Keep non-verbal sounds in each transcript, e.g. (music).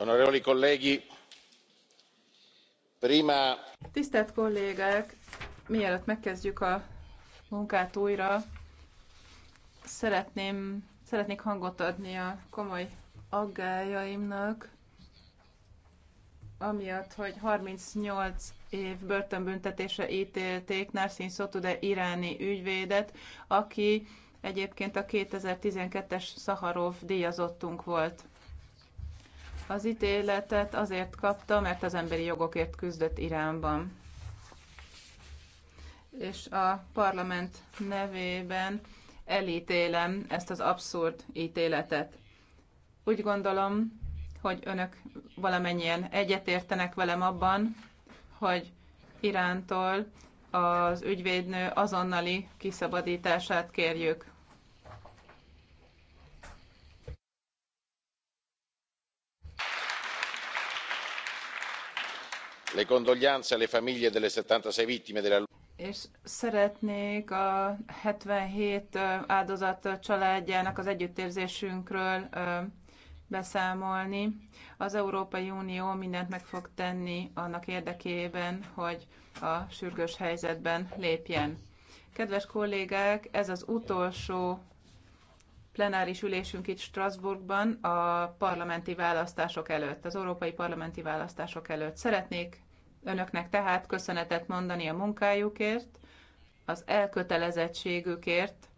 onorevoli colleghi prima. tisztelt kollégák mielőtt megkezdjük a munkát újra szeretném szeretnék hangot adni a komoly aggályaimnak amiatt, hogy 38 év börtönbüntetésre ítélték Narsin Sotude iráni ügyvédet, aki egyébként a 2012-es Szaharov díjazottunk volt. Az ítéletet azért kapta, mert az emberi jogokért küzdött Iránban. És a parlament nevében elítélem ezt az abszurd ítéletet. Úgy gondolom, hogy önök valamennyien egyetértenek velem abban, hogy Irántól az ügyvédnő azonnali kiszabadítását kérjük. condoglianze alle famiglie delle settantasei vittime della. és szeretnék a 77 áldozat családjának az együttérzésünkről beszámolni. Az Európai Unió mindent meg fog tenni annak érdekében, hogy a sürgős helyzetben lépjen. Kedves kollégák, ez az utolsó plenáris ülésünk itt Strasbourgban a parlamenti választások előtt, az európai parlamenti választások előtt. Szeretnék önöknek tehát köszönetet mondani a munkájukért, az elkötelezettségükért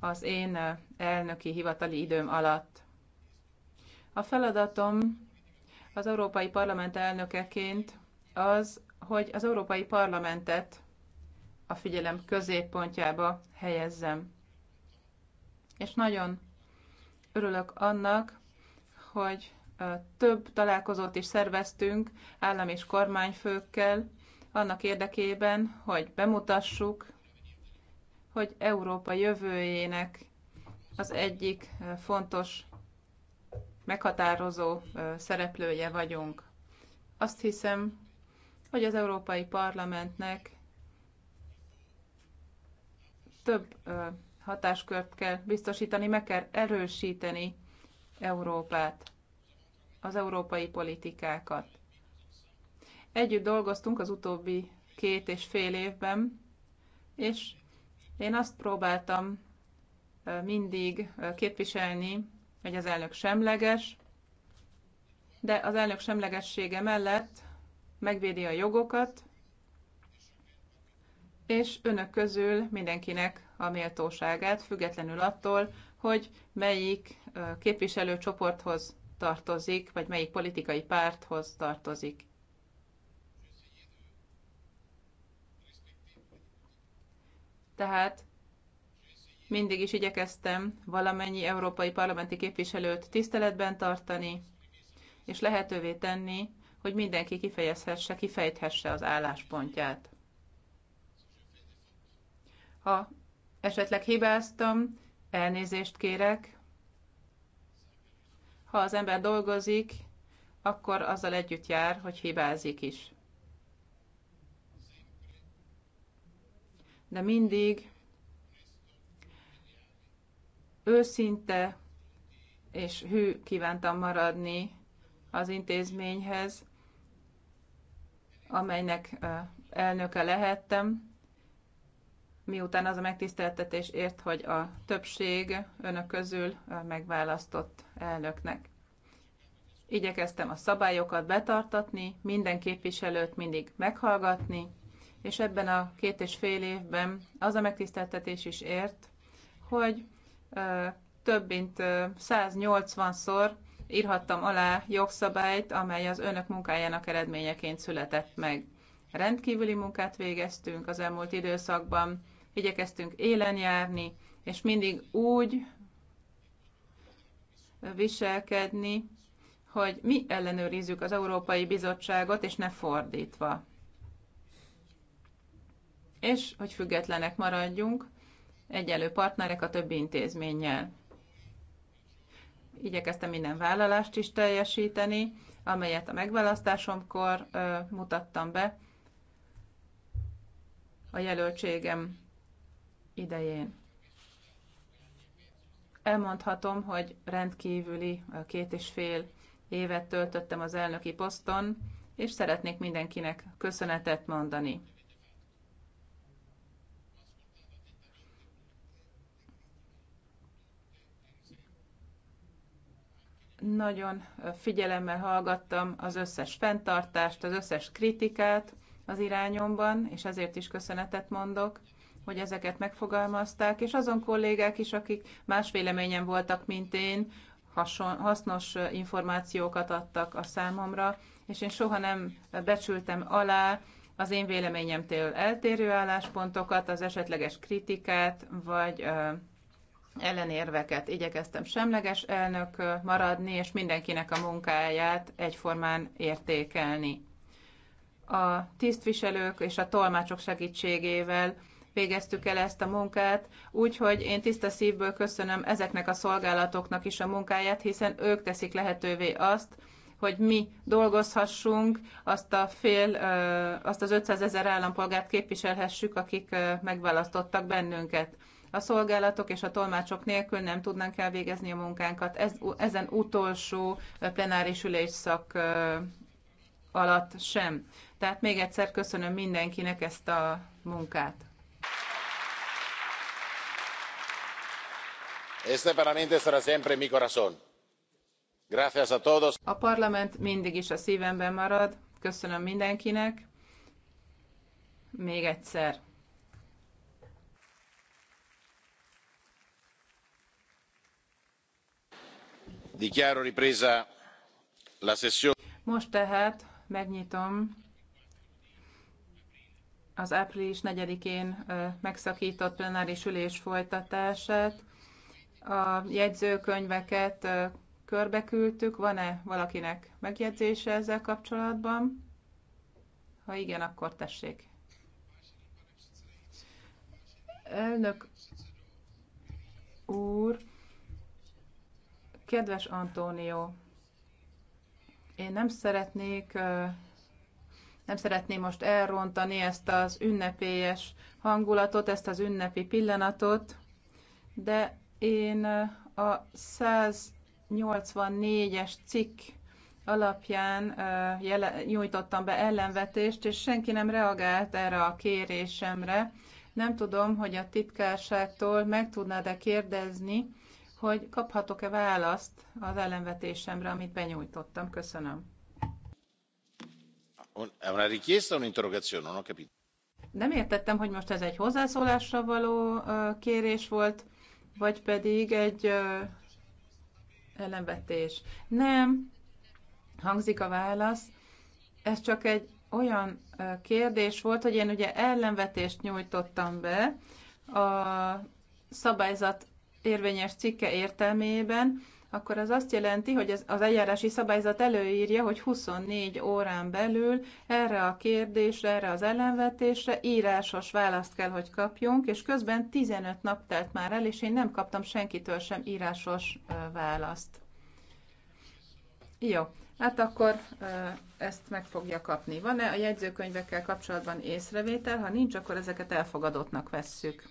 az én elnöki hivatali időm alatt. A feladatom az Európai Parlament elnökeként az, hogy az Európai Parlamentet a figyelem középpontjába helyezzem és nagyon örülök annak, hogy több találkozót is szerveztünk állam és kormányfőkkel, annak érdekében, hogy bemutassuk, hogy Európa jövőjének az egyik fontos, meghatározó szereplője vagyunk. Azt hiszem, hogy az Európai Parlamentnek több hatáskört kell biztosítani, meg kell erősíteni Európát, az európai politikákat. Együtt dolgoztunk az utóbbi két és fél évben, és én azt próbáltam mindig képviselni, hogy az elnök semleges, de az elnök semlegessége mellett megvédi a jogokat, és önök közül mindenkinek a méltóságát, függetlenül attól, hogy melyik képviselőcsoporthoz tartozik, vagy melyik politikai párthoz tartozik. Tehát mindig is igyekeztem valamennyi európai parlamenti képviselőt tiszteletben tartani, és lehetővé tenni, hogy mindenki kifejezhesse, kifejthesse az álláspontját. Ha Esetleg hibáztam, elnézést kérek. Ha az ember dolgozik, akkor azzal együtt jár, hogy hibázik is. De mindig őszinte és hű kívántam maradni az intézményhez, amelynek elnöke lehettem, miután az a megtiszteltetés ért, hogy a többség önök közül megválasztott elnöknek. Igyekeztem a szabályokat betartatni, minden képviselőt mindig meghallgatni, és ebben a két és fél évben az a megtiszteltetés is ért, hogy több mint 180-szor írhattam alá jogszabályt, amely az önök munkájának eredményeként született meg. Rendkívüli munkát végeztünk az elmúlt időszakban, igyekeztünk élen járni, és mindig úgy viselkedni, hogy mi ellenőrizzük az Európai Bizottságot, és ne fordítva. És hogy függetlenek maradjunk, egyelő partnerek a többi intézménnyel. Igyekeztem minden vállalást is teljesíteni, amelyet a megválasztásomkor ö, mutattam be a jelöltségem idején. Elmondhatom, hogy rendkívüli két és fél évet töltöttem az elnöki poszton, és szeretnék mindenkinek köszönetet mondani. Nagyon figyelemmel hallgattam az összes fenntartást, az összes kritikát az irányomban, és ezért is köszönetet mondok hogy ezeket megfogalmazták, és azon kollégák is, akik más véleményen voltak, mint én, hason, hasznos információkat adtak a számomra, és én soha nem becsültem alá az én véleményemtől eltérő álláspontokat, az esetleges kritikát, vagy ellenérveket. Igyekeztem semleges elnök maradni, és mindenkinek a munkáját egyformán értékelni. A tisztviselők és a tolmácsok segítségével végeztük el ezt a munkát, úgyhogy én tiszta szívből köszönöm ezeknek a szolgálatoknak is a munkáját, hiszen ők teszik lehetővé azt, hogy mi dolgozhassunk, azt a fél, azt az 500 ezer állampolgárt képviselhessük, akik megválasztottak bennünket. A szolgálatok és a tolmácsok nélkül nem tudnánk elvégezni a munkánkat. Ez, ezen utolsó plenáris ülésszak alatt sem. Tehát még egyszer köszönöm mindenkinek ezt a munkát. este parlamento estará siempre en mi corazón. Gracias a todos. A parlament mindig is a szívemben marad. Köszönöm mindenkinek. Még egyszer. Dichiaro ripresa la sessione. Most tehát megnyitom az április 4-én megszakított plenáris ülés folytatását. A jegyzőkönyveket körbeküldtük. Van-e valakinek megjegyzése ezzel kapcsolatban? Ha igen, akkor tessék. Elnök úr, kedves Antónió, én nem szeretnék, nem szeretném most elrontani ezt az ünnepélyes hangulatot, ezt az ünnepi pillanatot, de én a 184-es cikk alapján jele, nyújtottam be ellenvetést, és senki nem reagált erre a kérésemre. Nem tudom, hogy a titkárságtól meg tudnád-e kérdezni, hogy kaphatok-e választ az ellenvetésemre, amit benyújtottam. Köszönöm. Una richiesta, un'interrogazione, non ho capito. Nem értettem, hogy most ez egy hozzászólásra való kérés volt vagy pedig egy ellenvetés. Nem, hangzik a válasz, ez csak egy olyan kérdés volt, hogy én ugye ellenvetést nyújtottam be a szabályzat érvényes cikke értelmében, akkor az azt jelenti, hogy az, az eljárási szabályzat előírja, hogy 24 órán belül erre a kérdésre, erre az ellenvetésre írásos választ kell, hogy kapjunk, és közben 15 nap telt már el, és én nem kaptam senkitől sem írásos választ. Jó, hát akkor ezt meg fogja kapni. Van-e a jegyzőkönyvekkel kapcsolatban észrevétel? Ha nincs, akkor ezeket elfogadottnak vesszük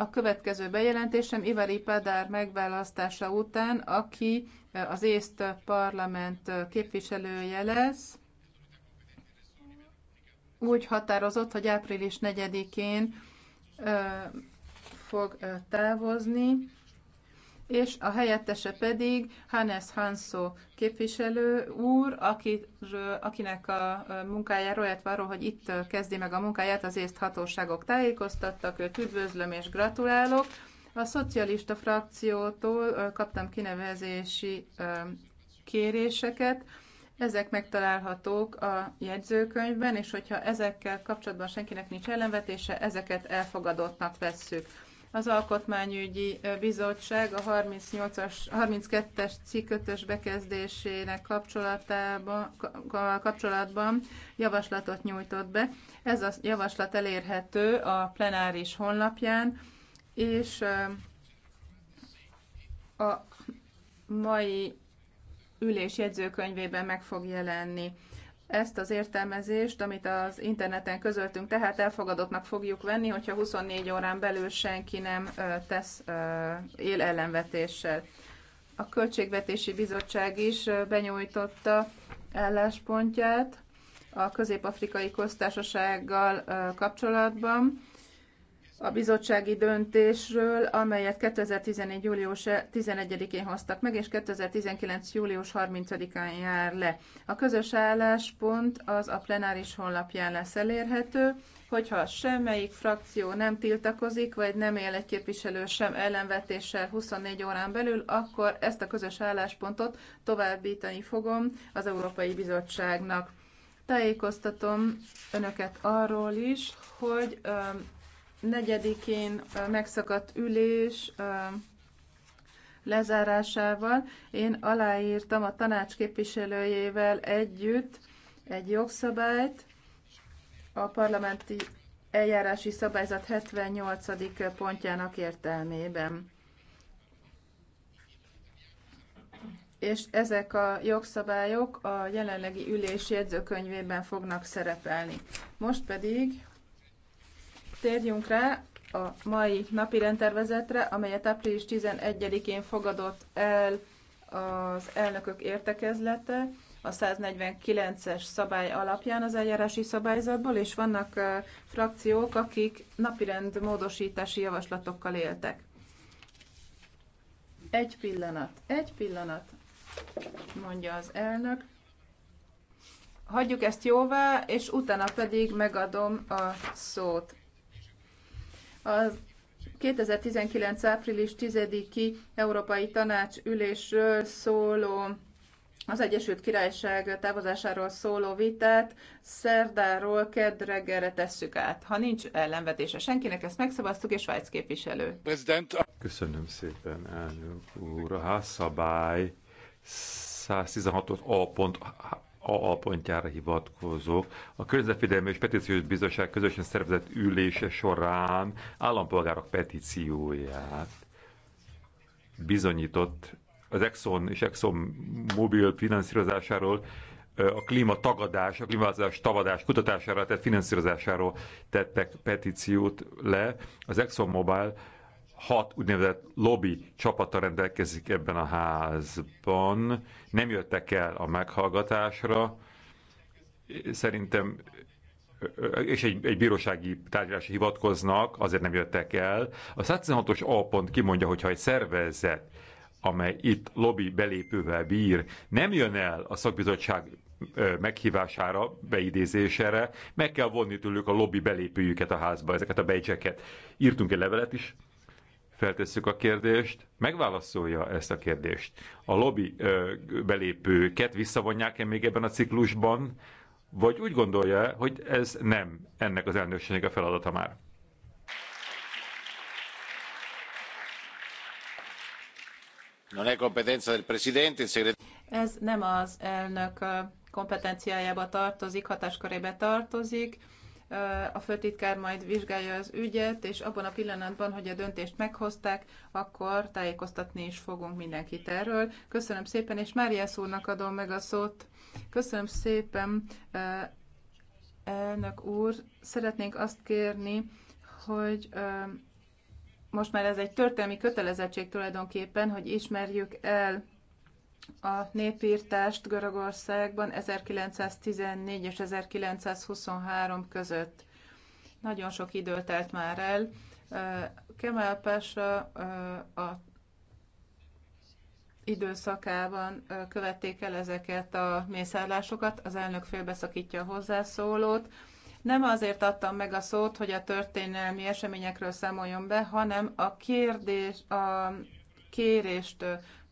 a következő bejelentésem Ivari Padár megválasztása után, aki eh, az észt parlament eh, képviselője lesz, úgy határozott, hogy április 4-én eh, fog távozni és a helyettese pedig Hannes Hanszó képviselő úr, akiről, akinek a munkájáról, illetve arról, hogy itt kezdi meg a munkáját, az észt hatóságok tájékoztattak, őt üdvözlöm és gratulálok. A szocialista frakciótól kaptam kinevezési kéréseket, ezek megtalálhatók a jegyzőkönyvben, és hogyha ezekkel kapcsolatban senkinek nincs ellenvetése, ezeket elfogadottnak vesszük. Az Alkotmányügyi Bizottság a 38-as, 32-es cikk 5 bekezdésének kapcsolatában, kapcsolatban javaslatot nyújtott be. Ez a javaslat elérhető a plenáris honlapján, és a mai ülés jegyzőkönyvében meg fog jelenni ezt az értelmezést, amit az interneten közöltünk, tehát elfogadottnak fogjuk venni, hogyha 24 órán belül senki nem tesz él ellenvetéssel. A Költségvetési Bizottság is benyújtotta álláspontját a Közép-Afrikai Köztársasággal kapcsolatban a bizottsági döntésről, amelyet 2014. július 11-én e- hoztak meg, és 2019. július 30-án jár le. A közös álláspont az a plenáris honlapján lesz elérhető, hogyha semmelyik frakció nem tiltakozik, vagy nem él egy képviselő sem ellenvetéssel 24 órán belül, akkor ezt a közös álláspontot továbbítani fogom az Európai Bizottságnak. Tájékoztatom önöket arról is, hogy negyedikén megszakadt ülés lezárásával én aláírtam a tanács képviselőjével együtt egy jogszabályt, a parlamenti eljárási szabályzat 78. pontjának értelmében. És ezek a jogszabályok a jelenlegi ülés jegyzőkönyvében fognak szerepelni. Most pedig Térjünk rá a mai napi rendtervezetre, amelyet április 11-én fogadott el az elnökök értekezlete a 149-es szabály alapján az eljárási szabályzatból, és vannak frakciók, akik napirend módosítási javaslatokkal éltek. Egy pillanat, egy pillanat, mondja az elnök. Hagyjuk ezt jóvá, és utána pedig megadom a szót. A 2019. április 10-i Európai Tanács ülésről szóló az Egyesült Királyság távozásáról szóló vitát szerdáról kedd reggelre tesszük át. Ha nincs ellenvetése senkinek, ezt megszavaztuk, és Svájc képviselő. Köszönöm szépen, elnök úr. A házszabály 116 a pontjára hivatkozok. A Környezetvédelmi és Petíciós Bizottság közösen szervezett ülése során állampolgárok petícióját bizonyított az Exxon és Exxon mobil finanszírozásáról, a klíma tagadás, a klímaváltozás tavadás kutatására, tehát finanszírozásáról tettek petíciót le. Az Exxon Mobile hat úgynevezett lobby csapata rendelkezik ebben a házban. Nem jöttek el a meghallgatásra. Szerintem és egy, egy bírósági tárgyalásra hivatkoznak, azért nem jöttek el. A 116-os A pont kimondja, hogyha egy szervezet, amely itt lobby belépővel bír, nem jön el a szakbizottság meghívására, beidézésére, meg kell vonni tőlük a lobby belépőjüket a házba, ezeket a bejcseket. Írtunk egy levelet is feltesszük a kérdést, megválaszolja ezt a kérdést. A lobby ö, belépőket visszavonják-e még ebben a ciklusban, vagy úgy gondolja, hogy ez nem ennek az elnökségnek a feladata már? Ez nem az elnök kompetenciájába tartozik, hatáskörébe tartozik a főtitkár majd vizsgálja az ügyet, és abban a pillanatban, hogy a döntést meghozták, akkor tájékoztatni is fogunk mindenkit erről. Köszönöm szépen, és Mária szónak adom meg a szót. Köszönöm szépen, elnök úr. Szeretnénk azt kérni, hogy most már ez egy történelmi kötelezettség tulajdonképpen, hogy ismerjük el a népírtást Görögországban 1914 és 1923 között. Nagyon sok idő telt már el. Kemal Pasha a időszakában követték el ezeket a mészárlásokat. Az elnök félbeszakítja a hozzászólót. Nem azért adtam meg a szót, hogy a történelmi eseményekről számoljon be, hanem a kérdés, a kérést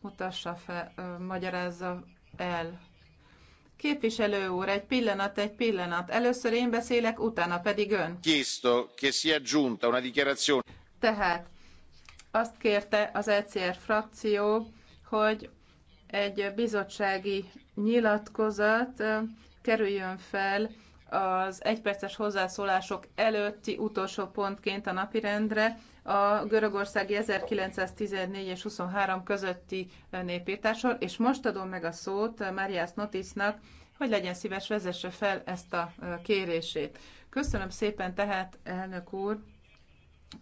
mutassa fel, magyarázza el. Képviselő úr, egy pillanat, egy pillanat. Először én beszélek, utána pedig ön. Chiesto che sia aggiunta una dichiarazione. Tehát azt kérte az ECR frakció, hogy egy bizottsági nyilatkozat kerüljön fel az egyperces hozzászólások előtti utolsó pontként a napirendre, a görögországi 1914 és 23 közötti népírtásról, és most adom meg a szót Marias Notisnak, hogy legyen szíves, vezesse fel ezt a kérését. Köszönöm szépen tehát, elnök úr,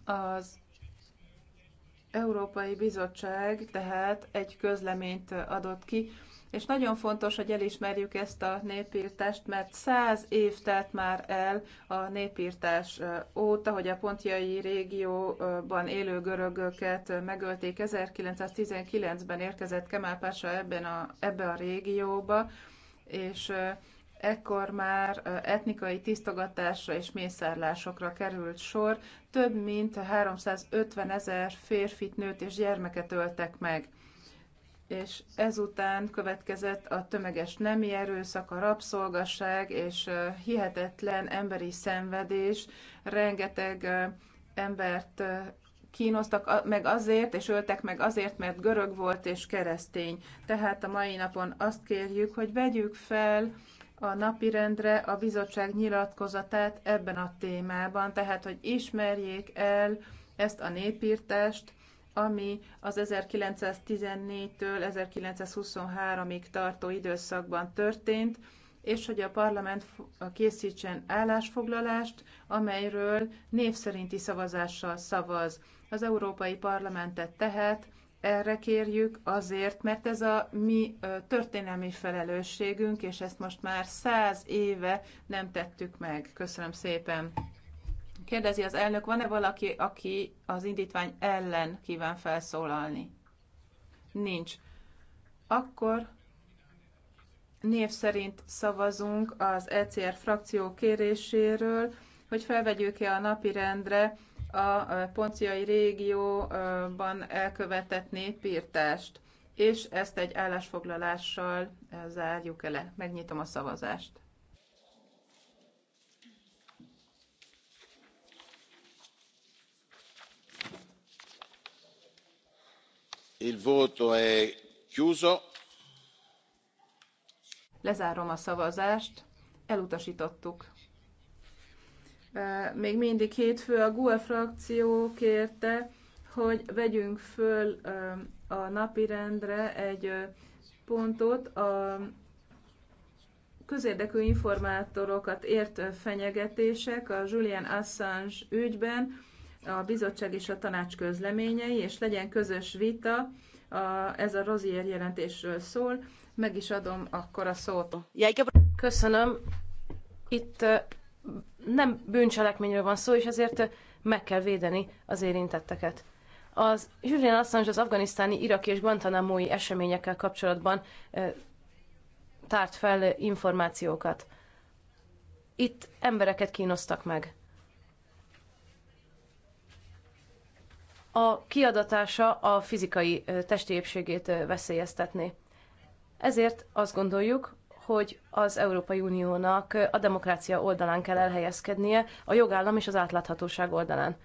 az Európai Bizottság tehát egy közleményt adott ki, és nagyon fontos, hogy elismerjük ezt a népírtást, mert száz év telt már el a népírtás óta, hogy a pontjai régióban élő görögöket megölték. 1919-ben érkezett Kemal Pása ebben a, ebbe a régióba, és ekkor már etnikai tisztogatásra és mészárlásokra került sor. Több mint 350 ezer férfit, nőt és gyermeket öltek meg és ezután következett a tömeges nemi erőszak, a rabszolgaság és hihetetlen emberi szenvedés, rengeteg embert kínoztak meg azért, és öltek meg azért, mert görög volt és keresztény. Tehát a mai napon azt kérjük, hogy vegyük fel a napirendre a bizottság nyilatkozatát ebben a témában, tehát hogy ismerjék el ezt a népírtást, ami az 1914-től 1923-ig tartó időszakban történt, és hogy a parlament készítsen állásfoglalást, amelyről név szerinti szavazással szavaz. Az Európai Parlamentet tehát erre kérjük azért, mert ez a mi történelmi felelősségünk, és ezt most már száz éve nem tettük meg. Köszönöm szépen! Kérdezi az elnök, van-e valaki, aki az indítvány ellen kíván felszólalni? Nincs. Akkor név szerint szavazunk az ECR frakció kéréséről, hogy felvegyük-e a napirendre a ponciai régióban elkövetett népírtást, és ezt egy állásfoglalással zárjuk le. Megnyitom a szavazást. il voto è chiuso. Lezárom a szavazást. Elutasítottuk. Még mindig hétfő a GUE frakció kérte, hogy vegyünk föl a napirendre egy pontot a közérdekű informátorokat ért fenyegetések a Julian Assange ügyben a bizottság és a tanács közleményei, és legyen közös vita, a, ez a Rozier jelentésről szól, meg is adom akkor a szót. Köszönöm. Itt nem bűncselekményről van szó, és ezért meg kell védeni az érintetteket. Az Julian Assange az afganisztáni, iraki és guantanamói eseményekkel kapcsolatban tárt fel információkat. Itt embereket kínoztak meg. a kiadatása a fizikai testi épségét veszélyeztetné. Ezért azt gondoljuk, hogy az Európai Uniónak a demokrácia oldalán kell elhelyezkednie, a jogállam és az átláthatóság oldalán.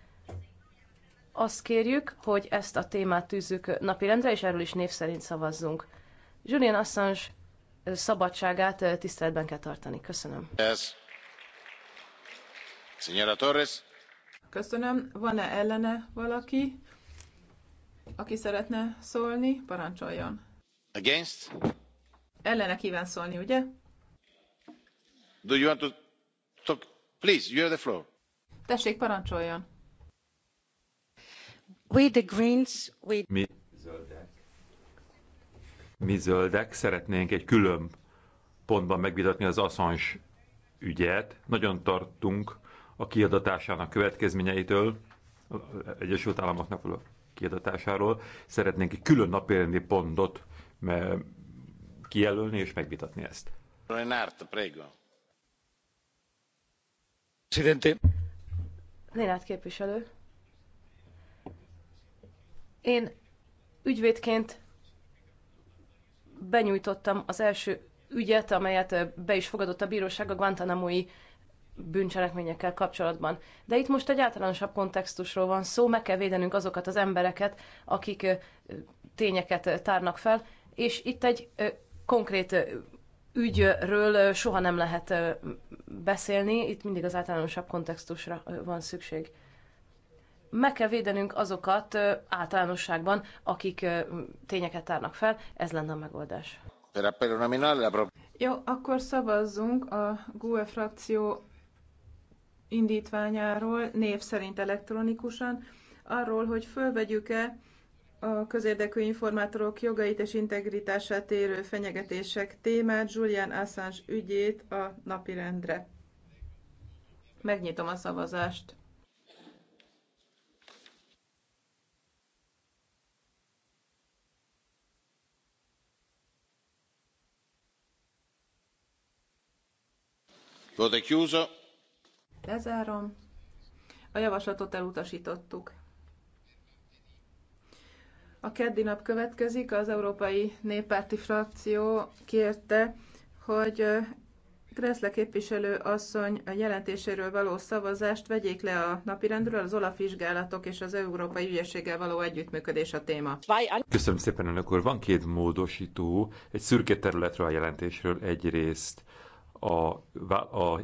Azt kérjük, hogy ezt a témát tűzzük napirendre, és erről is név szerint szavazzunk. Julian Assange szabadságát tiszteletben kell tartani. Köszönöm. Yes. Torres. Köszönöm. Van-e ellene valaki, aki szeretne szólni? Parancsoljon. Against? Ellene kíván szólni, ugye? Do you want to talk? Please, you have the floor. Tessék, parancsoljon. We the Greens, we... Mi zöldek. Mi zöldek szeretnénk egy külön pontban megvitatni az Assange ügyet. Nagyon tartunk a kiadatásának következményeitől, az Egyesült Államoknak a kiadatásáról szeretnénk egy külön napirendi pontot kijelölni és megvitatni ezt. Renát, prego. Presidente. Lénát képviselő. Én ügyvédként benyújtottam az első ügyet, amelyet be is fogadott a bíróság a Guantanamo-i bűncselekményekkel kapcsolatban. De itt most egy általánosabb kontextusról van szó, meg kell védenünk azokat az embereket, akik tényeket tárnak fel, és itt egy konkrét ügyről soha nem lehet beszélni, itt mindig az általánosabb kontextusra van szükség. Meg kell védenünk azokat általánosságban, akik tényeket tárnak fel, ez lenne a megoldás. Jó, akkor szavazzunk a GUE frakció indítványáról név szerint elektronikusan, arról, hogy fölvegyük-e a közérdekű informátorok jogait és integritását érő fenyegetések témát, Julian Assange ügyét a napirendre. Megnyitom a szavazást. Voto chiuso Lezárom. A javaslatot elutasítottuk. A keddi nap következik, az Európai Néppárti frakció kérte, hogy Kreszle képviselő asszony a jelentéséről való szavazást vegyék le a napirendről, az olaf vizsgálatok és az Európai Ügyességgel való együttműködés a téma. Köszönöm szépen, elnök úr. Van két módosító, egy szürke területről a jelentésről egyrészt a, a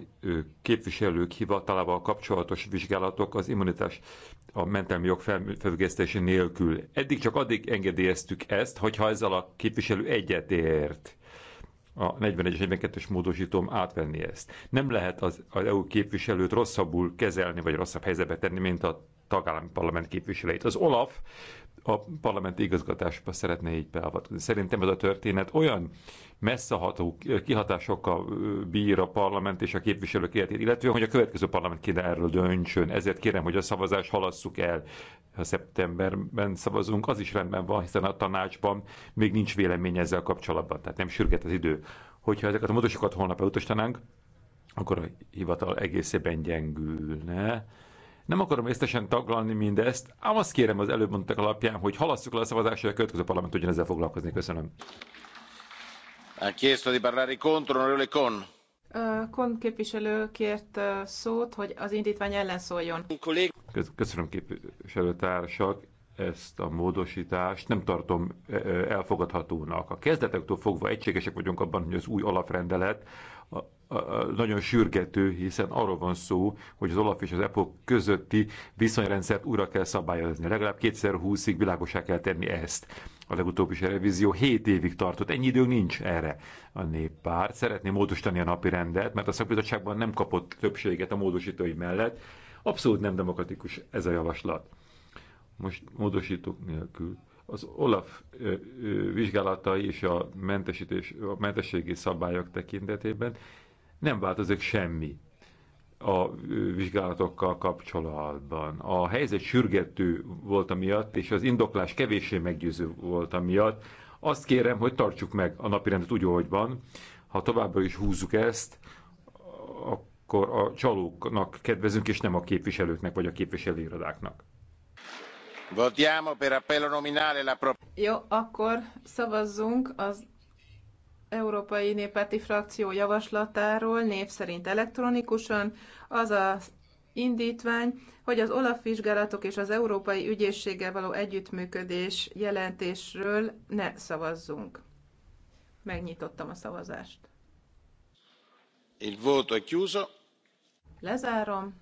képviselők hivatalával kapcsolatos vizsgálatok az immunitás a mentelmi jog felfüggesztése nélkül. Eddig csak addig engedélyeztük ezt, hogyha ezzel a képviselő egyetért a 41-es, 42-es módosítom átvenni ezt. Nem lehet az, az EU képviselőt rosszabbul kezelni, vagy rosszabb helyzetbe tenni, mint a tagállami parlament képviselőit. Az Olaf a parlamenti igazgatásba szeretne így beavatkozni. Szerintem ez a történet olyan messzeható kihatásokkal bír a parlament és a képviselők életét, illetve hogy a következő parlament kéne erről döntsön. Ezért kérem, hogy a szavazást halasszuk el. Ha szeptemberben szavazunk, az is rendben van, hiszen a tanácsban még nincs vélemény ezzel kapcsolatban, tehát nem sürget az idő. Hogyha ezeket a módosokat holnap elutasítanánk, akkor a hivatal egészében gyengülne nem akarom észtesen taglalni mindezt, ám azt kérem az előbb mondtak alapján, hogy halasszuk le a szavazást, hogy a következő parlament ezzel foglalkozni. Köszönöm. Ha Kon képviselő kért szót, hogy az indítvány ellen szóljon. Köszönöm képviselőtársak ezt a módosítást. Nem tartom elfogadhatónak. A kezdetektől fogva egységesek vagyunk abban, hogy az új alaprendelet nagyon sürgető, hiszen arról van szó, hogy az Olaf és az EPO közötti viszonyrendszert újra kell szabályozni. Legalább 2020-ig világosá kell tenni ezt. A legutóbbi revízió 7 évig tartott, ennyi idő nincs erre a néppárt. Szeretné módosítani a napi rendet, mert a szakbizottságban nem kapott többséget a módosítói mellett. Abszolút nem demokratikus ez a javaslat. Most módosítók nélkül az Olaf vizsgálatai és a, mentesítés, a mentességi szabályok tekintetében nem változik semmi a vizsgálatokkal kapcsolatban. A helyzet sürgető volt amiatt, és az indoklás kevéssé meggyőző volt amiatt. Azt kérem, hogy tartsuk meg a napirendet úgy, ahogy van. Ha továbbra is húzzuk ezt, akkor a csalóknak kedvezünk, és nem a képviselőknek vagy a képviselőirodáknak. Votiamo per appello nominale la pro... Jó, akkor szavazzunk az Európai Néppárti Frakció javaslatáról név szerint elektronikusan. Az a indítvány, hogy az OLAF vizsgálatok és az Európai Ügyészséggel való együttműködés jelentésről ne szavazzunk. Megnyitottam a szavazást. Il voto è chiuso. Lezárom.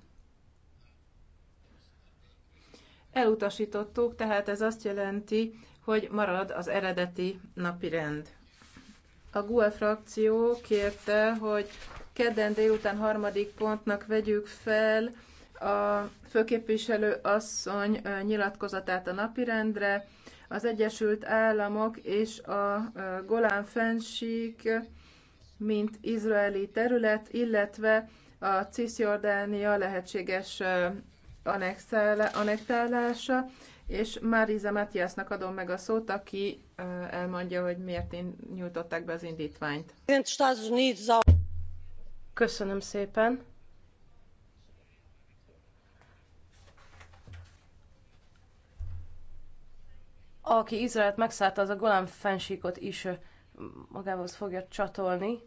Elutasítottuk, tehát ez azt jelenti, hogy marad az eredeti napirend. A GUE frakció kérte, hogy kedden délután harmadik pontnak vegyük fel a főképviselő asszony nyilatkozatát a napirendre, az Egyesült Államok és a Golán fensík, mint izraeli terület, illetve a Cisjordánia lehetséges annektálása, és Marisa Matiasnak adom meg a szót, aki elmondja, hogy miért nyújtották be az indítványt. Köszönöm szépen. Aki Izraelt megszállta, az a Golán fensíkot is magához fogja csatolni.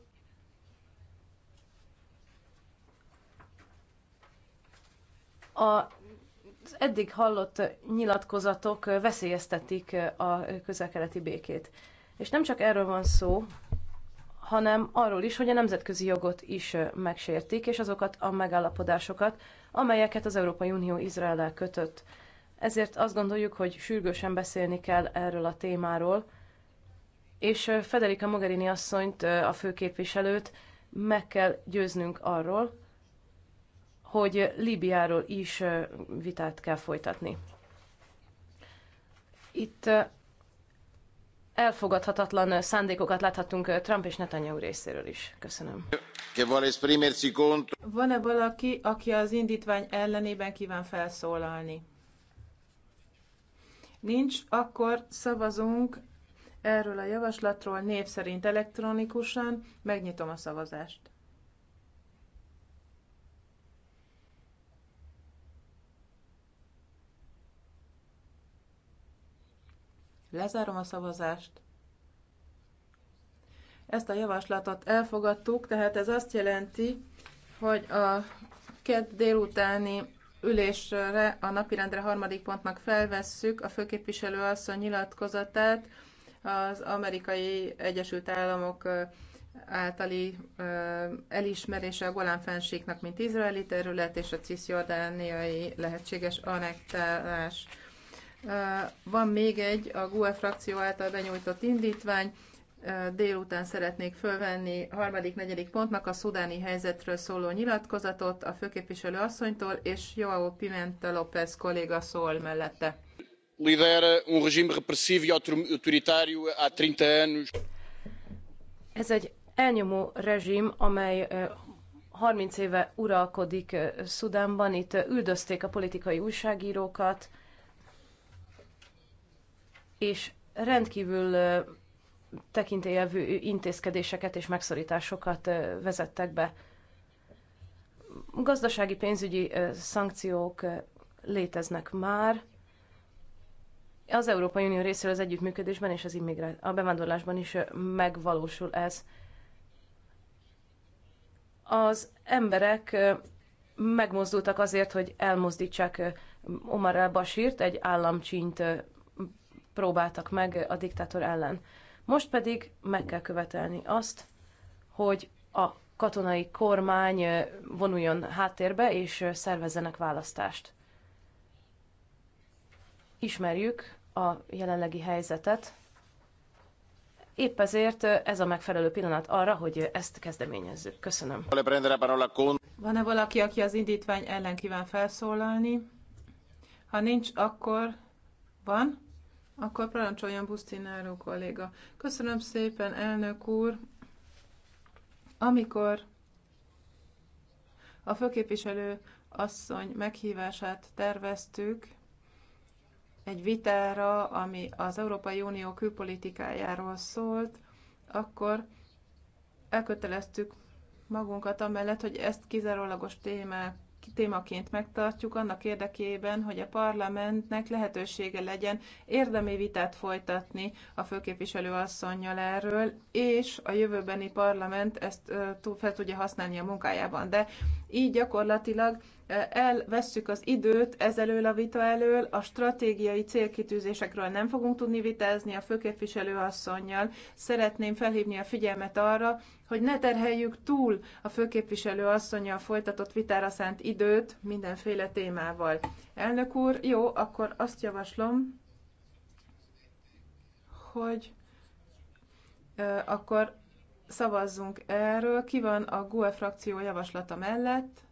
az eddig hallott nyilatkozatok veszélyeztetik a közelkeleti békét. És nem csak erről van szó, hanem arról is, hogy a nemzetközi jogot is megsértik, és azokat a megállapodásokat, amelyeket az Európai Unió Izrael kötött. Ezért azt gondoljuk, hogy sürgősen beszélni kell erről a témáról, és Federica Mogherini asszonyt, a főképviselőt meg kell győznünk arról, hogy Líbiáról is vitát kell folytatni. Itt elfogadhatatlan szándékokat láthatunk Trump és Netanyahu részéről is. Köszönöm. Van-e valaki, aki az indítvány ellenében kíván felszólalni? Nincs, akkor szavazunk erről a javaslatról név szerint elektronikusan. Megnyitom a szavazást. Lezárom a szavazást. Ezt a javaslatot elfogadtuk, tehát ez azt jelenti, hogy a kett délutáni ülésre, a napirendre harmadik pontnak felvesszük a főképviselő asszony nyilatkozatát az amerikai Egyesült Államok általi elismerése a Golán fenségnek, mint izraeli terület és a cisziordániai lehetséges anektálás. Van még egy a GUE frakció által benyújtott indítvány, délután szeretnék fölvenni harmadik, negyedik pontnak a szudáni helyzetről szóló nyilatkozatot a főképviselő asszonytól, és Joao Pimenta López kolléga szól mellette. Lidera un um regime repressivo e autoritário há 30 anos. Ez egy elnyomó rezsim, amely 30 éve uralkodik Szudánban. Itt üldözték a politikai újságírókat, és rendkívül tekintélyelvű intézkedéseket és megszorításokat vezettek be. Gazdasági pénzügyi szankciók léteznek már. Az Európai Unió részéről az együttműködésben és az immigrá- a bevándorlásban is megvalósul ez. Az emberek megmozdultak azért, hogy elmozdítsák Omar el-Basírt, egy államcsint próbáltak meg a diktátor ellen. Most pedig meg kell követelni azt, hogy a katonai kormány vonuljon háttérbe és szervezzenek választást. Ismerjük a jelenlegi helyzetet. Épp ezért ez a megfelelő pillanat arra, hogy ezt kezdeményezzük. Köszönöm. Van-e valaki, aki az indítvány ellen kíván felszólalni? Ha nincs, akkor van. Akkor parancsoljon Busztináró kolléga. Köszönöm szépen, elnök úr. Amikor a főképviselő asszony meghívását terveztük egy vitára, ami az Európai Unió külpolitikájáról szólt, akkor elköteleztük magunkat amellett, hogy ezt kizárólagos témát témaként megtartjuk annak érdekében, hogy a parlamentnek lehetősége legyen érdemi vitát folytatni a főképviselő asszonynal erről, és a jövőbeni parlament ezt fel tudja használni a munkájában. De így gyakorlatilag elvesszük az időt ezelől a vita elől, a stratégiai célkitűzésekről nem fogunk tudni vitázni a főképviselő asszonynal. Szeretném felhívni a figyelmet arra, hogy ne terheljük túl a főképviselő asszonynal folytatott vitára szánt időt mindenféle témával. Elnök úr, jó, akkor azt javaslom, hogy akkor szavazzunk erről. Ki van a GUE frakció javaslata mellett?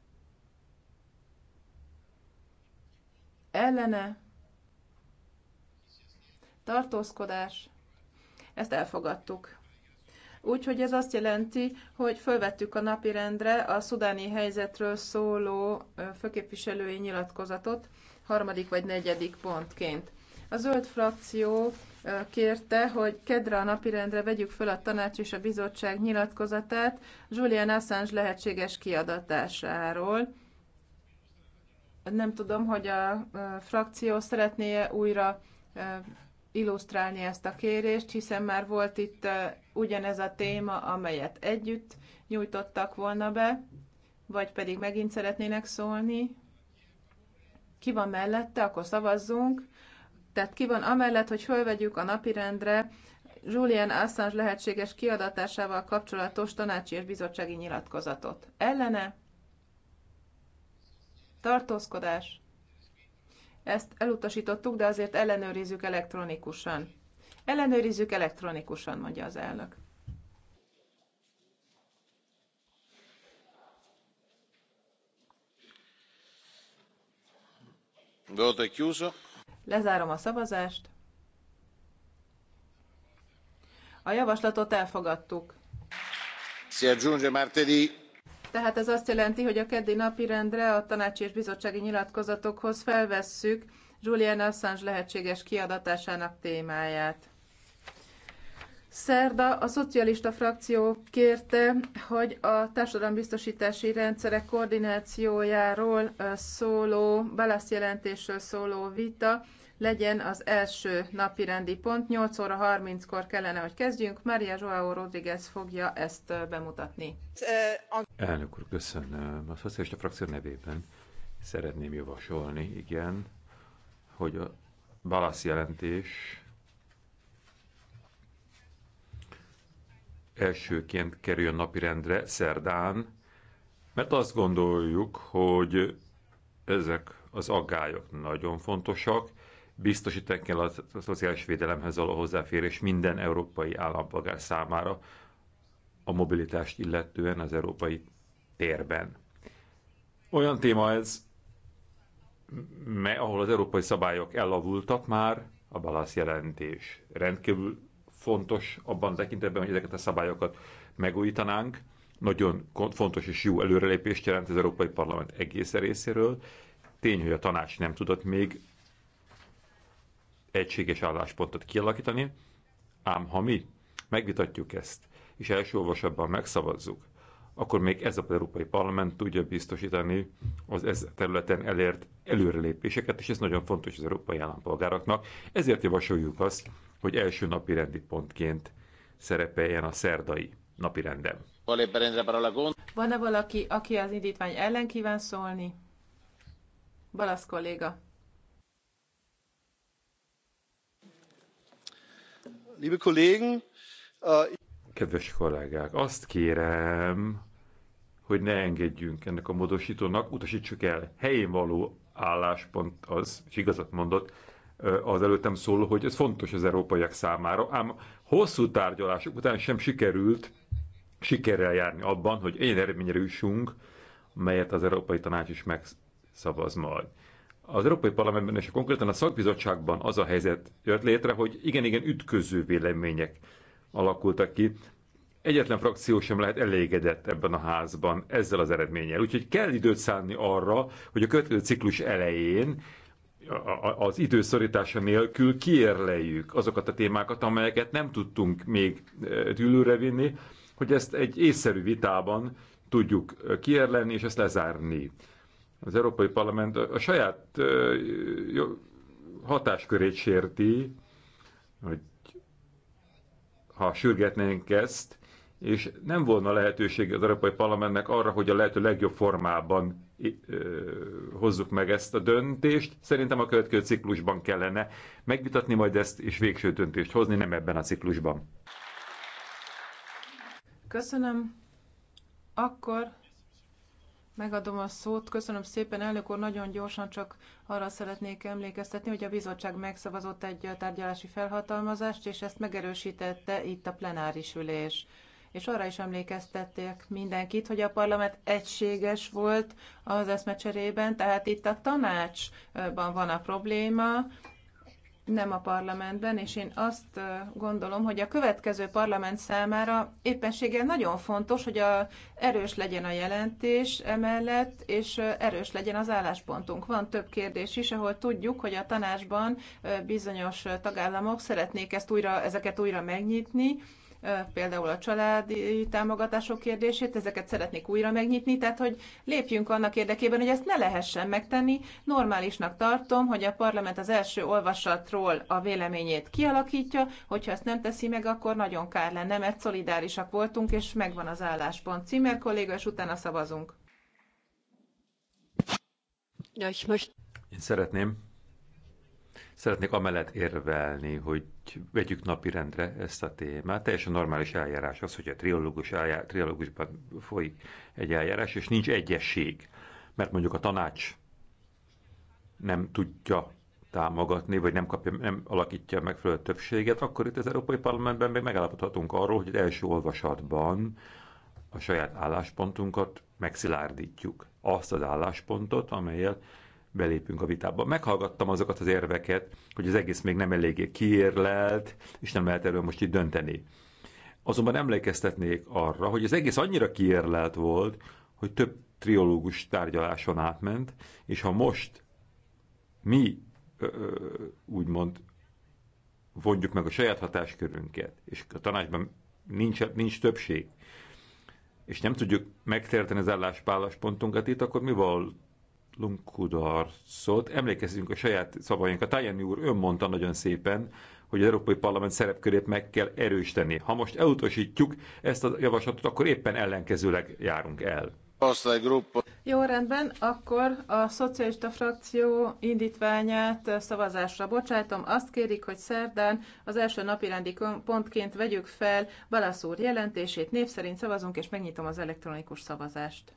ellene, tartózkodás, ezt elfogadtuk. Úgyhogy ez azt jelenti, hogy fölvettük a napirendre a szudáni helyzetről szóló főképviselői nyilatkozatot, harmadik vagy negyedik pontként. A zöld frakció kérte, hogy kedre a napirendre vegyük föl a tanács és a bizottság nyilatkozatát Julian Assange lehetséges kiadatásáról nem tudom, hogy a frakció szeretné újra illusztrálni ezt a kérést, hiszen már volt itt ugyanez a téma, amelyet együtt nyújtottak volna be, vagy pedig megint szeretnének szólni. Ki van mellette, akkor szavazzunk. Tehát ki van amellett, hogy fölvegyük a napirendre Julian Assange lehetséges kiadatásával kapcsolatos tanácsi és bizottsági nyilatkozatot. Ellene tartózkodás. Ezt elutasítottuk, de azért ellenőrizzük elektronikusan. Ellenőrizzük elektronikusan, mondja az elnök. Lezárom a szavazást. A javaslatot elfogadtuk. Si aggiunge martedì tehát ez azt jelenti, hogy a keddi napirendre a tanácsi és bizottsági nyilatkozatokhoz felvesszük Julian Assange lehetséges kiadatásának témáját. Szerda a szocialista frakció kérte, hogy a társadalombiztosítási rendszerek koordinációjáról szóló, válaszjelentésről szóló vita legyen az első napi rendi pont. 8 óra 30-kor kellene, hogy kezdjünk. Maria Joao Rodriguez fogja ezt bemutatni. Elnök úr, köszönöm. A szocialista frakció nevében szeretném javasolni, igen, hogy a Balasz jelentés elsőként kerüljön napirendre szerdán, mert azt gondoljuk, hogy ezek az aggályok nagyon fontosak, biztosítani kell a szociális védelemhez való hozzáférés minden európai állampolgár számára a mobilitást illetően az európai térben. Olyan téma ez, ahol az európai szabályok elavultak már, a Balasz jelentés rendkívül fontos abban tekintetben, hogy ezeket a szabályokat megújítanánk. Nagyon fontos és jó előrelépést jelent az Európai Parlament egész részéről. Tény, hogy a tanács nem tudott még egységes álláspontot kialakítani, ám ha mi megvitatjuk ezt, és első olvasatban megszavazzuk, akkor még ez az Európai Parlament tudja biztosítani az ez területen elért előrelépéseket, és ez nagyon fontos az európai állampolgároknak. Ezért javasoljuk azt, hogy első napi rendi pontként szerepeljen a szerdai napi rendem. Van-e valaki, aki az indítvány ellen kíván szólni? Balasz kolléga. liebe Kollegen, äh, Kedves kollégák, azt kérem, hogy ne engedjünk ennek a módosítónak, utasítsuk el. Helyén való álláspont az, és igazat mondott, az előttem szól, hogy ez fontos az európaiak számára, ám hosszú tárgyalások után sem sikerült sikerrel járni abban, hogy olyan eredményre jussunk, melyet az Európai Tanács is megszavaz majd. Az Európai Parlamentben és konkrétan a szakbizottságban az a helyzet jött létre, hogy igen-igen ütköző vélemények alakultak ki. Egyetlen frakció sem lehet elégedett ebben a házban ezzel az eredménnyel. Úgyhogy kell időt szánni arra, hogy a következő ciklus elején az időszorítása nélkül kiérleljük azokat a témákat, amelyeket nem tudtunk még e, dűlőre vinni, hogy ezt egy észszerű vitában tudjuk e, kiérlelni és ezt lezárni az Európai Parlament a saját hatáskörét sérti, hogy ha sürgetnénk ezt, és nem volna lehetőség az Európai Parlamentnek arra, hogy a lehető legjobb formában hozzuk meg ezt a döntést. Szerintem a következő ciklusban kellene megvitatni majd ezt, és végső döntést hozni, nem ebben a ciklusban. Köszönöm. Akkor Megadom a szót. Köszönöm szépen, elnök úr. Nagyon gyorsan csak arra szeretnék emlékeztetni, hogy a bizottság megszavazott egy tárgyalási felhatalmazást, és ezt megerősítette itt a plenáris ülés. És arra is emlékeztették mindenkit, hogy a parlament egységes volt az eszmecserében, tehát itt a tanácsban van a probléma, nem a parlamentben, és én azt gondolom, hogy a következő parlament számára éppenséggel nagyon fontos, hogy a, erős legyen a jelentés emellett, és erős legyen az álláspontunk. Van több kérdés is, ahol tudjuk, hogy a tanácsban bizonyos tagállamok szeretnék ezt újra, ezeket újra megnyitni, például a családi támogatások kérdését, ezeket szeretnék újra megnyitni, tehát hogy lépjünk annak érdekében, hogy ezt ne lehessen megtenni. Normálisnak tartom, hogy a parlament az első olvasatról a véleményét kialakítja, hogyha ezt nem teszi meg, akkor nagyon kár lenne, mert szolidárisak voltunk, és megvan az álláspont. Címer kolléga, és utána szavazunk. Ja, ich möchte. Én szeretném Szeretnék amellett érvelni, hogy vegyük napirendre ezt a témát. Teljesen normális eljárás az, hogy a triológus eljár, triológusban folyik egy eljárás, és nincs egyesség, mert mondjuk a tanács nem tudja támogatni, vagy nem, kapja, nem alakítja meg fölött többséget, akkor itt az Európai Parlamentben még megállapodhatunk arról, hogy az első olvasatban a saját álláspontunkat megszilárdítjuk. Azt az álláspontot, amelyet belépünk a vitába. Meghallgattam azokat az érveket, hogy az egész még nem eléggé kiérlelt, és nem lehet erről most itt dönteni. Azonban emlékeztetnék arra, hogy az egész annyira kiérlelt volt, hogy több triológus tárgyaláson átment, és ha most mi úgymond vonjuk meg a saját hatáskörünket, és a tanácsban nincs, nincs többség, és nem tudjuk megtérteni az álláspontunkat itt, akkor mi volt kudarcot. Emlékezzünk a saját szavainkat. Tajani úr önmondta nagyon szépen, hogy az Európai Parlament szerepkörét meg kell erősíteni. Ha most elutasítjuk ezt a javaslatot, akkor éppen ellenkezőleg járunk el. Jó, rendben, akkor a szocialista frakció indítványát szavazásra bocsátom. Azt kérik, hogy szerdán az első napirendi pontként vegyük fel Balasz úr jelentését, név szerint szavazunk, és megnyitom az elektronikus szavazást.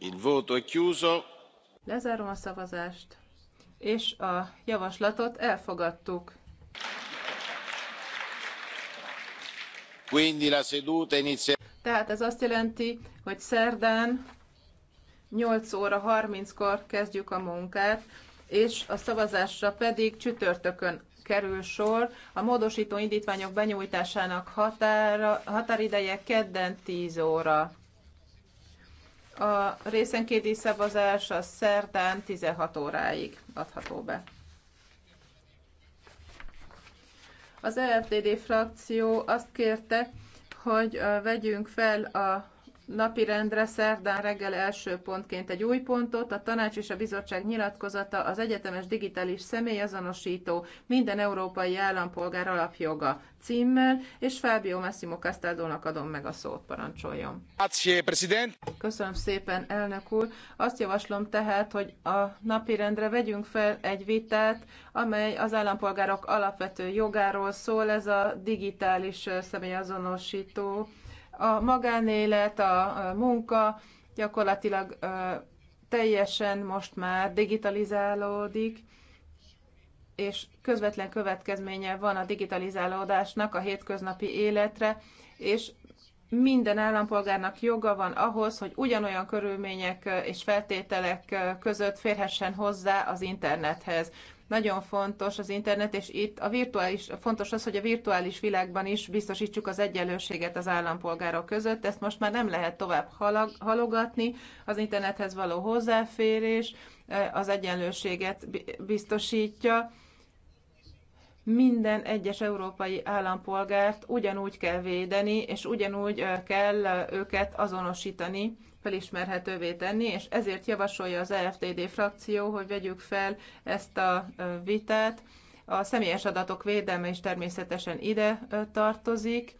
Il voto è chiuso. Lezárom a szavazást, és a javaslatot elfogadtuk. Quindi la seduta inizia... Tehát ez azt jelenti, hogy szerdán 8 óra 30-kor kezdjük a munkát, és a szavazásra pedig csütörtökön kerül sor. A módosító indítványok benyújtásának határa, határideje kedden 10 óra. A részenkédi szavazás a szerdán 16 óráig adható be. Az EFDD frakció azt kérte, hogy vegyünk fel a napirendre szerdán reggel első pontként egy új pontot, a tanács és a bizottság nyilatkozata az egyetemes digitális személyazonosító minden európai állampolgár alapjoga címmel, és Fábio Massimo Castaldónak adom meg a szót, parancsoljon. Köszönöm szépen, elnök úr. Azt javaslom tehát, hogy a napirendre vegyünk fel egy vitát, amely az állampolgárok alapvető jogáról szól, ez a digitális személyazonosító a magánélet, a munka gyakorlatilag teljesen most már digitalizálódik, és közvetlen következménye van a digitalizálódásnak a hétköznapi életre, és minden állampolgárnak joga van ahhoz, hogy ugyanolyan körülmények és feltételek között férhessen hozzá az internethez. Nagyon fontos az internet, és itt a virtuális, fontos az, hogy a virtuális világban is biztosítsuk az egyenlőséget az állampolgárok között. Ezt most már nem lehet tovább halag, halogatni. Az internethez való hozzáférés eh, az egyenlőséget biztosítja minden egyes európai állampolgárt ugyanúgy kell védeni, és ugyanúgy kell őket azonosítani, felismerhetővé tenni, és ezért javasolja az EFTD frakció, hogy vegyük fel ezt a vitát. A személyes adatok védelme is természetesen ide tartozik,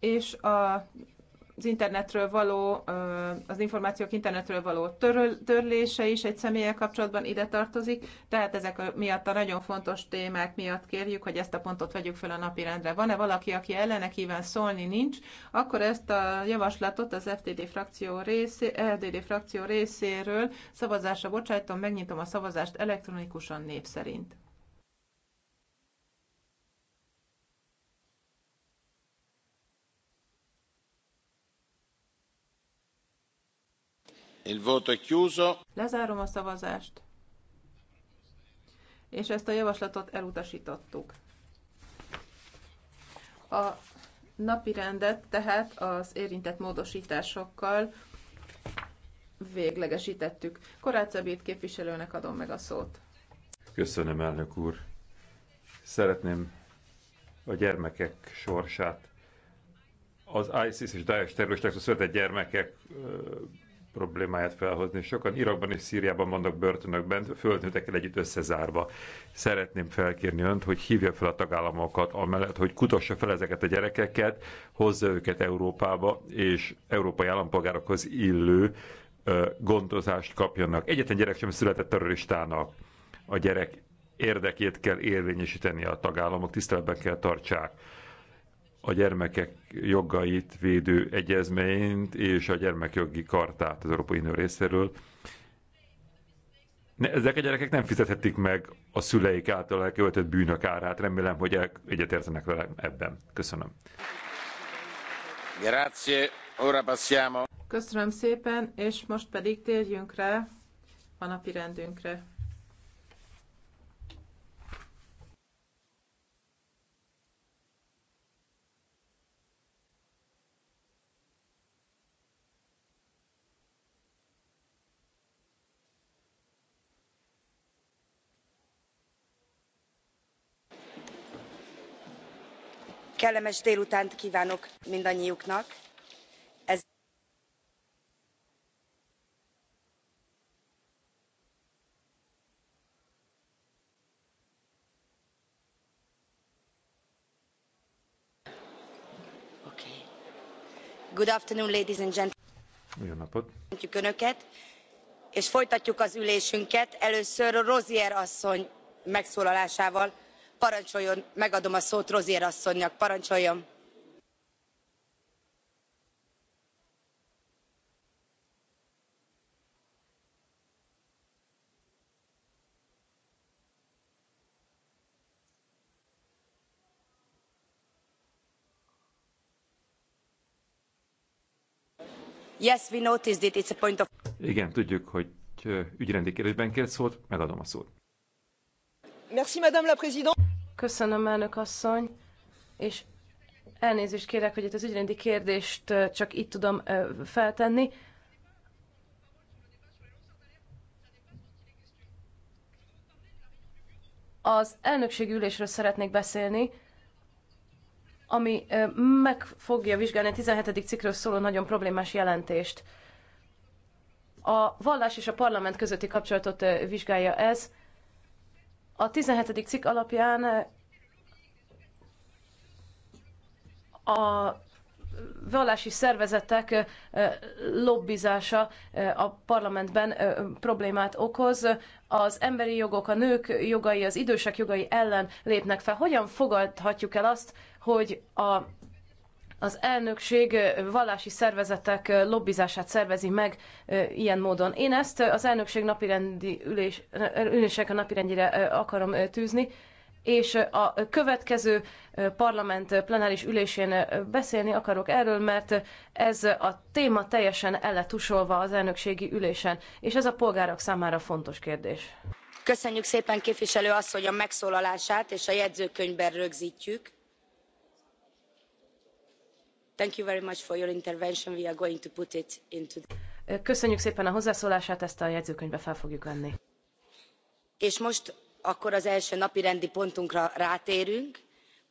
és a az internetről való, az információk internetről való törl- törlése is egy személyek kapcsolatban ide tartozik, tehát ezek miatt a nagyon fontos témák miatt kérjük, hogy ezt a pontot vegyük fel a napirendre. Van-e valaki, aki ellene kíván szólni, nincs, akkor ezt a javaslatot az FTD frakció, részé, FTD frakció részéről szavazásra bocsájtom, megnyitom a szavazást elektronikusan név szerint. Il voto è chiuso. Lezárom a szavazást. És ezt a javaslatot elutasítottuk. A napi rendet tehát az érintett módosításokkal véglegesítettük. Korácsabét képviselőnek adom meg a szót. Köszönöm, elnök úr. Szeretném a gyermekek sorsát az ISIS és Daesh terroristáktól született gyermekek problémáját felhozni. Sokan Irakban és Szíriában vannak börtönökben, földnőtekkel együtt összezárva. Szeretném felkérni önt, hogy hívja fel a tagállamokat, amellett, hogy kutassa fel ezeket a gyerekeket, hozza őket Európába, és európai állampolgárokhoz illő ö, gondozást kapjanak. Egyetlen gyerek sem született terroristának. A gyerek érdekét kell érvényesíteni a tagállamok, tiszteletben kell tartsák a gyermekek jogait védő egyezményt és a gyermekjogi kartát az Európai Unió részéről. Ne, ezek a gyerekek nem fizethetik meg a szüleik által elkövetett bűnök árát. Remélem, hogy egyetértenek vele ebben. Köszönöm. Grazie. Ora passiamo. Köszönöm szépen, és most pedig térjünk rá a napi rendünkre. kellemes délutánt kvánok mindannyiuknak. ezzel good afternoon ladies and gentlemen köszöntjük önöket és folytatjuk az ülésünket először rozière asszony megszólalásával parancsoljon megadom a szót rozière asszonynak parancsoljon! Yes, we noticed it. It's a point of... Igen, tudjuk, hogy ügyrendi kérdésben kért szót, megadom a szót. Köszönöm, elnök asszony, és elnézést kérek, hogy itt az ügyrendi kérdést csak itt tudom feltenni. Az elnökség ülésről szeretnék beszélni, ami meg fogja vizsgálni a 17. cikkről szóló nagyon problémás jelentést. A vallás és a parlament közötti kapcsolatot vizsgálja ez a 17. cikk alapján eh, a vallási szervezetek eh, lobbizása eh, a parlamentben problémát okoz. Az emberi jogok, a nők jogai, az idősek jogai ellen lépnek fel. Hogyan fogadhatjuk el azt, hogy a az elnökség vallási szervezetek lobbizását szervezi meg ilyen módon. Én ezt az elnökség napirendi ülés, ülések a napirendjére akarom tűzni, és a következő parlament plenáris ülésén beszélni akarok erről, mert ez a téma teljesen elletusolva az elnökségi ülésen, és ez a polgárok számára fontos kérdés. Köszönjük szépen képviselő asszony a megszólalását, és a jegyzőkönyvben rögzítjük Köszönjük szépen a hozzászólását, ezt a jegyzőkönyvbe fel fogjuk venni. És most akkor az első napirendi pontunkra rátérünk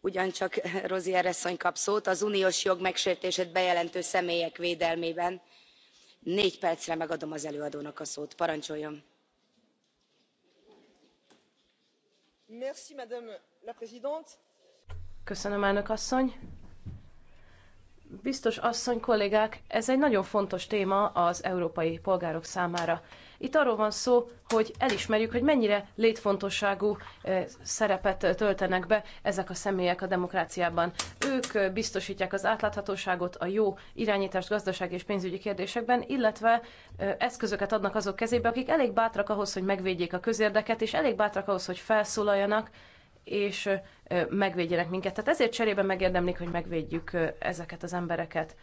ugyancsak rozière asszony kap szót az uniós jog megsértését bejelentő személyek védelmében. négy percre megadom az előadónak a szót parancsoljon! köszönöm elnök asszony! Biztos asszony, kollégák, ez egy nagyon fontos téma az európai polgárok számára. Itt arról van szó, hogy elismerjük, hogy mennyire létfontosságú eh, szerepet töltenek be ezek a személyek a demokráciában. Ők eh, biztosítják az átláthatóságot, a jó irányítást gazdasági és pénzügyi kérdésekben, illetve eh, eszközöket adnak azok kezébe, akik elég bátrak ahhoz, hogy megvédjék a közérdeket, és elég bátrak ahhoz, hogy felszólaljanak, és megvédjenek minket. Tehát ezért cserében megérdemlik, hogy megvédjük ezeket az embereket.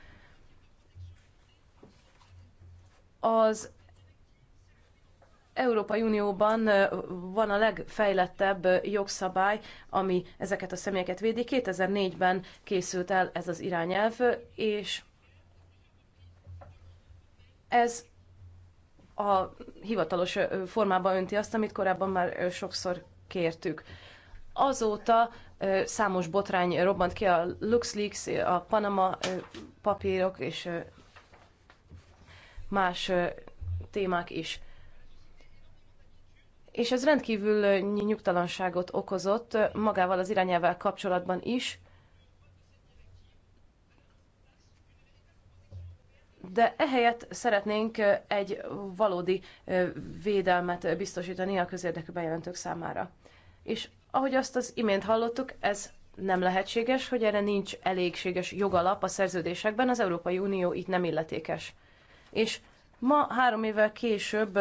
Az Európai Unióban van a legfejlettebb jogszabály, ami ezeket a személyeket védi. 2004-ben készült el ez az irányelv, és ez a hivatalos formában önti azt, amit korábban már sokszor kértük. Azóta számos botrány robbant ki, a LuxLeaks, a Panama papírok és más témák is. És ez rendkívül nyugtalanságot okozott magával az irányelvel kapcsolatban is, de ehelyett szeretnénk egy valódi védelmet biztosítani a közérdekű bejelentők számára. És ahogy azt az imént hallottuk, ez nem lehetséges, hogy erre nincs elégséges jogalap a szerződésekben, az Európai Unió itt nem illetékes. És ma három évvel később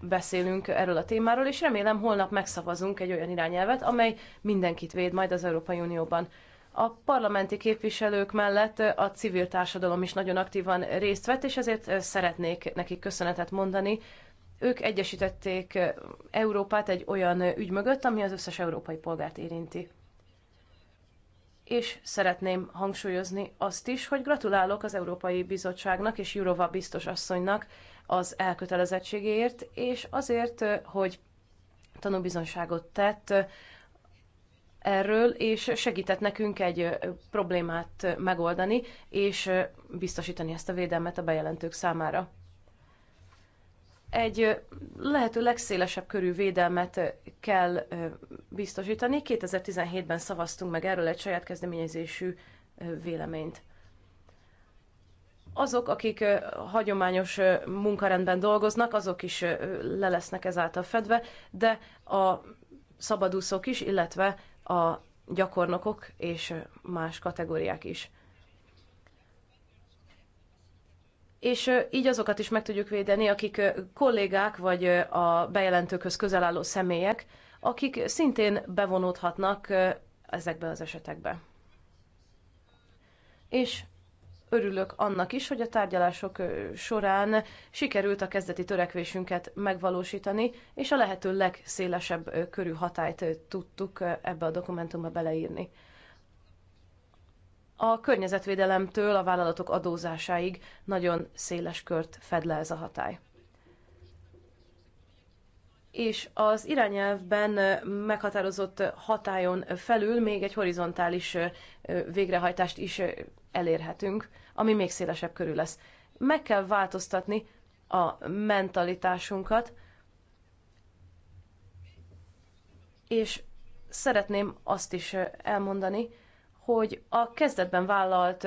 beszélünk erről a témáról, és remélem holnap megszavazunk egy olyan irányelvet, amely mindenkit véd majd az Európai Unióban. A parlamenti képviselők mellett a civil társadalom is nagyon aktívan részt vett, és ezért szeretnék nekik köszönetet mondani ők egyesítették Európát egy olyan ügy mögött, ami az összes európai polgárt érinti. És szeretném hangsúlyozni azt is, hogy gratulálok az Európai Bizottságnak és Jurova biztos asszonynak az elkötelezettségéért, és azért, hogy tanúbizonságot tett erről, és segített nekünk egy problémát megoldani, és biztosítani ezt a védelmet a bejelentők számára egy lehető legszélesebb körű védelmet kell biztosítani. 2017-ben szavaztunk meg erről egy saját kezdeményezésű véleményt. Azok, akik hagyományos munkarendben dolgoznak, azok is le lesznek ezáltal fedve, de a szabadúszók is, illetve a gyakornokok és más kategóriák is. és így azokat is meg tudjuk védeni, akik kollégák vagy a bejelentőkhöz közel álló személyek, akik szintén bevonódhatnak ezekbe az esetekbe. És örülök annak is, hogy a tárgyalások során sikerült a kezdeti törekvésünket megvalósítani, és a lehető legszélesebb körű hatályt tudtuk ebbe a dokumentumba beleírni a környezetvédelemtől a vállalatok adózásáig nagyon széles kört fed le ez a hatály. És az irányelvben meghatározott hatályon felül még egy horizontális végrehajtást is elérhetünk, ami még szélesebb körül lesz. Meg kell változtatni a mentalitásunkat, és szeretném azt is elmondani, hogy a kezdetben vállalt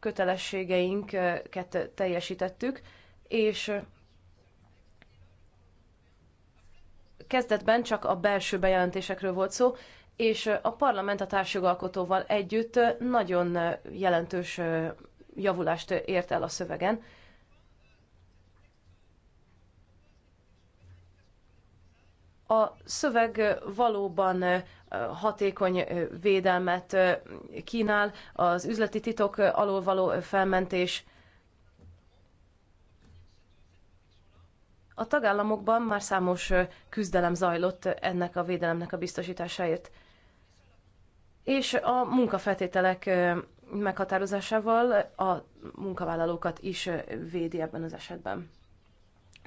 kötelességeinket teljesítettük, és kezdetben csak a belső bejelentésekről volt szó, és a parlament a társjogalkotóval együtt nagyon jelentős javulást ért el a szövegen. A szöveg valóban hatékony védelmet kínál, az üzleti titok alól való felmentés. A tagállamokban már számos küzdelem zajlott ennek a védelemnek a biztosításáért. És a munkafeltételek meghatározásával a munkavállalókat is védi ebben az esetben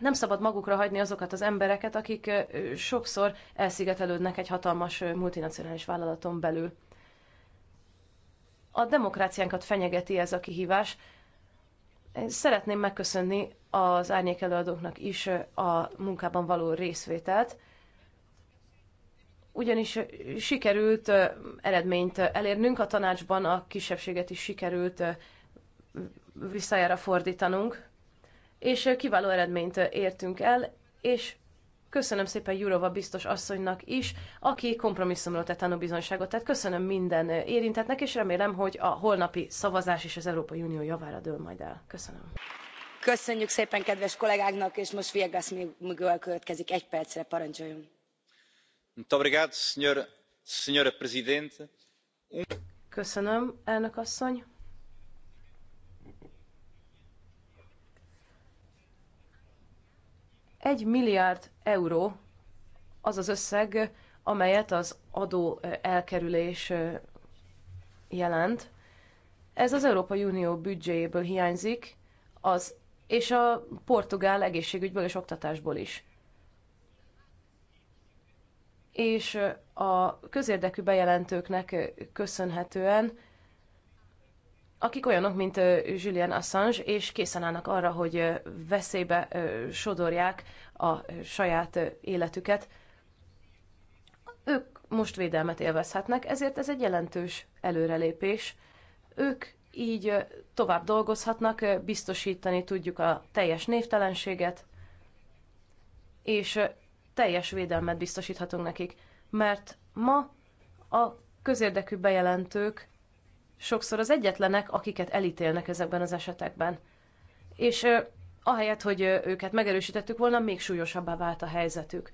nem szabad magukra hagyni azokat az embereket, akik sokszor elszigetelődnek egy hatalmas multinacionális vállalaton belül. A demokráciánkat fenyegeti ez a kihívás. Szeretném megköszönni az árnyék előadóknak is a munkában való részvételt, ugyanis sikerült eredményt elérnünk, a tanácsban a kisebbséget is sikerült visszajára fordítanunk, és kiváló eredményt értünk el, és köszönöm szépen Jurova biztos asszonynak is, aki kompromisszumról tett tanúbizonyságot. Tehát köszönöm minden érintetnek, és remélem, hogy a holnapi szavazás is az Európai Unió javára dől majd el. Köszönöm. Köszönjük szépen kedves kollégáknak, és most Viegas Miguel következik egy percre, parancsoljon. Köszönöm, elnök asszony. Egy milliárd euró az az összeg, amelyet az adó elkerülés jelent. Ez az Európai Unió büdzséjéből hiányzik, az, és a portugál egészségügyből és oktatásból is. És a közérdekű bejelentőknek köszönhetően akik olyanok, mint Julian Assange, és készen állnak arra, hogy veszélybe sodorják a saját életüket. Ők most védelmet élvezhetnek, ezért ez egy jelentős előrelépés. Ők így tovább dolgozhatnak, biztosítani tudjuk a teljes névtelenséget, és teljes védelmet biztosíthatunk nekik. Mert ma a közérdekű bejelentők sokszor az egyetlenek, akiket elítélnek ezekben az esetekben. És ahelyett, hogy őket megerősítettük volna, még súlyosabbá vált a helyzetük.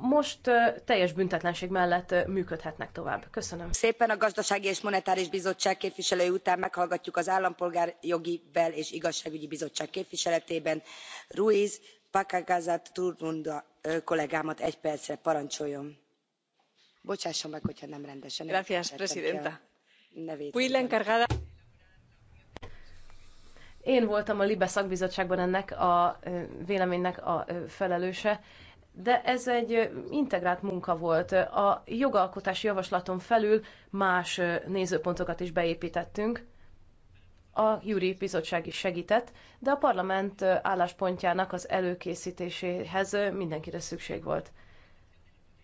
Most teljes büntetlenség mellett működhetnek tovább. Köszönöm. Szépen a Gazdasági és Monetáris Bizottság képviselői után meghallgatjuk az Állampolgárjogi Bel- és Igazságügyi Bizottság képviseletében Ruiz Pakagazat Turmunda kollégámat egy percre parancsoljon señora presidenta Encargada. én voltam a libe szakbizottságban ennek a véleménynek a felelőse de ez egy integrált munka volt. A jogalkotási javaslaton felül más nézőpontokat is beépítettünk. A Júri Bizottság is segített, de a parlament álláspontjának az előkészítéséhez mindenkire szükség volt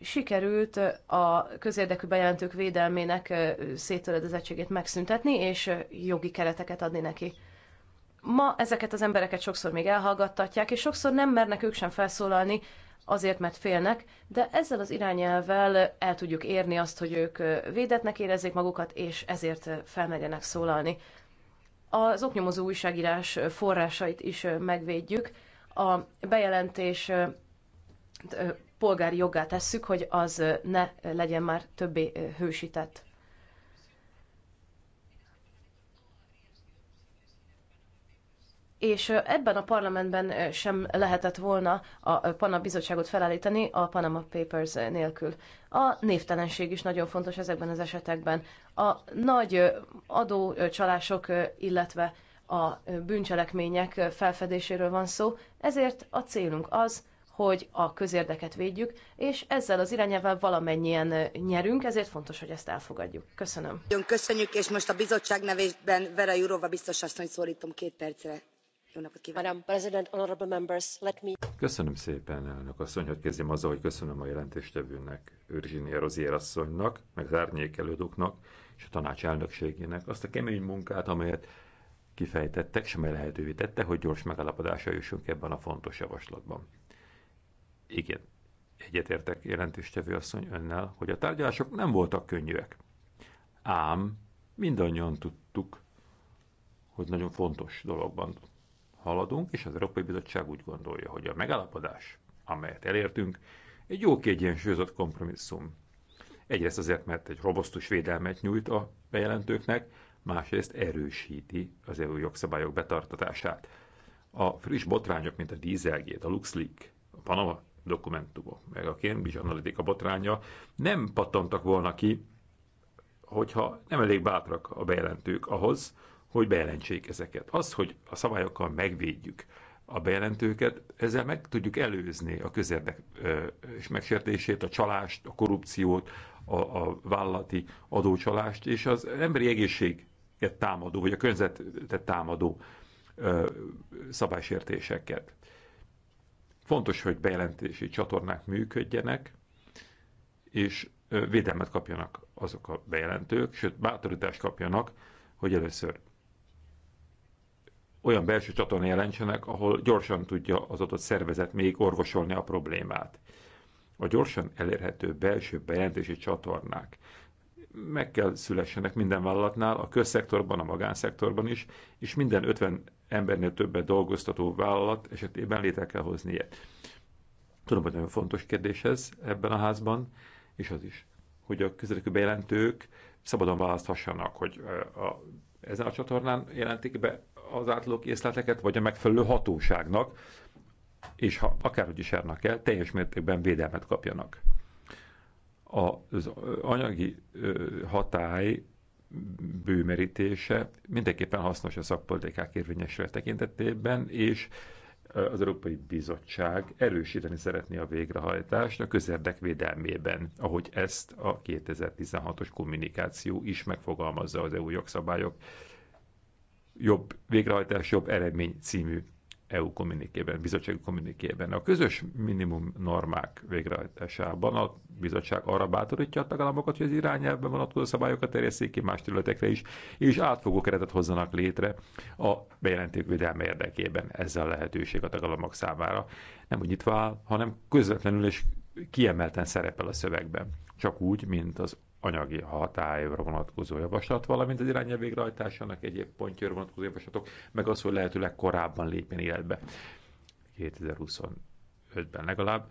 sikerült a közérdekű bejelentők védelmének széttöredezettségét megszüntetni, és jogi kereteket adni neki. Ma ezeket az embereket sokszor még elhallgattatják, és sokszor nem mernek ők sem felszólalni, azért, mert félnek, de ezzel az irányelvel el tudjuk érni azt, hogy ők védetnek érezzék magukat, és ezért felmegyenek szólalni. Az oknyomozó újságírás forrásait is megvédjük. A bejelentés polgári joggá tesszük, hogy az ne legyen már többé hősített. és ebben a parlamentben sem lehetett volna a Panama bizottságot felállítani a Panama Papers nélkül. A névtelenség is nagyon fontos ezekben az esetekben. A nagy adócsalások, illetve a bűncselekmények felfedéséről van szó, ezért a célunk az, hogy a közérdeket védjük, és ezzel az irányával valamennyien nyerünk, ezért fontos, hogy ezt elfogadjuk. Köszönöm. Nagyon köszönjük, és most a bizottság nevében Vera Jurova biztos asszonyt szólítom két percre. Jó napot kívánok. Köszönöm szépen, elnök asszony, hogy kezdjem azzal, hogy köszönöm a jelentéstevőnek, Őrzsini Erozier asszonynak, meg az árnyékelődőknek és a tanács elnökségének azt a kemény munkát, amelyet kifejtettek, és amely lehetővé tette, hogy gyors megállapodásra jussunk ebben a fontos javaslatban. Igen, egyetértek jelentéstevő asszony önnel, hogy a tárgyalások nem voltak könnyűek. Ám mindannyian tudtuk, hogy nagyon fontos dologban haladunk, és az Európai Bizottság úgy gondolja, hogy a megállapodás, amelyet elértünk, egy jó kiegyensúlyozott kompromisszum. Egyrészt azért, mert egy robosztus védelmet nyújt a bejelentőknek, másrészt erősíti az EU jogszabályok betartatását. A friss botrányok, mint a Dieselgate, a LuxLeak, a Panama dokumentumok, meg a Cambridge Analytica botránya nem pattantak volna ki, hogyha nem elég bátrak a bejelentők ahhoz, hogy bejelentsék ezeket. Az, hogy a szabályokkal megvédjük a bejelentőket, ezzel meg tudjuk előzni a közérdek és megsértését, a csalást, a korrupciót, a, a vállalati adócsalást, és az emberi egészséget támadó, vagy a környezetet támadó szabálysértéseket. Fontos, hogy bejelentési csatornák működjenek, és védelmet kapjanak azok a bejelentők, sőt, bátorítást kapjanak, hogy először olyan belső csatorna jelentsenek, ahol gyorsan tudja az adott szervezet még orvosolni a problémát. A gyorsan elérhető belső bejelentési csatornák meg kell szülessenek minden vállalatnál, a közszektorban, a magánszektorban is, és minden 50 embernél többet dolgoztató vállalat esetében létre kell hozni ilyet. Tudom, hogy nagyon fontos kérdés ez ebben a házban, és az is, hogy a közérdekű bejelentők szabadon választhassanak, hogy a, a, ezen a csatornán jelentik be az átlók észleteket, vagy a megfelelő hatóságnak, és ha akárhogy is járnak el, teljes mértékben védelmet kapjanak. A, az anyagi hatály bőmerítése mindenképpen hasznos a szakpolitikák érvényesre tekintetében, és az Európai Bizottság erősíteni szeretné a végrehajtást a közérdek védelmében, ahogy ezt a 2016-os kommunikáció is megfogalmazza az EU jogszabályok jobb végrehajtás, jobb eredmény című EU kommunikében, bizottsági kommunikében. A közös minimum normák végrehajtásában a bizottság arra bátorítja a tagállamokat, hogy az irányelvben vonatkozó szabályokat terjesszék ki más területekre is, és átfogó keretet hozzanak létre a bejelentők védelme érdekében. Ezzel a lehetőség a tagállamok számára nem úgy nyitva áll, hanem közvetlenül és kiemelten szerepel a szövegben. Csak úgy, mint az anyagi hatályra vonatkozó javaslat, valamint az irányelv végrehajtásának egyéb pontjára vonatkozó javaslatok, meg az, hogy lehetőleg korábban lépjen életbe. 2025-ben legalább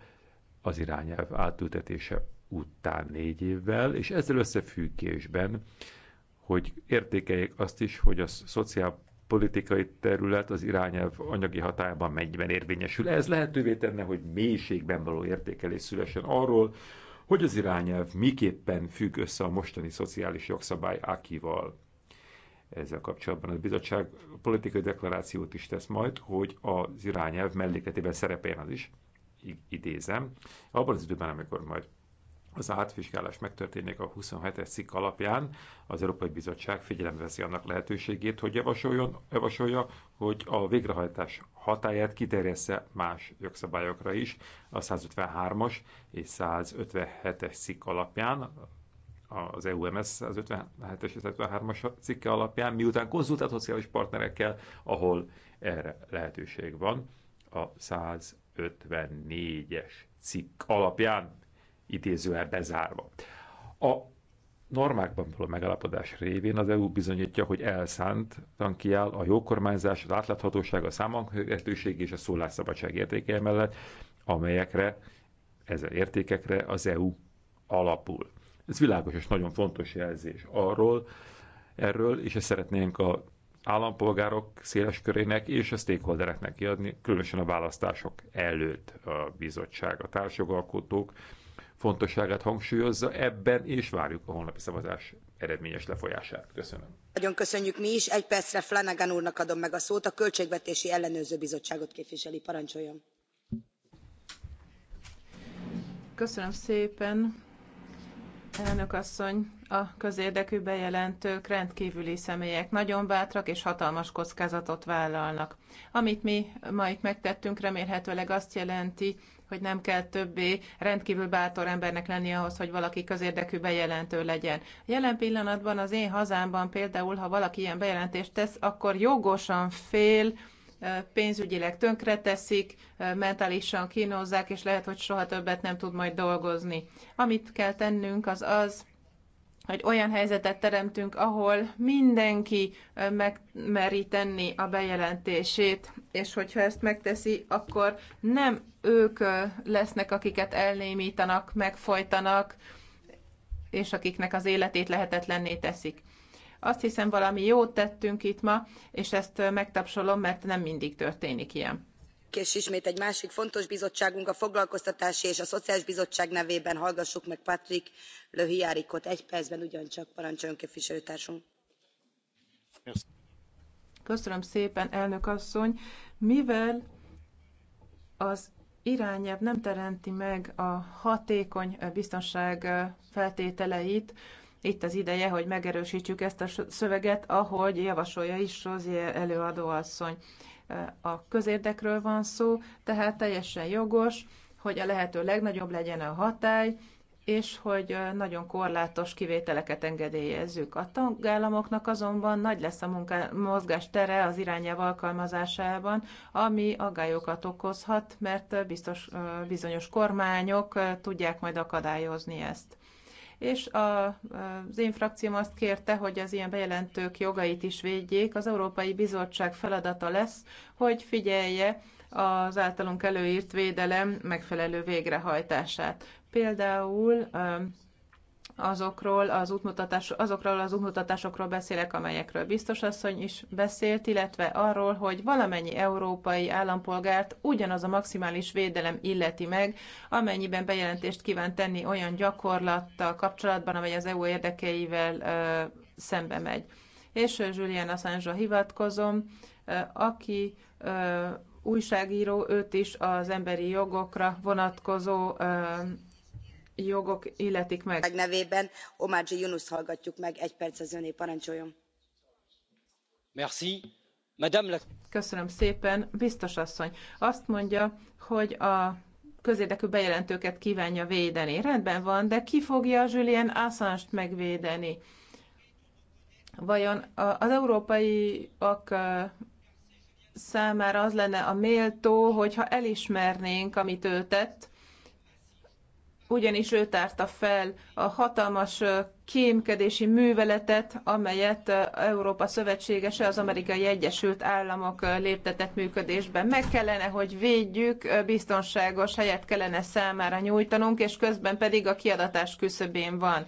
az irányelv átültetése után négy évvel, és ezzel összefüggésben, hogy értékeljék azt is, hogy a szociálpolitikai terület az irányelv anyagi hatályában mennyiben érvényesül. Ez lehetővé tenne, hogy mélységben való értékelés szülessen arról, hogy az irányelv miképpen függ össze a mostani szociális jogszabály ákival. Ezzel kapcsolatban a bizottság politikai deklarációt is tesz majd, hogy az irányelv mellékletében szerepeljen az is, idézem, abban az időben, amikor majd az átvizsgálás megtörténik a 27-es cikk alapján. Az Európai Bizottság figyelembe veszi annak lehetőségét, hogy javasoljon, javasolja, hogy a végrehajtás hatáját kiterjessze más jogszabályokra is, a 153-as és 157-es cikk alapján, az EUMS az 57-es és 53-as cikke alapján, miután konzultált szociális partnerekkel, ahol erre lehetőség van, a 154-es cikk alapján idézően bezárva. A normákban való megállapodás révén az EU bizonyítja, hogy elszánt kiáll a jókormányzás az átláthatóság, a számonkövetőség és a szólásszabadság értéke mellett, amelyekre, ezen értékekre az EU alapul. Ez világos és nagyon fontos jelzés arról, erről, és ezt szeretnénk a állampolgárok széles körének és a stakeholdereknek kiadni, különösen a választások előtt a bizottság, a társjogalkotók fontosságát hangsúlyozza ebben, és várjuk a holnapi szavazás eredményes lefolyását. Köszönöm. Nagyon köszönjük mi is. Egy percre Flanagan úrnak adom meg a szót. A Költségvetési Ellenőrző Bizottságot képviseli. Parancsoljon. Köszönöm szépen. Elnök asszony, a közérdekű bejelentők rendkívüli személyek nagyon bátrak és hatalmas kockázatot vállalnak. Amit mi ma itt megtettünk, remélhetőleg azt jelenti, hogy nem kell többé rendkívül bátor embernek lenni ahhoz, hogy valaki közérdekű bejelentő legyen. Jelen pillanatban az én hazámban például, ha valaki ilyen bejelentést tesz, akkor jogosan fél, pénzügyileg tönkreteszik, mentálisan kínozzák, és lehet, hogy soha többet nem tud majd dolgozni. Amit kell tennünk, az az, hogy olyan helyzetet teremtünk, ahol mindenki megmeri tenni a bejelentését, és hogyha ezt megteszi, akkor nem ők lesznek, akiket elnémítanak, megfojtanak, és akiknek az életét lehetetlenné teszik. Azt hiszem, valami jót tettünk itt ma, és ezt megtapsolom, mert nem mindig történik ilyen és ismét egy másik fontos bizottságunk a foglalkoztatási és a szociális bizottság nevében hallgassuk meg patrick lohiarikot egy percben ugyancsak parancsoljon képviselőtársunk! köszönöm szépen elnök asszony mivel az irányelv nem teremti meg a hatékony biztonság feltételeit itt az ideje, hogy megerősítjük ezt a szöveget, ahogy javasolja is Rozier asszony a közérdekről van szó, tehát teljesen jogos, hogy a lehető legnagyobb legyen a hatály, és hogy nagyon korlátos kivételeket engedélyezzük. A tagállamoknak azonban nagy lesz a munká, mozgás tere az irányelv alkalmazásában, ami aggályokat okozhat, mert biztos, bizonyos kormányok tudják majd akadályozni ezt és a, az én frakcióm azt kérte, hogy az ilyen bejelentők jogait is védjék. Az Európai Bizottság feladata lesz, hogy figyelje az általunk előírt védelem megfelelő végrehajtását. Például azokról az, útmutatás, azokról az útmutatásokról beszélek, amelyekről biztos asszony is beszélt, illetve arról, hogy valamennyi európai állampolgárt ugyanaz a maximális védelem illeti meg, amennyiben bejelentést kíván tenni olyan gyakorlattal kapcsolatban, amely az EU érdekeivel ö, szembe megy. És Julian Assange-ra hivatkozom, ö, aki ö, újságíró, őt is az emberi jogokra vonatkozó ö, jogok illetik meg. Meg nevében Omágyi Yunus hallgatjuk meg, egy perc az öné, parancsoljon. Merci. Madame la... Köszönöm szépen, biztos asszony. Azt mondja, hogy a közérdekű bejelentőket kívánja védeni. Rendben van, de ki fogja Julian Assange-t megvédeni? Vajon az európaiak számára az lenne a méltó, hogyha elismernénk, amit ő tett, ugyanis ő tárta fel a hatalmas kémkedési műveletet, amelyet Európa szövetségese az amerikai Egyesült Államok léptetett működésben. Meg kellene, hogy védjük, biztonságos helyet kellene számára nyújtanunk, és közben pedig a kiadatás küszöbén van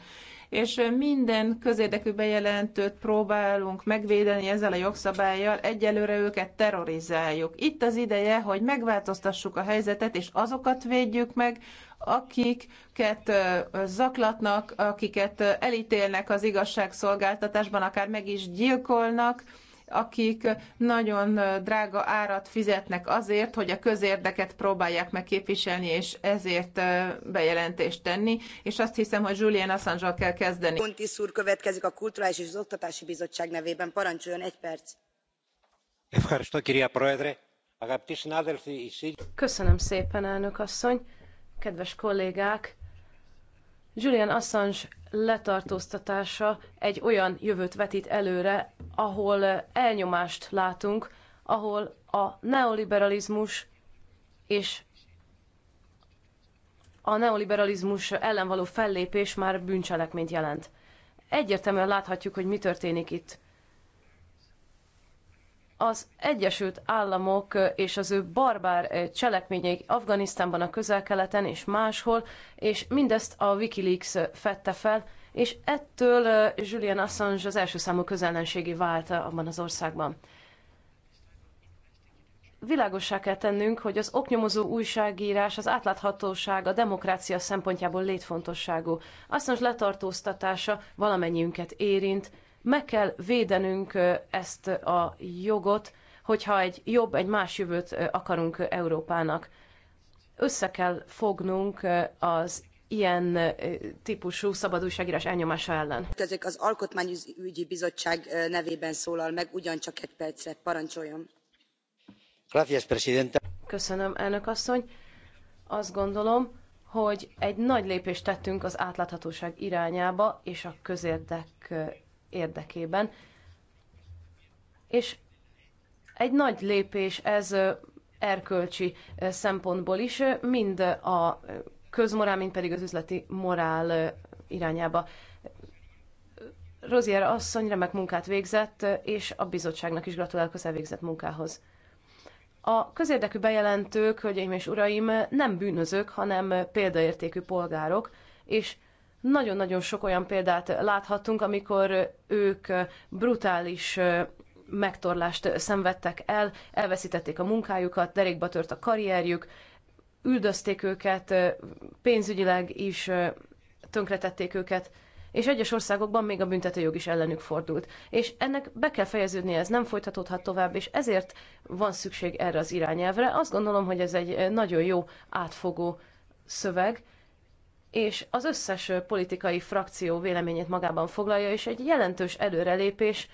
és minden közérdekű bejelentőt próbálunk megvédeni ezzel a jogszabályjal, egyelőre őket terrorizáljuk. Itt az ideje, hogy megváltoztassuk a helyzetet, és azokat védjük meg, akiket zaklatnak, akiket elítélnek az igazságszolgáltatásban, akár meg is gyilkolnak, akik nagyon drága árat fizetnek azért, hogy a közérdeket próbálják meg képviselni, és ezért bejelentést tenni, és azt hiszem, hogy Julian assange kell kezdeni. Pontis úr következik a Kulturális és az Oktatási Bizottság nevében. Parancsoljon egy perc. Köszönöm szépen, elnök asszony! Kedves kollégák! Julian Assange letartóztatása egy olyan jövőt vetít előre, ahol elnyomást látunk, ahol a neoliberalizmus és a neoliberalizmus ellen való fellépés már bűncselekményt jelent. Egyértelműen láthatjuk, hogy mi történik itt az Egyesült Államok és az ő barbár eh, cselekményei Afganisztánban, a közel-keleten és máshol, és mindezt a Wikileaks eh, fette fel, és ettől eh, Julian Assange az első számú közellenségi vált abban az országban. Világossá kell tennünk, hogy az oknyomozó újságírás, az átláthatóság a demokrácia szempontjából létfontosságú. Assange letartóztatása valamennyiünket érint, meg kell védenünk ezt a jogot, hogyha egy jobb, egy más jövőt akarunk Európának. Össze kell fognunk az ilyen típusú szabadúságírás elnyomása ellen. Ezek az Alkotmányügyi Bizottság nevében szólal meg, ugyancsak egy percre. Parancsoljon. Gracias, Köszönöm, elnök asszony. Azt gondolom, hogy egy nagy lépést tettünk az átláthatóság irányába és a közérdek érdekében. És egy nagy lépés ez erkölcsi szempontból is, mind a közmorál, mind pedig az üzleti morál irányába. Rozier asszony remek munkát végzett, és a bizottságnak is gratulálok az elvégzett munkához. A közérdekű bejelentők, hölgyeim és uraim, nem bűnözők, hanem példaértékű polgárok, és nagyon-nagyon sok olyan példát láthattunk, amikor ők brutális megtorlást szenvedtek el, elveszítették a munkájukat, derékba tört a karrierjük, üldözték őket, pénzügyileg is tönkretették őket, és egyes országokban még a büntetőjog is ellenük fordult. És ennek be kell fejeződnie, ez nem folytatódhat tovább, és ezért van szükség erre az irányelvre. Azt gondolom, hogy ez egy nagyon jó átfogó szöveg, és az összes politikai frakció véleményét magában foglalja, és egy jelentős előrelépés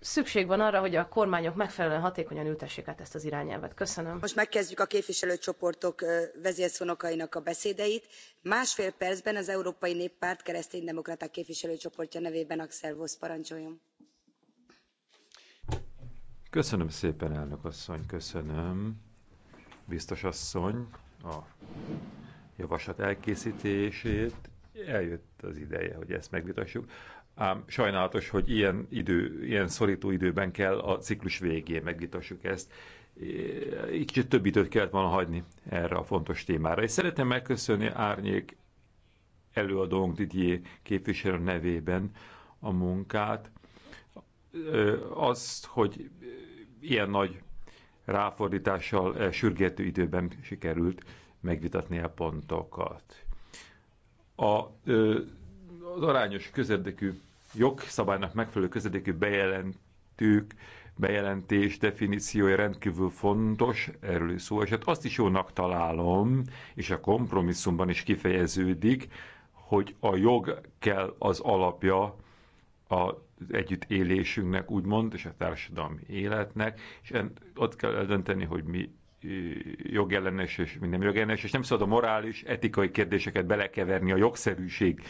szükség van arra, hogy a kormányok megfelelően hatékonyan ültessék át ezt az irányelvet. Köszönöm. Most megkezdjük a képviselőcsoportok vezérszónokainak a beszédeit. Másfél percben az Európai Néppárt kereszténydemokraták képviselőcsoportja nevében Axel Vosz parancsoljon. Köszönöm szépen, elnök asszony, köszönöm. Biztos asszony, a javaslat elkészítését. Eljött az ideje, hogy ezt megvitassuk. Ám sajnálatos, hogy ilyen, idő, ilyen szorító időben kell a ciklus végén megvitassuk ezt. Így kicsit több időt kellett volna hagyni erre a fontos témára. És szeretném megköszönni Árnyék előadónk Didier képviselő nevében a munkát, azt, hogy ilyen nagy ráfordítással eh, sürgető időben sikerült megvitatni a pontokat. A, ö, az arányos közérdekű jogszabálynak megfelelő közérdekű bejelentők, bejelentés definíciója rendkívül fontos, erről is szó esett. Azt is jónak találom, és a kompromisszumban is kifejeződik, hogy a jog kell az alapja az együttélésünknek, úgymond, és a társadalmi életnek, és ott kell eldönteni, hogy mi jogellenes és minden jogellenes, és nem szabad a morális, etikai kérdéseket belekeverni a jogszerűség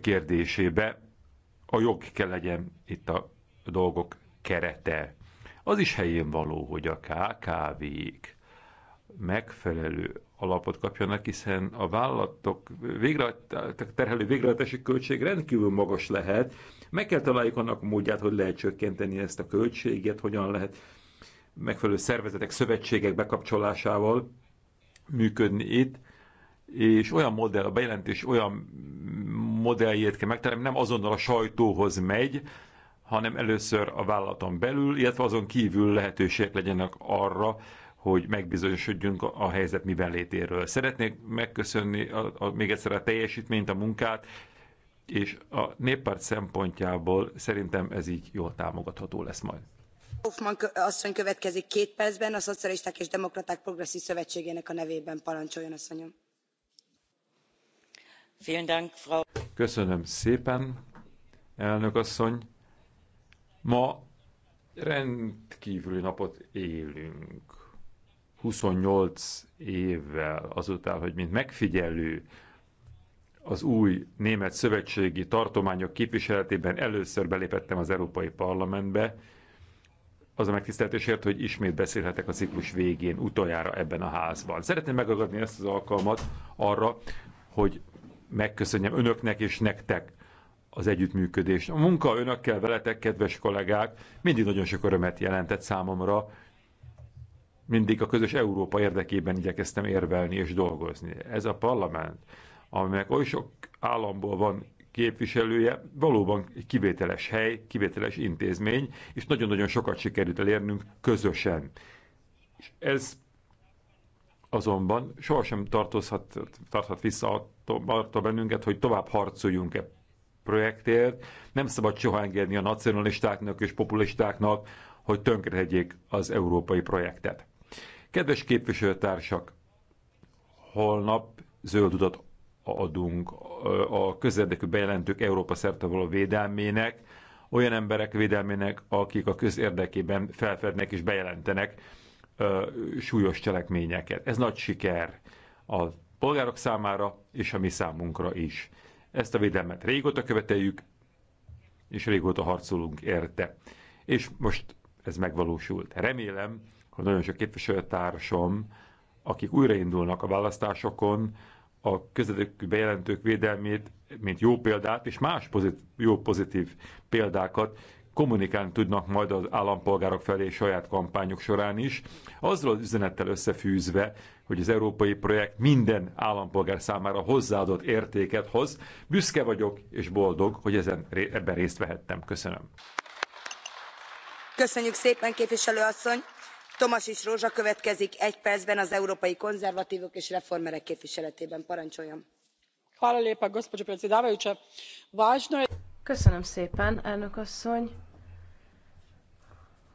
kérdésébe. A jog kell legyen itt a dolgok kerete. Az is helyén való, hogy a KKV-k megfelelő alapot kapjanak, hiszen a vállalatok végre, terhelő végrehajtási költség rendkívül magas lehet. Meg kell találjuk annak módját, hogy lehet csökkenteni ezt a költséget, hogyan lehet megfelelő szervezetek, szövetségek bekapcsolásával működni itt, és olyan modell, a bejelentés olyan modelljét kell megtalálni, nem azonnal a sajtóhoz megy, hanem először a vállalaton belül, illetve azon kívül lehetőségek legyenek arra, hogy megbizonyosodjunk a helyzet miben létéről. Szeretnék megköszönni a, a, még egyszer a teljesítményt, a munkát, és a néppárt szempontjából szerintem ez így jól támogatható lesz majd két percben, Demokraták Progresszív Szövetségének a nevében Köszönöm szépen, elnök asszony. Ma rendkívüli napot élünk. 28 évvel azután, hogy mint megfigyelő az új német szövetségi tartományok képviseletében először belépettem az Európai Parlamentbe, az a megtiszteltésért, hogy ismét beszélhetek a ciklus végén, utoljára ebben a házban. Szeretném megadni ezt az alkalmat arra, hogy megköszönjem önöknek és nektek az együttműködést. A munka önökkel, veletek, kedves kollégák, mindig nagyon sok örömet jelentett számomra. Mindig a közös Európa érdekében igyekeztem érvelni és dolgozni. Ez a parlament, amelyek oly sok államból van képviselője, valóban egy kivételes hely, kivételes intézmény, és nagyon-nagyon sokat sikerült elérnünk közösen. És ez azonban sohasem tartozhat, tarthat vissza attól bennünket, hogy tovább harcoljunk e projektért. Nem szabad soha engedni a nacionalistáknak és populistáknak, hogy tönkretegyék az európai projektet. Kedves képviselőtársak, holnap zöld utat adunk a közérdekű bejelentők Európa szerte való védelmének, olyan emberek védelmének, akik a közérdekében felfednek és bejelentenek súlyos cselekményeket. Ez nagy siker a polgárok számára és a mi számunkra is. Ezt a védelmet régóta követeljük, és régóta harcolunk érte. És most ez megvalósult. Remélem, hogy nagyon sok képviselőtársam, akik újraindulnak a választásokon, a közöttük bejelentők védelmét, mint jó példát, és más pozitív, jó pozitív példákat kommunikálni tudnak majd az állampolgárok felé saját kampányok során is, azzal az üzenettel összefűzve, hogy az európai projekt minden állampolgár számára hozzáadott értéket hoz. Büszke vagyok és boldog, hogy ezen, ebben részt vehettem. Köszönöm. Köszönjük szépen, képviselő asszony! tomaić rózsa következik egy percben az európai konzervatvok és reformerek képviseletében. parancsoljon! gospođo predsjednice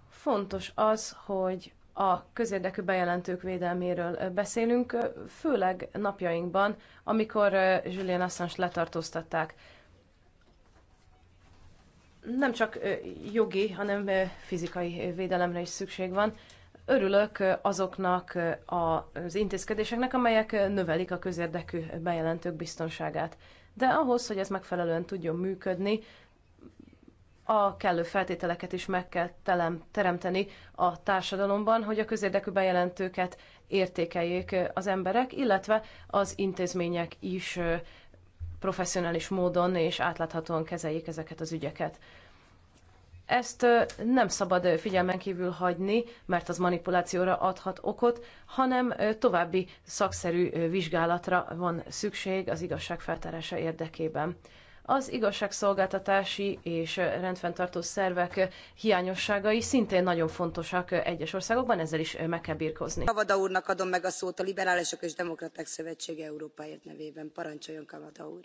fontos az hogy a közérdekű bejelentők védelméről beszélünk főleg napjainkban amikor julian assange t letartóztatták. nem csak jogi hanem fizikai védelemre is szükség van. Örülök azoknak az intézkedéseknek, amelyek növelik a közérdekű bejelentők biztonságát. De ahhoz, hogy ez megfelelően tudjon működni, a kellő feltételeket is meg kell telem, teremteni a társadalomban, hogy a közérdekű bejelentőket értékeljék az emberek, illetve az intézmények is professzionális módon és átláthatóan kezeljék ezeket az ügyeket. Ezt nem szabad figyelmen kívül hagyni, mert az manipulációra adhat okot, hanem további szakszerű vizsgálatra van szükség az igazság feltárása érdekében. Az igazságszolgáltatási és rendfenntartó szervek hiányosságai szintén nagyon fontosak egyes országokban, ezzel is meg kell birkozni. Kavada úrnak adom meg a szót a Liberálisok és Demokraták Szövetsége Európáért nevében. Parancsoljon, Kavada úr!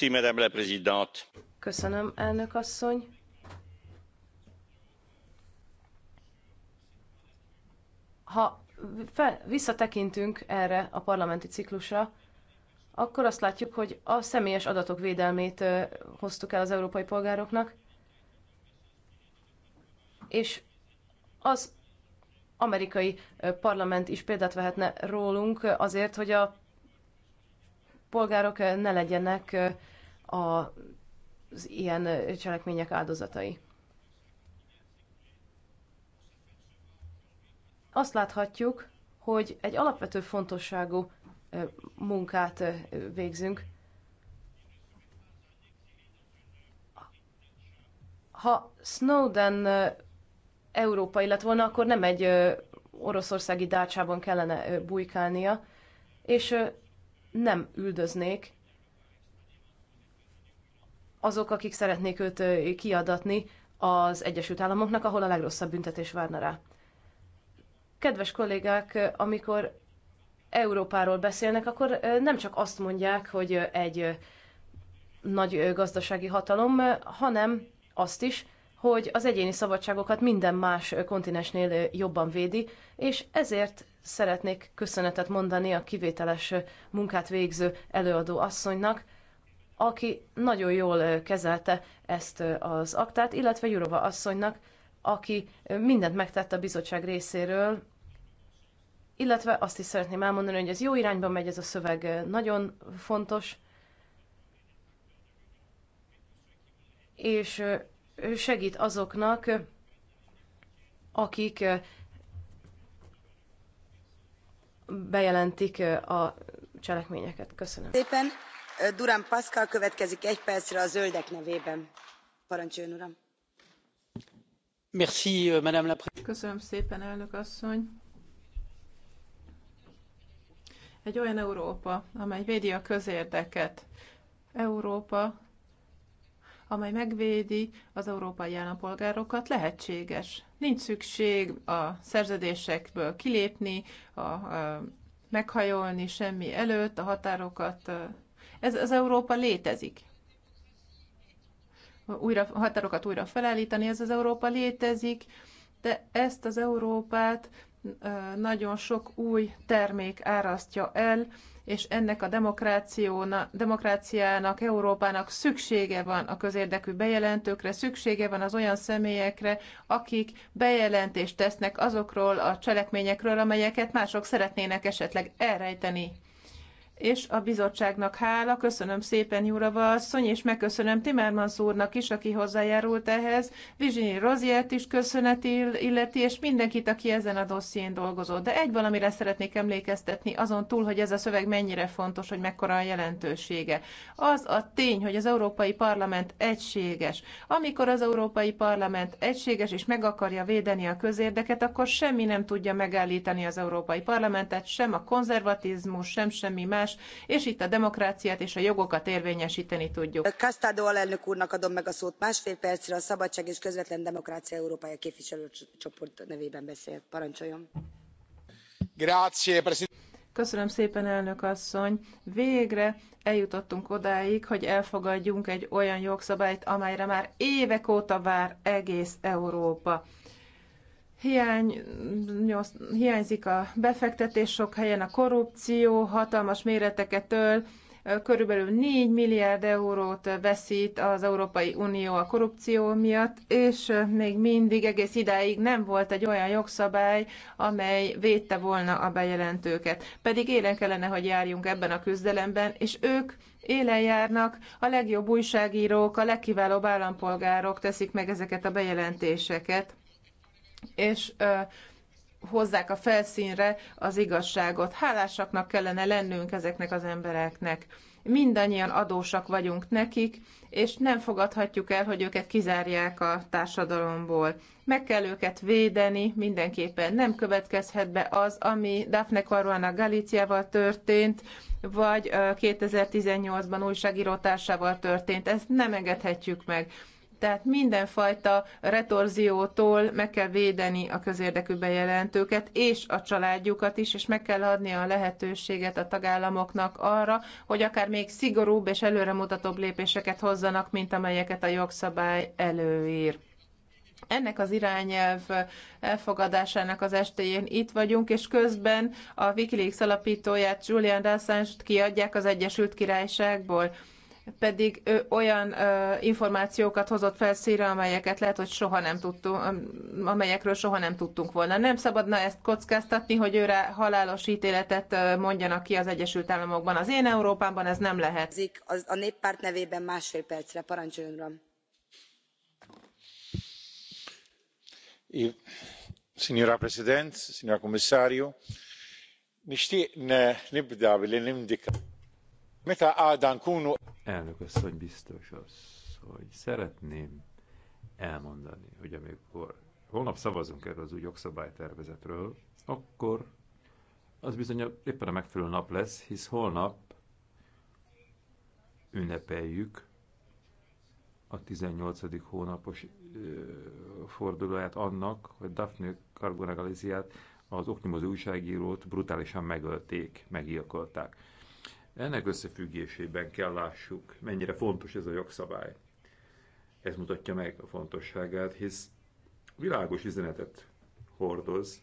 Madame la Présidente. Köszönöm, elnök asszony. Ha visszatekintünk erre a parlamenti ciklusra, akkor azt látjuk, hogy a személyes adatok védelmét hoztuk el az európai polgároknak, és az amerikai parlament is példát vehetne rólunk azért, hogy a polgárok eh, ne legyenek eh, az ilyen eh, cselekmények áldozatai. Azt láthatjuk, hogy egy alapvető fontosságú munkát végzünk. Ha Snowden európai lett volna, akkor nem egy oroszországi dácsában kellene bujkálnia, és nem üldöznék azok, akik szeretnék őt kiadatni az Egyesült Államoknak, ahol a legrosszabb büntetés várna rá. Kedves kollégák, amikor Európáról beszélnek, akkor nem csak azt mondják, hogy egy nagy gazdasági hatalom, hanem azt is, hogy az egyéni szabadságokat minden más kontinensnél jobban védi, és ezért szeretnék köszönetet mondani a kivételes munkát végző előadó asszonynak, aki nagyon jól kezelte ezt az aktát, illetve Jurova asszonynak, aki mindent megtett a bizottság részéről, illetve azt is szeretném elmondani, hogy ez jó irányba megy, ez a szöveg nagyon fontos, és segít azoknak, akik bejelentik a cselekményeket. Köszönöm. Szépen Durán Pascal következik egy percre a zöldek nevében. Parancsoljon, uram! Merci, madame la... Köszönöm szépen, elnök asszony! Egy olyan Európa, amely védi a közérdeket. Európa, amely megvédi az európai állampolgárokat, lehetséges. Nincs szükség a szerződésekből kilépni, a, a meghajolni semmi előtt, a határokat. Ez az Európa létezik. Újra, határokat újra felállítani, ez az Európa létezik, de ezt az Európát nagyon sok új termék árasztja el, és ennek a demokráciának, Európának szüksége van a közérdekű bejelentőkre, szüksége van az olyan személyekre, akik bejelentést tesznek azokról a cselekményekről, amelyeket mások szeretnének esetleg elrejteni és a bizottságnak hála. Köszönöm szépen Jurava asszony, és megköszönöm Timmermans úrnak is, aki hozzájárult ehhez. Virginie Roziert is köszönet illeti, és mindenkit, aki ezen a dosszién dolgozott. De egy valamire szeretnék emlékeztetni, azon túl, hogy ez a szöveg mennyire fontos, hogy mekkora a jelentősége. Az a tény, hogy az Európai Parlament egységes. Amikor az Európai Parlament egységes és meg akarja védeni a közérdeket, akkor semmi nem tudja megállítani az Európai Parlamentet, sem a konzervatizmus, sem semmi más megoldás, és itt a demokráciát és a jogokat érvényesíteni tudjuk. Kastádó alelnök úrnak adom meg a szót másfél percre a Szabadság és Közvetlen Demokrácia Európája képviselőcsoport nevében beszél. Parancsoljon! Grazie, Köszönöm szépen, elnök asszony. Végre eljutottunk odáig, hogy elfogadjunk egy olyan jogszabályt, amelyre már évek óta vár egész Európa. Hiány, nyolc, hiányzik a befektetés sok helyen, a korrupció hatalmas méreteket öl, körülbelül 4 milliárd eurót veszít az Európai Unió a korrupció miatt, és még mindig egész idáig nem volt egy olyan jogszabály, amely védte volna a bejelentőket. Pedig élen kellene, hogy járjunk ebben a küzdelemben, és ők élen járnak, a legjobb újságírók, a legkiválóbb állampolgárok teszik meg ezeket a bejelentéseket és hozzák a felszínre az igazságot. Hálásaknak kellene lennünk ezeknek az embereknek. Mindannyian adósak vagyunk nekik, és nem fogadhatjuk el, hogy őket kizárják a társadalomból. Meg kell őket védeni, mindenképpen nem következhet be az, ami Daphne Caruana Galiciával történt, vagy 2018-ban újságírótársával történt. Ezt nem engedhetjük meg tehát mindenfajta retorziótól meg kell védeni a közérdekű bejelentőket, és a családjukat is, és meg kell adni a lehetőséget a tagállamoknak arra, hogy akár még szigorúbb és előremutatóbb lépéseket hozzanak, mint amelyeket a jogszabály előír. Ennek az irányelv elfogadásának az estéjén itt vagyunk, és közben a Wikileaks alapítóját, Julian Assange-t kiadják az Egyesült Királyságból pedig ő olyan ö, információkat hozott fel szíra, amelyeket lehet, hogy soha nem tudtunk, amelyekről soha nem tudtunk volna. Nem szabadna ezt kockáztatni, hogy őre halálos ítéletet ö, mondjanak ki az Egyesült Államokban. Az én Európámban ez nem lehet. Az, a néppárt nevében másfél percre parancsoljon, rám. Signora Presidente, signora Commissario, nishtiq nibda ne, nimdika Elnök asszony, biztos asszony. Szeretném elmondani, hogy amikor holnap szavazunk erről az új jogszabálytervezetről, akkor az bizony éppen a megfelelő nap lesz, hisz holnap ünnepeljük a 18. hónapos fordulóját annak, hogy Daphne Caruana az oknyomozó újságírót brutálisan megölték, meggyilkolták ennek összefüggésében kell lássuk, mennyire fontos ez a jogszabály. Ez mutatja meg a fontosságát, hisz világos üzenetet hordoz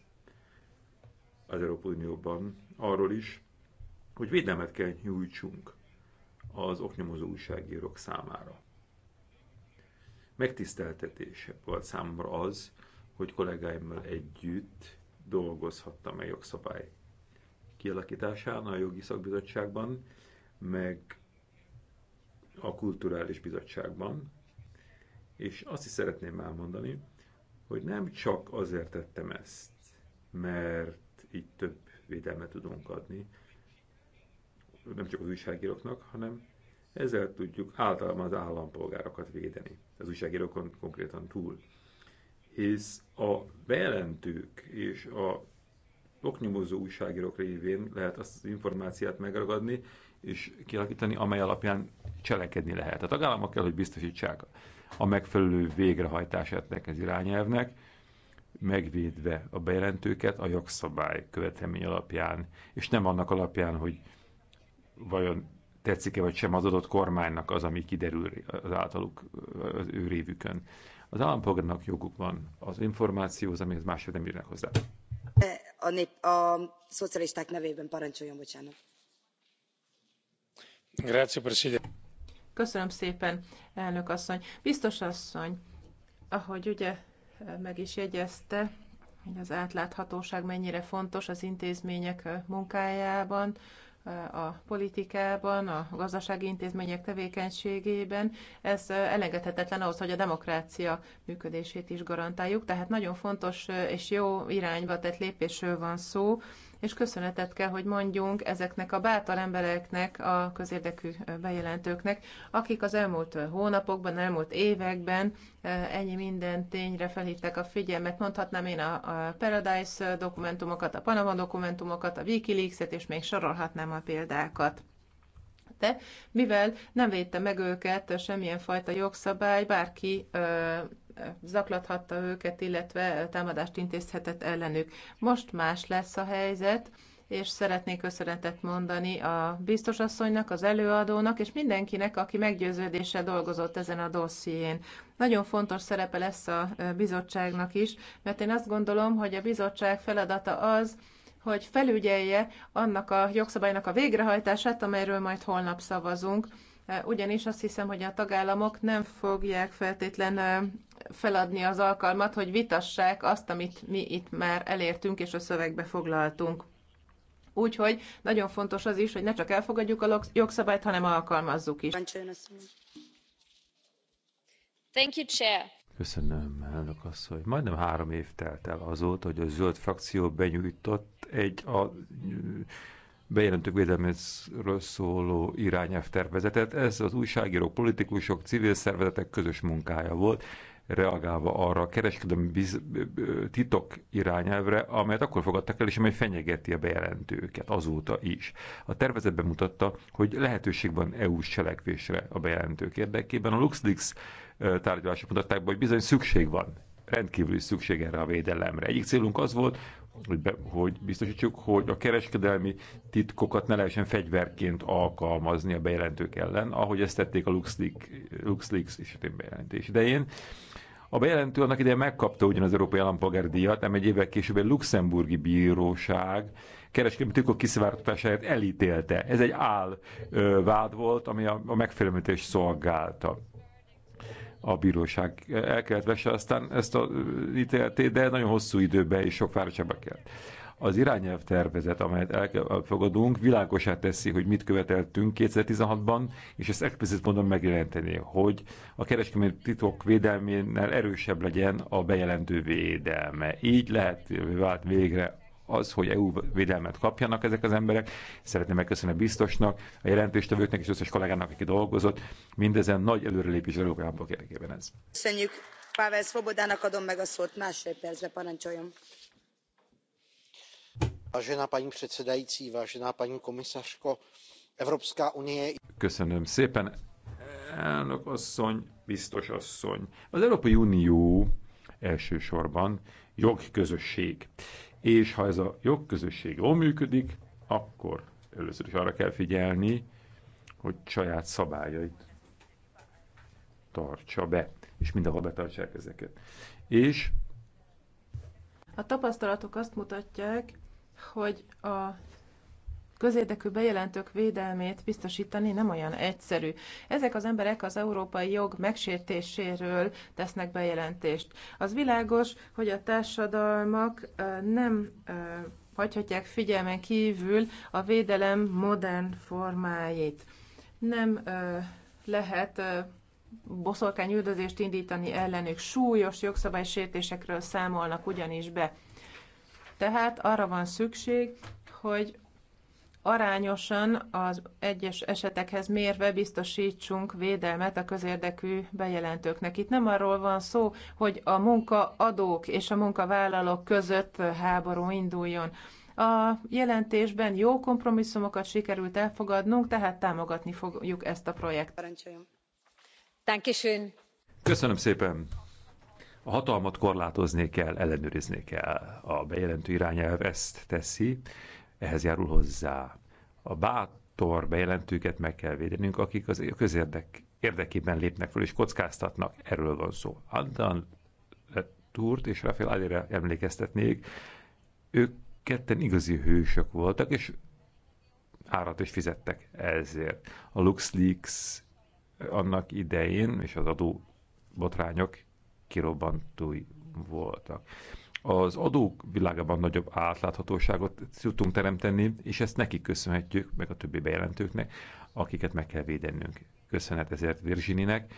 az Európai Unióban arról is, hogy védelmet kell nyújtsunk az oknyomozó újságírók számára. Megtiszteltetése volt számomra az, hogy kollégáimmal együtt dolgozhattam a jogszabály kialakításán a jogi szakbizottságban, meg a kulturális bizottságban. És azt is szeretném elmondani, hogy nem csak azért tettem ezt, mert így több védelmet tudunk adni, nem csak az újságíróknak, hanem ezzel tudjuk általában az állampolgárokat védeni, az újságírókon konkrétan túl. Hisz a bejelentők és a oknyomozó újságírók révén lehet azt az információt megragadni és kialakítani, amely alapján cselekedni lehet. A tagállamok kell, hogy biztosítsák a megfelelő végrehajtását ennek az irányelvnek, megvédve a bejelentőket a jogszabály követelmény alapján, és nem annak alapján, hogy vajon tetszik-e vagy sem az adott kormánynak az, ami kiderül az általuk, az ő révükön. Az állampolgárnak joguk van az információhoz, amihez máshogy nem írnak hozzá. Köszönöm szépen, elnök asszony. Biztos asszony, ahogy ugye e, meg is jegyezte, hogy az átláthatóság mennyire fontos az intézmények e, munkájában, a politikában, a gazdasági intézmények tevékenységében. Ez elengedhetetlen ahhoz, hogy a demokrácia működését is garantáljuk. Tehát nagyon fontos és jó irányba tett lépésről van szó, és köszönetet kell, hogy mondjunk ezeknek a bátor embereknek, a közérdekű bejelentőknek, akik az elmúlt hónapokban, elmúlt években ennyi minden tényre felhívták a figyelmet. Mondhatnám én a, Paradise dokumentumokat, a Panama dokumentumokat, a Wikileaks-et, és még sorolhatnám a példákat de mivel nem védte meg őket semmilyen fajta jogszabály, bárki ö, zaklathatta őket, illetve támadást intézhetett ellenük. Most más lesz a helyzet, és szeretnék köszönetet mondani a biztosasszonynak, az előadónak, és mindenkinek, aki meggyőződéssel dolgozott ezen a dosszién. Nagyon fontos szerepe lesz a bizottságnak is, mert én azt gondolom, hogy a bizottság feladata az, hogy felügyelje annak a jogszabálynak a végrehajtását, amelyről majd holnap szavazunk, ugyanis azt hiszem, hogy a tagállamok nem fogják feltétlen feladni az alkalmat, hogy vitassák azt, amit mi itt már elértünk és a szövegbe foglaltunk. Úgyhogy nagyon fontos az is, hogy ne csak elfogadjuk a jogszabályt, hanem alkalmazzuk is. Thank you, Chair. Köszönöm, elnök asszony. Majdnem három év telt el azóta, hogy a zöld frakció benyújtott egy a bejelentők védelméről szóló irányelv tervezetet. Ez az újságírók, politikusok, civil szervezetek közös munkája volt, reagálva arra a kereskedelmi biz, titok irányelvre, amelyet akkor fogadtak el, és amely fenyegeti a bejelentőket azóta is. A tervezet bemutatta, hogy lehetőség van EU-s cselekvésre a bejelentők érdekében. A LuxLeaks tárgyalások mutatták be, hogy bizony szükség van rendkívüli szükség erre a védelemre. Egyik célunk az volt, hogy, be, hogy biztosítsuk, hogy a kereskedelmi titkokat ne lehessen fegyverként alkalmazni a bejelentők ellen, ahogy ezt tették a LuxLeaks, LuxLeaks esetén bejelentés idején. A bejelentő annak idején megkapta ugyan az Európai Állampolgár díjat, nem egy évvel később egy luxemburgi bíróság kereskedelmi titkok kiszivárgatásáért elítélte. Ez egy áll ö, vád volt, ami a, a szolgálta a bíróság el kellett vesse aztán ezt a ítéletét, de nagyon hosszú időben és sok fáradtságba kellett. Az irányelv tervezet, amelyet elfogadunk, világosá teszi, hogy mit követeltünk 2016-ban, és ezt explicit mondom megjelenteni, hogy a kereskedelmi titok védelménél erősebb legyen a bejelentő védelme. Így lehet vált végre az, hogy EU védelmet kapjanak ezek az emberek. Szeretném megköszönni a biztosnak, a jelentéstevőknek és összes kollégának, aki dolgozott. Mindezen nagy előrelépés Európában érdekében ez. Köszönjük. Pavel szobodának, adom meg a szót, másfél percre parancsoljon. Vážená paní předsedající, vážená paní komisařko, Evropská unie... Köszönöm szépen, elnök asszony, biztos asszony. Az Európai Unió elsősorban jogközösség és ha ez a jogközösség jól működik, akkor először is arra kell figyelni, hogy saját szabályait tartsa be, és mindenhol betartsák ezeket. És a tapasztalatok azt mutatják, hogy a közérdekű bejelentők védelmét biztosítani nem olyan egyszerű. Ezek az emberek az európai jog megsértéséről tesznek bejelentést. Az világos, hogy a társadalmak nem hagyhatják figyelmen kívül a védelem modern formáit. Nem lehet üldözést indítani ellenük. Súlyos jogszabálysértésekről számolnak ugyanis be. Tehát arra van szükség, hogy arányosan az egyes esetekhez mérve biztosítsunk védelmet a közérdekű bejelentőknek. Itt nem arról van szó, hogy a munkaadók és a munkavállalók között háború induljon. A jelentésben jó kompromisszumokat sikerült elfogadnunk, tehát támogatni fogjuk ezt a projektet. Köszönöm szépen! A hatalmat korlátozni kell, ellenőrizni kell. A bejelentő irányelv ezt teszi ehhez járul hozzá. A bátor bejelentőket meg kell védenünk, akik az közérdek érdekében lépnek föl és kockáztatnak, erről van szó. Andan letúrt és Rafael Alire emlékeztetnék, ők ketten igazi hősök voltak, és árat is fizettek ezért. A LuxLeaks annak idején, és az adó botrányok kirobbantói voltak az adók világában nagyobb átláthatóságot tudtunk teremteni, és ezt nekik köszönhetjük, meg a többi bejelentőknek, akiket meg kell védenünk. Köszönet ezért Virgininek,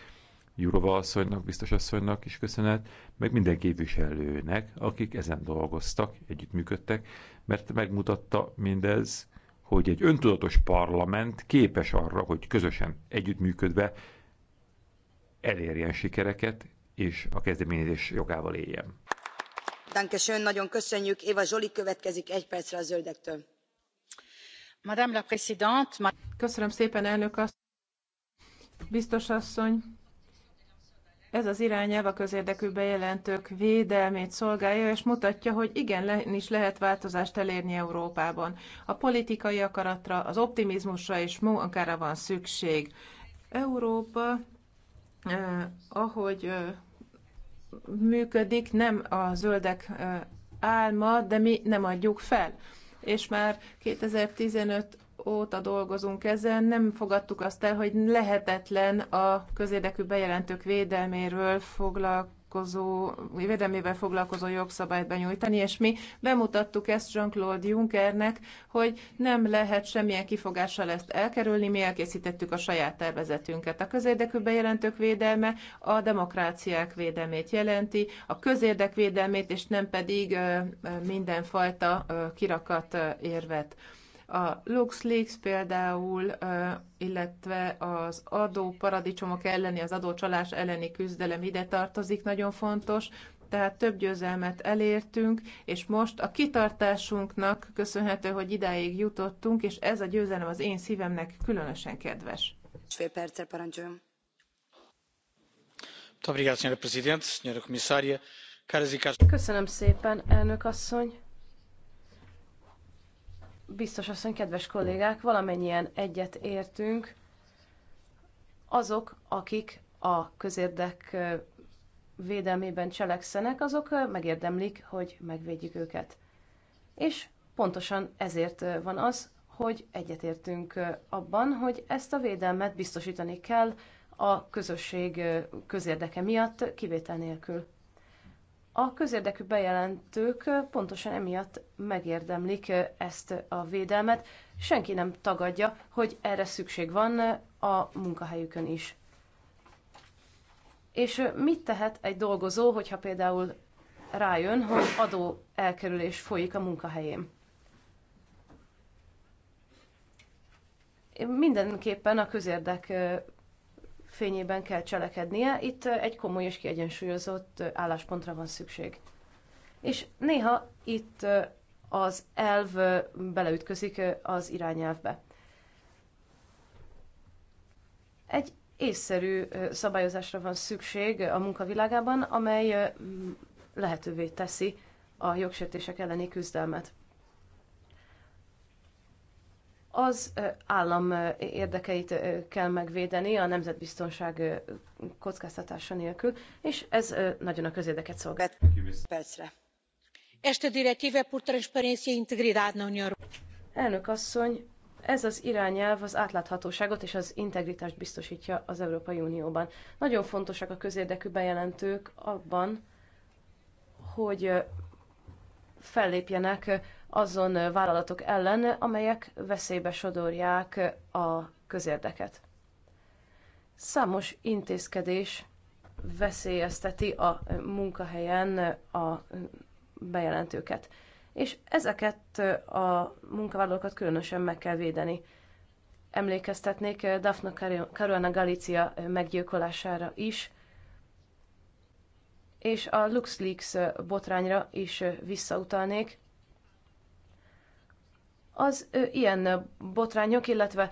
Jurova asszonynak, biztos asszonynak is köszönet, meg minden képviselőnek, akik ezen dolgoztak, együttműködtek, mert megmutatta mindez, hogy egy öntudatos parlament képes arra, hogy közösen együttműködve elérjen sikereket, és a kezdeményezés jogával éljen biztos asszony! ez az irányelv a közérdekű bejelentők védelmét szolgálja és mutatja hogy igenis lehet változást elérni európában. a politikai akaratra az optimizmusra és munkára van szükség. európa eh, ahogy eh, működik, nem a zöldek álma, de mi nem adjuk fel. És már 2015 óta dolgozunk ezen, nem fogadtuk azt el, hogy lehetetlen a közérdekű bejelentők védelméről foglalkozni foglalkozó, védelmével foglalkozó jogszabályt benyújtani, és mi bemutattuk ezt Jean-Claude Junckernek, hogy nem lehet semmilyen kifogással ezt elkerülni, mi elkészítettük a saját tervezetünket. A közérdekű bejelentők védelme a demokráciák védelmét jelenti, a közérdek védelmét, és nem pedig mindenfajta kirakat érvet. A LuxLeaks például, illetve az adó paradicsomok elleni, az adócsalás elleni küzdelem ide tartozik, nagyon fontos, tehát több győzelmet elértünk, és most a kitartásunknak köszönhető, hogy idáig jutottunk, és ez a győzelem az én szívemnek különösen kedves. Fél perce, parancsoljon. E Köszönöm szépen, elnök asszony! biztos mondja, kedves kollégák, valamennyien egyet értünk azok, akik a közérdek védelmében cselekszenek, azok megérdemlik, hogy megvédjük őket. És pontosan ezért van az, hogy egyetértünk abban, hogy ezt a védelmet biztosítani kell a közösség közérdeke miatt, kivétel nélkül. A közérdekű bejelentők pontosan emiatt megérdemlik ezt a védelmet. Senki nem tagadja, hogy erre szükség van a munkahelyükön is. És mit tehet egy dolgozó, hogyha például rájön, hogy adó elkerülés folyik a munkahelyén? Mindenképpen a közérdek fényében kell cselekednie, itt egy komoly és kiegyensúlyozott álláspontra van szükség. És néha itt az elv beleütközik az irányelvbe. Egy észszerű szabályozásra van szükség a munkavilágában, amely lehetővé teszi a jogsértések elleni küzdelmet az állam érdekeit kell megvédeni a nemzetbiztonság kockáztatása nélkül, és ez nagyon a közérdeket szolgál. Percre. Este directive por transparência e integridade na União Elnök asszony, ez az irányelv az átláthatóságot és az integritást biztosítja az Európai Unióban. Nagyon fontosak a közérdekű bejelentők abban, hogy fellépjenek azon vállalatok ellen, amelyek veszélybe sodorják a közérdeket. Számos intézkedés veszélyezteti a munkahelyen a bejelentőket. És ezeket a munkavállalókat különösen meg kell védeni. Emlékeztetnék Daphne Caruana Galicia meggyilkolására is, és a LuxLeaks botrányra is visszautalnék, az ilyen botrányok, illetve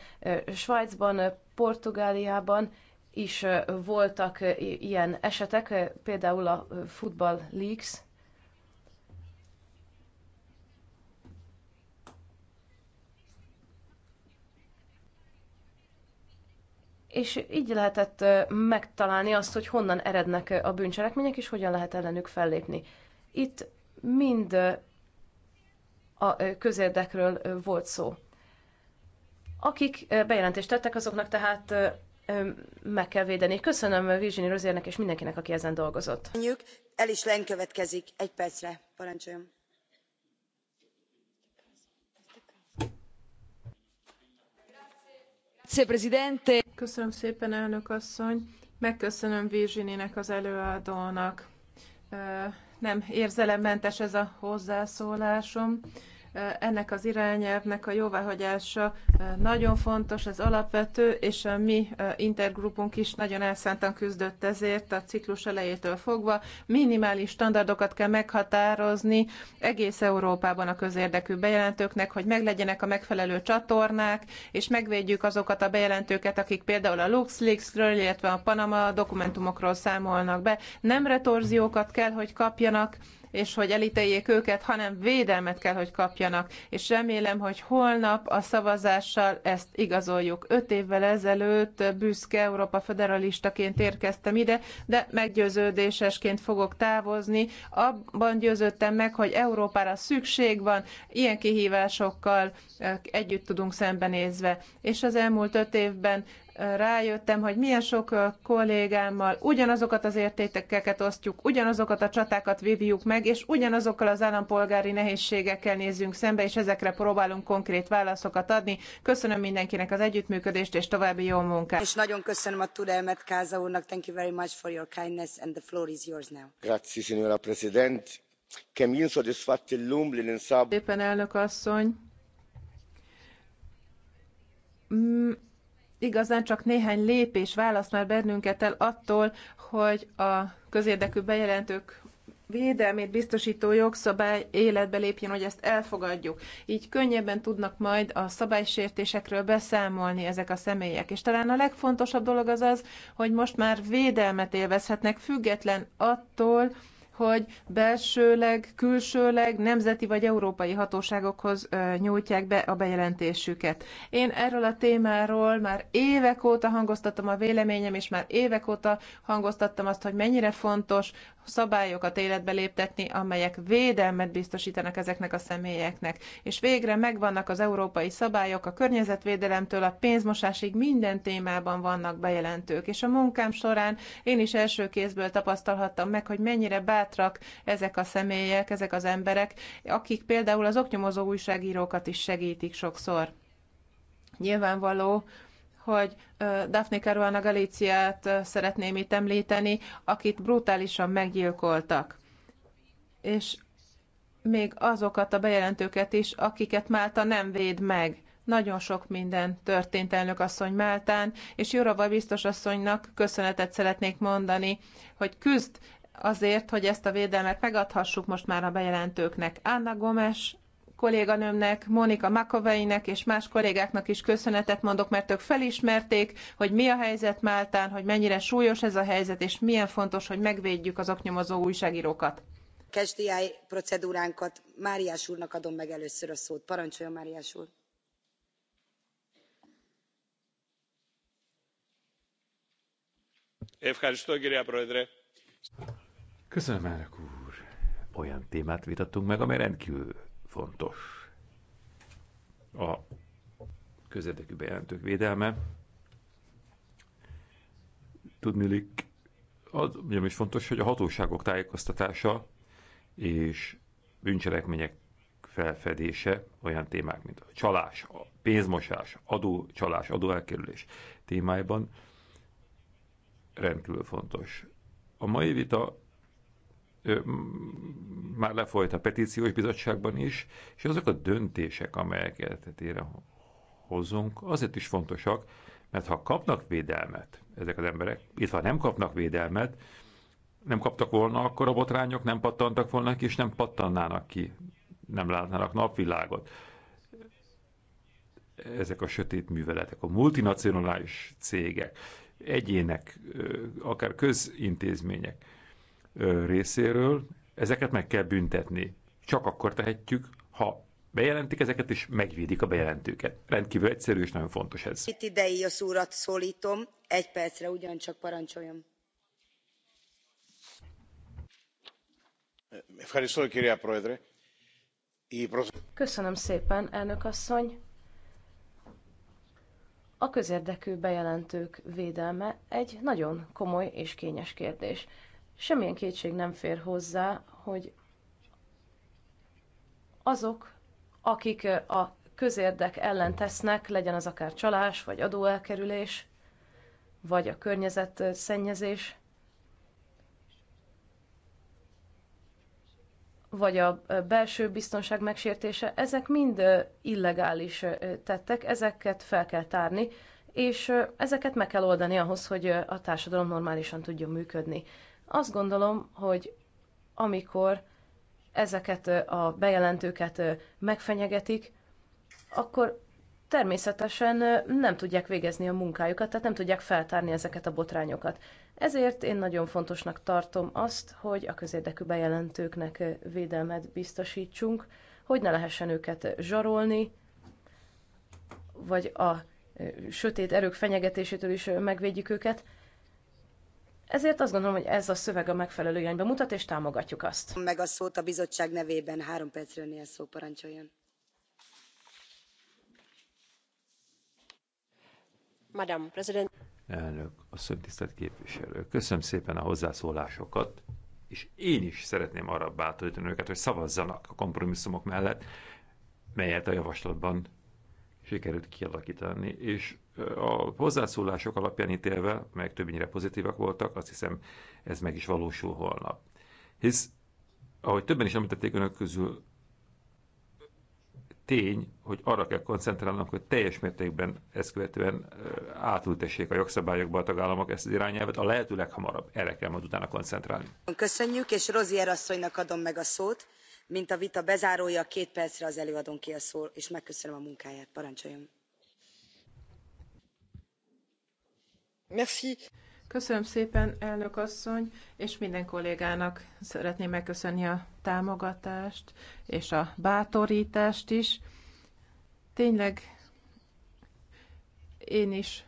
Svájcban, Portugáliában is voltak ilyen esetek, például a Football Leaks. És így lehetett megtalálni azt, hogy honnan erednek a bűncselekmények, és hogyan lehet ellenük fellépni. Itt mind a közérdekről volt szó. Akik bejelentést tettek, azoknak tehát meg kell védeni. Köszönöm Virginie Rozérnek és mindenkinek, aki ezen dolgozott. el is Len következik. Egy percre, parancsoljon. Köszönöm szépen, elnök asszony. Megköszönöm Virginie-nek az előadónak nem érzelemmentes ez a hozzászólásom ennek az irányelvnek a jóváhagyása nagyon fontos, ez alapvető, és a mi intergrupunk is nagyon elszántan küzdött ezért a ciklus elejétől fogva. Minimális standardokat kell meghatározni egész Európában a közérdekű bejelentőknek, hogy meglegyenek a megfelelő csatornák, és megvédjük azokat a bejelentőket, akik például a LuxLeaks-ről, illetve a Panama dokumentumokról számolnak be. Nem retorziókat kell, hogy kapjanak, és hogy elítéljék őket, hanem védelmet kell, hogy kapjanak. És remélem, hogy holnap a szavazással ezt igazoljuk. Öt évvel ezelőtt büszke Európa federalistaként érkeztem ide, de meggyőződésesként fogok távozni. Abban győződtem meg, hogy Európára szükség van, ilyen kihívásokkal eh, együtt tudunk szembenézve. És az elmúlt öt évben rájöttem, hogy milyen sok kollégámmal ugyanazokat az értékeket osztjuk, ugyanazokat a csatákat vívjuk meg, és ugyanazokkal az állampolgári nehézségekkel nézzünk szembe, és ezekre próbálunk konkrét válaszokat adni. Köszönöm mindenkinek az együttműködést, és további jó munkát. És nagyon köszönöm a türelmet Káza úrnak. Thank you very much for your kindness, and the floor is yours now. Grazie, signora Presidente. Kemm jien sodisfatt illum Éppen elnök asszony mm, igazán csak néhány lépés választ már bennünket el attól, hogy a közérdekű bejelentők védelmét biztosító jogszabály életbe lépjen, hogy ezt elfogadjuk. Így könnyebben tudnak majd a szabálysértésekről beszámolni ezek a személyek. És talán a legfontosabb dolog az az, hogy most már védelmet élvezhetnek, független attól, hogy belsőleg, külsőleg nemzeti vagy európai hatóságokhoz nyújtják be a bejelentésüket. Én erről a témáról már évek óta hangoztatom a véleményem, és már évek óta hangoztattam azt, hogy mennyire fontos szabályokat életbe léptetni, amelyek védelmet biztosítanak ezeknek a személyeknek. És végre megvannak az európai szabályok a környezetvédelemtől a pénzmosásig minden témában vannak bejelentők. És a munkám során én is első kézből tapasztalhattam meg, hogy mennyire bár bátrak ezek a személyek, ezek az emberek, akik például az oknyomozó újságírókat is segítik sokszor. Nyilvánvaló, hogy Daphne Caruana Galiciát szeretném itt említeni, akit brutálisan meggyilkoltak. És még azokat a bejelentőket is, akiket Málta nem véd meg. Nagyon sok minden történt elnök asszony Máltán, és Jurova biztos asszonynak köszönetet szeretnék mondani, hogy küzd azért, hogy ezt a védelmet megadhassuk most már a bejelentőknek. Anna Gomes kolléganőmnek, Monika Makoveinek és más kollégáknak is köszönetet mondok, mert ők felismerték, hogy mi a helyzet Máltán, hogy mennyire súlyos ez a helyzet, és milyen fontos, hogy megvédjük az oknyomozó újságírókat. Kesdiáj procedúránkat Máriás úrnak adom meg először a szót. Parancsolja Máriás úr! Köszönöm, Köszönöm, elnök úr. Olyan témát vitattunk meg, amely rendkívül fontos. A közérdekű bejelentők védelme. Tudnilik, az ugyanis fontos, hogy a hatóságok tájékoztatása és bűncselekmények felfedése olyan témák, mint a csalás, a pénzmosás, adócsalás, adóelkerülés témájában rendkívül fontos. A mai vita már lefolyt a petíciós bizottságban is, és azok a döntések, amelyeket ére hozunk, azért is fontosak, mert ha kapnak védelmet ezek az emberek, illetve ha nem kapnak védelmet, nem kaptak volna, akkor a botrányok nem pattantak volna ki, és nem pattannának ki, nem látnának napvilágot. Ezek a sötét műveletek, a multinacionális cégek, egyének, akár közintézmények, részéről, ezeket meg kell büntetni. Csak akkor tehetjük, ha bejelentik ezeket, és megvédik a bejelentőket. Rendkívül egyszerű és nagyon fontos ez. Itt idei a szúrat szólítom, egy percre ugyancsak parancsoljon. Köszönöm szépen, elnök asszony. A közérdekű bejelentők védelme egy nagyon komoly és kényes kérdés. Semmilyen kétség nem fér hozzá, hogy azok, akik a közérdek ellen tesznek, legyen az akár csalás, vagy adóelkerülés, vagy a környezet szennyezés, vagy a belső biztonság megsértése, ezek mind illegális tettek, ezeket fel kell tárni, és ezeket meg kell oldani ahhoz, hogy a társadalom normálisan tudjon működni. Azt gondolom, hogy amikor ezeket a bejelentőket megfenyegetik, akkor természetesen nem tudják végezni a munkájukat, tehát nem tudják feltárni ezeket a botrányokat. Ezért én nagyon fontosnak tartom azt, hogy a közérdekű bejelentőknek védelmet biztosítsunk, hogy ne lehessen őket zsarolni, vagy a sötét erők fenyegetésétől is megvédjük őket, ezért azt gondolom, hogy ez a szöveg a megfelelő irányba mutat, és támogatjuk azt. Meg a szót a bizottság nevében három percről néz szó parancsoljon. Madam President. Elnök, a szöntisztelt képviselő, köszönöm szépen a hozzászólásokat, és én is szeretném arra bátorítani őket, hogy szavazzanak a kompromisszumok mellett, melyet a javaslatban sikerült kialakítani, és a hozzászólások alapján ítélve, meg többnyire pozitívak voltak, azt hiszem ez meg is valósul holnap. Hisz, ahogy többen is említették önök közül, tény, hogy arra kell koncentrálnunk, hogy teljes mértékben ezt követően átültessék a jogszabályokba a tagállamok ezt az irányelvet, a lehető leghamarabb erre kell majd utána koncentrálni. Köszönjük, és Rozier asszonynak adom meg a szót mint a vita bezárója két percre az előadónké a szó és megköszönöm a munkáját. parancsoljon! Köszönöm szépen, elnök asszony, és minden kollégának szeretném megköszönni a támogatást és a bátorítást is. Tényleg én is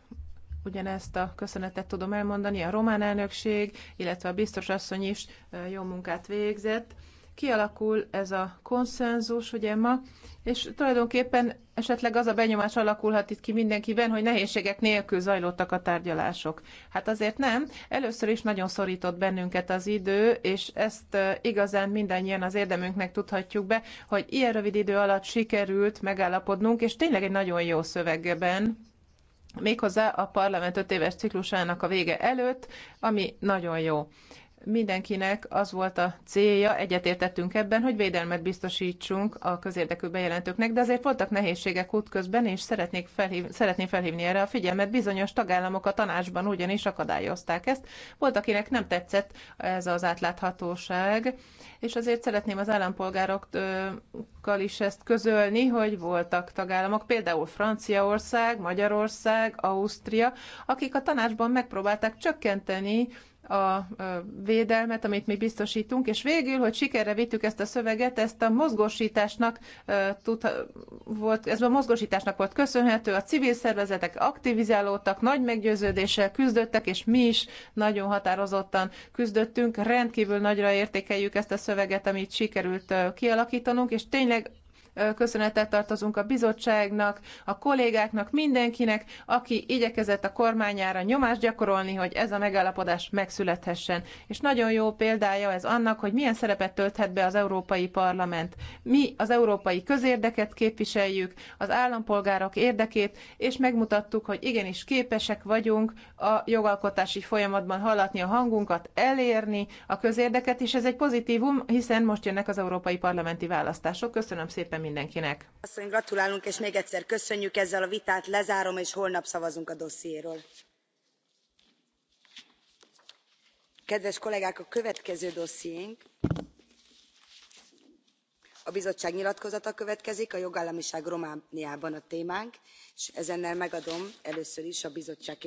ugyanezt a köszönetet tudom elmondani. A román elnökség, illetve a biztos asszony is jó munkát végzett kialakul ez a konszenzus, ugye ma, és tulajdonképpen esetleg az a benyomás alakulhat itt ki mindenkiben, hogy nehézségek nélkül zajlottak a tárgyalások. Hát azért nem. Először is nagyon szorított bennünket az idő, és ezt igazán mindannyian az érdemünknek tudhatjuk be, hogy ilyen rövid idő alatt sikerült megállapodnunk, és tényleg egy nagyon jó szövegben, méghozzá a parlament öt éves ciklusának a vége előtt, ami nagyon jó mindenkinek az volt a célja, egyetértettünk ebben, hogy védelmet biztosítsunk a közérdekű bejelentőknek, de azért voltak nehézségek útközben, és szeretnék felhív, szeretném felhívni erre a figyelmet. Bizonyos tagállamok a tanácsban ugyanis akadályozták ezt. Volt, akinek nem tetszett ez az átláthatóság, és azért szeretném az állampolgárokkal is ezt közölni, hogy voltak tagállamok, például Franciaország, Magyarország, Ausztria, akik a tanácsban megpróbálták csökkenteni a védelmet, amit mi biztosítunk, és végül, hogy sikerre vittük ezt a szöveget, ezt a mozgósításnak tud, volt, ez a mozgósításnak volt köszönhető, a civil szervezetek aktivizálódtak, nagy meggyőződéssel küzdöttek, és mi is nagyon határozottan küzdöttünk, rendkívül nagyra értékeljük ezt a szöveget, amit sikerült kialakítanunk, és tényleg köszönetet tartozunk a bizottságnak, a kollégáknak, mindenkinek, aki igyekezett a kormányára nyomást gyakorolni, hogy ez a megállapodás megszülethessen. És nagyon jó példája ez annak, hogy milyen szerepet tölthet be az Európai Parlament. Mi az európai közérdeket képviseljük, az állampolgárok érdekét, és megmutattuk, hogy igenis képesek vagyunk a jogalkotási folyamatban hallatni a hangunkat, elérni a közérdeket, és ez egy pozitívum, hiszen most jönnek az európai parlamenti választások. Köszönöm szépen mindenkinek. Asszony, gratulálunk, és még egyszer köszönjük ezzel a vitát, lezárom, és holnap szavazunk a dossziéről. Kedves kollégák, a következő dossziénk a bizottság nyilatkozata következik a jogállamiság romániában a témánk és ezennel megadom először is a bizottság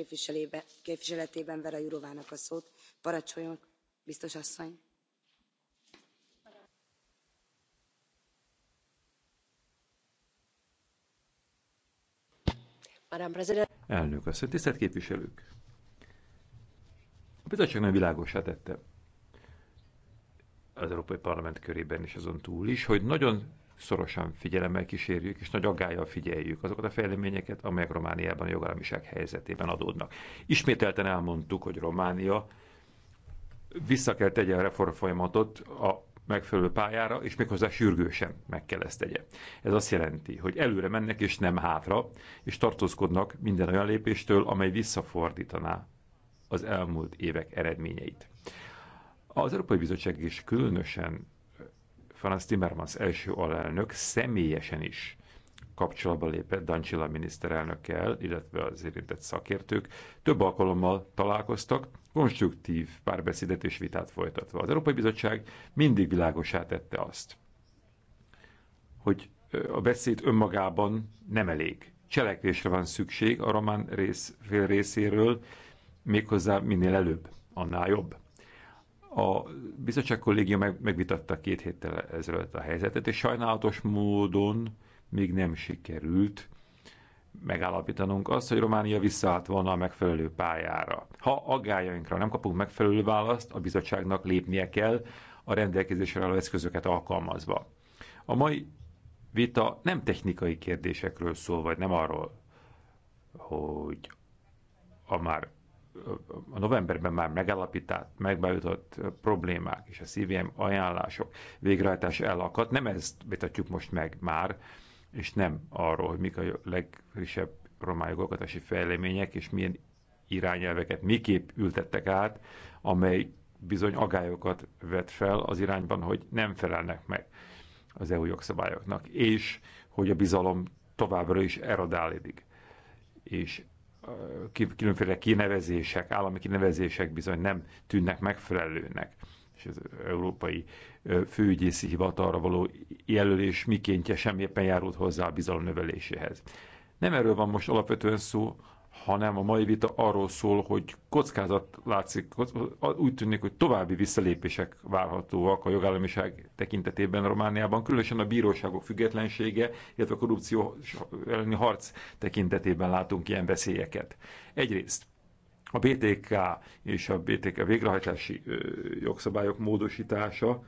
képviseletében vera jourovának a szót. parancsoljon biztos asszony! Elnök asszony, tisztelt képviselők! A bizottság nem világosá tette az Európai Parlament körében is azon túl is, hogy nagyon szorosan figyelemmel kísérjük, és nagy aggájjal figyeljük azokat a fejleményeket, amelyek Romániában a jogállamiság helyzetében adódnak. Ismételten elmondtuk, hogy Románia vissza kell tegye a reformfolyamatot a megfelelő pályára, és méghozzá sürgősen meg kell ezt tegye. Ez azt jelenti, hogy előre mennek és nem hátra, és tartózkodnak minden olyan lépéstől, amely visszafordítaná az elmúlt évek eredményeit. Az Európai Bizottság is különösen Franz Timmermans első alelnök személyesen is kapcsolatba lépett Dancsila miniszterelnökkel, illetve az érintett szakértők. Több alkalommal találkoztak, konstruktív párbeszédet és vitát folytatva. Az Európai Bizottság mindig világosá tette azt, hogy a beszéd önmagában nem elég. Cselekvésre van szükség a román rész, fél részéről, méghozzá minél előbb, annál jobb. A bizottság kollégia meg, megvitatta két héttel ezelőtt a helyzetet, és sajnálatos módon még nem sikerült megállapítanunk azt, hogy Románia visszaállt volna a megfelelő pályára. Ha aggájainkra nem kapunk megfelelő választ, a bizottságnak lépnie kell a rendelkezésre álló eszközöket alkalmazva. A mai vita nem technikai kérdésekről szól, vagy nem arról, hogy a már a novemberben már megállapított, megbeütött problémák és a CVM ajánlások végrehajtás elakadt. Nem ezt vitatjuk most meg már, és nem arról, hogy mik a legfrissebb román jogalkotási fejlemények, és milyen irányelveket miképp ültettek át, amely bizony agályokat vet fel az irányban, hogy nem felelnek meg az EU jogszabályoknak, és hogy a bizalom továbbra is erodálódik. És különféle kinevezések, állami kinevezések bizony nem tűnnek megfelelőnek, és az európai főügyészi hivatalra való jelölés mikéntje sem éppen járult hozzá a bizalom növeléséhez. Nem erről van most alapvetően szó, hanem a mai vita arról szól, hogy kockázat látszik, úgy tűnik, hogy további visszalépések várhatóak a jogállamiság tekintetében Romániában, különösen a bíróságok függetlensége, illetve a korrupció elleni harc tekintetében látunk ilyen veszélyeket. Egyrészt a BTK és a BTK végrehajtási jogszabályok módosítása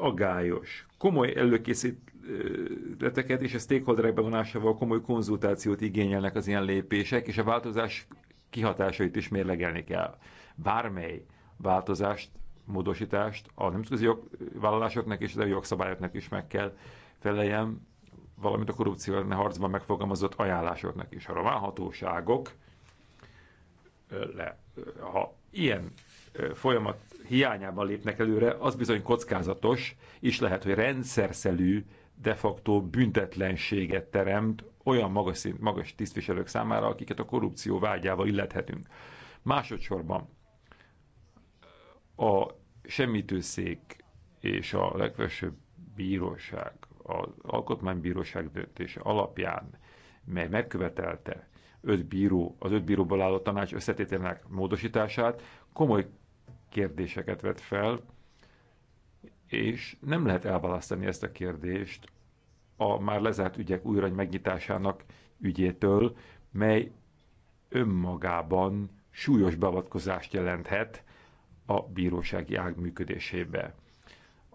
agályos. Komoly előkészítleteket és a stakeholderek bevonásával komoly konzultációt igényelnek az ilyen lépések, és a változás kihatásait is mérlegelni kell. Bármely változást, módosítást a nemzetközi jogvállalásoknak és az EU jogszabályoknak is meg kell feleljen, valamint a korrupció ne harcban megfogalmazott ajánlásoknak is. A román hatóságok, le, ha ilyen folyamat hiányában lépnek előre, az bizony kockázatos, és lehet, hogy rendszerszelű de facto büntetlenséget teremt olyan magas, szint, magas tisztviselők számára, akiket a korrupció vágyával illethetünk. Másodszorban a semmitőszék és a legfelsőbb bíróság, az alkotmánybíróság döntése alapján, mely megkövetelte öt bíró, az öt bíróból álló tanács összetételnek módosítását, komoly kérdéseket vet fel, és nem lehet elválasztani ezt a kérdést a már lezárt ügyek újra megnyitásának ügyétől, mely önmagában súlyos beavatkozást jelenthet a bírósági ág működésébe.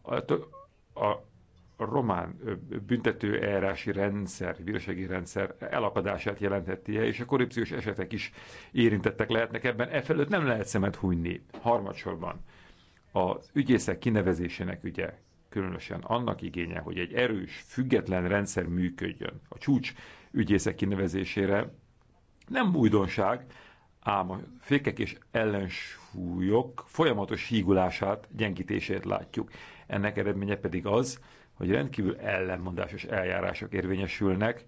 A, a a román büntető eljárási rendszer, bírósági rendszer elakadását jelentettie, és a korrupciós esetek is érintettek lehetnek ebben. E felőtt nem lehet szemet hunyni. Harmadsorban az ügyészek kinevezésének ügye különösen annak igénye, hogy egy erős, független rendszer működjön a csúcs ügyészek kinevezésére, nem újdonság, ám a fékek és ellensúlyok folyamatos hígulását, gyengítését látjuk. Ennek eredménye pedig az, hogy rendkívül ellenmondásos eljárások érvényesülnek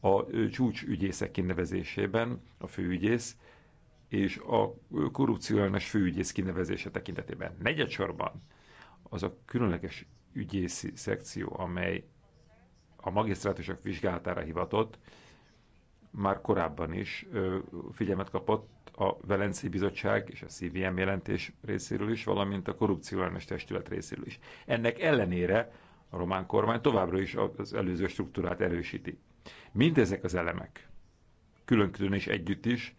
a csúcsügyészek kinevezésében, a főügyész és a korrupciójános főügyész kinevezése tekintetében. Negyedsorban az a különleges ügyészi szekció, amely a magisztrátusok vizsgálatára hivatott, már korábban is figyelmet kapott a Velencei Bizottság és a CVM jelentés részéről is, valamint a korrupciójános testület részéről is. Ennek ellenére a román kormány továbbra is az előző struktúrát erősíti. Mindezek az elemek, külön és együtt is,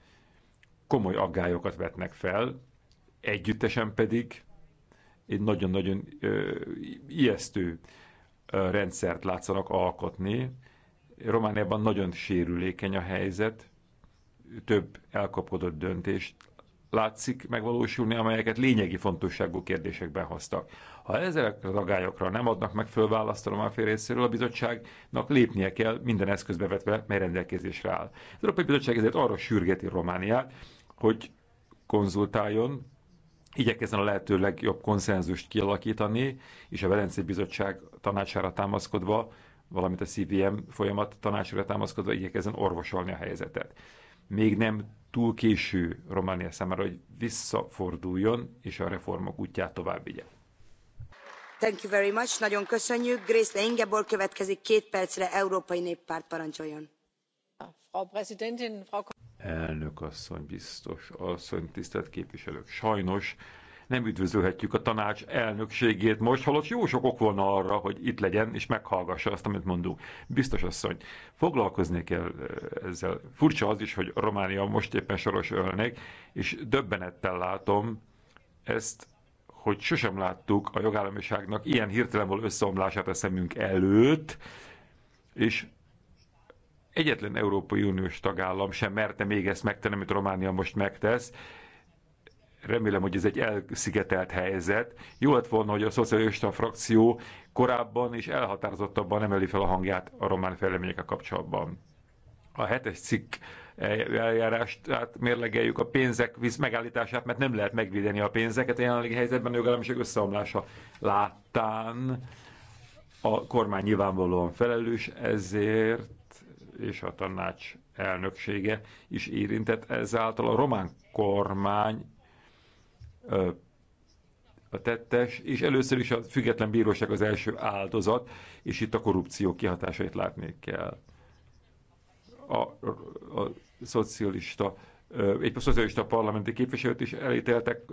komoly aggályokat vetnek fel, együttesen pedig egy nagyon-nagyon ijesztő rendszert látszanak alkotni. Romániában nagyon sérülékeny a helyzet, több elkapkodott döntést látszik megvalósulni, amelyeket lényegi fontosságú kérdésekben hoztak. Ha ezek a ragályokra nem adnak meg fölválaszt a román fél részéről, a bizottságnak lépnie kell minden eszközbe vetve, mely rendelkezésre áll. Az Európai Bizottság ezért arra sürgeti Romániát, hogy konzultáljon, igyekezzen a lehető legjobb konszenzust kialakítani, és a Velencei Bizottság tanácsára támaszkodva, valamint a CVM folyamat tanácsára támaszkodva igyekezzen orvosolni a helyzetet. Még nem túl késő Románia számára, hogy visszaforduljon és a reformok útját tovább vigye nagyon köszönjük. gräßle ingeborg következik két percre európai néppárt parancsoljon. elnök asszony biztos asszony tisztelt képviselők sajnos nem üdvözölhetjük a tanács elnökségét most, holott jó sok ok volna arra, hogy itt legyen és meghallgassa azt, amit mondunk. Biztos asszony, foglalkozni kell eh, ezzel. Furcsa az is, hogy Románia most éppen soros ölnek, és döbbenettel látom ezt hogy sosem láttuk a jogállamiságnak ilyen hirtelen való összeomlását a szemünk előtt, és egyetlen Európai Uniós tagállam sem merte még ezt megtenni, amit Románia most megtesz. Remélem, hogy ez egy elszigetelt helyzet. Jó lett volna, hogy a szocialista frakció korábban és elhatározottabban emeli fel a hangját a román fejleményekkel kapcsolatban. A hetes cikk eljárást tehát mérlegeljük a pénzek víz megállítását, mert nem lehet megvédeni a pénzeket a jelenlegi helyzetben a jogállamiság összeomlása láttán. A kormány nyilvánvalóan felelős ezért, és a tanács elnöksége is érintett ezáltal. A román kormány a tettes, és először is a független bíróság az első áldozat, és itt a korrupció kihatásait látni kell. A, a szocialista egy szocialista parlamenti képviselőt is elítéltek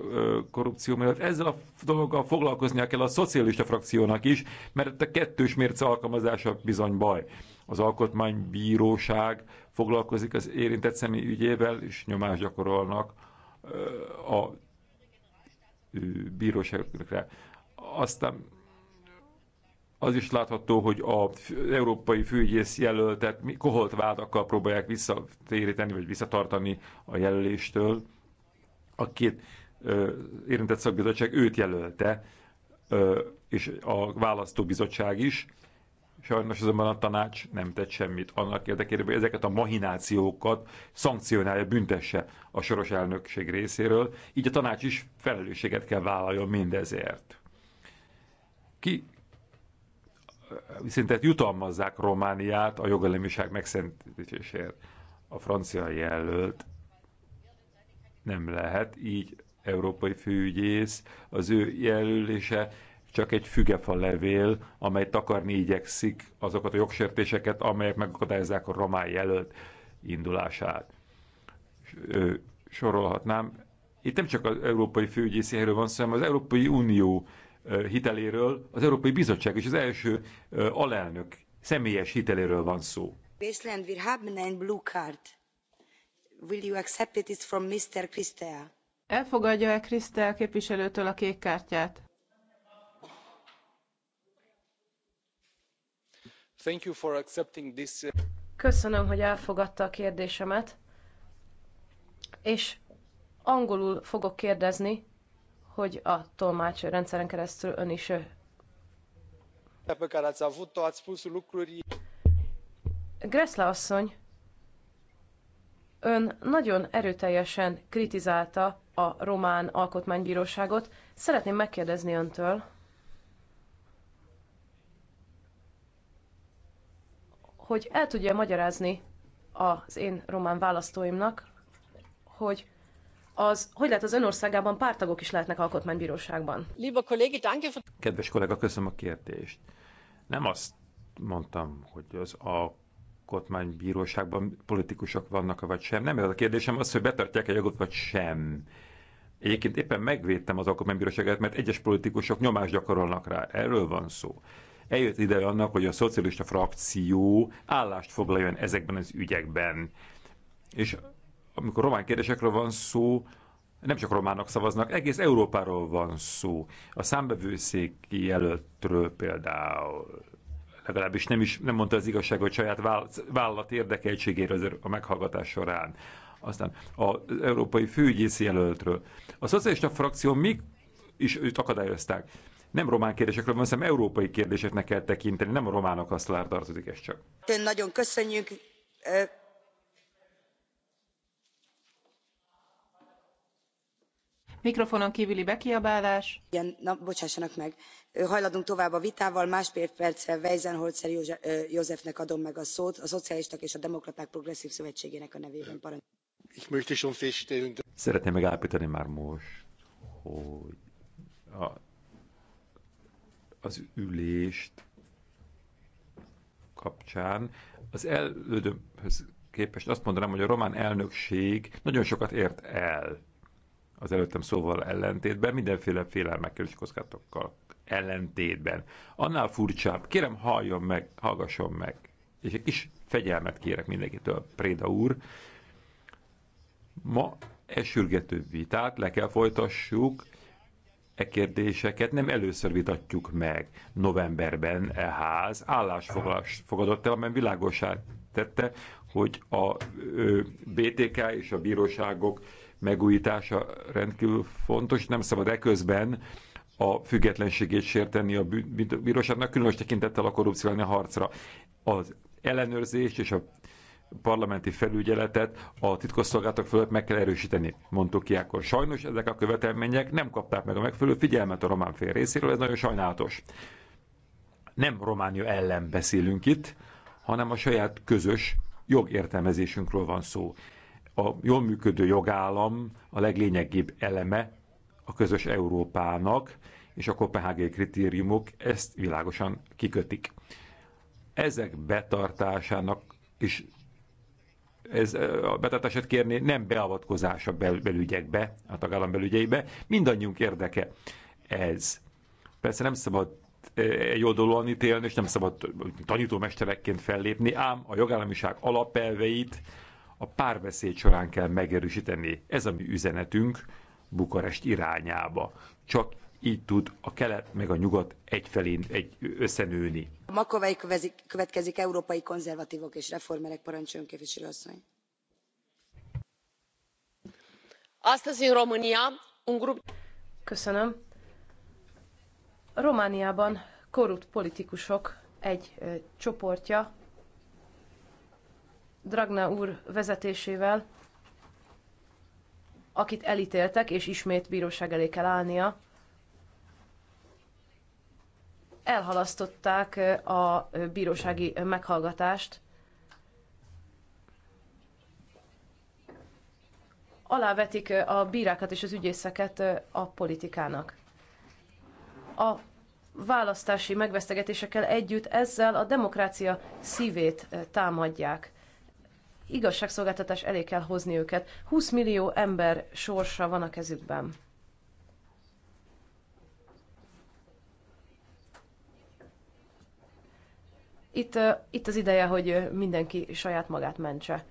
korrupció miatt. Ezzel a dologgal foglalkoznia kell a szocialista frakciónak is, mert a kettős mérce alkalmazása bizony baj. Az alkotmánybíróság foglalkozik az érintett személy ügyével, és nyomást gyakorolnak a bíróságokra. Aztán az is látható, hogy az európai főügyész jelöltet koholt vádakkal próbálják visszatéríteni, vagy visszatartani a jelöléstől. A két ö, érintett szakbizottság őt jelölte, ö, és a választóbizottság is. Sajnos azonban a tanács nem tett semmit annak érdekében, hogy ezeket a mahinációkat szankcionálja, büntesse a soros elnökség részéről, így a tanács is felelősséget kell vállaljon mindezért. Ki szinte jutalmazzák Romániát a jogállamiság megszentítésért. A francia jelölt nem lehet, így európai főügyész, az ő jelölése csak egy fügefa levél, amely takarni igyekszik azokat a jogsértéseket, amelyek megakadályozzák a román jelölt indulását. Sorolhatnám. Itt nem csak az európai főügyészi helyről van szó, hanem az Európai Unió hiteléről, az Európai Bizottság és az első alelnök személyes hiteléről van szó. Baseland, wir blue card. Will you accept it? It's from Mr. Elfogadja-e Krisztel képviselőtől a kék kártyát? Thank you for accepting this. Uh, Köszönöm, hogy elfogadta a kérdésemet. És angolul fogok kérdezni, hogy a tolmács rendszeren keresztül ön is Gressle asszony, ön nagyon erőteljesen kritizálta a román alkotmánybíróságot. Szeretném megkérdezni öntől, hogy el tudja magyarázni az én román választóimnak, hogy az, hogy lehet az önországában pártagok is lehetnek alkotmánybíróságban? Kedves kollega, köszönöm a kérdést. Nem azt mondtam, hogy az alkotmánybíróságban politikusok vannak vagy sem. Nem, ez a kérdésem az, hogy betartják-e jogot vagy sem. Egyébként éppen megvédtem az alkotmánybíróságot, mert egyes politikusok nyomást gyakorolnak rá. Erről van szó. Eljött ide annak, hogy a szocialista frakció állást foglaljon ezekben az ügyekben. És amikor román kérdésekről van szó, nem csak románok szavaznak, egész Európáról van szó. A számbevőszéki jelöltről például legalábbis nem is nem mondta az igazságot saját vállalat érdekeltségéről a meghallgatás során. Aztán az európai főügyész jelöltről. A szocialista frakció még is őt akadályozták. Nem román kérdésekről van, hanem európai kérdéseknek kell tekinteni, nem a románok azt lárdartozik, ez csak. Nagyon köszönjük Mikrofonon kívüli bekiabálás. Igen, na, bocsássanak meg. Hajladunk tovább a vitával. Másfél percre Weisenholzer Józsefnek adom meg a szót, a Szocialisták és a Demokraták Progresszív Szövetségének a nevében. Szeretném megállapítani már most, hogy a, az ülést kapcsán az elődömhöz képest azt mondanám, hogy a román elnökség nagyon sokat ért el az előttem szóval ellentétben, mindenféle félelmekkel és kockázatokkal ellentétben. Annál furcsább, kérem halljon meg, hallgasson meg, és egy kis fegyelmet kérek mindenkitől, Préda úr. Ma esürgető vitát le kell folytassuk, e kérdéseket nem először vitatjuk meg. Novemberben e ház állásfoglalás fogadott el, amely világosát tette, hogy a BTK és a bíróságok megújítása rendkívül fontos, nem szabad eközben a függetlenségét sérteni a bíróságnak, különös tekintettel a korrupció a harcra. Az ellenőrzés és a parlamenti felügyeletet a titkosszolgálatok fölött meg kell erősíteni, mondtuk ki akkor. Sajnos ezek a követelmények nem kapták meg a megfelelő figyelmet a román fél részéről, ez nagyon sajnálatos. Nem Románia ellen beszélünk itt, hanem a saját közös jogértelmezésünkről van szó a jól működő jogállam a leglényegébb eleme a közös Európának, és a kopenhágai kritériumok ezt világosan kikötik. Ezek betartásának is ez a betartását kérni nem beavatkozás a bel- belügyekbe, a tagállam belügyeibe, mindannyiunk érdeke ez. Persze nem szabad egy oldalon ítélni, és nem szabad tanítómesterekként fellépni, ám a jogállamiság alapelveit a párbeszéd során kell megerősíteni. Ez a mi üzenetünk Bukarest irányába. Csak így tud a kelet meg a nyugat egyfelé egy összenőni. Makovei következik európai konzervatívok és reformerek parancsoljon képviselő asszony. Azt az România, un grup... Köszönöm. Romániában korrupt politikusok egy ö, csoportja Dragna úr vezetésével, akit elítéltek, és ismét bíróság elé kell állnia, elhalasztották a bírósági meghallgatást. Alávetik a bírákat és az ügyészeket a politikának. A választási megvesztegetésekkel együtt ezzel a demokrácia szívét támadják igazságszolgáltatás elé kell hozni őket. 20 millió ember sorsa van a kezükben. Itt, itt az ideje, hogy mindenki saját magát mentse.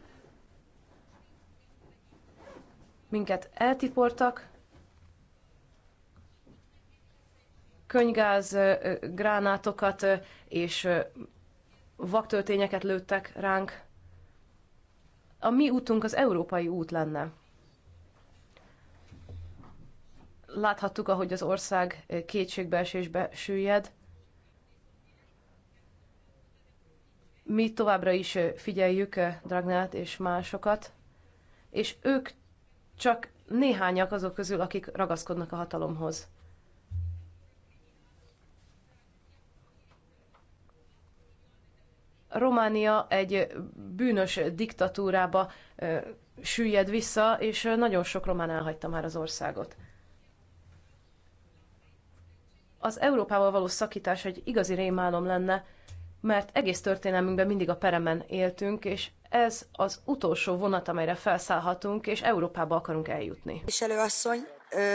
Minket eltiportak, könygáz, gránátokat és vaktöltényeket lőttek ránk a mi útunk az európai út lenne. Láthattuk, ahogy az ország kétségbeesésbe süllyed. Mi továbbra is figyeljük Dragnát és másokat, és ők csak néhányak azok közül, akik ragaszkodnak a hatalomhoz. Románia egy bűnös diktatúrába süllyed vissza, és nagyon sok román elhagyta már az országot. Az Európával való szakítás egy igazi rémálom lenne, mert egész történelmünkben mindig a peremen éltünk, és ez az utolsó vonat, amelyre felszállhatunk, és Európába akarunk eljutni. Képviselőasszony,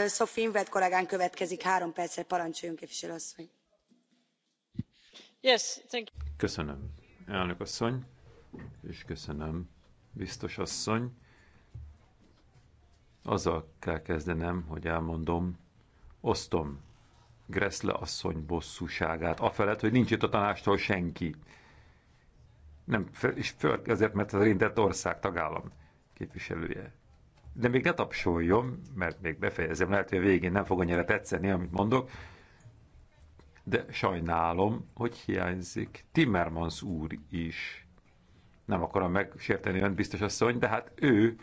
Sophie Invert kollégán következik, három percre parancsoljon képviselőasszony. Yes, thank you. Köszönöm elnök asszony, és köszönöm, biztos asszony. Azzal kell kezdenem, hogy elmondom, osztom Greszle asszony bosszúságát, afelett, hogy nincs itt a tanástól senki. Nem, és föl ezért, mert az érintett ország tagállam képviselője. De még ne tapsoljon, mert még befejezem, lehet, hogy a végén nem fog annyira tetszeni, amit mondok, de sajnálom, hogy hiányzik Timmermans úr is. Nem akarom megsérteni önt, biztos asszony, de hát ő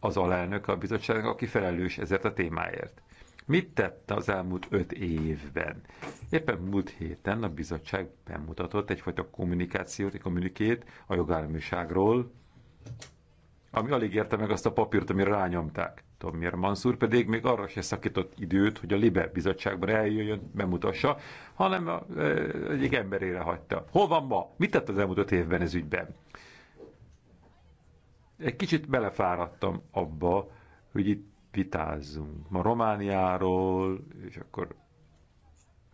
az alelnök a bizottságnak, aki felelős ezért a témáért. Mit tett az elmúlt öt évben? Éppen múlt héten a bizottság bemutatott egyfajta kommunikációt, egy kommunikét a jogállamiságról, ami alig érte meg azt a papírt, amire rányomták. Tomir Mansur pedig még arra se szakított időt, hogy a Libe bizottságban eljöjjön, bemutassa, hanem a, egyik emberére hagyta. Hol van ma? Mit tett az elmúlt öt évben ez ügyben? Egy kicsit belefáradtam abba, hogy itt vitázzunk. Ma Romániáról, és akkor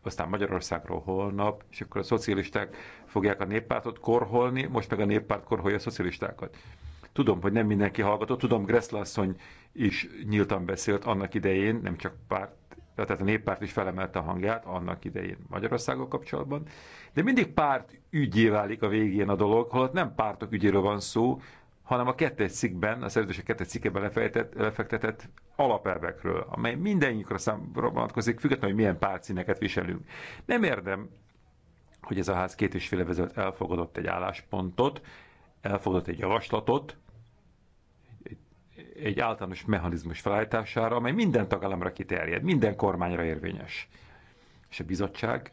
aztán Magyarországról holnap, és akkor a szocialisták fogják a néppártot korholni, most meg a néppárt korholja a szocialistákat. Tudom, hogy nem mindenki hallgatott, tudom, Gressle is nyíltan beszélt annak idején, nem csak párt, tehát a néppárt is felemelte a hangját annak idején Magyarországgal kapcsolatban, de mindig párt ügyé válik a végén a dolog, holott nem pártok ügyéről van szó, hanem a kettes cikkben, a szerződések kettes cikkeben lefektetett, alapelvekről, amely mindenikra számra vonatkozik, függetlenül, hogy milyen pártszíneket viselünk. Nem érdem, hogy ez a ház két és fél elfogadott egy álláspontot, elfogadott egy javaslatot, egy általános mechanizmus felállítására, amely minden tagállamra kiterjed, minden kormányra érvényes. És a bizottság,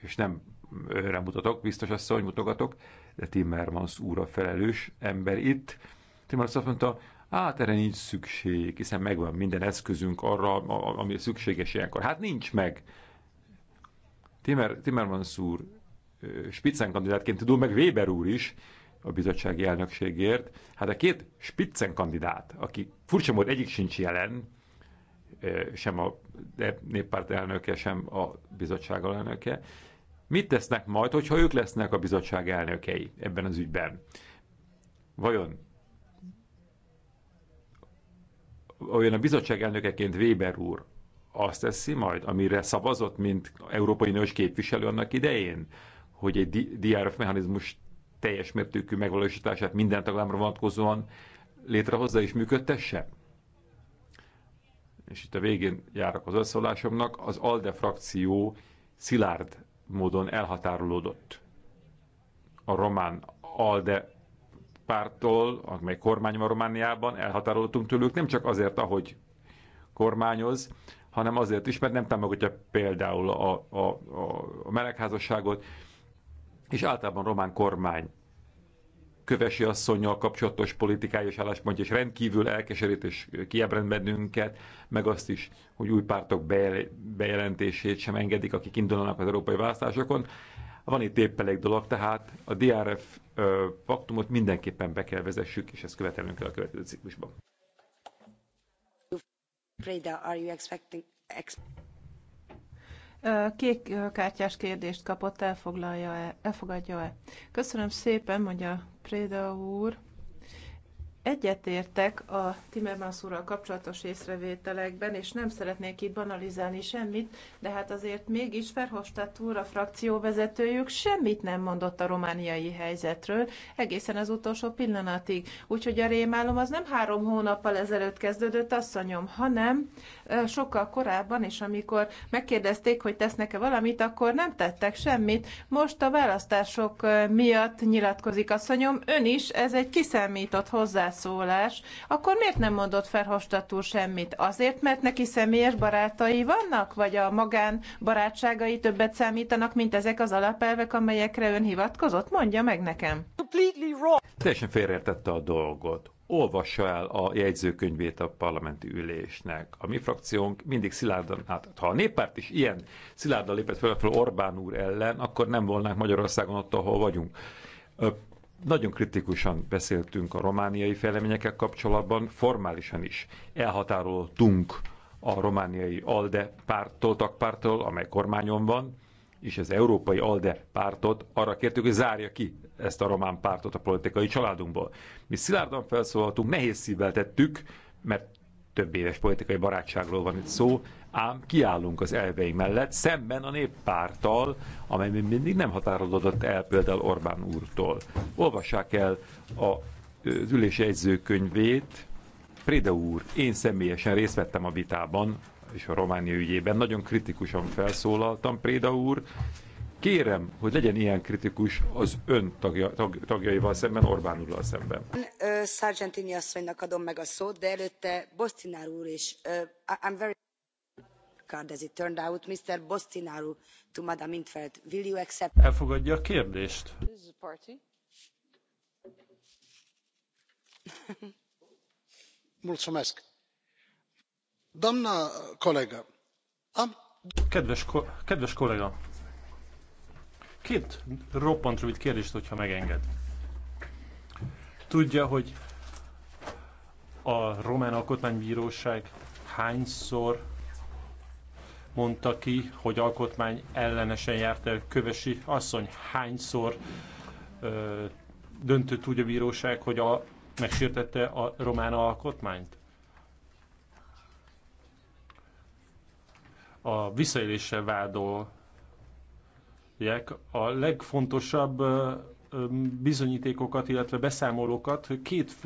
és nem őre mutatok, biztos hogy mutogatok, de Timmermans úr a felelős ember itt. Timmermans azt mondta, hát erre nincs szükség, hiszen megvan minden eszközünk arra, ami szükséges ilyenkor. Hát nincs meg. Timmer, Timmermans úr Spitzenkandidátként tudom, meg Weber úr is, a bizottsági elnökségért. Hát a két spitzen kandidát, aki furcsa módon egyik sincs jelen, sem a néppárt elnöke, sem a bizottság elnöke, mit tesznek majd, hogyha ők lesznek a bizottság elnökei ebben az ügyben? Vajon olyan a bizottság elnökeként Weber úr azt teszi majd, amire szavazott, mint Európai Nős képviselő annak idején, hogy egy DRF mechanizmust teljes mértékű megvalósítását minden tagállamra vonatkozóan létrehozza és működtesse? És itt a végén járok az összeolásomnak, az ALDE frakció szilárd módon elhatárolódott a román ALDE pártól, amely kormány van Romániában, elhatárolódtunk tőlük, nem csak azért, ahogy kormányoz, hanem azért is, mert nem támogatja például a, a, a melegházasságot, és általában román kormány kövesi asszonynal kapcsolatos politikája és álláspontja, és rendkívül elkeserít és kiebrend bennünket, meg azt is, hogy új pártok bejelentését sem engedik, akik indulnak az európai választásokon. Van itt épp elég dolog, tehát a DRF ö, paktumot mindenképpen be kell vezessük, és ezt követelünk el a következő ciklusban. Preda, are you expecting... Kék kártyás kérdést kapott, elfoglalja-e, elfogadja-e? Köszönöm szépen, mondja Préda úr. Egyetértek a Timmermans úrral kapcsolatos észrevételekben, és nem szeretnék itt banalizálni semmit, de hát azért mégis Ferhofstadt úr, a frakcióvezetőjük semmit nem mondott a romániai helyzetről, egészen az utolsó pillanatig. Úgyhogy a rémálom az nem három hónappal ezelőtt kezdődött, asszonyom, hanem sokkal korábban, és amikor megkérdezték, hogy tesznek-e valamit, akkor nem tettek semmit. Most a választások miatt nyilatkozik, asszonyom, ön is, ez egy kiszámított hozzá hozzászólás, akkor miért nem mondott Ferhofstadt semmit? Azért, mert neki személyes barátai vannak, vagy a magán barátságai többet számítanak, mint ezek az alapelvek, amelyekre ön hivatkozott? Mondja meg nekem. Teljesen félreértette a dolgot olvassa el a jegyzőkönyvét a parlamenti ülésnek. A mi frakciónk mindig szilárdan, hát ha a néppárt is ilyen szilárdan lépett fel, fel Orbán úr ellen, akkor nem volnánk Magyarországon ott, ahol vagyunk. Nagyon kritikusan beszéltünk a romániai fejleményekkel kapcsolatban, formálisan is elhatároltunk a romániai ALDE pártól, tagpártól, amely kormányon van, és az európai ALDE pártot arra kértük, hogy zárja ki ezt a román pártot a politikai családunkból. Mi szilárdan felszólaltunk, nehéz szívvel tettük, mert több éves politikai barátságról van itt szó, ám kiállunk az elveim mellett, szemben a néppárttal, amely még mindig nem határolódott el például Orbán úrtól. Olvassák el a, az ülés jegyzőkönyvét. Préde úr, én személyesen részt vettem a vitában, és a Románia ügyében nagyon kritikusan felszólaltam, Préda úr, Kérem, hogy legyen ilyen kritikus az ön tagja, tag, tagjaival szemben, Orbán úrral szemben. Sargentini asszonynak adom meg a szót, de előtte Bostinár úr is. Uh, I'm very card as it turned out. Mr. Bostinaru to Madam Intfeld, will you accept? Elfogadja a kérdést. This is a party. (laughs) Mulțumesc. Doamna colegă, am... Kedves, ko- kedves kollega, Két roppant rövid kérdést, hogyha megenged. Tudja, hogy a Román Alkotmánybíróság hányszor mondta ki, hogy alkotmány ellenesen járt el Kövesi asszony? Hányszor ö, döntött úgy a bíróság, hogy a, megsértette a román alkotmányt? A visszaéléssel vádol megkapják a legfontosabb bizonyítékokat, illetve beszámolókat két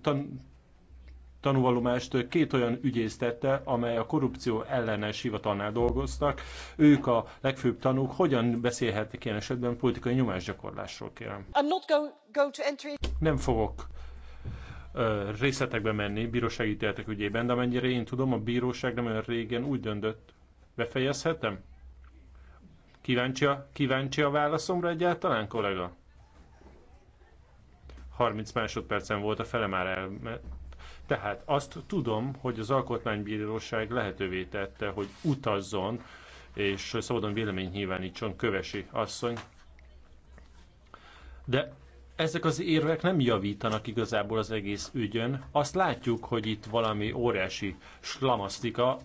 tan, tanúvallomást két olyan ügyész tette, amely a korrupció ellenes hivatalnál dolgoztak. Ők a legfőbb tanúk. Hogyan beszélhetnek ilyen esetben politikai nyomásgyakorlásról, kérem? Nem fogok részletekbe menni bírósági ítéletek ügyében, de amennyire én tudom, a bíróság nem olyan régen úgy döntött. Befejezhetem? Kíváncsi a, kíváncsi a válaszomra egyáltalán, kollega? 30 másodpercen volt a fele már el. Tehát azt tudom, hogy az Alkotmánybíróság lehetővé tette, hogy utazzon és szabadon véleményt nyilvánítson Kövesi asszony. De ezek az érvek nem javítanak igazából az egész ügyön. Azt látjuk, hogy itt valami óriási slamasztika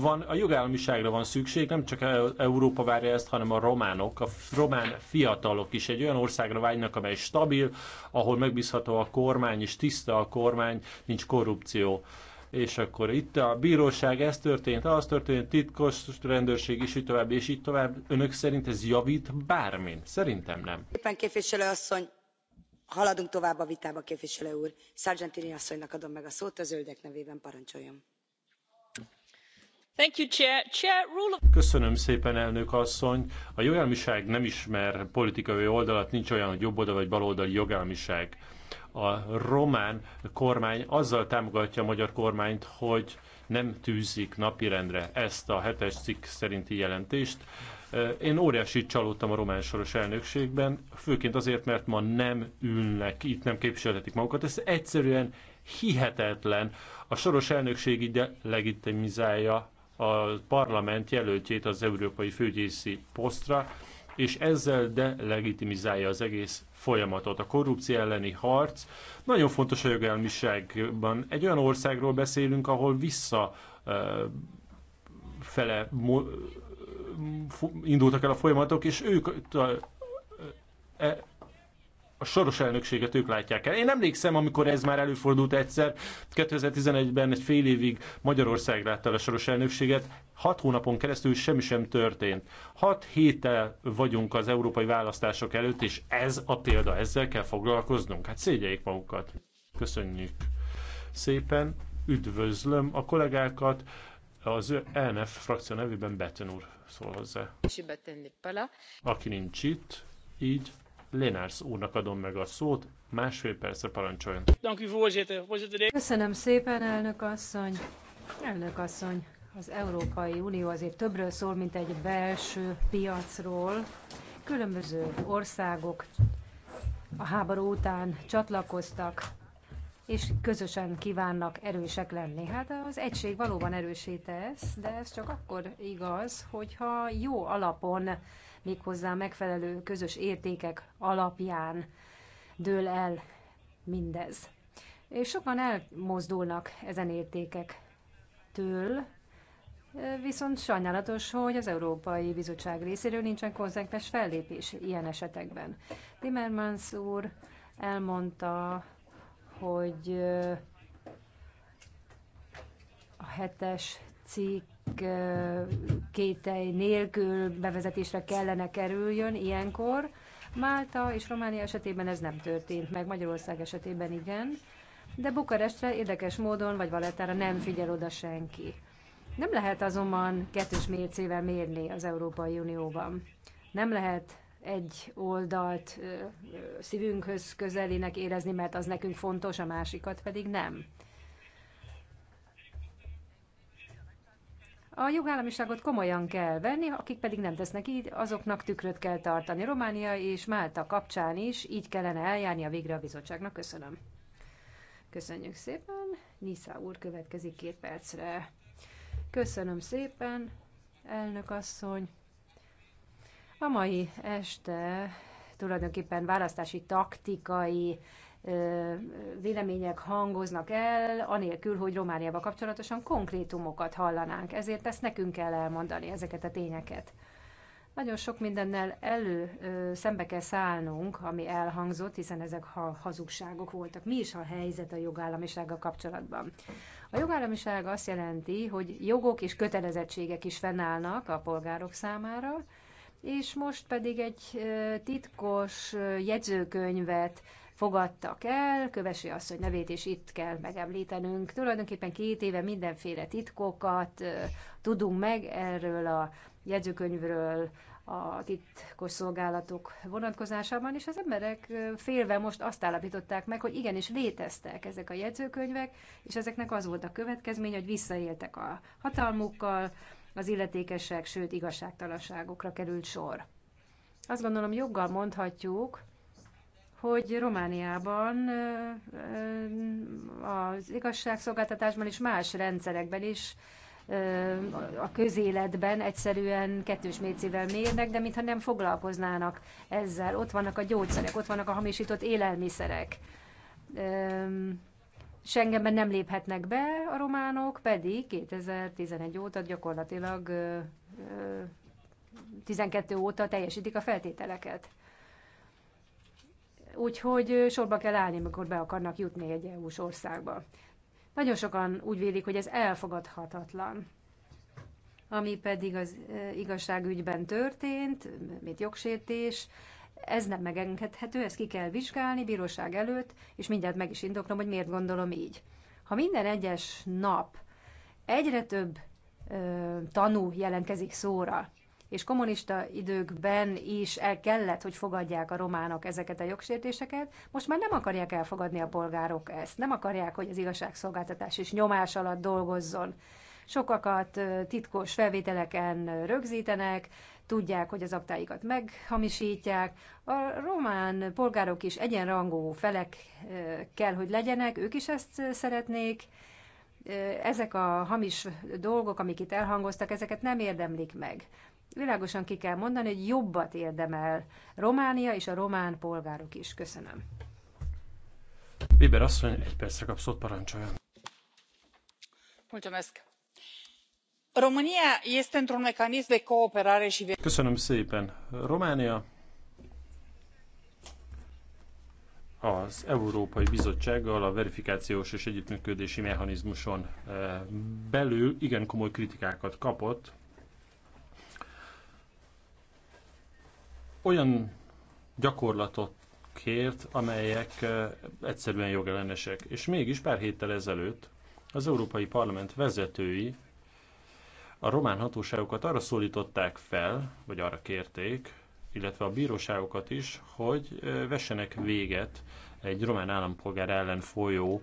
van. A jogállamiságra van szükség, nem csak e-, Európa várja ezt, hanem a románok, a román fiatalok is egy olyan országra vágynak, amely stabil, ahol megbízható a kormány, és tiszta a kormány, nincs korrupció és akkor itt a bíróság, ez történt, az történt, titkos rendőrség, is így tovább, és így tovább. Önök szerint ez javít bármin? Szerintem nem. Éppen képviselő asszony, haladunk tovább a vitában képviselő úr sargentini asszonynak adom meg a szót a zöldek nevében parancsoljon! Köszönöm szépen, elnök asszony. A jogállamiság nem ismer politikai oldalat, nincs olyan, hogy jobboldali vagy baloldali jogállamiság. A román kormány azzal támogatja a magyar kormányt, hogy nem tűzik napirendre ezt a hetes cikk szerinti jelentést. Én óriási csalódtam a román soros elnökségben, főként azért, mert ma nem ülnek, itt nem képviselhetik magukat. Ez egyszerűen hihetetlen. A soros elnökség így legitimizálja a parlament jelöltjét az európai főgyészi posztra, és ezzel de legitimizálja az egész folyamatot. A korrupció elleni harc nagyon fontos a jogelmiságban. Egy olyan országról beszélünk, ahol vissza fele indultak el a folyamatok, és ők a, e, a soros elnökséget ők látják el. Én emlékszem, amikor ez már előfordult egyszer, 2011-ben egy fél évig Magyarország látta el a soros elnökséget, hat hónapon keresztül semmi sem történt. Hat héttel vagyunk az európai választások előtt, és ez a példa, ezzel kell foglalkoznunk. Hát szégyeljék magukat. Köszönjük szépen, üdvözlöm a kollégákat, az ENF frakció nevében Betten úr szól hozzá. Aki nincs itt, így Lénárs úrnak adom meg a szót, másfél percre parancsoljon. Köszönöm szépen, elnök asszony. Elnök asszony, az Európai Unió azért többről szól, mint egy belső piacról. Különböző országok a háború után csatlakoztak és közösen kívánnak erősek lenni. Hát az egység valóban erősé tesz, de ez csak akkor igaz, hogyha jó alapon, méghozzá megfelelő közös értékek alapján dől el mindez. És sokan elmozdulnak ezen értékektől, viszont sajnálatos, hogy az Európai Bizottság részéről nincsen konzekvens fellépés ilyen esetekben. Timmermans úr elmondta hogy a hetes cikk kétely nélkül bevezetésre kellene kerüljön ilyenkor. Málta és Románia esetében ez nem történt meg, Magyarország esetében igen, de Bukarestre érdekes módon vagy Valettára nem figyel oda senki. Nem lehet azonban kettős mércével mérni az Európai Unióban. Nem lehet egy oldalt szívünkhöz közelének érezni, mert az nekünk fontos, a másikat pedig nem. A jogállamiságot komolyan kell venni, akik pedig nem tesznek így, azoknak tükröt kell tartani. Románia és Málta kapcsán is így kellene eljárni a végre a bizottságnak. Köszönöm. Köszönjük szépen. Nisza úr következik két percre. Köszönöm szépen, elnök asszony. A mai este tulajdonképpen választási taktikai vélemények hangoznak el, anélkül, hogy Romániával kapcsolatosan konkrétumokat hallanánk. Ezért ezt nekünk kell elmondani, ezeket a tényeket. Nagyon sok mindennel elő ö, szembe kell szállnunk, ami elhangzott, hiszen ezek ha, hazugságok voltak. Mi is a helyzet a jogállamisággal kapcsolatban? A jogállamiság azt jelenti, hogy jogok és kötelezettségek is fennállnak a polgárok számára, és most pedig egy titkos jegyzőkönyvet fogadtak el, Kövesi azt hogy nevét is itt kell megemlítenünk. Tulajdonképpen két éve mindenféle titkokat tudunk meg erről a jegyzőkönyvről, a titkos szolgálatok vonatkozásában, és az emberek félve most azt állapították meg, hogy igenis léteztek ezek a jegyzőkönyvek, és ezeknek az volt a következmény, hogy visszaéltek a hatalmukkal, az illetékesek, sőt igazságtalanságokra került sor. Azt gondolom joggal mondhatjuk, hogy Romániában az igazságszolgáltatásban és más rendszerekben is a közéletben egyszerűen kettős mécével mérnek, de mintha nem foglalkoznának ezzel. Ott vannak a gyógyszerek, ott vannak a hamisított élelmiszerek Schengenben nem léphetnek be a románok, pedig 2011 óta gyakorlatilag 12 óta teljesítik a feltételeket. Úgyhogy sorba kell állni, amikor be akarnak jutni egy EU-s országba. Nagyon sokan úgy vélik, hogy ez elfogadhatatlan. Ami pedig az igazságügyben történt, mint jogsértés, ez nem megengedhető, ezt ki kell vizsgálni bíróság előtt, és mindjárt meg is indoklom, hogy miért gondolom így. Ha minden egyes nap egyre több ö, tanú jelentkezik szóra, és kommunista időkben is el kellett, hogy fogadják a románok ezeket a jogsértéseket, most már nem akarják elfogadni a polgárok ezt, nem akarják, hogy az igazságszolgáltatás is nyomás alatt dolgozzon. Sokakat titkos felvételeken rögzítenek, tudják, hogy az aktáikat meghamisítják. A román polgárok is egyenrangú felek eh, kell, hogy legyenek, ők is ezt szeretnék. Eh, ezek a hamis dolgok, amik itt elhangoztak, ezeket nem érdemlik meg. Világosan ki kell mondani, hogy jobbat érdemel Románia és a román polgárok is. Köszönöm. Biber asszony, egy percre kapszott parancsoljon. Mulțumesc Köszönöm szépen. Románia az Európai Bizottsággal a verifikációs és együttműködési mechanizmuson eh, belül igen komoly kritikákat kapott. Olyan gyakorlatot kért, amelyek eh, egyszerűen jogellenesek. És mégis pár héttel ezelőtt az Európai Parlament vezetői a román hatóságokat arra szólították fel, vagy arra kérték, illetve a bíróságokat is, hogy vessenek véget egy román állampolgár ellen folyó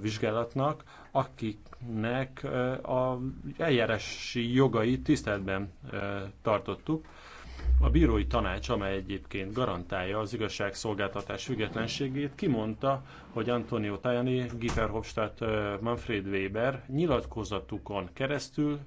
vizsgálatnak, akiknek a eljárási jogait tiszteletben tartottuk. A bírói tanács, amely egyébként garantálja az igazságszolgáltatás függetlenségét, kimondta, hogy Antonio Tajani, Giefer Hofstadt, Manfred Weber nyilatkozatukon keresztül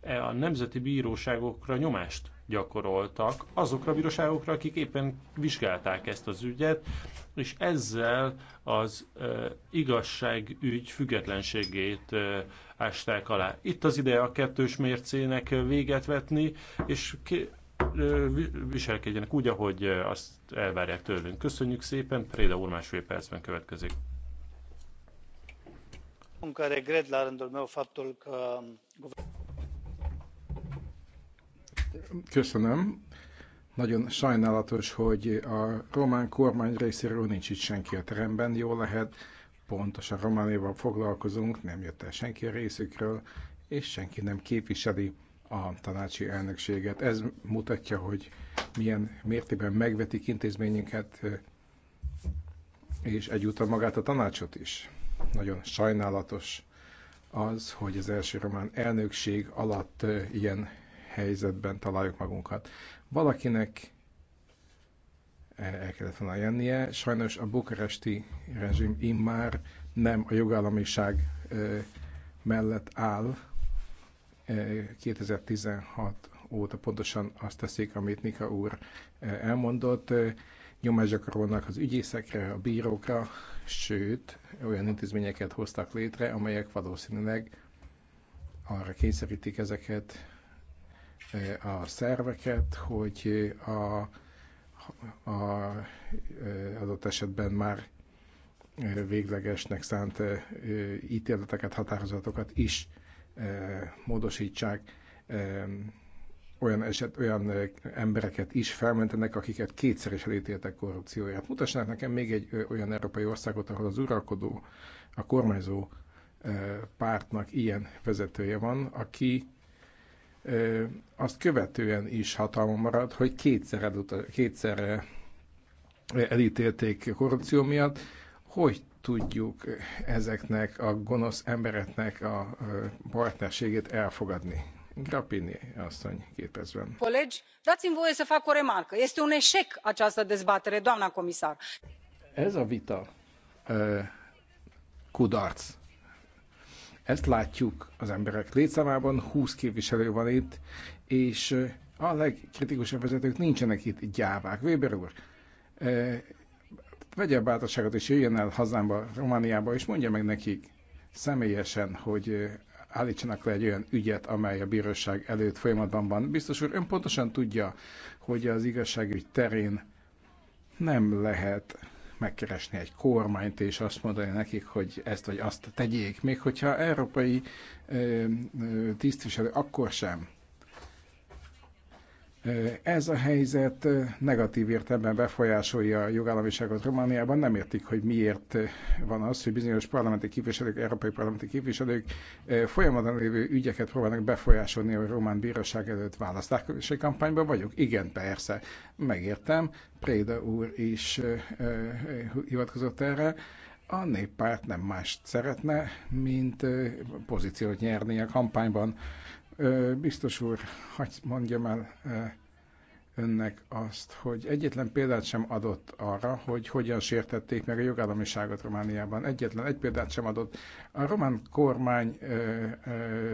e, a nemzeti bíróságokra nyomást gyakoroltak, azokra a bíróságokra, akik éppen vizsgálták ezt az ügyet, és ezzel az e, igazságügy függetlenségét e, ásták alá. Itt az ideje a kettős mércének véget vetni, és ki, viselkedjenek úgy, ahogy azt elvárják tőlünk. Köszönjük szépen, Préda úr másfél percben következik. Um, Köszönöm. Nagyon sajnálatos, hogy a román kormány részéről nincs itt senki a teremben. Jó lehet, pontosan románéval foglalkozunk, nem jött el senki a részükről, és senki nem képviseli a tanácsi elnökséget. Ez mutatja, hogy milyen mértékben megvetik intézményünket, és egyúttal magát a tanácsot is. Nagyon sajnálatos az, hogy az első román elnökség alatt ilyen helyzetben találjuk magunkat. Valakinek el kellett volna jönnie, sajnos a bukaresti rezsim immár nem a jogállamiság mellett áll, 2016 eh, óta pontosan azt teszik, amit Nika úr eh, elmondott, eh, nyomás gyakorolnak az ügyészekre, a bírókra, sőt, olyan intézményeket hoztak létre, amelyek valószínűleg arra kényszerítik ezeket a szerveket, hogy a, a, adott esetben már véglegesnek szánt ítéleteket, határozatokat is módosítsák, olyan, eset, olyan embereket is felmentenek, akiket kétszer is elítéltek korrupcióját. Mutassanak nekem még egy olyan európai országot, ahol az uralkodó, a kormányzó pártnak ilyen vezetője van, aki azt követően is hatalma marad, hogy kétszer, eluta, kétszer elítélték korrupció miatt, hogy tudjuk ezeknek a gonosz embereknek a partnerségét elfogadni. Grapini asszony, képezben. percben. Colegi, dați-mi voie să fac o remarcă. Este un eșec această dezbatere, doamna comisar. Ez a vita kudarc. Ezt látjuk az emberek létszámában, 20 képviselő van itt, és a legkritikusabb vezetők nincsenek itt gyávák. Weber úr, vegye a bátorságot és jöjjön el hazámba, Romániába, és mondja meg nekik személyesen, hogy állítsanak le egy olyan ügyet, amely a bíróság előtt folyamatban van. Biztos úr, ön pontosan tudja, hogy az igazságügy terén nem lehet megkeresni egy kormányt, és azt mondani nekik, hogy ezt vagy azt tegyék, még hogyha európai ö, ö, tisztviselő, akkor sem. Ez a helyzet negatív értelemben befolyásolja a jogállamiságot Romániában. Nem értik, hogy miért van az, hogy bizonyos parlamenti képviselők, európai parlamenti képviselők folyamatosan lévő ügyeket próbálnak befolyásolni a román bíróság előtt választási kampányban vagyok. Igen, persze, megértem. Préda úr is hivatkozott erre. A néppárt nem mást szeretne, mint pozíciót nyerni a kampányban Biztos úr, hagyd mondjam el önnek azt, hogy egyetlen példát sem adott arra, hogy hogyan sértették meg a jogállamiságot Romániában. Egyetlen egy példát sem adott. A román kormány ö, ö,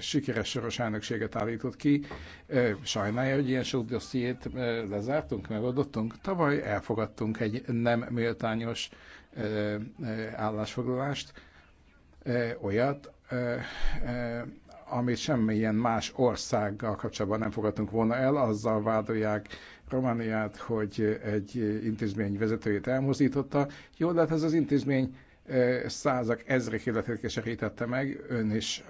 sikeres soros elnökséget állított ki. Ö, sajnálja, hogy ilyen sok dossziét ö, lezártunk, megadottunk, Tavaly elfogadtunk egy nem méltányos ö, ö, állásfoglalást, ö, olyat, ö, ö, amit semmilyen más országgal kapcsolatban nem fogadtunk volna el, azzal vádolják Romániát, hogy egy intézmény vezetőjét elmozdította. Jó, de hát ez az intézmény százak, ezrek életét keserítette meg, ön is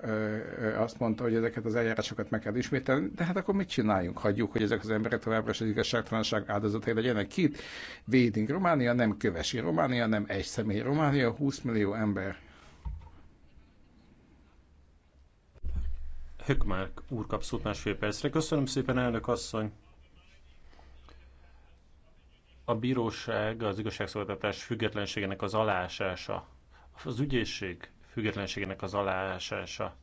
azt mondta, hogy ezeket az eljárásokat meg kell ismételni, de hát akkor mit csináljunk? Hagyjuk, hogy ezek az emberek továbbra is az igazságtalanság áldozatai legyenek. Kit védünk? Románia nem kövesi. Románia nem egy személy. Románia 20 millió ember Hökmark úr kap szót másfél percre. Köszönöm szépen, elnök asszony! A bíróság az igazságszolgáltatás függetlenségének az alásása, az ügyészség függetlenségének az alásása,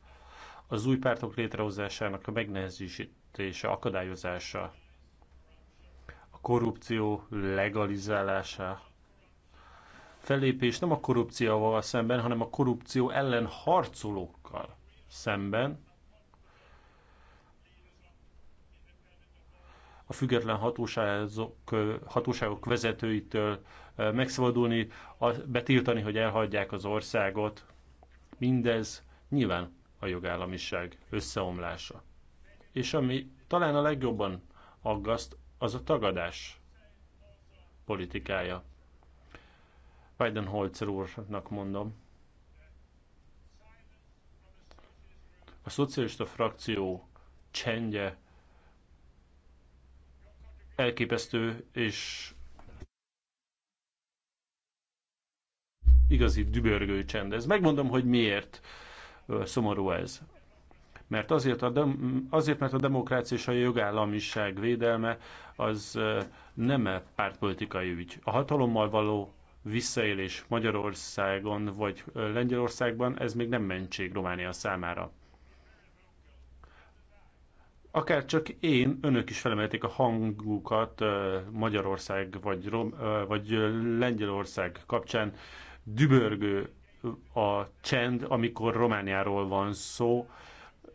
az új pártok létrehozásának a megnehezítése, akadályozása, a korrupció legalizálása, fellépés nem a korrupcióval szemben, hanem a korrupció ellen harcolókkal szemben, független hatóságok, hatóságok vezetőitől megszabadulni, betiltani, hogy elhagyják az országot. Mindez nyilván a jogállamiság összeomlása. És ami talán a legjobban aggaszt, az a tagadás politikája. Holzer úrnak mondom. A szocialista frakció csendje elképesztő és igazi dübörgő csend. Ez megmondom, hogy miért szomorú ez. Mert azért, a dem- azért, mert a demokrácia és a jogállamiság védelme az nem -e pártpolitikai ügy. A hatalommal való visszaélés Magyarországon vagy Lengyelországban ez még nem mentség Románia számára. Akár csak én, önök is felemelték a hangukat Magyarország vagy, Rom, vagy Lengyelország kapcsán dübörgő a csend, amikor Romániáról van szó.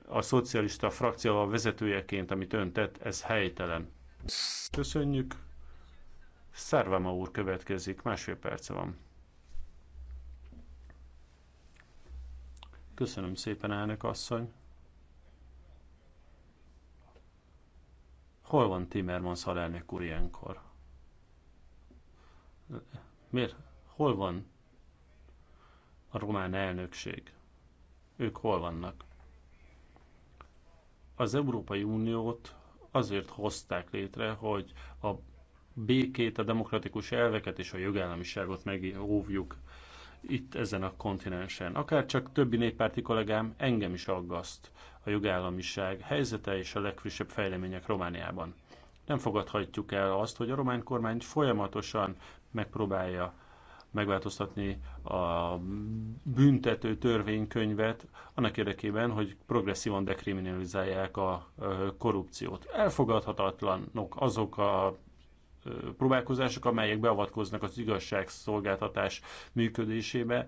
A szocialista frakció a vezetőjeként, amit ön tett, ez helytelen. Köszönjük. Szervema úr következik, másfél perce van. Köszönöm szépen, elnök asszony. Hol van Timmermans alelnök úr ilyenkor? Miért? Hol van a román elnökség? Ők hol vannak? Az Európai Uniót azért hozták létre, hogy a békét, a demokratikus elveket és a jogállamiságot megóvjuk itt ezen a kontinensen. Akár csak többi néppárti kollégám engem is aggaszt a jogállamiság helyzete és a legfrissebb fejlemények Romániában. Nem fogadhatjuk el azt, hogy a román kormány folyamatosan megpróbálja megváltoztatni a büntető törvénykönyvet annak érdekében, hogy progresszívan dekriminalizálják a korrupciót. Elfogadhatatlanok azok a próbálkozások, amelyek beavatkoznak az igazságszolgáltatás működésébe,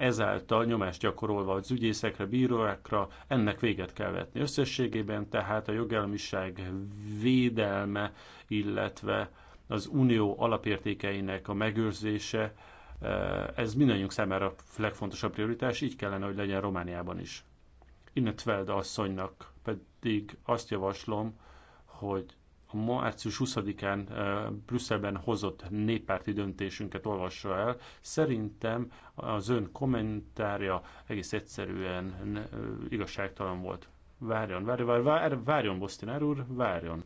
ezáltal nyomást gyakorolva az ügyészekre, bírókra, ennek véget kell vetni. Összességében tehát a jogállamiság védelme, illetve az unió alapértékeinek a megőrzése, eh, ez mindannyiunk számára a legfontosabb prioritás, így kellene, hogy legyen Romániában is. Innetveld asszonynak pedig azt javaslom, hogy a március 20-án Brüsszelben hozott néppárti döntésünket olvassa el. Szerintem az ön kommentárja egész egyszerűen igazságtalan volt. Várjon, várjon, várjon, várjon, Bosztinár úr, várjon.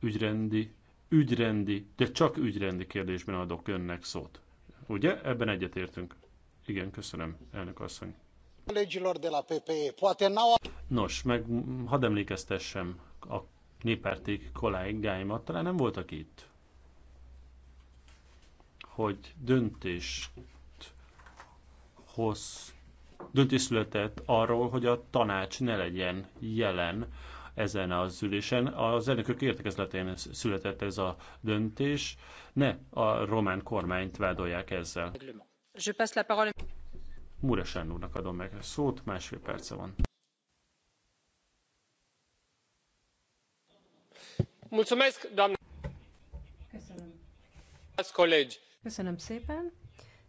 Ügyrendi, ügyrendi, de csak ügyrendi kérdésben adok önnek szót. Ugye? Ebben egyetértünk. Igen, köszönöm, elnök asszony. E. Nos, meg hadd emlékeztessem a néppárti kollégáimat talán nem voltak itt, hogy döntést hoz, döntés született arról, hogy a tanács ne legyen jelen ezen az ülésen. Az elnökök értekezletén született ez a döntés. Ne a román kormányt vádolják ezzel. Muresen úrnak adom meg a szót, másfél perce van. köszönöm szépen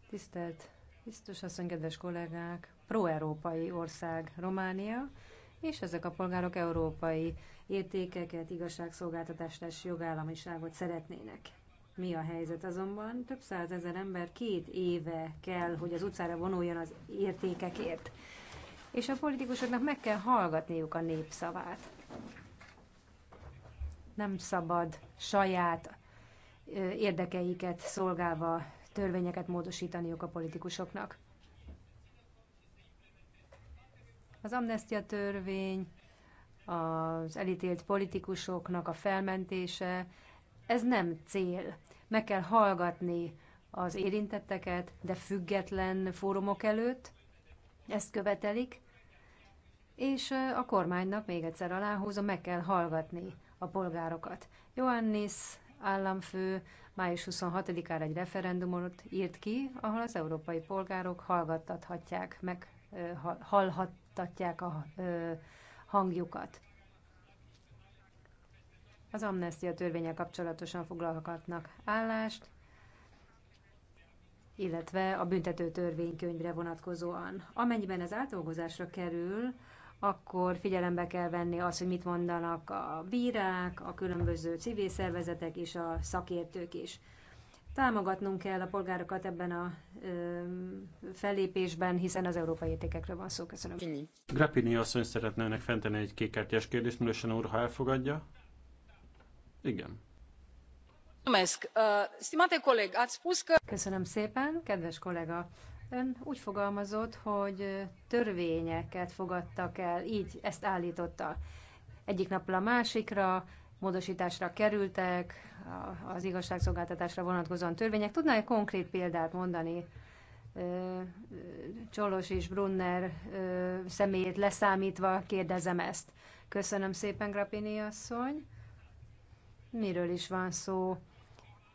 tisztelt biztos asszony kedves kollégák! pro európai ország románia és ezek a polgárok európai értékeket igazságszolgáltatást és jogállamiságot szeretnének. Mi a helyzet azonban? Több százezer ember két éve kell, hogy az utcára vonuljon az értékekért. És a politikusoknak meg kell hallgatniuk a népszavát. Nem szabad saját érdekeiket szolgálva törvényeket módosítaniuk a politikusoknak. Az amnestia törvény, az elítélt politikusoknak a felmentése, ez nem cél. Meg kell hallgatni az érintetteket, de független fórumok előtt, ezt követelik, és a kormánynak, még egyszer aláhúzom, meg kell hallgatni a polgárokat. Ioannis államfő május 26 án egy referendumot írt ki, ahol az európai polgárok hallgattathatják, meg hallhattatják a hangjukat. Az amnestia törvénye kapcsolatosan foglalhatnak állást, illetve a büntető törvénykönyvre vonatkozóan. Amennyiben ez átolgozásra kerül, akkor figyelembe kell venni azt, hogy mit mondanak a bírák, a különböző civil szervezetek és a szakértők is. Támogatnunk kell a polgárokat ebben a ö, fellépésben, hiszen az európai értékekről van szó. Köszönöm. Grappini asszony szeretne önnek fenteni egy kékkártyás kérdést, Mülösen úr, ha elfogadja. Igen. Köszönöm szépen, kedves kollega! Ön úgy fogalmazott, hogy törvényeket fogadtak el, így ezt állította. Egyik napra a másikra módosításra kerültek az igazságszolgáltatásra vonatkozóan törvények. tudná egy konkrét példát mondani? Csolos és Brunner személyét leszámítva kérdezem ezt. Köszönöm szépen, Grapini asszony. Miről is van szó?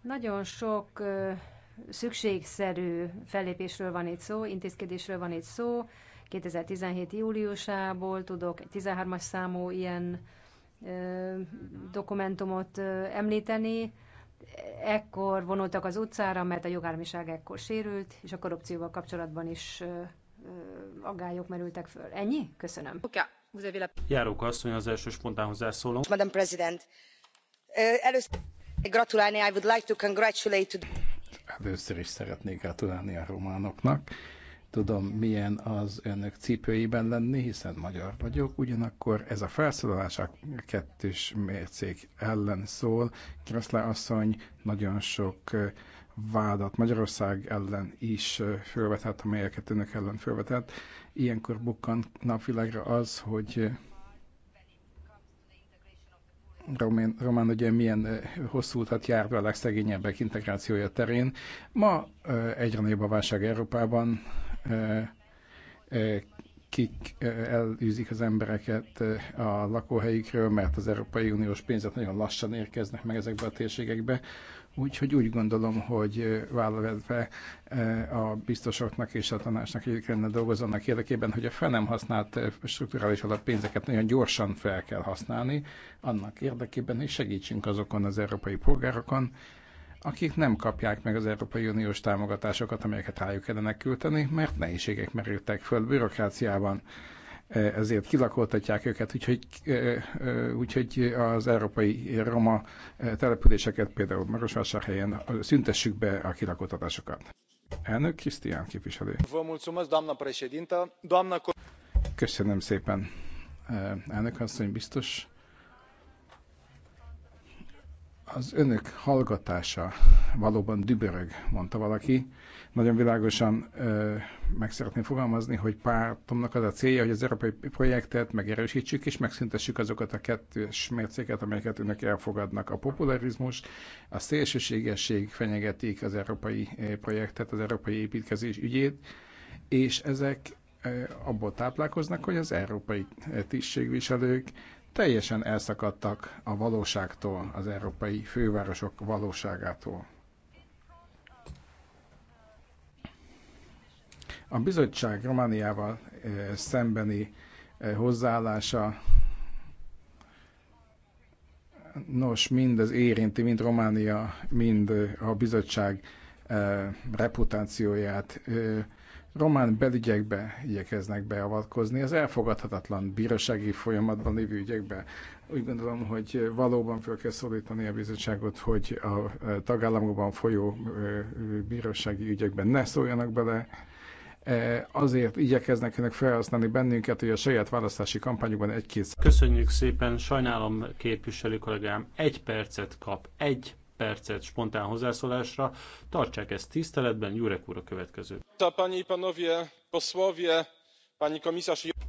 Nagyon sok szükségszerű fellépésről van itt szó, intézkedésről van itt szó. 2017. júliusából tudok egy 13-as számú ilyen ö, dokumentumot ö, említeni. Ekkor vonultak az utcára, mert a jogállamiság ekkor sérült, és a korrupcióval kapcsolatban is ö, aggályok merültek föl. Ennyi? Köszönöm. Járóka asszony az első spontán hozzászólom. Madam President, először gratulálni, I would like to congratulate to Hát először is szeretnék gratulálni a románoknak. Tudom, milyen az önök cipőiben lenni, hiszen magyar vagyok, ugyanakkor ez a felszólalás a kettős mércék ellen szól. Kraszlá asszony nagyon sok vádat Magyarország ellen is fölvetett, amelyeket önök ellen fölvetett. Ilyenkor bukkan napvilágra az, hogy Román, Román ugye milyen hosszú utat jár be a legszegényebbek integrációja terén. Ma egyre nagyobb a válság Európában, kik elűzik az embereket a lakóhelyükről, mert az Európai Uniós pénzek nagyon lassan érkeznek meg ezekbe a térségekbe. Úgyhogy úgy gondolom, hogy vállalatve a biztosoknak és a tanácsnak együtt kellene dolgozni annak érdekében, hogy a fel nem használt strukturális alappénzeket nagyon gyorsan fel kell használni, annak érdekében, hogy segítsünk azokon az európai polgárokon, akik nem kapják meg az Európai Uniós támogatásokat, amelyeket rájuk kellene küldeni, mert nehézségek merültek föl bürokráciában Eh, ezért kilakoltatják őket, úgyhogy, eh, eh, úgyhogy az európai roma településeket, például Marosvásárhelyen szüntessük be a kilakoltatásokat. Elnök Krisztián képviselő. Köszönöm szépen, elnök asszony, biztos. Az önök hallgatása valóban dübörög, mondta valaki nagyon világosan meg szeretném fogalmazni, hogy pártomnak az a célja, hogy az európai projektet megerősítsük és megszüntessük azokat a kettős mércéket, amelyeket önök elfogadnak. A popularizmus, a szélsőségesség fenyegetik az európai projektet, az európai építkezés ügyét, és ezek abból táplálkoznak, hogy az európai tisztségviselők teljesen elszakadtak a valóságtól, az európai fővárosok valóságától. A bizottság Romániával eh, szembeni eh, hozzáállása Nos, mind az érinti, mind Románia, mind eh, a bizottság reputációját. Román belügyekbe igyekeznek beavatkozni, az elfogadhatatlan bírósági folyamatban lévő ügyekbe. Úgy gondolom, hogy valóban fel kell szólítani a bizottságot, hogy a tagállamokban folyó bírósági ügyekben ne szóljanak bele, E, azért igyekeznek önök felhasználni bennünket, hogy a saját választási kampányukban egy-két... Köszönjük szépen, sajnálom képviselő kollégám, egy percet kap, egy percet spontán hozzászólásra. Tartsák ezt tiszteletben, Jurek úr a következő.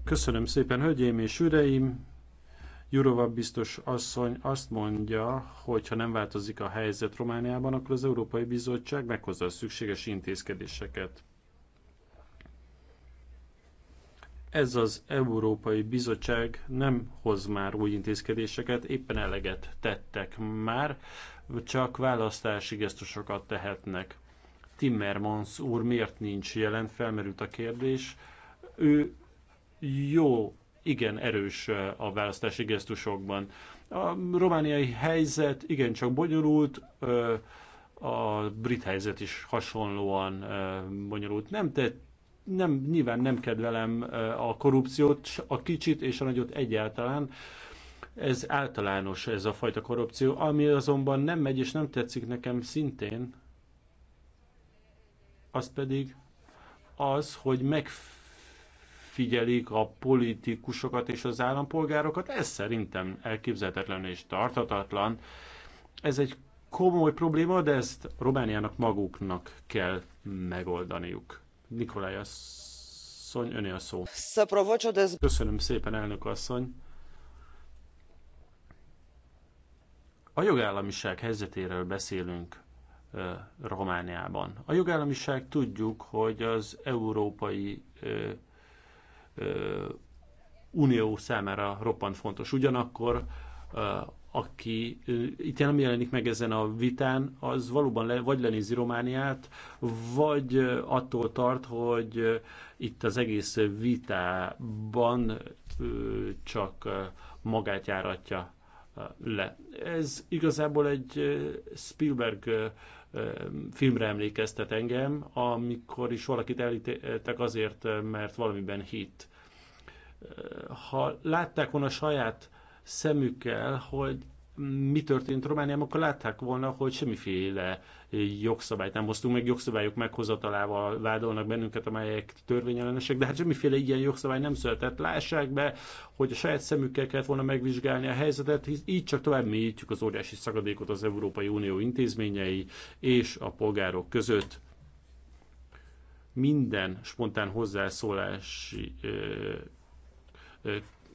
Köszönöm szépen, hölgyeim és üreim. Jurova biztos asszony azt mondja, hogy ha nem változik a helyzet Romániában, akkor az Európai Bizottság meghozza a szükséges intézkedéseket. ez az Európai Bizottság nem hoz már új intézkedéseket, éppen eleget tettek már, csak választási gesztusokat tehetnek. Timmermans úr miért nincs jelen, felmerült a kérdés. Ő jó, igen erős a választási gesztusokban. A romániai helyzet igencsak bonyolult, a brit helyzet is hasonlóan bonyolult. Nem tett nem, nyilván nem kedvelem a korrupciót, a kicsit és a nagyot egyáltalán. Ez általános ez a fajta korrupció, ami azonban nem megy és nem tetszik nekem szintén, az pedig az, hogy megfigyelik a politikusokat és az állampolgárokat, ez szerintem elképzelhetetlen és tartatatlan. Ez egy komoly probléma, de ezt Romániának maguknak kell megoldaniuk. Nikolaj asszony, öné a szó. Köszönöm szépen, elnök asszony. A jogállamiság helyzetéről beszélünk Romániában. A jogállamiság tudjuk, hogy az Európai Unió számára roppant fontos. Ugyanakkor aki itt nem jelenik meg ezen a vitán, az valóban le, vagy lenézi Romániát, vagy attól tart, hogy itt az egész vitában csak magát járatja le. Ez igazából egy Spielberg filmre emlékeztet engem, amikor is valakit elítéltek azért, mert valamiben hit. Ha látták volna saját szemükkel, hogy mi történt Romániában, akkor látták volna, hogy semmiféle jogszabályt nem hoztunk meg, jogszabályok meghozatalával vádolnak bennünket, amelyek törvényellenesek, de hát semmiféle ilyen jogszabály nem született. Lássák be, hogy a saját szemükkel kellett volna megvizsgálni a helyzetet, hisz így csak tovább mélyítjük az óriási szakadékot az Európai Unió intézményei és a polgárok között. Minden spontán hozzászólási ö, ö,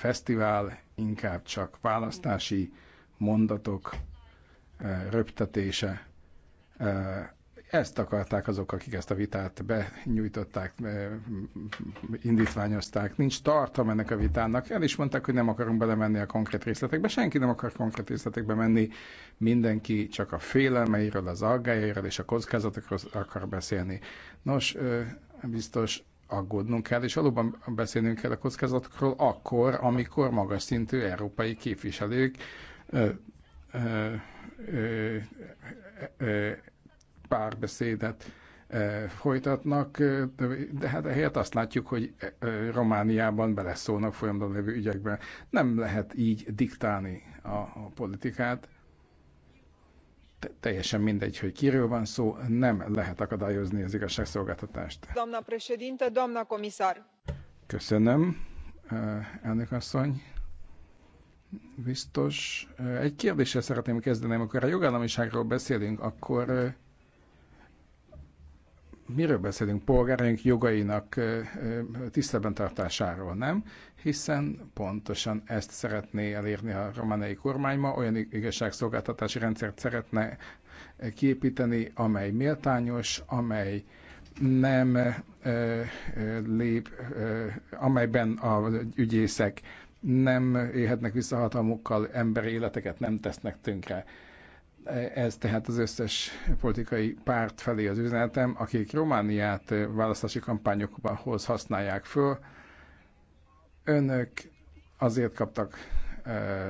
fesztivál, inkább csak választási mondatok eh, röptetése. Eh, ezt akarták azok, akik ezt a vitát benyújtották, eh, indítványozták. Nincs tartalma ennek a vitának. El is mondták, hogy nem akarunk belemenni a konkrét részletekbe. Senki nem akar konkrét részletekbe menni. Mindenki csak a félelmeiről, az aggájairól és a kockázatokról akar beszélni. Nos, biztos aggódnunk kell, és valóban beszélnünk kell a kockázatokról akkor, amikor magas szintű európai képviselők párbeszédet folytatnak, de hát ehelyett azt látjuk, hogy Romániában beleszólnak folyamatban lévő ügyekben. Nem lehet így diktálni a, a politikát teljesen mindegy, hogy kiről van szó, nem lehet akadályozni az igazságszolgáltatást. Köszönöm, elnök asszony. Biztos. Egy kérdéssel szeretném kezdeni, amikor a jogállamiságról beszélünk, akkor miről beszélünk? Polgáraink jogainak tisztelben tartásáról, nem? Hiszen pontosan ezt szeretné elérni a romániai kormány ma, olyan igazságszolgáltatási rendszert szeretne kiépíteni, amely méltányos, amely nem ö, ö, lép, ö, amelyben a ügyészek nem élhetnek vissza hatalmukkal, emberi életeket nem tesznek tönkre. Ez tehát az összes politikai párt felé az üzenetem, akik Romániát választási kampányokhoz használják föl. Önök azért kaptak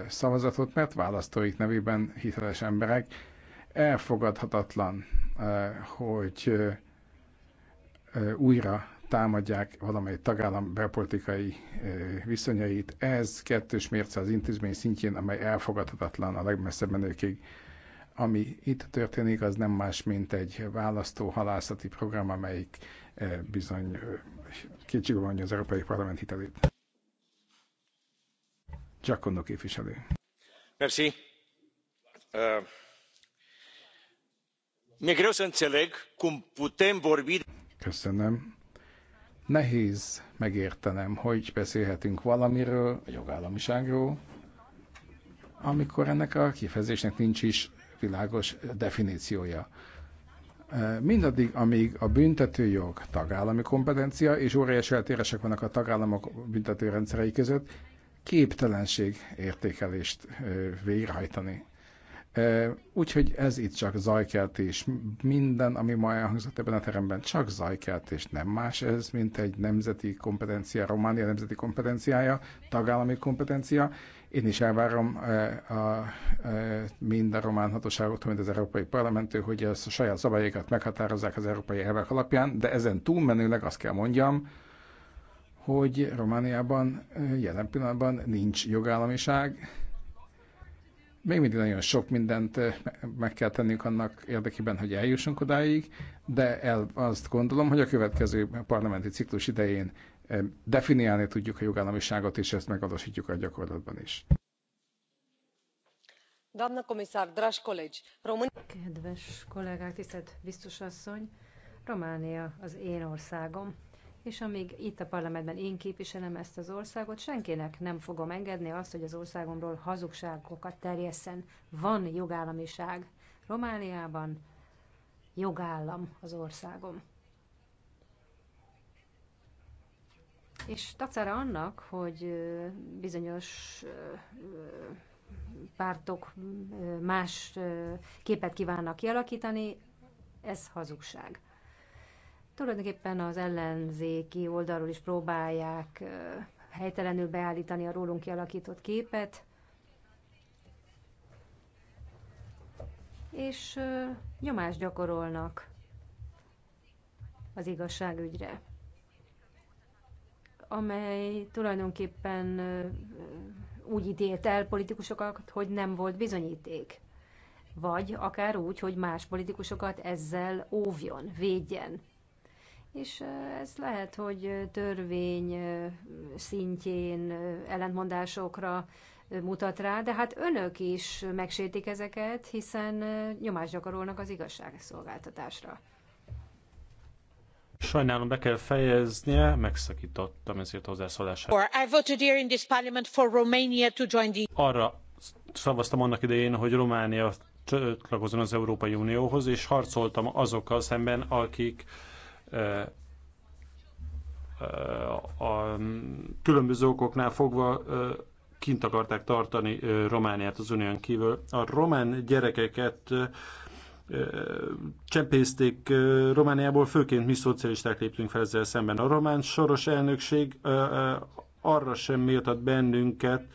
szavazatot, mert választóik nevében hiteles emberek. Elfogadhatatlan, hogy újra támadják valamely tagállam belpolitikai viszonyait. Ez kettős mérce az intézmény szintjén, amely elfogadhatatlan a legmesszebb menőkig ami itt történik, az nem más, mint egy választóhalászati program, amelyik eh, bizony eh, kétségbe az Európai Parlament hitelét. Giacondo képviselő. Merci. Uh, Köszönöm. Nehéz megértenem, hogy beszélhetünk valamiről, a jogállamiságról, amikor ennek a kifejezésnek nincs is világos definíciója. Mindaddig, amíg a büntetőjog tagállami kompetencia, és óriási eltérések vannak a tagállamok büntetőrendszerei között, képtelenség értékelést végrehajtani. Úgyhogy ez itt csak zajkeltés. Minden, ami ma elhangzott ebben a teremben, csak zajkeltés. Nem más ez, mint egy nemzeti kompetencia, Románia nemzeti kompetenciája, tagállami kompetencia, én is elvárom e, a, a, e, mind a román hatóságoktól, mind az Európai Parlamenttől, hogy ezt a saját szabályokat meghatározzák az európai elvek alapján, de ezen túlmenőleg azt kell mondjam, hogy Romániában e, jelen pillanatban nincs jogállamiság. Még mindig nagyon sok mindent meg kell tennünk annak érdekében, hogy eljussunk odáig, de el azt gondolom, hogy a következő parlamenti ciklus idején definiálni tudjuk a jogállamiságot, és ezt megadósítjuk a gyakorlatban is. Doamnă comisar, dragi colegi, Kedves kollégák, tisztelt biztos asszony, Románia az én országom, és amíg itt a parlamentben én képviselem ezt az országot, senkinek nem fogom engedni azt, hogy az országomról hazugságokat terjesszen. Van jogállamiság. Romániában jogállam az országom. És tacára annak, hogy bizonyos pártok más képet kívánnak kialakítani, ez hazugság. Tulajdonképpen az ellenzéki oldalról is próbálják helytelenül beállítani a rólunk kialakított képet, és nyomást gyakorolnak az igazságügyre amely tulajdonképpen úgy ítélt el politikusokat, hogy nem volt bizonyíték. Vagy akár úgy, hogy más politikusokat ezzel óvjon, védjen. És ez lehet, hogy törvény szintjén ellentmondásokra mutat rá, de hát önök is megsértik ezeket, hiszen nyomást gyakorolnak az igazságszolgáltatásra. Sajnálom, be kell fejeznie, megszakítottam ezért hozzászólását. Arra szavaztam annak idején, hogy Románia csatlakozzon az Európai Unióhoz, és harcoltam azokkal szemben, akik e, a különböző okoknál fogva eh, kint akarták tartani Romániát az unión kívül. A román gyerekeket csempészték Romániából, főként mi szocialisták léptünk fel ezzel szemben. A román soros elnökség arra sem méltat bennünket,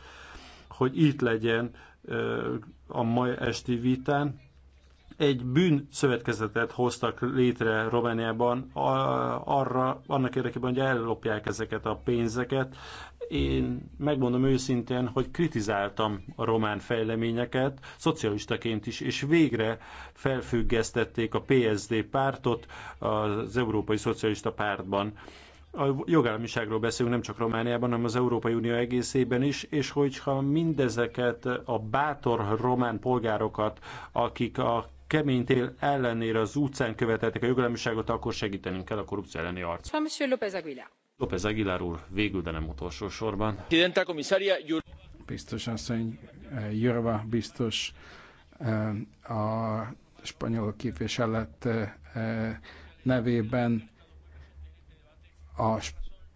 hogy itt legyen a mai esti vitán, egy bűnszövetkezetet hoztak létre Romániában arra, annak érdekében, hogy ellopják ezeket a pénzeket. Én megmondom őszintén, hogy kritizáltam a román fejleményeket, szocialistaként is, és végre felfüggesztették a PSD pártot az Európai Szocialista Pártban a jogállamiságról beszélünk nem csak Romániában, hanem az Európai Unió egészében is, és hogyha mindezeket a bátor román polgárokat, akik a kemény tél ellenére az utcán követelték a jogállamiságot, akkor segítenünk kell a korrupció elleni arc. Szóval López Aguilar. López Aguilar úr, végül, de nem utolsó sorban. Biztos asszony, eh, Jörva biztos eh, a spanyol képviselet eh, nevében a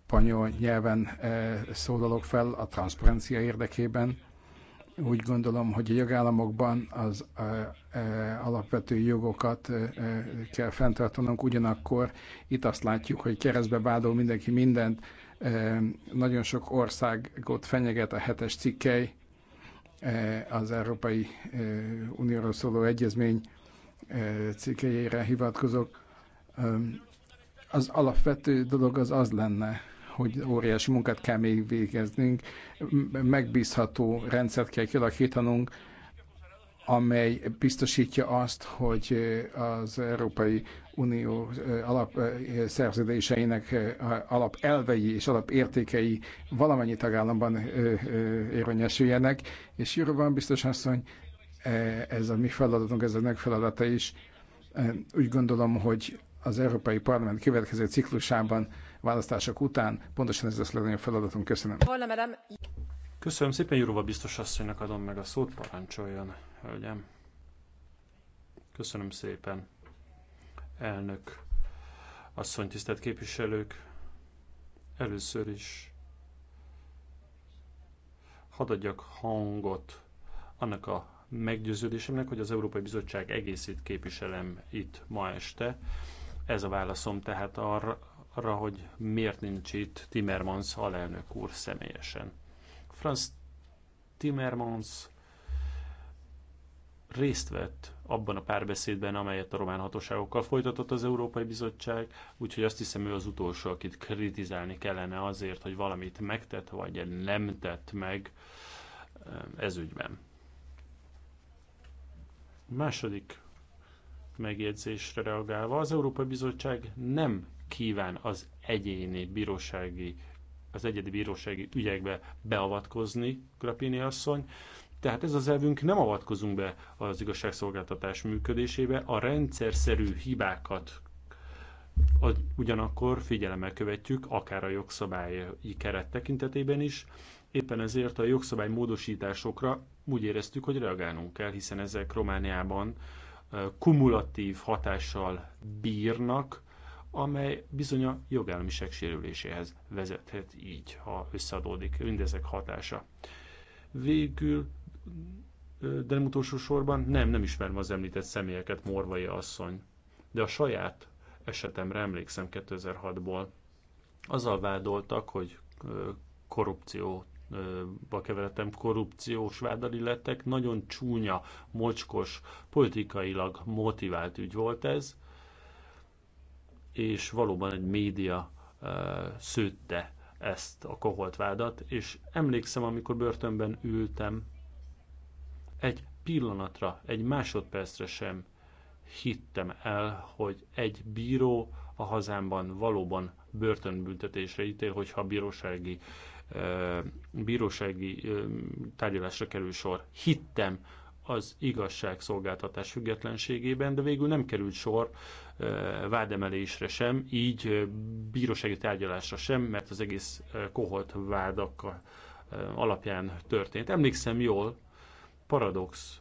spanyol nyelven szólalok fel a transzparencia érdekében úgy gondolom, hogy a jogállamokban az a, e, a, e, alapvető jogokat a, e, a, kell fenntartanunk, ugyanakkor itt azt látjuk, hogy keresztbe vádol mindenki mindent. A, nagyon sok országot fenyeget a hetes cikkely, az Európai Unióról szóló egyezmény cikkelyére hivatkozok. Az alapvető dolog az az lenne, hogy óriási munkát kell még végeznünk, megbízható rendszert kell kialakítanunk, amely biztosítja azt, hogy az Európai Unió alap szerződéseinek alap elvei és alapértékei valamennyi tagállamban érvényesüljenek, és Jurban biztos asszony, e, ez a mi feladatunk, ez a önök feladata is. Úgy gondolom, hogy az Európai Parlament következő ciklusában választások után. Pontosan ez lesz a legnagyobb feladatunk. Köszönöm. Köszönöm szépen, Jurova biztos asszonynak adom meg a szót, parancsoljon, hölgyem. Köszönöm szépen, elnök asszony, tisztelt képviselők. Először is hadd adjak hangot annak a meggyőződésemnek, hogy az Európai Bizottság egészét képviselem itt ma este. Ez a válaszom tehát arra, arra, hogy miért nincs itt Timmermans alelnök úr személyesen. Franz Timmermans részt vett abban a párbeszédben, amelyet a román hatóságokkal folytatott az Európai Bizottság, úgyhogy azt hiszem ő az utolsó, akit kritizálni kellene azért, hogy valamit megtett, vagy nem tett meg eh, ez ügyben. Második megjegyzésre reagálva, az Európai Bizottság nem kíván az egyéni bírósági, az egyedi bírósági ügyekbe beavatkozni, Grapini asszony. Tehát ez az elvünk, nem avatkozunk be az igazságszolgáltatás működésébe, a rendszerszerű hibákat ugyanakkor figyelemmel követjük, akár a jogszabályi keret tekintetében is. Éppen ezért a jogszabály módosításokra úgy éreztük, hogy reagálnunk kell, hiszen ezek Romániában eh, kumulatív hatással bírnak, amely bizony a jogállamiság sérüléséhez vezethet így, ha összeadódik mindezek hatása. Végül, de nem utolsó sorban, nem, nem ismerem az említett személyeket, Morvai asszony, de a saját esetemre emlékszem 2006-ból. Azzal vádoltak, hogy korrupcióba keveretem, korrupciós vádali lettek. nagyon csúnya, mocskos, politikailag motivált ügy volt ez, és valóban egy média szőtte ezt a koholt vádat, és emlékszem, amikor börtönben ültem, egy pillanatra, egy másodpercre sem hittem el, hogy egy bíró a hazámban valóban börtönbüntetésre ítél, hogyha bírósági, bírósági tárgyalásra kerül sor. Hittem, az igazságszolgáltatás függetlenségében, de végül nem került sor vádemelésre sem, így bírósági tárgyalásra sem, mert az egész koholt vádak alapján történt. Emlékszem jól, paradox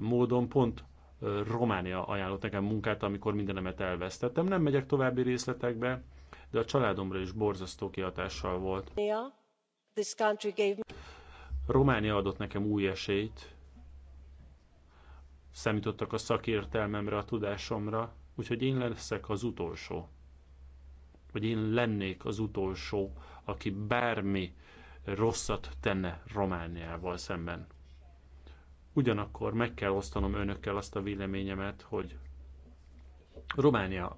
módon pont Románia ajánlott nekem munkát, amikor mindenemet elvesztettem. Nem megyek további részletekbe, de a családomra is borzasztó kihatással volt. Románia adott nekem új esélyt, számítottak a szakértelmemre, a tudásomra, úgyhogy én leszek az utolsó. Vagy én lennék az utolsó, aki bármi rosszat tenne Romániával szemben. Ugyanakkor meg kell osztanom önökkel azt a véleményemet, hogy Románia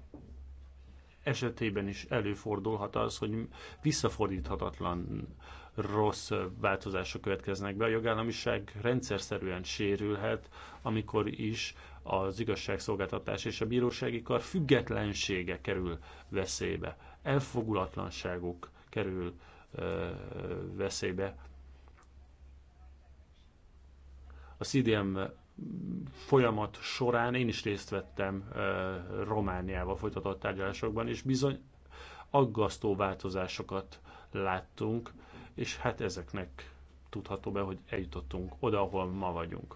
esetében is előfordulhat az, hogy visszafordíthatatlan rossz változások következnek be. A jogállamiság rendszer szerűen sérülhet, amikor is az igazságszolgáltatás és a bírósági kar függetlensége kerül veszélybe. Elfogulatlanságuk kerül ö, veszélybe. A CDM folyamat során én is részt vettem ö, Romániával folytatott tárgyalásokban, és bizony aggasztó változásokat láttunk és hát ezeknek tudható be, hogy eljutottunk oda, ahol ma vagyunk.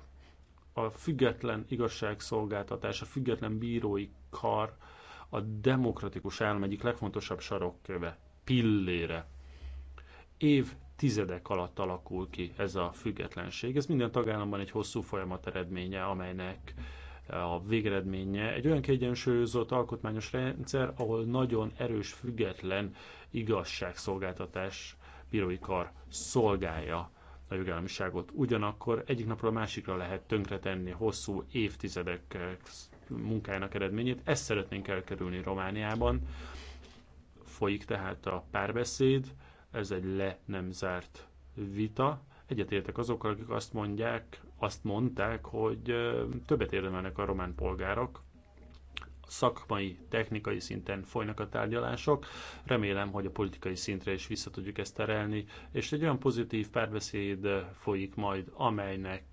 A független igazságszolgáltatás, a független bírói kar a demokratikus állam egyik legfontosabb sarokköve, pillére. Év tizedek alatt alakul ki ez a függetlenség. Ez minden tagállamban egy hosszú folyamat eredménye, amelynek a végeredménye egy olyan kiegyensúlyozott alkotmányos rendszer, ahol nagyon erős független igazságszolgáltatás bírói kar szolgálja a jogállamiságot. Ugyanakkor egyik napról a másikra lehet tönkretenni hosszú évtizedek eh, munkájának eredményét. Ezt szeretnénk elkerülni Romániában. Folyik tehát a párbeszéd, ez egy le nem zárt vita. Egyetértek azokkal, akik azt mondják, azt mondták, hogy eh, többet érdemelnek a román polgárok, szakmai, technikai szinten folynak a tárgyalások. Remélem, hogy a politikai szintre is vissza tudjuk ezt terelni, és egy olyan pozitív párbeszéd folyik majd, amelynek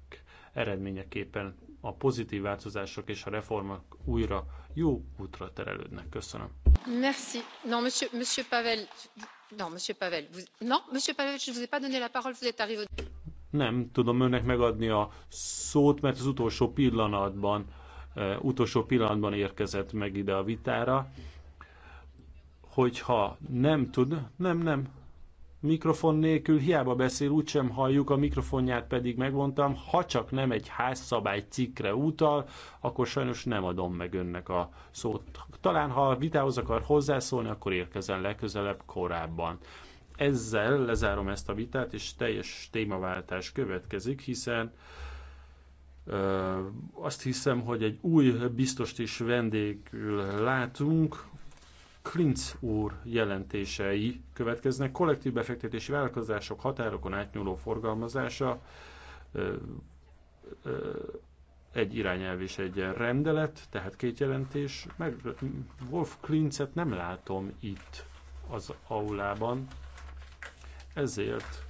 eredményeképpen a pozitív változások és a reformok újra jó útra terelődnek. Köszönöm. Merci. Non, monsieur, monsieur Pavel. Non, monsieur Pavel. Vous... Non, monsieur Pavel, je vous ai pas donné la parole, vous êtes arrivé. Nem tudom önnek megadni a szót, mert az utolsó pillanatban utolsó pillanatban érkezett meg ide a vitára, hogyha nem tud, nem, nem, mikrofon nélkül hiába beszél, úgysem halljuk, a mikrofonját pedig megvontam, ha csak nem egy házszabály cikkre utal, akkor sajnos nem adom meg önnek a szót. Talán ha a vitához akar hozzászólni, akkor érkezzen legközelebb korábban. Ezzel lezárom ezt a vitát, és teljes témaváltás következik, hiszen azt hiszem, hogy egy új biztost is vendégül látunk. Klinc úr jelentései következnek. Kollektív befektetési vállalkozások határokon átnyúló forgalmazása egy irányelv és egy rendelet, tehát két jelentés. Meg Wolf Klincet nem látom itt az aulában, ezért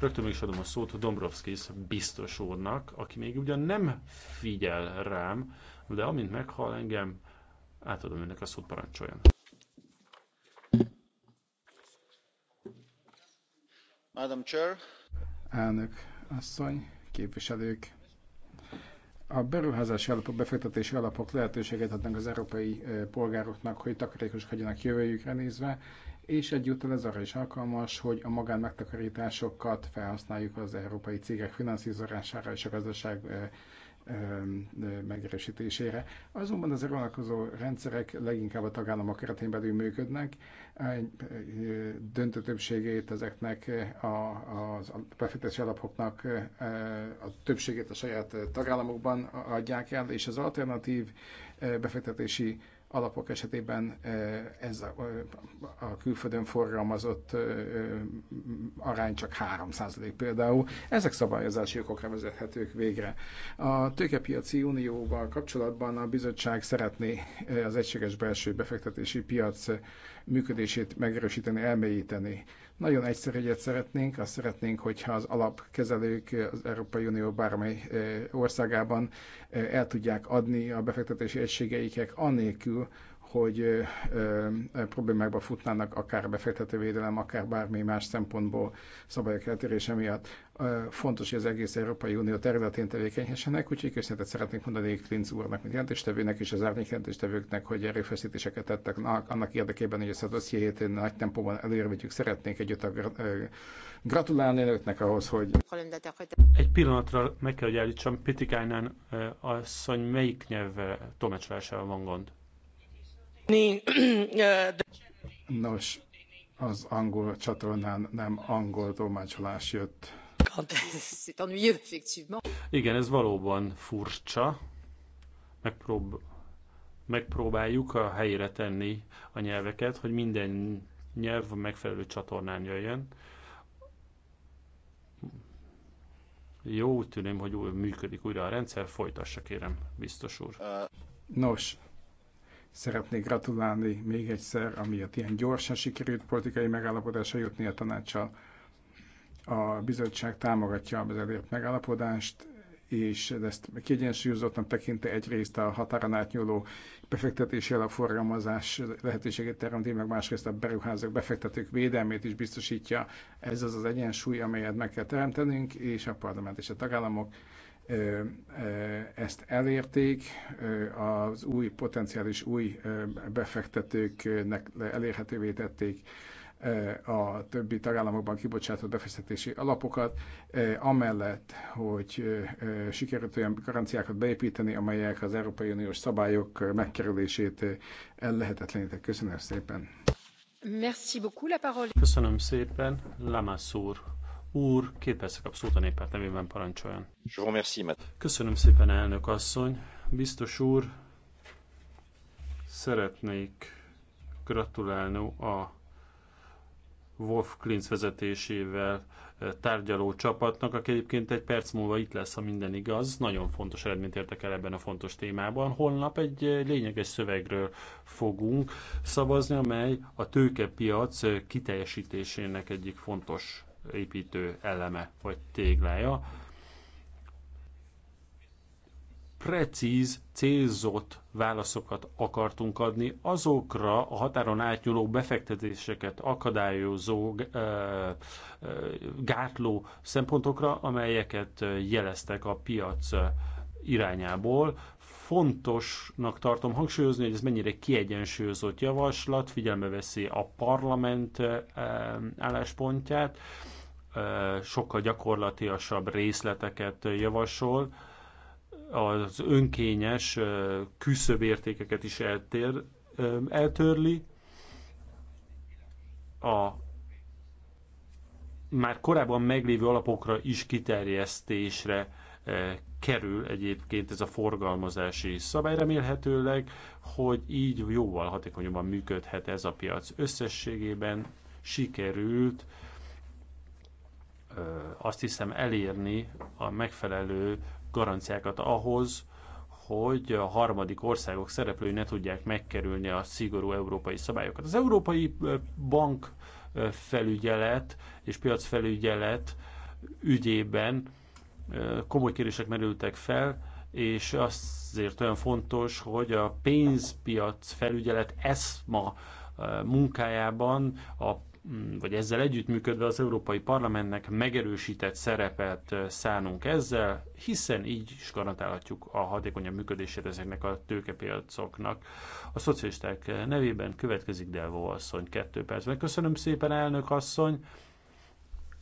Rögtön meg is adom a szót Dombrovskis biztos úrnak, aki még ugyan nem figyel rám, de amint meghal engem, átadom önnek a szót, parancsoljon. Madam Chair. Elnök asszony, képviselők, a beruházási alapok, befektetési alapok lehetőséget adnak az európai eh, polgároknak, hogy legyenek jövőjükre nézve, és egyúttal ez arra is alkalmas, hogy a magánmegtakarításokat felhasználjuk az európai cégek finanszírozására és a gazdaság megerősítésére. Azonban az vonatkozó rendszerek leginkább a tagállamok keretén belül működnek, döntő többségét ezeknek a, a befektetési alapoknak a többségét a saját tagállamokban adják el, és az alternatív befektetési alapok esetében ez a, a külföldön forgalmazott arány csak 3% például. Ezek szabályozási okokra vezethetők végre. A tőkepiaci unióval kapcsolatban a bizottság szeretné az egységes belső befektetési piac működését megerősíteni, elmélyíteni. Nagyon egyszerű egyet szeretnénk, azt szeretnénk, hogyha az alapkezelők az Európai Unió bármely e, országában e, el tudják adni a befektetési egységeiket, anélkül, hogy ö, ö, problémákba futnának akár védelem, akár bármi más szempontból szabályok eltérése miatt. Ö, fontos, hogy az egész Európai Unió területén tevékenyhessenek, úgyhogy köszönetet szeretnék mondani Klinc úrnak, mint jelentéstevőnek és az árnyék jelentéstevőknek, hogy erőfeszítéseket tettek annak érdekében, hogy ezt a dossziét nagy tempóban előrevegyük. Szeretnék együtt a, ö, gratulálni önöknek ahhoz, hogy... Egy pillanatra meg kell, hogy állítsam, Pitikainen asszony melyik nyelvvel tolmácsolásával van gond? Nos, az angol csatornán nem angol tolmácsolás jött. (laughs) Igen, ez valóban furcsa. Megprób- megpróbáljuk a helyére tenni a nyelveket, hogy minden nyelv a megfelelő csatornán jöjjön. Jó, úgy tűném, hogy új, működik újra a rendszer. Folytassa kérem, biztos úr. Nos, Szeretnék gratulálni még egyszer, amiatt ilyen gyorsan sikerült politikai megállapodásra jutni a tanácssal. A bizottság támogatja az elért megállapodást, és ezt kiegyensúlyozottan tekinte egyrészt a határon átnyúló befektetési alapforgalmazás lehetőségét teremti, meg másrészt a beruházók, befektetők védelmét is biztosítja. Ez az az egyensúly, amelyet meg kell teremtenünk, és a parlament és a tagállamok ezt elérték, az új potenciális új befektetőknek elérhetővé tették a többi tagállamokban kibocsátott befektetési alapokat, amellett, hogy sikerült olyan garanciákat beépíteni, amelyek az Európai Uniós szabályok megkerülését lehetetlenítik. Köszönöm szépen! Merci beaucoup, la parole. Köszönöm szépen, Lamassur úr, két percre kap szót a néppárt nevében parancsoljon. Köszönöm szépen, elnök asszony. Biztos úr, szeretnék gratulálni a Wolf Klinz vezetésével eh, tárgyaló csapatnak, aki egyébként egy perc múlva itt lesz, ha minden igaz. Nagyon fontos eredményt értek el ebben a fontos témában. Holnap egy eh, lényeges szövegről fogunk szavazni, amely a tőkepiac eh, kiteljesítésének egyik fontos építő eleme vagy téglája. Precíz, célzott válaszokat akartunk adni azokra a határon átnyúló befektetéseket akadályozó, eh, eh, gátló szempontokra, amelyeket eh, jeleztek a piac irányából fontosnak tartom hangsúlyozni, hogy ez mennyire kiegyensúlyozott javaslat, figyelme veszi a parlament eh, álláspontját, eh, sokkal gyakorlatiasabb részleteket javasol, az önkényes eh, küszöbértékeket is eltér, eltörli, a már korábban meglévő alapokra is kiterjesztésre kerül egyébként ez a forgalmazási szabály. Remélhetőleg, hogy így jóval hatékonyabban működhet ez a piac. Összességében sikerült azt hiszem elérni a megfelelő garanciákat ahhoz, hogy a harmadik országok szereplői ne tudják megkerülni a szigorú európai szabályokat. Az Európai Bank felügyelet és piacfelügyelet ügyében komoly kérdések merültek fel, és azért olyan fontos, hogy a pénzpiac felügyelet ESMA eh, munkájában a mm, vagy ezzel együttműködve az Európai Parlamentnek megerősített szerepet eh, szánunk ezzel, hiszen így is garantálhatjuk a hatékonyabb működését ezeknek a tőkepiacoknak. A szocialisták eh, nevében következik Delvó asszony kettő percben. Köszönöm szépen, elnök asszony!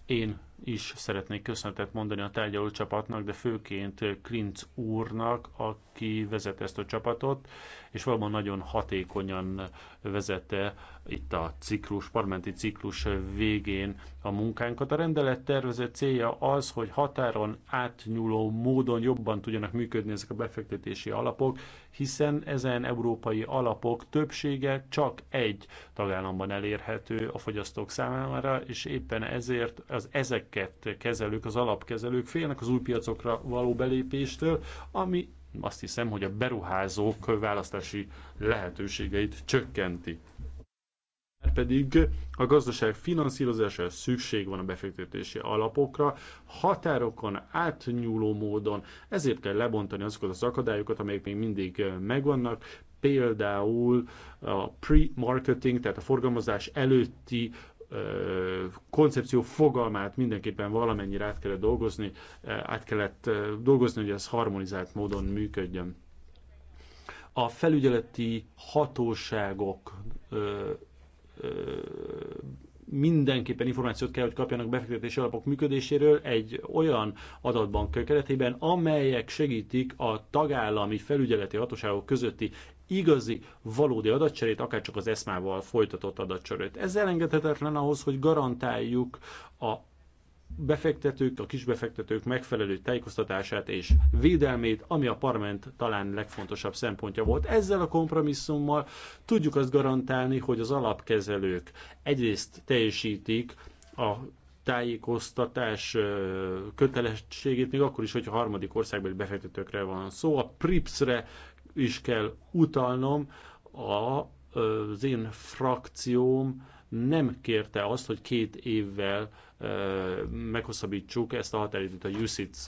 Én is szeretnék köszönetet mondani a tárgyaló csapatnak, de főként Klinc úrnak, aki vezet ezt a csapatot, és valóban nagyon hatékonyan vezette itt a ciklus, parlamenti ciklus végén a munkánkat. A rendelet tervezett célja az, hogy határon átnyúló módon jobban tudjanak működni ezek a befektetési alapok, hiszen ezen európai alapok többsége csak egy tagállamban elérhető a fogyasztók számára, és éppen ezért az ezek ezeket kezelők, az alapkezelők félnek az új piacokra való belépéstől, ami azt hiszem, hogy a beruházók választási lehetőségeit csökkenti. Mert Pedig a gazdaság finanszírozása szükség van a befektetési alapokra, határokon átnyúló módon, ezért kell lebontani azokat az akadályokat, amelyek még mindig megvannak, például a pre-marketing, tehát a forgalmazás előtti koncepció fogalmát mindenképpen valamennyire át kellett dolgozni, át kellett dolgozni, hogy ez harmonizált módon működjön. A felügyeleti hatóságok mindenképpen információt kell, hogy kapjanak befektetési alapok működéséről egy olyan adatbank keretében, amelyek segítik a tagállami felügyeleti hatóságok közötti igazi, valódi adatcserét, akár csak az eszmával folytatott adatcserét. Ez elengedhetetlen ahhoz, hogy garantáljuk a befektetők, a kisbefektetők megfelelő tájékoztatását és védelmét, ami a parlament talán legfontosabb szempontja volt. Ezzel a kompromisszummal tudjuk azt garantálni, hogy az alapkezelők egyrészt teljesítik a tájékoztatás kötelességét, még akkor is, hogy a harmadik országbeli befektetőkre van szó, a PRIPS-re is kell utalnom, a, az én frakcióm nem kérte azt, hogy két évvel meghosszabbítsuk ezt a határidőt a USITS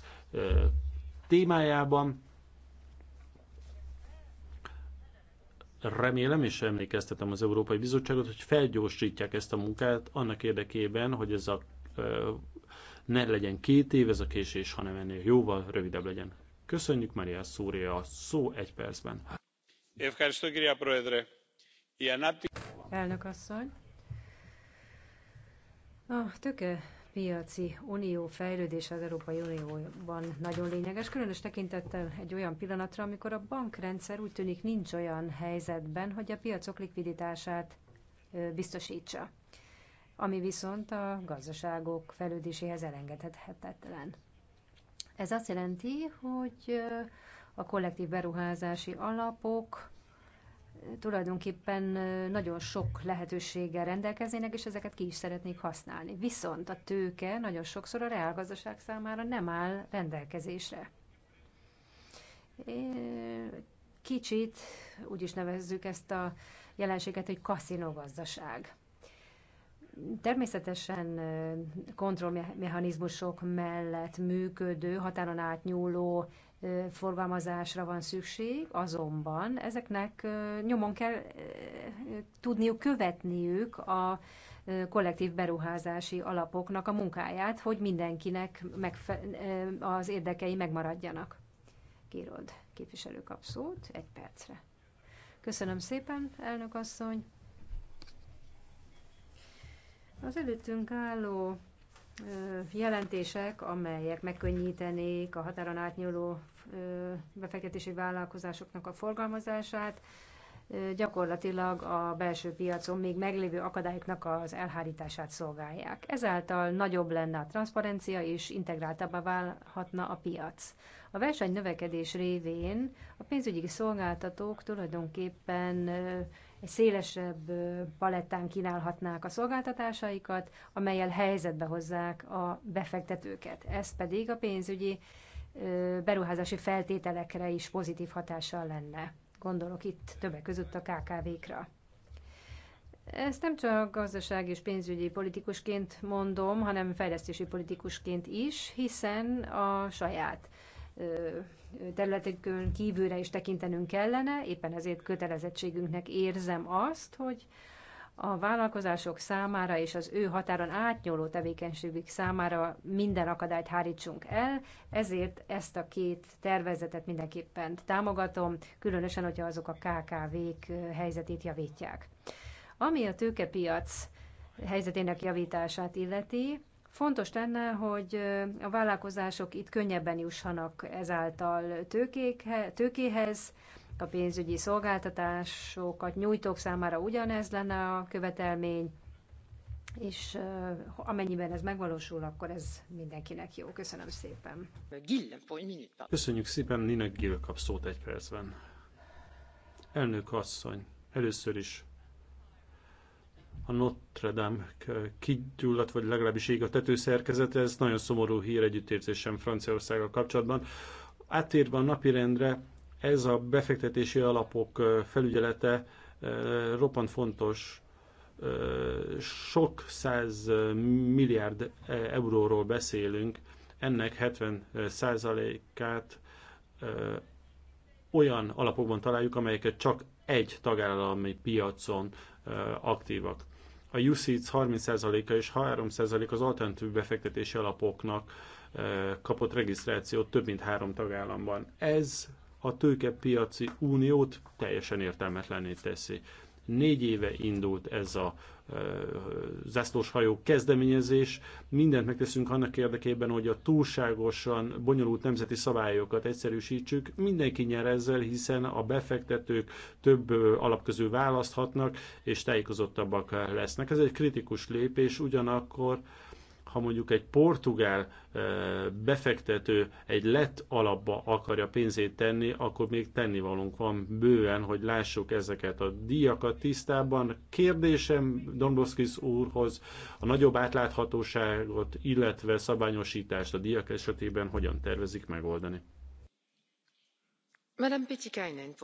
témájában. Remélem és emlékeztetem az Európai Bizottságot, hogy felgyorsítják ezt a munkát annak érdekében, hogy ez a ne legyen két év ez a késés, hanem ennél jóval rövidebb legyen. Köszönjük, Maria Szúria, a szó egy percben. Elnök asszony, a töke piaci unió fejlődése az Európai Unióban nagyon lényeges, különös tekintettel egy olyan pillanatra, amikor a bankrendszer úgy tűnik nincs olyan helyzetben, hogy a piacok likviditását biztosítsa, ami viszont a gazdaságok fejlődéséhez elengedhetetlen. Ez azt jelenti, hogy a kollektív beruházási alapok tulajdonképpen nagyon sok lehetőséggel rendelkeznének, és ezeket ki is szeretnék használni. Viszont a tőke nagyon sokszor a reálgazdaság számára nem áll rendelkezésre. Kicsit úgy is nevezzük ezt a jelenséget, hogy kaszinogazdaság. Természetesen kontrollmechanizmusok mellett működő, határon átnyúló forgalmazásra van szükség, azonban ezeknek nyomon kell tudniuk követniük a kollektív beruházási alapoknak a munkáját, hogy mindenkinek az érdekei megmaradjanak. Kérod, képviselő abszolút, egy percre. Köszönöm szépen, elnök asszony. Az előttünk álló jelentések, amelyek megkönnyítenék a határon átnyúló befektetési vállalkozásoknak a forgalmazását, gyakorlatilag a belső piacon még meglévő akadályoknak az elhárítását szolgálják. Ezáltal nagyobb lenne a transzparencia és integráltabbá válhatna a piac. A verseny növekedés révén a pénzügyi szolgáltatók tulajdonképpen egy szélesebb palettán kínálhatnák a szolgáltatásaikat, amelyel helyzetbe hozzák a befektetőket. Ez pedig a pénzügyi beruházási feltételekre is pozitív hatással lenne. Gondolok itt többek között a KKV-kra. Ezt nem csak gazdaság és pénzügyi politikusként mondom, hanem fejlesztési politikusként is, hiszen a saját területükön kívülre is tekintenünk kellene, éppen ezért kötelezettségünknek érzem azt, hogy a vállalkozások számára és az ő határon átnyúló tevékenységük számára minden akadályt hárítsunk el, ezért ezt a két tervezetet mindenképpen támogatom, különösen, hogyha azok a KKV-k helyzetét javítják. Ami a tőkepiac helyzetének javítását illeti, Fontos lenne, hogy a vállalkozások itt könnyebben jussanak ezáltal tőkékhe, tőkéhez, a pénzügyi szolgáltatásokat nyújtók számára ugyanez lenne a követelmény, és amennyiben ez megvalósul, akkor ez mindenkinek jó. Köszönöm szépen. Köszönjük szépen, Nina Gill kap szót egy percben. Elnök asszony, először is a Notre Dame kigyulladt, vagy legalábbis ég a tetőszerkezete, ez nagyon szomorú hír együttérzésem Franciaországgal kapcsolatban. Átérve a napirendre, ez a befektetési alapok felügyelete roppant fontos, sok száz milliárd euróról beszélünk, ennek 70 százalékát olyan alapokban találjuk, amelyeket csak egy tagállami piacon aktívak a UCITS 30%-a és 3% az alternatív befektetési alapoknak eh, kapott regisztrációt több mint három tagállamban. Ez a tőkepiaci uniót teljesen értelmetlenné teszi. Négy éve indult ez a zászlós hajó kezdeményezés. Mindent megteszünk annak érdekében, hogy a túlságosan bonyolult nemzeti szabályokat egyszerűsítsük. Mindenki nyer ezzel, hiszen a befektetők több alapközű választhatnak, és tájékozottabbak lesznek. Ez egy kritikus lépés, ugyanakkor ha mondjuk egy portugál befektető egy lett alapba akarja pénzét tenni, akkor még tennivalónk van bőven, hogy lássuk ezeket a díjakat tisztában. Kérdésem Domboszkis úrhoz a nagyobb átláthatóságot, illetve szabályosítást a díjak esetében hogyan tervezik megoldani? Madame Pitikainen.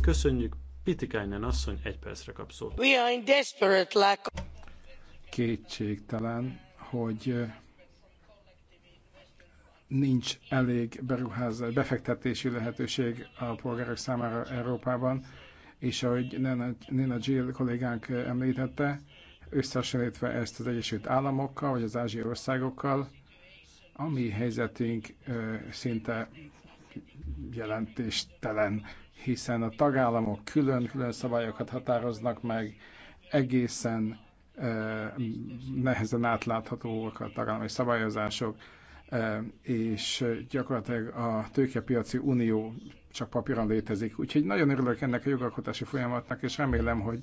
Köszönjük. Pitikainen asszony egy percre kap szót. Kétségtelen, hogy nincs elég beruházás, befektetési lehetőség a polgárok számára Európában, és ahogy Nina Gill kollégánk említette, összehasonlítva ezt az Egyesült Államokkal, vagy az ázsiai országokkal, a mi helyzetünk szinte jelentéstelen, hiszen a tagállamok külön-külön szabályokat határoznak meg, egészen nehezen átláthatóak a tagállami szabályozások, és gyakorlatilag a tőkepiaci unió csak papíron létezik. Úgyhogy nagyon örülök ennek a jogalkotási folyamatnak, és remélem, hogy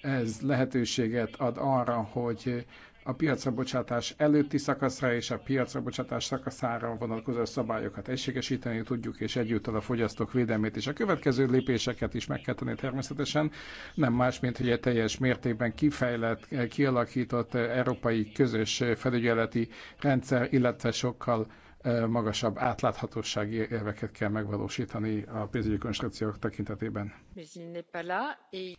ez lehetőséget ad arra, hogy a piacra bocsátás előtti szakaszra és a piacra bocsátás szakaszára vonatkozó szabályokat egységesíteni tudjuk, és egyúttal a fogyasztók védelmét és a következő lépéseket is meg kell tenni természetesen, nem más, mint hogy egy teljes mértékben kifejlett, kialakított európai közös felügyeleti rendszer, illetve sokkal magasabb átláthatósági érveket kell megvalósítani a pénzügyi konstrukciók tekintetében.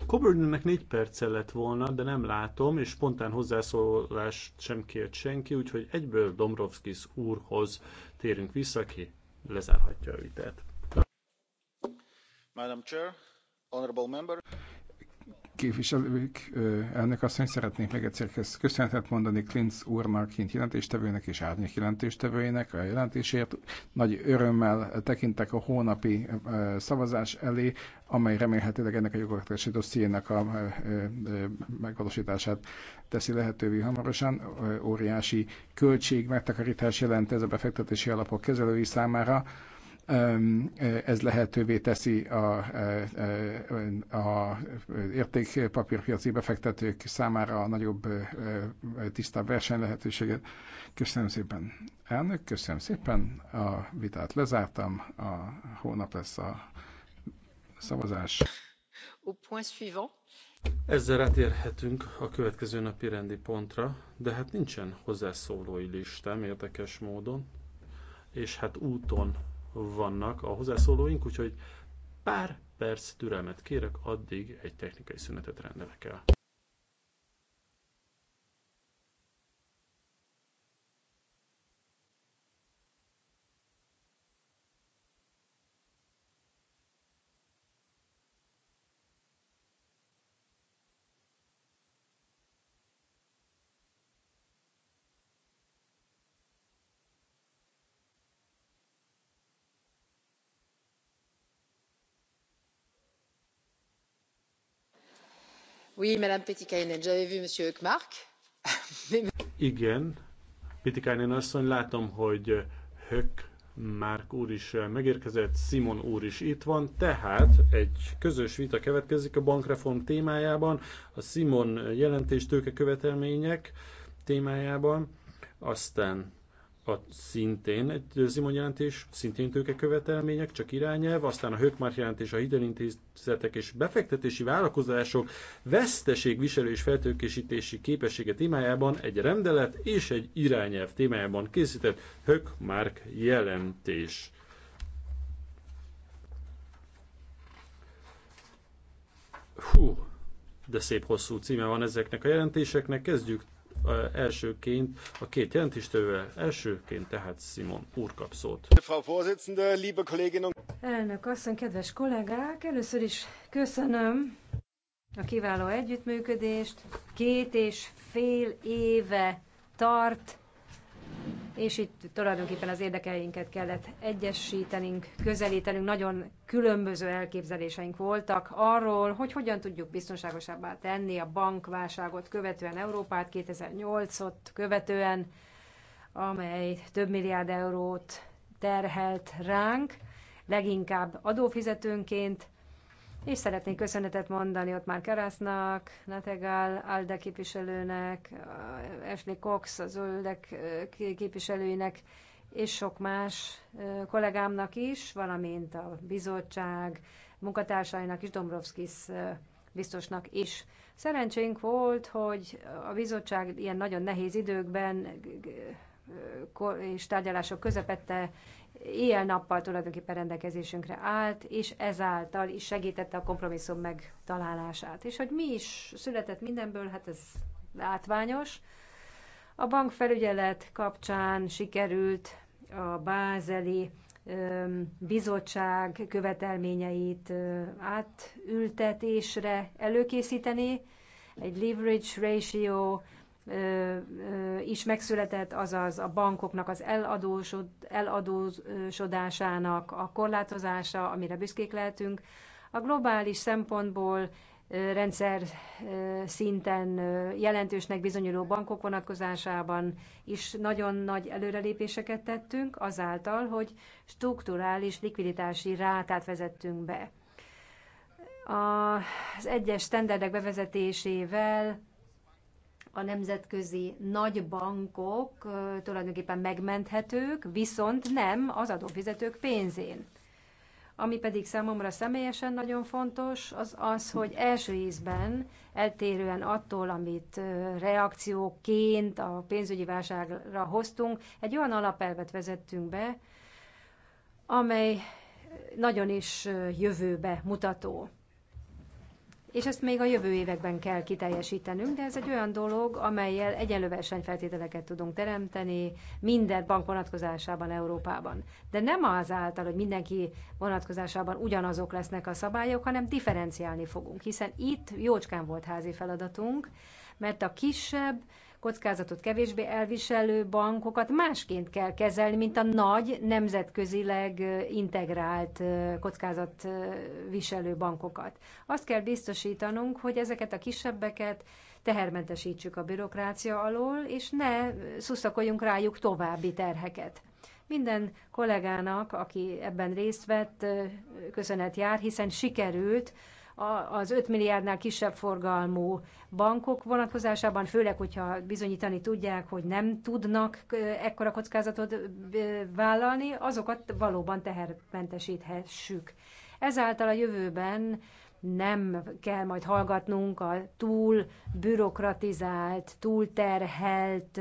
Coburnnek négy perce lett volna, de nem látom, és spontán hozzászólást sem kért senki, úgyhogy egyből Dombrovskis úrhoz térünk vissza, ki lezárhatja a vitát. Madam Chair, honorable képviselők, elnök asszony, szeretnék még egyszer köszönetet mondani Klinz úrnak, kint jelentéstevőnek és árnyék jelentéstevőjének a jelentésért. Nagy örömmel tekintek a hónapi szavazás elé, amely remélhetőleg ennek a jogoktási dossziének a megvalósítását teszi lehetővé hamarosan. Óriási költség megtakarítás jelent ez a befektetési alapok kezelői számára. Ez lehetővé teszi a, a, a értékpapírpiaci befektetők számára a nagyobb, tisztább lehetőséget. Köszönöm szépen, elnök, köszönöm szépen. A vitát lezártam, a hónap lesz a szavazás. Ezzel rátérhetünk a következő napi rendi pontra, de hát nincsen hozzászólói listám érdekes módon, és hát úton vannak a hozzászólóink, úgyhogy pár perc türelmet kérek, addig egy technikai szünetet rendelek el. (laughs) Igen, Pitikainen asszony, látom, hogy Hök Márk úr is megérkezett, Simon úr is itt van, tehát egy közös vita következik a bankreform témájában, a Simon jelentés tőkekövetelmények témájában, aztán a szintén egy Zimon jelentés, szintén tőkekövetelmények, csak irányelv, aztán a Hökmark jelentés, a hitelintézetek és befektetési vállalkozások veszteségviselő és feltőkésítési képessége témájában egy rendelet és egy irányelv témájában készített Hökmark jelentés. Hú, de szép hosszú címe van ezeknek a jelentéseknek. Kezdjük elsőként a két jelentéstevővel, elsőként tehát Simon úr kap szót. Elnök asszony, kedves kollégák, először is köszönöm a kiváló együttműködést. Két és fél éve tart és itt tulajdonképpen az érdekeinket kellett egyesítenünk, közelítenünk, nagyon különböző elképzeléseink voltak arról, hogy hogyan tudjuk biztonságosabbá tenni a bankválságot követően Európát 2008-ot követően, amely több milliárd eurót terhelt ránk, leginkább adófizetőnként, és szeretnék köszönetet mondani ott már Karasznak, Nategal, Alde képviselőnek, Ashley Cox, az Öldek képviselőinek, és sok más kollégámnak is, valamint a bizottság munkatársainak is, Dombrovskis biztosnak is. Szerencsénk volt, hogy a bizottság ilyen nagyon nehéz időkben és tárgyalások közepette éjjel-nappal tulajdonképpen rendelkezésünkre állt, és ezáltal is segítette a kompromisszum megtalálását. És hogy mi is született mindenből, hát ez látványos. A bankfelügyelet kapcsán sikerült a bázeli bizottság követelményeit átültetésre előkészíteni, egy leverage ratio is megszületett, azaz a bankoknak az eladósod, eladósodásának a korlátozása, amire büszkék lehetünk. A globális szempontból rendszer szinten jelentősnek bizonyuló bankok vonatkozásában is nagyon nagy előrelépéseket tettünk azáltal, hogy strukturális likviditási rátát vezettünk be. Az egyes standardek bevezetésével a nemzetközi nagy bankok tulajdonképpen megmenthetők, viszont nem az adófizetők pénzén. Ami pedig számomra személyesen nagyon fontos, az az, hogy első ízben, eltérően attól, amit reakcióként a pénzügyi válságra hoztunk, egy olyan alapelvet vezettünk be, amely nagyon is jövőbe mutató és ezt még a jövő években kell kiteljesítenünk, de ez egy olyan dolog, amelyel egyenlő versenyfeltételeket tudunk teremteni minden bank vonatkozásában Európában. De nem azáltal, hogy mindenki vonatkozásában ugyanazok lesznek a szabályok, hanem differenciálni fogunk, hiszen itt jócskán volt házi feladatunk, mert a kisebb kockázatot kevésbé elviselő bankokat másként kell kezelni, mint a nagy, nemzetközileg integrált kockázatviselő bankokat. Azt kell biztosítanunk, hogy ezeket a kisebbeket tehermentesítsük a bürokrácia alól, és ne szuszakoljunk rájuk további terheket. Minden kollégának, aki ebben részt vett, köszönet jár, hiszen sikerült az 5 milliárdnál kisebb forgalmú bankok vonatkozásában, főleg, hogyha bizonyítani tudják, hogy nem tudnak ekkora kockázatot vállalni, azokat valóban tehermentesíthessük. Ezáltal a jövőben nem kell majd hallgatnunk a túl bürokratizált, túl terhelt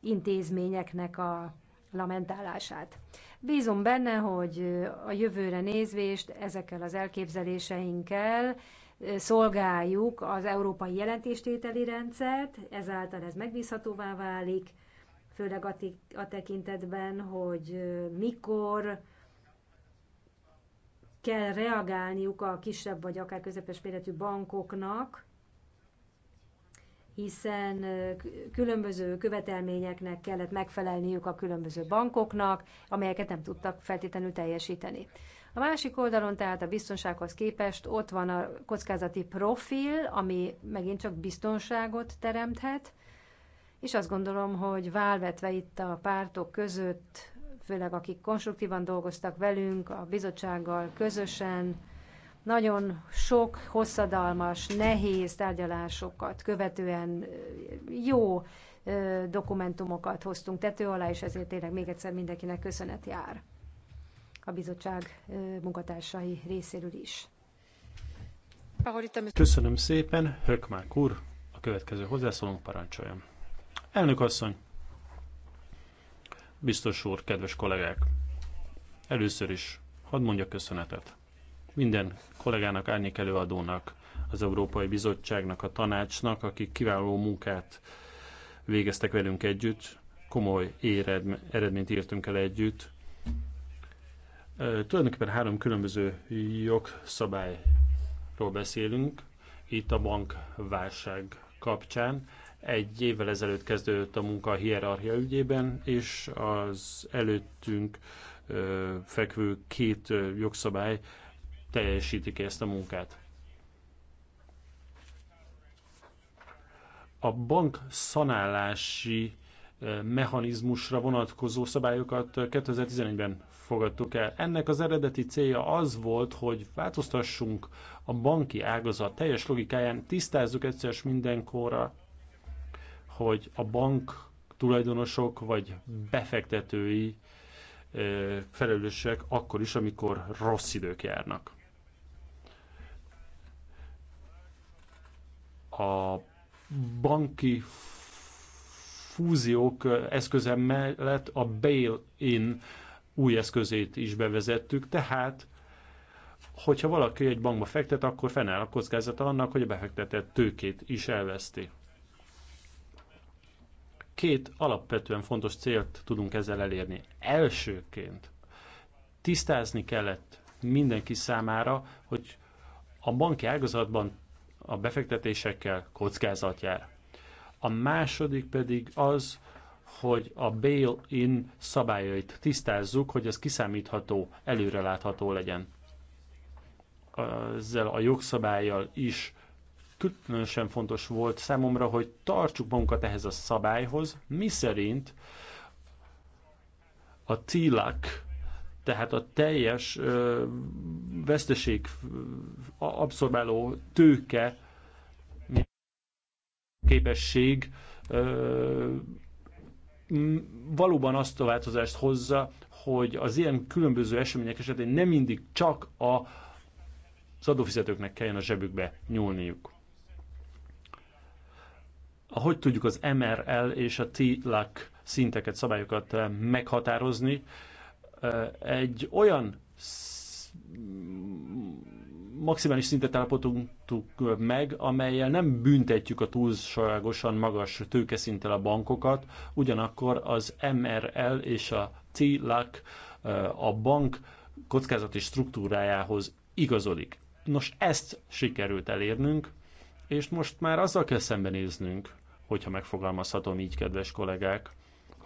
intézményeknek a lamentálását. Bízom benne, hogy a jövőre nézvést ezekkel az elképzeléseinkkel szolgáljuk az európai jelentéstételi rendszert, ezáltal ez megbízhatóvá válik, főleg a, a tekintetben, hogy mikor kell reagálniuk a kisebb vagy akár közepes méretű bankoknak, hiszen különböző követelményeknek kellett megfelelniük a különböző bankoknak, amelyeket nem tudtak feltétlenül teljesíteni. A másik oldalon tehát a biztonsághoz képest ott van a kockázati profil, ami megint csak biztonságot teremthet, és azt gondolom, hogy válvetve itt a pártok között, főleg akik konstruktívan dolgoztak velünk, a bizottsággal közösen, nagyon sok hosszadalmas, nehéz tárgyalásokat követően jó dokumentumokat hoztunk tető alá, és ezért tényleg még egyszer mindenkinek köszönet jár a bizottság munkatársai részéről is. Köszönöm szépen, Hökmák úr, a következő hozzászólunk parancsoljon. Elnök asszony, biztos úr, kedves kollégák, először is hadd mondja köszönetet minden kollégának, árnyék előadónak, az Európai Bizottságnak, a tanácsnak, akik kiváló munkát végeztek velünk együtt, komoly éredm, eredményt írtunk el együtt. tulajdonképpen három különböző jogszabályról beszélünk, itt a bankválság kapcsán. Egy évvel ezelőtt kezdődött a munka a hierarchia ügyében, és az előttünk fekvő két jogszabály teljesítik -e ezt a munkát. A bank szanálási eh, mechanizmusra vonatkozó szabályokat 2011-ben eh, fogadtuk el. Ennek az eredeti célja az volt, hogy változtassunk a banki ágazat teljes logikáján, tisztázzuk egyszer mindenkorra, hogy a bank tulajdonosok vagy befektetői eh, felelősek akkor is, amikor rossz idők járnak. a banki fúziók eszköze mellett a bail-in új eszközét is bevezettük, tehát hogyha valaki egy bankba fektet, akkor fennáll a kockázata annak, hogy a befektetett tőkét is elveszti. Két alapvetően fontos célt tudunk ezzel elérni. Elsőként tisztázni kellett mindenki számára, hogy a banki ágazatban a befektetésekkel kockázat jár. A második pedig az, hogy a bail-in szabályait tisztázzuk, hogy ez kiszámítható, előrelátható legyen. Ezzel a jogszabályjal is különösen fontos volt számomra, hogy tartsuk magunkat ehhez a szabályhoz, miszerint a TILAC tehát a teljes veszteség abszorbáló tőke képesség valóban azt a változást hozza, hogy az ilyen különböző események esetén nem mindig csak a, az adófizetőknek kelljen a zsebükbe nyúlniuk. Ahogy tudjuk az MRL és a TLAC szinteket, szabályokat meghatározni, egy olyan maximális szintet állapotunk meg, amelyel nem büntetjük a túlságosan magas tőkeszinttel a bankokat, ugyanakkor az MRL és a CILAC a bank kockázati struktúrájához igazodik. Nos, ezt sikerült elérnünk, és most már azzal kell szembenéznünk, hogyha megfogalmazhatom így, kedves kollégák,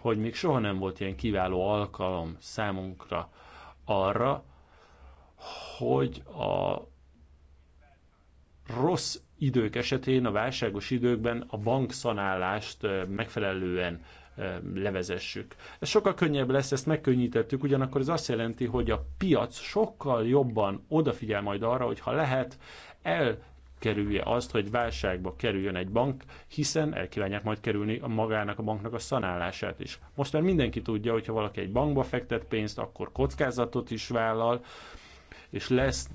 hogy még soha nem volt ilyen kiváló alkalom számunkra arra, hogy a rossz idők esetén, a válságos időkben a bankszanálást megfelelően levezessük. Ez sokkal könnyebb lesz, ezt megkönnyítettük, ugyanakkor ez azt jelenti, hogy a piac sokkal jobban odafigyel majd arra, hogy ha lehet, el elkerülje azt, hogy válságba kerüljön egy bank, hiszen el kívánják majd kerülni a magának a banknak a szanálását is. Most már mindenki tudja, hogyha valaki egy bankba fektet pénzt, akkor kockázatot is vállal, és lesz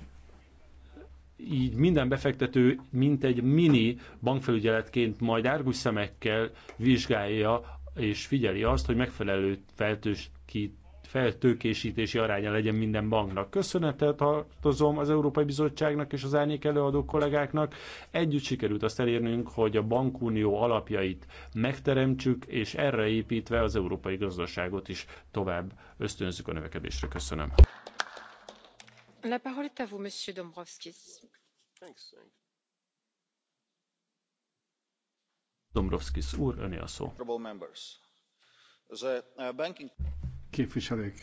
így minden befektető, mint egy mini bankfelügyeletként majd árgus szemekkel vizsgálja és figyeli azt, hogy megfelelő feltős feltőkésítési aránya legyen minden banknak. Köszönetet tartozom az Európai Bizottságnak és az árnyék előadó kollégáknak. Együtt sikerült azt elérnünk, hogy a bankunió alapjait megteremtsük, és erre építve az európai gazdaságot is tovább ösztönzük a növekedésre. Köszönöm. La parole est à vous, Monsieur Dombrovskis. thanks. Dombrovskis úr, öné a szó képviselők!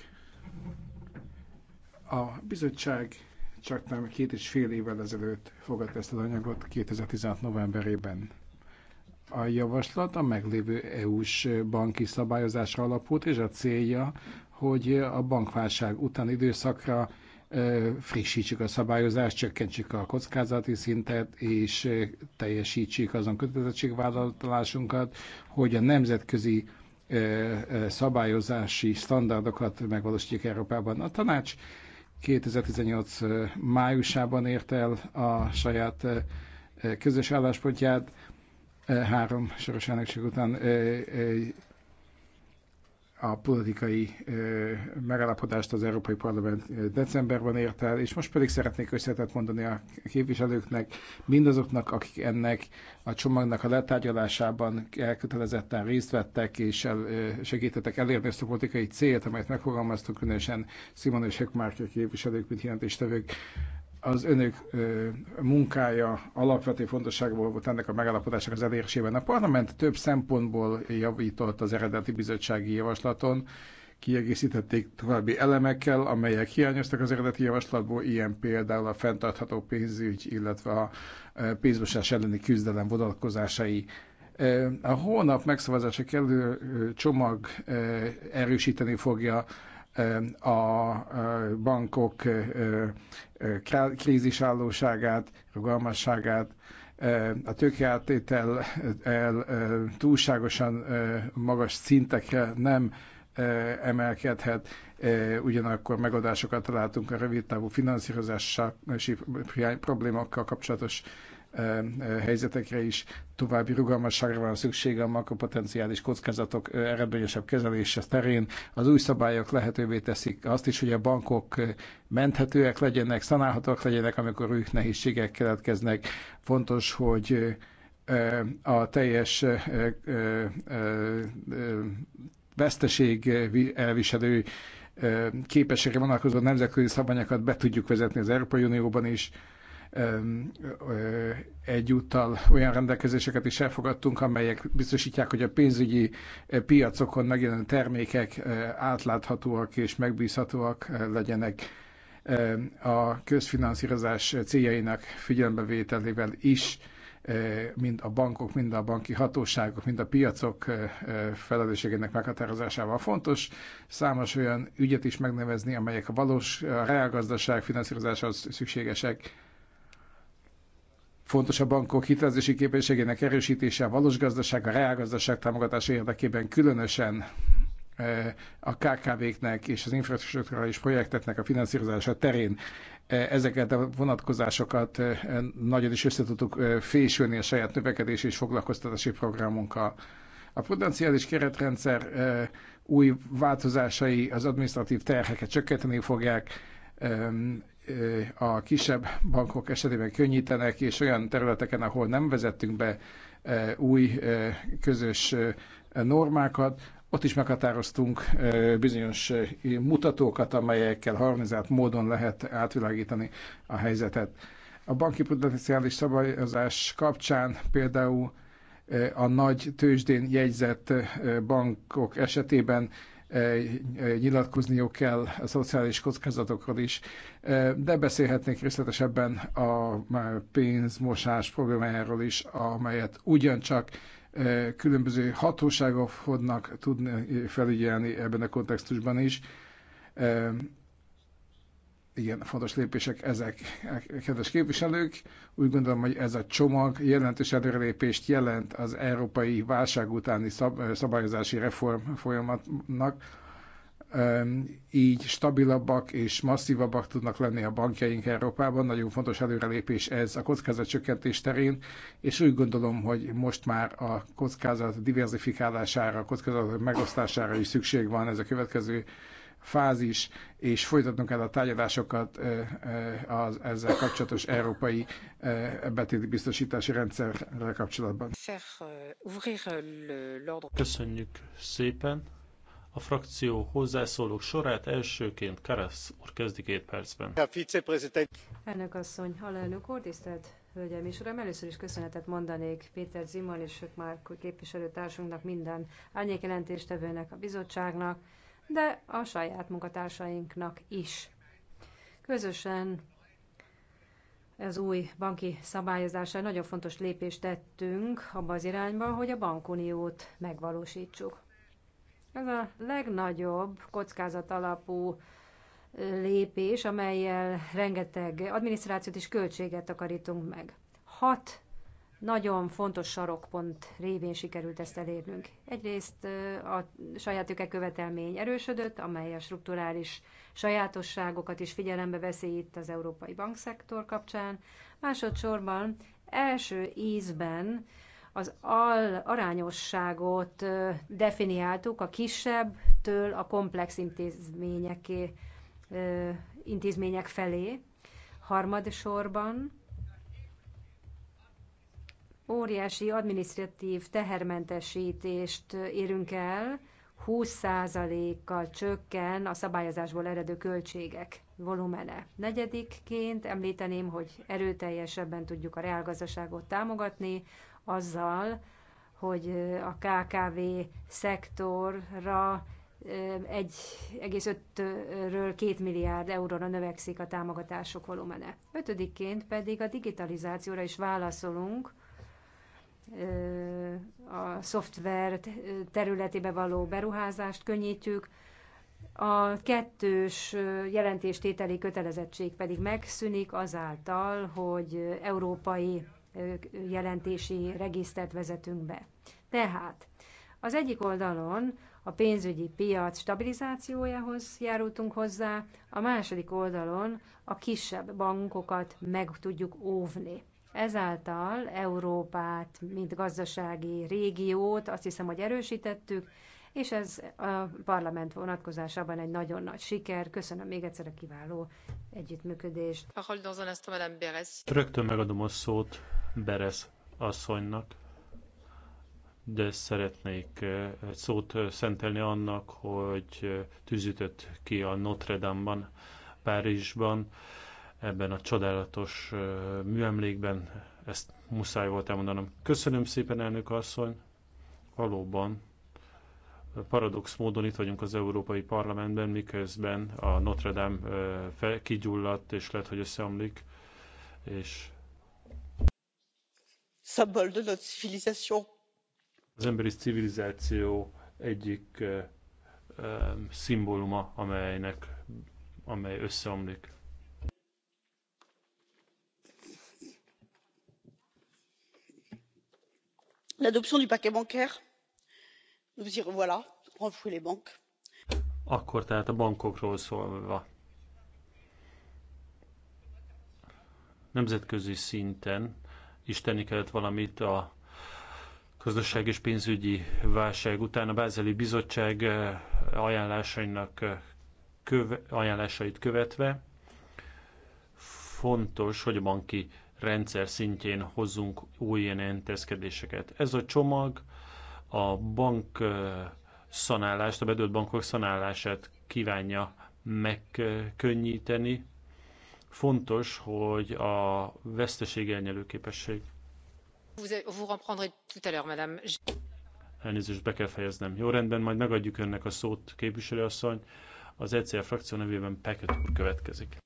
A bizottság csak nem két és fél évvel ezelőtt fogadta ezt az anyagot 2016. novemberében. A javaslat a meglévő EU-s banki szabályozásra alapult, és a célja, hogy a bankválság utáni időszakra frissítsük a szabályozást, csökkentsük a kockázati szintet, és teljesítsük azon kötelezettségvállalásunkat, hogy a nemzetközi szabályozási standardokat megvalósítjuk Európában. A tanács 2018 májusában ért el a saját közös álláspontját, három soros elnökség után a politikai megállapodást az Európai Parlament decemberben ért el, és most pedig szeretnék összetett mondani a képviselőknek, mindazoknak, akik ennek a csomagnak a letárgyalásában elkötelezetten részt vettek, és el, segítettek elérni ezt a politikai célt, amelyet megfogalmaztuk, különösen Simon és Hekmárk képviselők, mint jelentéstevők az önök munkája alapvető fontosságból volt ennek a megállapodásnak az elérésében. A parlament több szempontból javított az eredeti bizottsági javaslaton, kiegészítették további elemekkel, amelyek hiányoztak az eredeti javaslatból, ilyen például a fenntartható pénzügy, illetve a pénzmosás elleni küzdelem vonatkozásai. A hónap megszavazása kerülő csomag erősíteni fogja a bankok krízisállóságát, rugalmasságát, a tőkeáttétel túlságosan magas szintekre nem emelkedhet, ugyanakkor megoldásokat találtunk a rövidtávú finanszírozási problémákkal kapcsolatos helyzetekre is további rugalmasságra van szüksége a makropotenciális kockázatok eredményesebb kezelése terén. Az új szabályok lehetővé teszik azt is, hogy a bankok menthetőek legyenek, szanálhatóak legyenek, amikor ők nehézségek keletkeznek. Fontos, hogy a teljes veszteség elviselő képességre vonatkozó nemzetközi szabályokat be tudjuk vezetni az Európai Unióban is egyúttal olyan rendelkezéseket is elfogadtunk, amelyek biztosítják, hogy a pénzügyi piacokon megjelenő termékek átláthatóak és megbízhatóak legyenek a közfinanszírozás céljainak figyelembevételével is mind a bankok, mind a banki hatóságok, mind a piacok felelősségének meghatározásával fontos. Számos olyan ügyet is megnevezni, amelyek a valós a reálgazdaság finanszírozásához szükségesek, Fontos a bankok hitelezési képességének erősítése a valós gazdaság, a reálgazdaság támogatása érdekében különösen e, a KKV-knek és az infrastruktúrális projekteknek a finanszírozása terén e, ezeket a vonatkozásokat e, nagyon is össze tudtuk fésülni a saját növekedési és foglalkoztatási programunkkal. A potenciális keretrendszer új változásai az administratív terheket csökkenteni fogják, a kisebb bankok esetében könnyítenek, és olyan területeken, ahol nem vezettünk be új közös normákat, ott is meghatároztunk bizonyos mutatókat, amelyekkel harmonizált módon lehet átvilágítani a helyzetet. A banki potenciális szabályozás kapcsán például a nagy tőzsdén jegyzett bankok esetében nyilatkozniuk kell a szociális kockázatokról is, de beszélhetnék részletesebben a pénzmosás problémájáról is, amelyet ugyancsak különböző hatóságok fognak tudni felügyelni ebben a kontextusban is igen fontos lépések ezek, kedves képviselők. Úgy gondolom, hogy ez a csomag jelentős előrelépést jelent az európai válság utáni szab, szabályozási reform folyamatnak. Így stabilabbak és masszívabbak tudnak lenni a bankjaink Európában. Nagyon fontos előrelépés ez a csökkentés terén, és úgy gondolom, hogy most már a kockázat diversifikálására, a kockázat megosztására is szükség van ez a következő fázis, és folytatnunk el a tárgyalásokat az ezzel kapcsolatos európai betéti biztosítási rendszerrel kapcsolatban. Euh, euh, Köszönjük szépen! A frakció hozzászólók sorát elsőként Karasz úr kezdi két percben. Elnök asszony, halálnök úr, tisztelt Hölgyeim és Uram, először is köszönetet mondanék Péter Zimon és már képviselőtársunknak, minden árnyékjelentéstevőnek, a bizottságnak, de a saját munkatársainknak is. Közösen az új banki szabályozással nagyon fontos lépést tettünk abba az irányba, hogy a bankuniót megvalósítsuk. Ez a legnagyobb kockázat alapú lépés, amelyel rengeteg adminisztrációt és költséget takarítunk meg. Hat nagyon fontos sarokpont révén sikerült ezt elérnünk. Egyrészt a saját követelmény erősödött, amely a strukturális sajátosságokat is figyelembe veszi itt az európai bankszektor kapcsán. Másodszorban első ízben az al arányosságot definiáltuk a kisebbtől a komplex intézményeké, intézmények felé. Harmadsorban óriási administratív tehermentesítést érünk el, 20%-kal csökken a szabályozásból eredő költségek volumene. Negyedikként említeném, hogy erőteljesebben tudjuk a reálgazdaságot támogatni, azzal, hogy a KKV szektorra 1,5-ről eh, 2 milliárd euróra növekszik a támogatások volumene. Ötödikként pedig a digitalizációra is válaszolunk, a szoftver területébe való beruházást könnyítjük, a kettős jelentéstételi kötelezettség pedig megszűnik azáltal, hogy európai jelentési regisztert vezetünk be. Tehát az egyik oldalon a pénzügyi piac stabilizációjához járultunk hozzá, a második oldalon a kisebb bankokat meg tudjuk óvni. Ezáltal Európát, mint gazdasági régiót azt hiszem, hogy erősítettük, és ez a parlament vonatkozásában egy nagyon nagy siker. Köszönöm még egyszer a kiváló együttműködést. Rögtön megadom a szót Berez asszonynak, de szeretnék eh, egy szót eh, szentelni annak, hogy eh, tűzütött ki a Notre Dame-ban, Párizsban ebben a csodálatos műemlékben. Ezt muszáj volt elmondanom. Köszönöm szépen, elnök asszony. Valóban paradox módon itt vagyunk az Európai Parlamentben, miközben a Notre Dame kigyulladt, és lehet, hogy összeomlik, és Az emberi civilizáció egyik uh, uh, szimbóluma, amelynek, amely összeomlik. l'adoption du paquet bancaire, nous y revoilà, renflouer les banques. Akkor tehát a bankokról szólva. Nemzetközi szinten is tenni kellett valamit a közösség és pénzügyi válság után a Bázeli Bizottság eh, ajánlásainak eh, köve, ajánlásait követve fontos, hogy a banki rendszer szintjén hozzunk új ilyen intézkedéseket. Ez a csomag a bank szanálást, a bedőlt bankok szanálását kívánja megkönnyíteni. Fontos, hogy a veszteség elnyelő képesség. Elnézést, be kell fejeznem. Jó rendben, majd megadjuk önnek a szót, képviselőasszony. Az ECR frakció nevében Peket úr következik.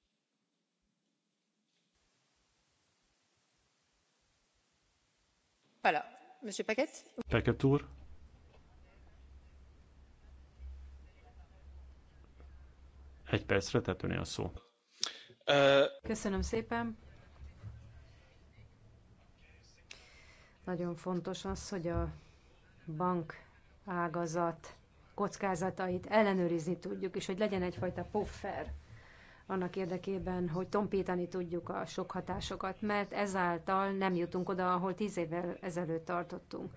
úr. Egy percre tetőni a szó. Köszönöm szépen. Nagyon fontos az, hogy a bank ágazat kockázatait ellenőrizni tudjuk, és hogy legyen egyfajta puffer annak érdekében, hogy tompítani tudjuk a sok hatásokat, mert ezáltal nem jutunk oda, ahol tíz évvel ezelőtt tartottunk.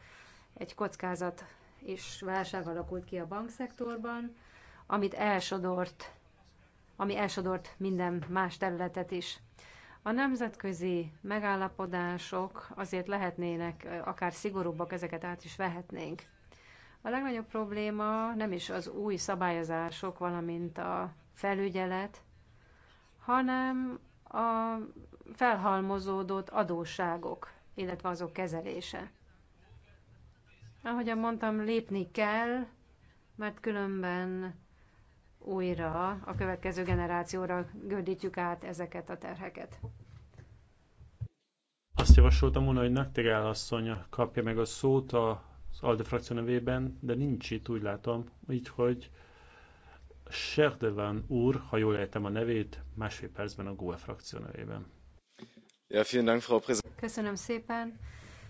Egy kockázat és válság alakult ki a bankszektorban, amit elsodort, ami elsodort minden más területet is. A nemzetközi megállapodások azért lehetnének akár szigorúbbak, ezeket át is vehetnénk. A legnagyobb probléma nem is az új szabályozások, valamint a felügyelet, hanem a felhalmozódott adósságok, illetve azok kezelése. Ahogyan mondtam, lépni kell, mert különben újra a következő generációra gördítjük át ezeket a terheket. Azt javasoltam volna, hogy Naktegál asszony kapja meg a szót az ALDE frakció nevében, de nincs itt, úgy látom, így hogy Sherdevan úr, ha jól értem a nevét, másfél percben a GUE frakció nevében. Ja, Dank, Frau Köszönöm szépen,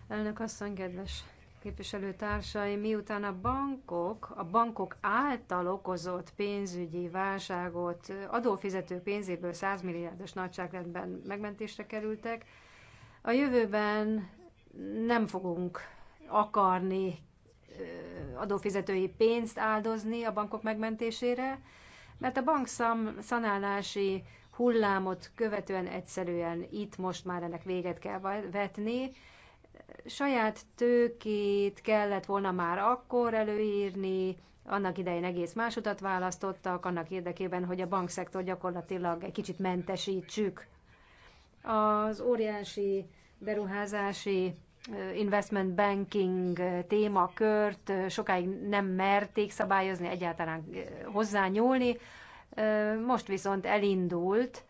elnök asszony, kedves képviselőtársaim, miután a bankok, a bankok által okozott pénzügyi válságot adófizető pénzéből 100 milliárdos nagyságrendben megmentésre kerültek, a jövőben nem fogunk akarni adófizetői pénzt áldozni a bankok megmentésére, mert a bank szanálási hullámot követően egyszerűen itt most már ennek véget kell vetni. Saját tőkét kellett volna már akkor előírni, annak idején egész más utat választottak, annak érdekében, hogy a bankszektor gyakorlatilag egy kicsit mentesítsük. Az óriási beruházási investment banking témakört sokáig nem merték szabályozni, egyáltalán eh, hozzányúlni. Eh, most viszont elindult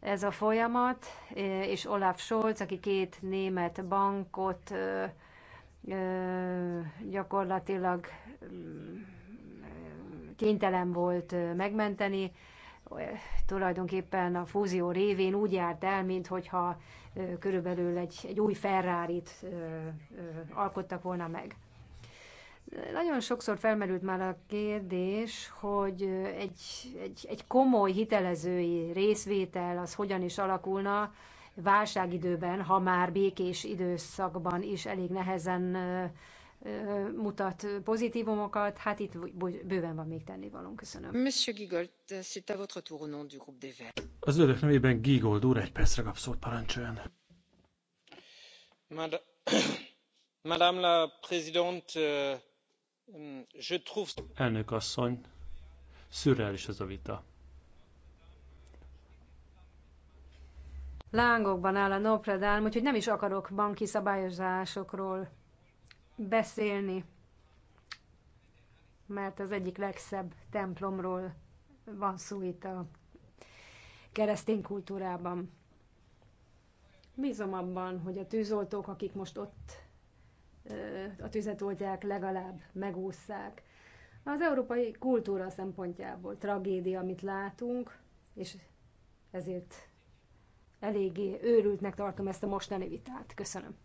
ez a folyamat, eh, és Olaf Scholz, aki két német bankot gyakorlatilag mm, kénytelen volt megmenteni, tulajdonképpen a fúzió révén úgy járt el, hogyha körülbelül egy, egy új ferrari alkottak volna meg. Nagyon sokszor felmerült már a kérdés, hogy egy, egy, egy komoly hitelezői részvétel az hogyan is alakulna válságidőben, ha már békés időszakban is elég nehezen mutat pozitívumokat, hát itt bőven van még tennivalónk. Köszönöm. Monsieur Gigold, c'est à votre tour au nom du groupe des Verts. Az örök nevében Gigold úr egy percre kap szót parancsoljon. (coughs) Madame la Présidente, euh, je trouve... Elnök asszony, szürreális ez a vita. Lángokban áll a Notre Dame, úgyhogy nem is akarok banki szabályozásokról beszélni, mert az egyik legszebb templomról van szó itt a keresztény kultúrában. Bízom abban, hogy a tűzoltók, akik most ott a tüzet oldják, legalább megúszszák. Az európai kultúra szempontjából tragédia, amit látunk, és ezért eléggé őrültnek tartom ezt a mostani vitát. Köszönöm.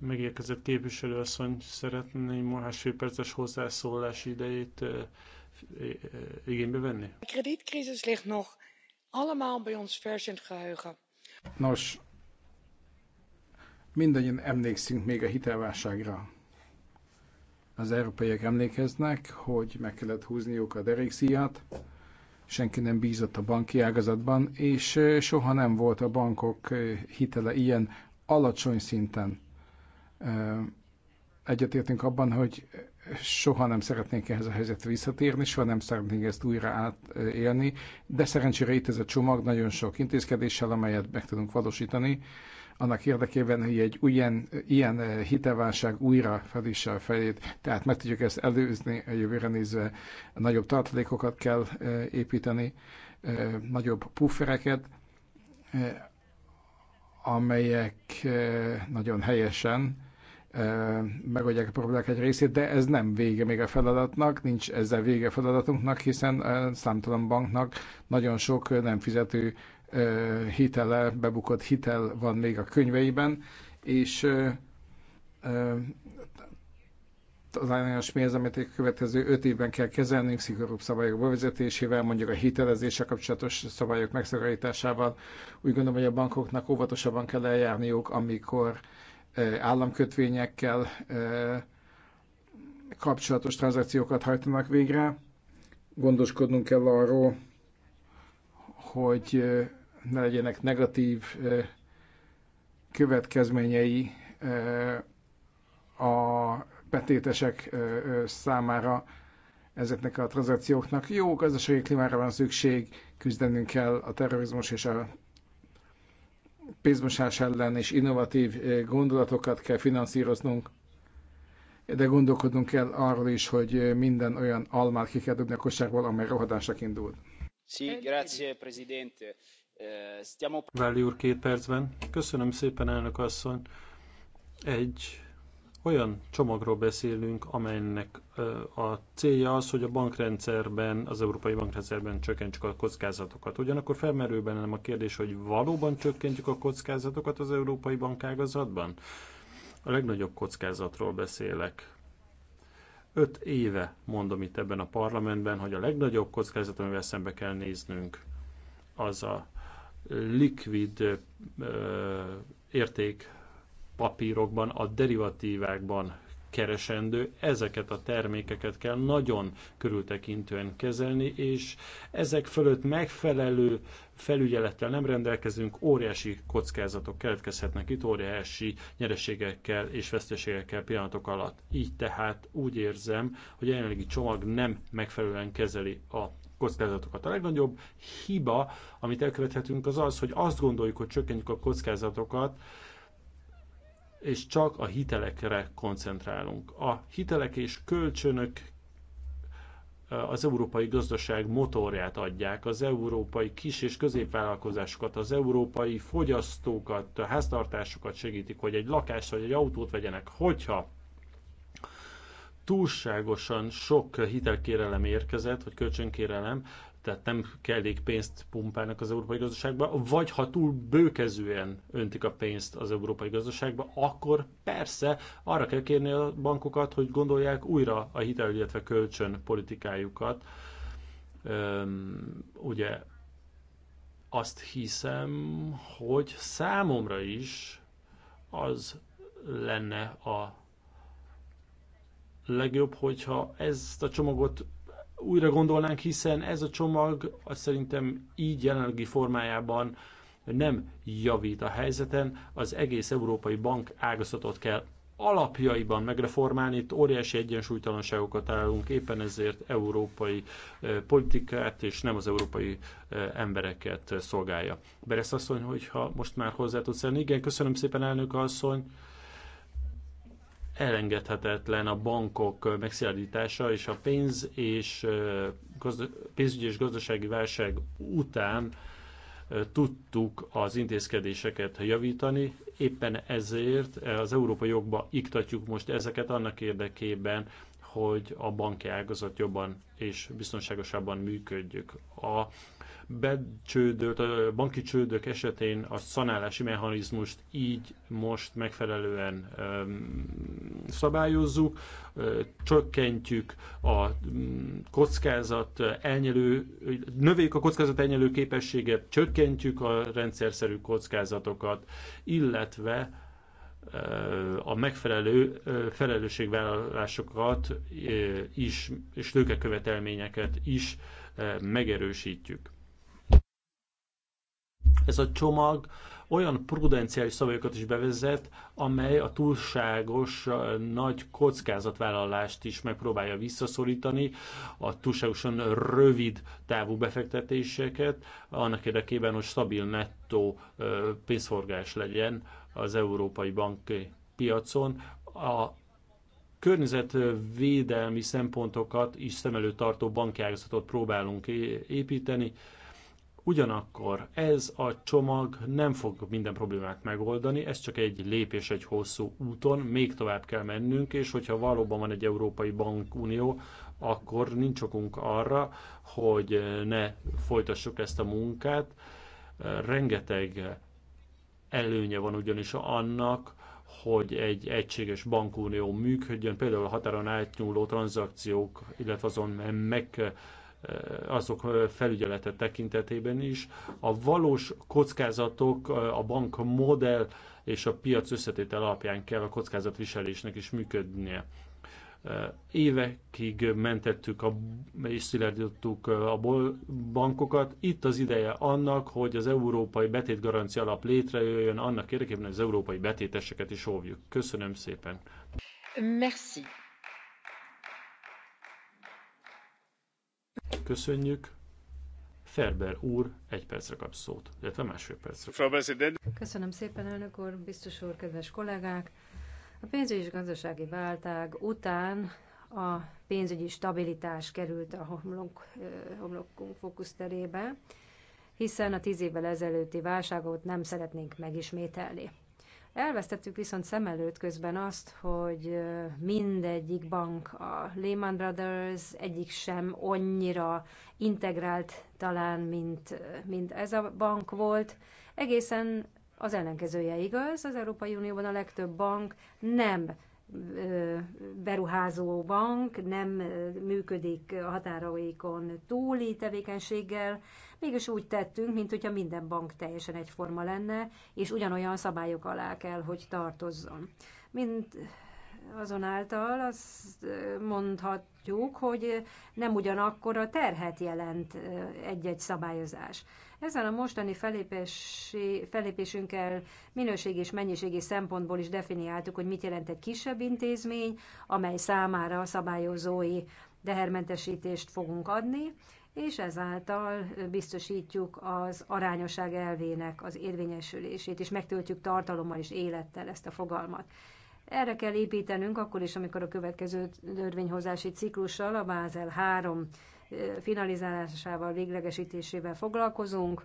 Megérkezett képviselőasszony, szeretném másfél perces hozzászólási idejét igénybe venni? A kredietcrisis ligt nog allemaal bij ons vers in geheugen. Nos, mindannyian emlékszünk még a hitelválságra. Az európaiak emlékeznek, hogy meg kellett húzniuk a derékszíjat, senki nem bízott a banki ágazatban, és soha nem volt a bankok hitele ilyen alacsony szinten. Egyetértünk abban, hogy soha nem szeretnénk ehhez a helyzetre visszatérni, soha nem szeretnénk ezt újra átélni, de szerencsére itt ez a csomag nagyon sok intézkedéssel, amelyet meg tudunk valósítani, annak érdekében, hogy egy ugyan, ilyen eh, hitelválság újra felisse a fejét, tehát meg tudjuk ezt előzni a jövőre nézve, nagyobb tartalékokat kell eh, építeni, eh, nagyobb puffereket, amelyek nagyon helyesen megoldják a problémák egy részét, de ez nem vége még a feladatnak, nincs ezzel vége a feladatunknak, hiszen számtalan banknak nagyon sok nem fizető hitele, bebukott hitel van még a könyveiben, és az állányos mérzemetét következő öt évben kell kezelnünk szigorúbb szabályok bevezetésével, mondjuk a hitelezéssel kapcsolatos szabályok megszakításával. Úgy gondolom, hogy a bankoknak óvatosabban kell eljárniuk, amikor államkötvényekkel kapcsolatos tranzakciókat hajtanak végre. Gondoskodnunk kell arról, hogy ne legyenek negatív következményei a betétesek számára ezeknek a tranzakcióknak. Jó gazdasági klímára van szükség, küzdenünk kell a terrorizmus és a pénzmosás ellen, és innovatív gondolatokat kell finanszíroznunk, de gondolkodnunk kell arról is, hogy minden olyan almát ki kell dobni a kosárból, amely rohadásnak indult. Sí, grazie, presidente. Váli úr két percben. Köszönöm szépen, elnök asszony. Egy olyan csomagról beszélünk, amelynek a célja az, hogy a bankrendszerben, az európai bankrendszerben csökkentsük a kockázatokat. Ugyanakkor felmerül bennem a kérdés, hogy valóban csökkentjük a kockázatokat az európai bankágazatban? A legnagyobb kockázatról beszélek. Öt éve mondom itt ebben a parlamentben, hogy a legnagyobb kockázat, amivel szembe kell néznünk, az a likvid érték papírokban, a derivatívákban keresendő, ezeket a termékeket kell nagyon körültekintően kezelni, és ezek fölött megfelelő felügyelettel nem rendelkezünk, óriási kockázatok keletkezhetnek itt, óriási nyereségekkel és veszteségekkel pillanatok alatt. Így tehát úgy érzem, hogy a jelenlegi csomag nem megfelelően kezeli a kockázatokat. A legnagyobb hiba, amit elkövethetünk, az az, hogy azt gondoljuk, hogy csökkentjük a kockázatokat, és csak a hitelekre koncentrálunk. A hitelek és kölcsönök eh, az európai gazdaság motorját adják, az európai kis- és középvállalkozásokat, az európai fogyasztókat, háztartásokat segítik, hogy egy lakást vagy egy autót vegyenek, hogyha túlságosan sok hitelkérelem érkezett, vagy kölcsönkérelem, tehát nem kellék pénzt pumpálnak az európai gazdaságba, vagy ha túl bőkezően öntik a pénzt az európai gazdaságba, akkor persze arra kell kérni a bankokat, hogy gondolják újra a hitel, illetve kölcsön politikájukat. Üm, ugye azt hiszem, hogy számomra is az lenne a legjobb, hogyha ezt a csomagot újra gondolnánk, hiszen ez a csomag azt szerintem így jelenlegi formájában nem javít a helyzeten, az egész európai bank ágazatot kell alapjaiban megreformálni, itt óriási egyensúlytalanságokat állunk, éppen ezért európai politikát és nem az európai embereket szolgálja. Beresz asszony, hogyha most már hozzá tudsz elni. Igen, köszönöm szépen elnök asszony elengedhetetlen a bankok megszilárdítása és a pénz és pénzügyi és gazdasági válság után tudtuk az intézkedéseket javítani, éppen ezért az európai jogba iktatjuk most ezeket annak érdekében, hogy a banki ágazat jobban és biztonságosabban működjük. A becsődölt, a banki csődök esetén a szanálási mechanizmust így most megfelelően szabályozzuk, csökkentjük a kockázat elnyelő, növeljük a kockázat elnyelő képességet, csökkentjük a rendszerszerű kockázatokat, illetve a megfelelő felelősségvállalásokat is, és tőkekövetelményeket is megerősítjük. Ez a csomag olyan prudenciális szabályokat is bevezet, amely a túlságos nagy kockázatvállalást is megpróbálja visszaszorítani, a túlságosan rövid távú befektetéseket, annak érdekében, hogy stabil nettó pénzforgás legyen az európai banki piacon. A környezetvédelmi szempontokat is szem előtt tartó banki próbálunk építeni, Ugyanakkor ez a csomag nem fog minden problémát megoldani, ez csak egy lépés egy hosszú úton, még tovább kell mennünk, és hogyha valóban van egy Európai Bankunió, akkor nincs okunk arra, hogy ne folytassuk ezt a munkát. Rengeteg előnye van ugyanis annak, hogy egy egységes bankunió működjön, például a határon átnyúló tranzakciók, illetve azon meg azok felügyelete tekintetében is. A valós kockázatok a bank modell és a piac összetétel alapján kell a kockázatviselésnek is működnie. Évekig mentettük a, és szilárdítottuk a bankokat. Itt az ideje annak, hogy az Európai Betétgarancia Alap létrejöjjön, annak érdekében, hogy az európai betéteseket is óvjuk. Köszönöm szépen! Merci. Köszönjük. Ferber úr egy percre kap szót, illetve másfél percre. Köszönöm szépen, elnök úr, biztos úr, kedves kollégák! A pénzügyi és gazdasági váltság után a pénzügyi stabilitás került a homlok, homlokunk fókuszterébe, hiszen a tíz évvel ezelőtti válságot nem szeretnénk megismételni. Elvesztettük viszont szem előtt közben azt, hogy mindegyik bank, a Lehman Brothers egyik sem annyira integrált talán, mint, mint ez a bank volt. Egészen az ellenkezője igaz, az Európai Unióban a legtöbb bank nem beruházó bank, nem működik határaikon túli tevékenységgel, mégis úgy tettünk, mint hogyha minden bank teljesen egyforma lenne, és ugyanolyan szabályok alá kell, hogy tartozzon. Mint azonáltal azt mondhatjuk, hogy nem ugyanakkor a terhet jelent egy-egy szabályozás. Ezzel a mostani felépési, felépésünkkel minőség és mennyiségi szempontból is definiáltuk, hogy mit jelent egy kisebb intézmény, amely számára a szabályozói dehermentesítést fogunk adni, és ezáltal biztosítjuk az arányosság elvének az érvényesülését, és megtöltjük tartalommal és élettel ezt a fogalmat. Erre kell építenünk akkor is, amikor a következő törvényhozási ciklussal, a Bázel 3 finalizálásával, véglegesítésével foglalkozunk,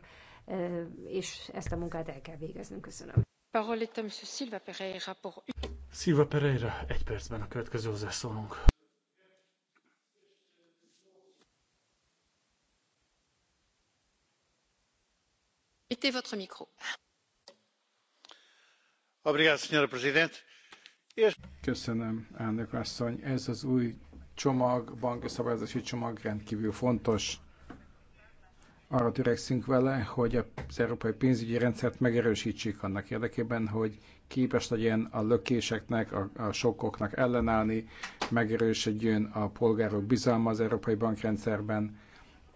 és ezt a munkát el kell végeznünk. Köszönöm. Silva Pereira, egy percben a következő hozzászólunk. Köszönöm, elnök asszony. Ez az új csomag, banki szabályozási csomag rendkívül fontos. Arra törekszünk vele, hogy az európai pénzügyi rendszert megerősítsék annak érdekében, hogy képes legyen a lökéseknek, a, a sokkoknak ellenállni, megerősödjön a polgárok bizalma az európai bankrendszerben.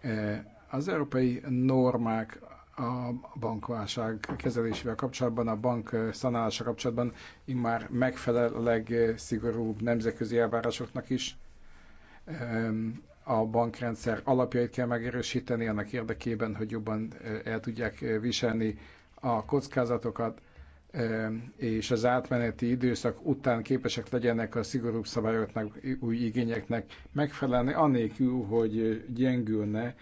Eh, az európai normák a bankválság kezelésével kapcsolatban, a bank szanálása kapcsolatban immár megfelel a legszigorúbb nemzetközi elvárásoknak is. Ehm, a bankrendszer alapjait kell megerősíteni annak érdekében, hogy jobban e, el tudják e, viselni a kockázatokat, ehm, és az átmeneti időszak után képesek legyenek a szigorúbb szabályoknak, új igényeknek megfelelni, anélkül, hogy gyengülne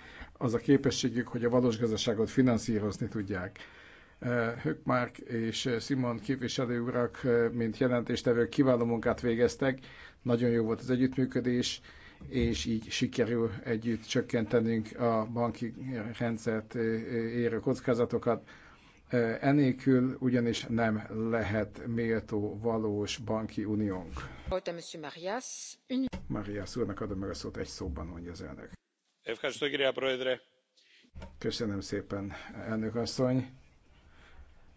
az a képességük, hogy a valós gazdaságot finanszírozni tudják. Eh, Hökmark és Simon képviselő urak, eh, mint jelentéstevők kiváló munkát végeztek, nagyon jó volt az együttműködés, és így sikerül együtt csökkentenünk a banki rendszert eh, érő kockázatokat. Enélkül ugyanis nem lehet méltó valós banki uniónk. Marias úrnak adom meg a szót egy szóban, mondja az elnök. Köszönöm szépen, elnök asszony.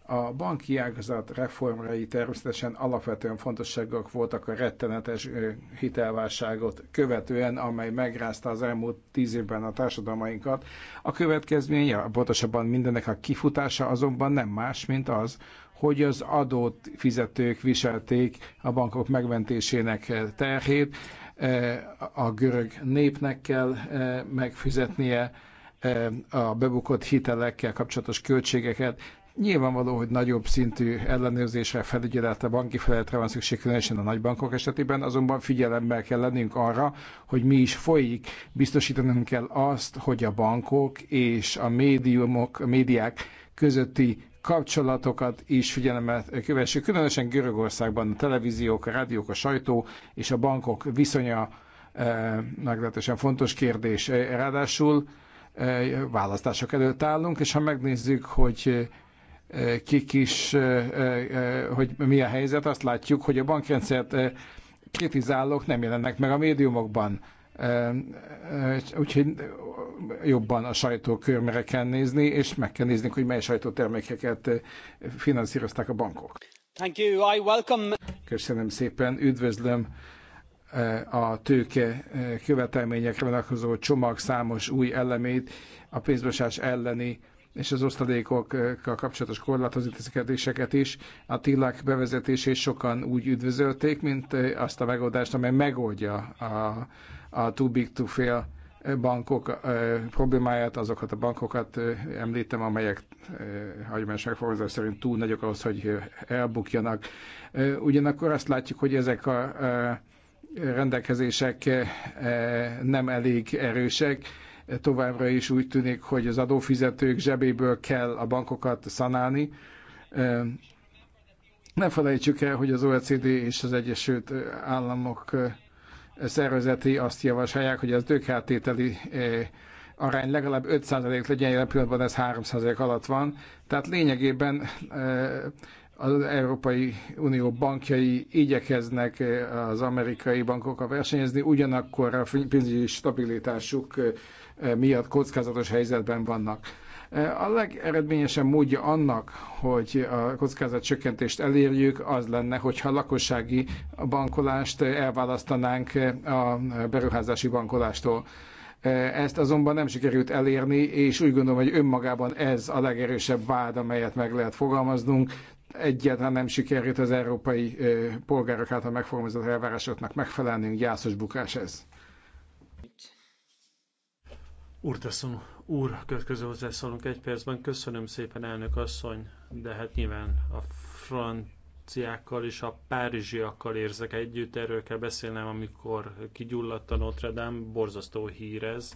A banki ágazat reformjai természetesen alapvetően fontosságok voltak a rettenetes hitelválságot követően, amely megrázta az elmúlt tíz évben a társadalmainkat. A következménye, pontosabban mindennek a kifutása azonban nem más, mint az, hogy az adót fizetők viselték a bankok megmentésének terhét, a görög népnek kell e, megfizetnie e, a bebukott hitelekkel kapcsolatos költségeket. Nyilvánvaló, hogy nagyobb szintű ellenőrzésre, felügyeletre, banki felületre van szükség, különösen a nagybankok esetében, azonban figyelemmel kell lennünk arra, hogy mi is folyik. Biztosítanunk kell azt, hogy a bankok és a médiumok, a médiák közötti kapcsolatokat is figyelembe kövessük, különösen Görögországban a televíziók, a rádiók, a sajtó és a bankok viszonya eh, meglehetősen fontos kérdés. Eh, ráadásul eh, választások előtt állunk, és ha megnézzük, hogy kik is, hogy mi a helyzet, azt látjuk, hogy a bankrendszert kritizálók nem jelennek meg a médiumokban. Úgyhogy jobban a sajtókörmére kell nézni, és meg kell nézni, hogy mely sajtótermékeket finanszírozták a bankok. Thank you. I welcome... Köszönöm szépen, üdvözlöm a tőke követelményekre vonatkozó csomag számos új elemét, a pénzmosás elleni és az osztalékokkal kapcsolatos korlátozítéseket is. A tilak bevezetését sokan úgy üdvözölték, mint azt a megoldást, amely megoldja a a too big to fail bankok problémáját, azokat a bankokat említem, amelyek hagyományos megfogalmazás szerint túl nagyok ahhoz, hogy elbukjanak. Ugyanakkor azt látjuk, hogy ezek a rendelkezések nem elég erősek, továbbra is úgy tűnik, hogy az adófizetők zsebéből kell a bankokat szanálni. Ne felejtsük el, hogy az OECD és az Egyesült Államok szervezeti azt javasolják, hogy az döghátételi eh, arány legalább 5% legyen, jelen pillanatban ez 3% alatt van. Tehát lényegében eh, az Európai Unió bankjai igyekeznek eh, az amerikai bankokkal versenyezni, ugyanakkor a pénzügyi stabilitásuk miatt kockázatos helyzetben vannak. A legeredményesebb módja annak, hogy a csökkentést elérjük, az lenne, hogyha a lakossági bankolást elválasztanánk a beruházási bankolástól. Ezt azonban nem sikerült elérni, és úgy gondolom, hogy önmagában ez a legerősebb vád, amelyet meg lehet fogalmaznunk. Egyáltalán nem sikerült az európai polgárok által megfogalmazott elvárásoknak megfelelnünk, gyászos bukás ez. Urtaszon Úr, következő hozzászólunk egy percben. Köszönöm szépen, elnök asszony, de hát nyilván a franciákkal és a párizsiakkal érzek együtt. Erről kell beszélnem, amikor kigyulladt a Notre Dame. Borzasztó hír ez.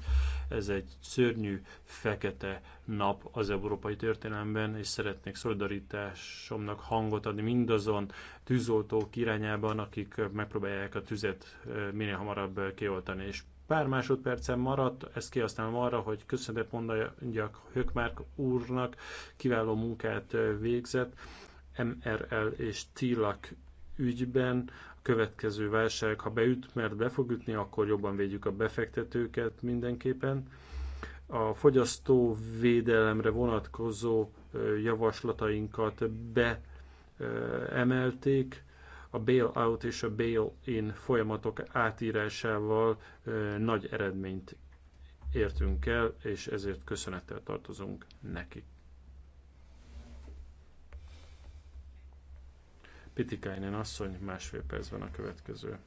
Ez egy szörnyű, fekete nap az európai történelemben, és szeretnék szolidaritásomnak hangot adni mindazon tűzoltók irányában, akik megpróbálják a tüzet eh, minél hamarabb eh, kioltani. És Pár másodpercen maradt, ezt kihasználom arra, hogy köszönet mondjak Hökmárk úrnak, kiváló munkát végzett MRL és TILAK ügyben. A következő válság, ha beüt, mert be fog ütni, akkor jobban védjük a befektetőket mindenképpen. A fogyasztó védelemre vonatkozó javaslatainkat beemelték. emelték, a bail-out és a bail-in folyamatok átírásával nagy eredményt értünk el, és ezért köszönettel tartozunk neki. Pitikainen asszony másfél percben a következő.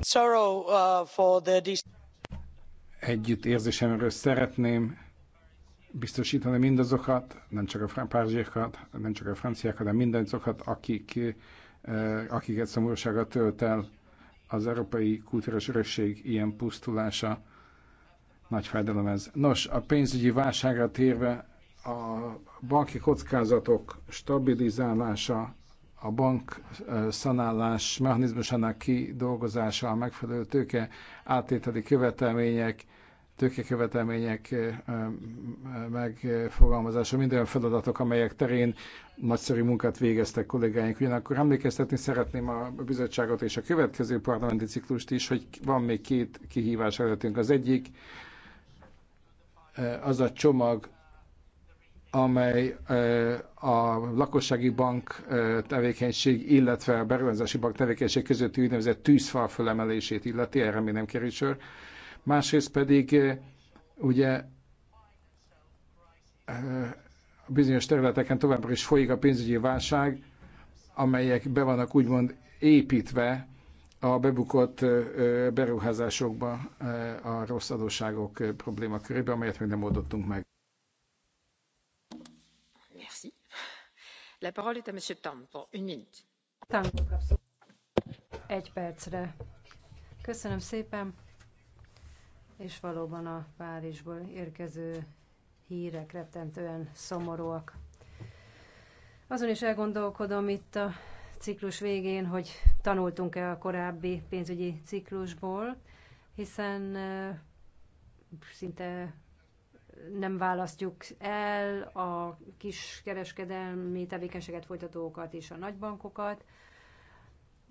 Sorrow uh, for the Együtt érzésemről szeretném biztosítani mindazokat, nem csak a párzsiakat, nem csak a franciákat, de mindazokat, akik Eh, akiket szomorúsága tölt el az európai kultúrás örökség ilyen pusztulása. Nagy fájdalom ez. Nos, a pénzügyi válságra térve a banki kockázatok stabilizálása, a bank eh, szanálás mechanizmusának kidolgozása, a megfelelő tőke átételi követelmények, tőkekövetelmények megfogalmazása, minden feladatok, amelyek terén nagyszerű munkát végeztek kollégáink. Ugyanakkor emlékeztetni szeretném a bizottságot és a következő parlamenti ciklust is, hogy van még két kihívás előttünk. Az egyik az a csomag, amely a lakossági bank tevékenység, illetve a beruházási bank tevékenység közötti úgynevezett tűzfal fölemelését illeti, erre még nem kerül sor másrészt pedig eh, ugye eh, bizonyos területeken továbbra is folyik a pénzügyi válság, amelyek be vannak úgymond építve a bebukott eh, beruházásokba a rossz adósságok probléma körébe, amelyet még nem oldottunk meg. Merci. La parole est à monsieur Tam pour une minute. egy percre. Köszönöm szépen és valóban a Párizsból érkező hírek rettentően szomorúak. Azon is elgondolkodom itt a ciklus végén, hogy tanultunk-e a korábbi pénzügyi ciklusból, hiszen szinte nem választjuk el a kis kereskedelmi tevékenységet folytatókat és a nagybankokat,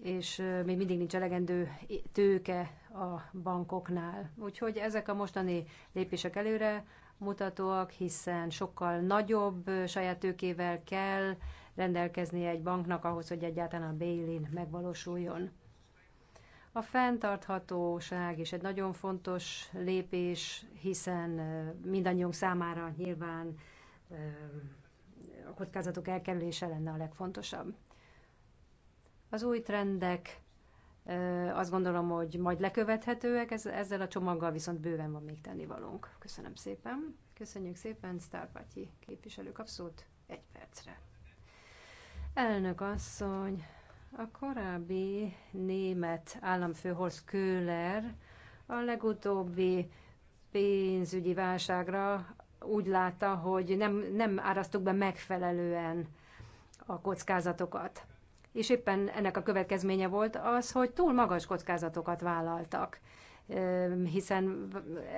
és még mindig nincs elegendő tőke a bankoknál. Úgyhogy ezek a mostani lépések előre mutatóak, hiszen sokkal nagyobb saját tőkével kell rendelkezni egy banknak ahhoz, hogy egyáltalán a bail megvalósuljon. A fenntarthatóság is egy nagyon fontos lépés, hiszen mindannyiunk számára nyilván a kockázatok elkerülése lenne a legfontosabb. Az új trendek azt gondolom, hogy majd lekövethetőek, ezzel a csomaggal viszont bőven van még tennivalónk. Köszönöm szépen. Köszönjük szépen, Sztárpátyi képviselő kap egy percre. Elnök asszony, a korábbi német államfő Horst Köhler a legutóbbi pénzügyi válságra úgy látta, hogy nem, nem árasztuk be megfelelően a kockázatokat és éppen ennek a következménye volt az, hogy túl magas kockázatokat vállaltak hiszen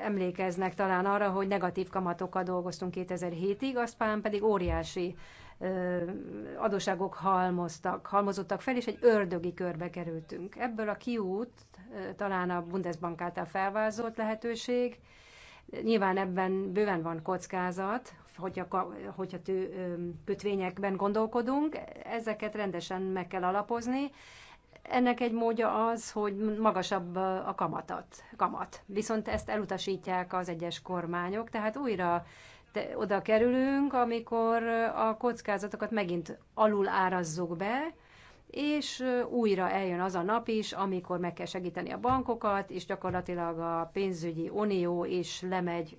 emlékeznek talán arra, hogy negatív kamatokkal dolgoztunk 2007-ig, aztán pedig óriási adóságok halmoztak, halmozottak fel, és egy ördögi körbe kerültünk. Ebből a kiút talán a Bundesbank által felvázolt lehetőség, Nyilván ebben bőven van kockázat, hogyha, hogyha tő, kötvényekben gondolkodunk, ezeket rendesen meg kell alapozni. Ennek egy módja az, hogy magasabb a kamatat, kamat. Viszont ezt elutasítják az egyes kormányok, tehát újra te, oda kerülünk, amikor a kockázatokat megint alul árazzuk be, és újra eljön az a nap is, amikor meg kell segíteni a bankokat, és gyakorlatilag a pénzügyi unió is lemegy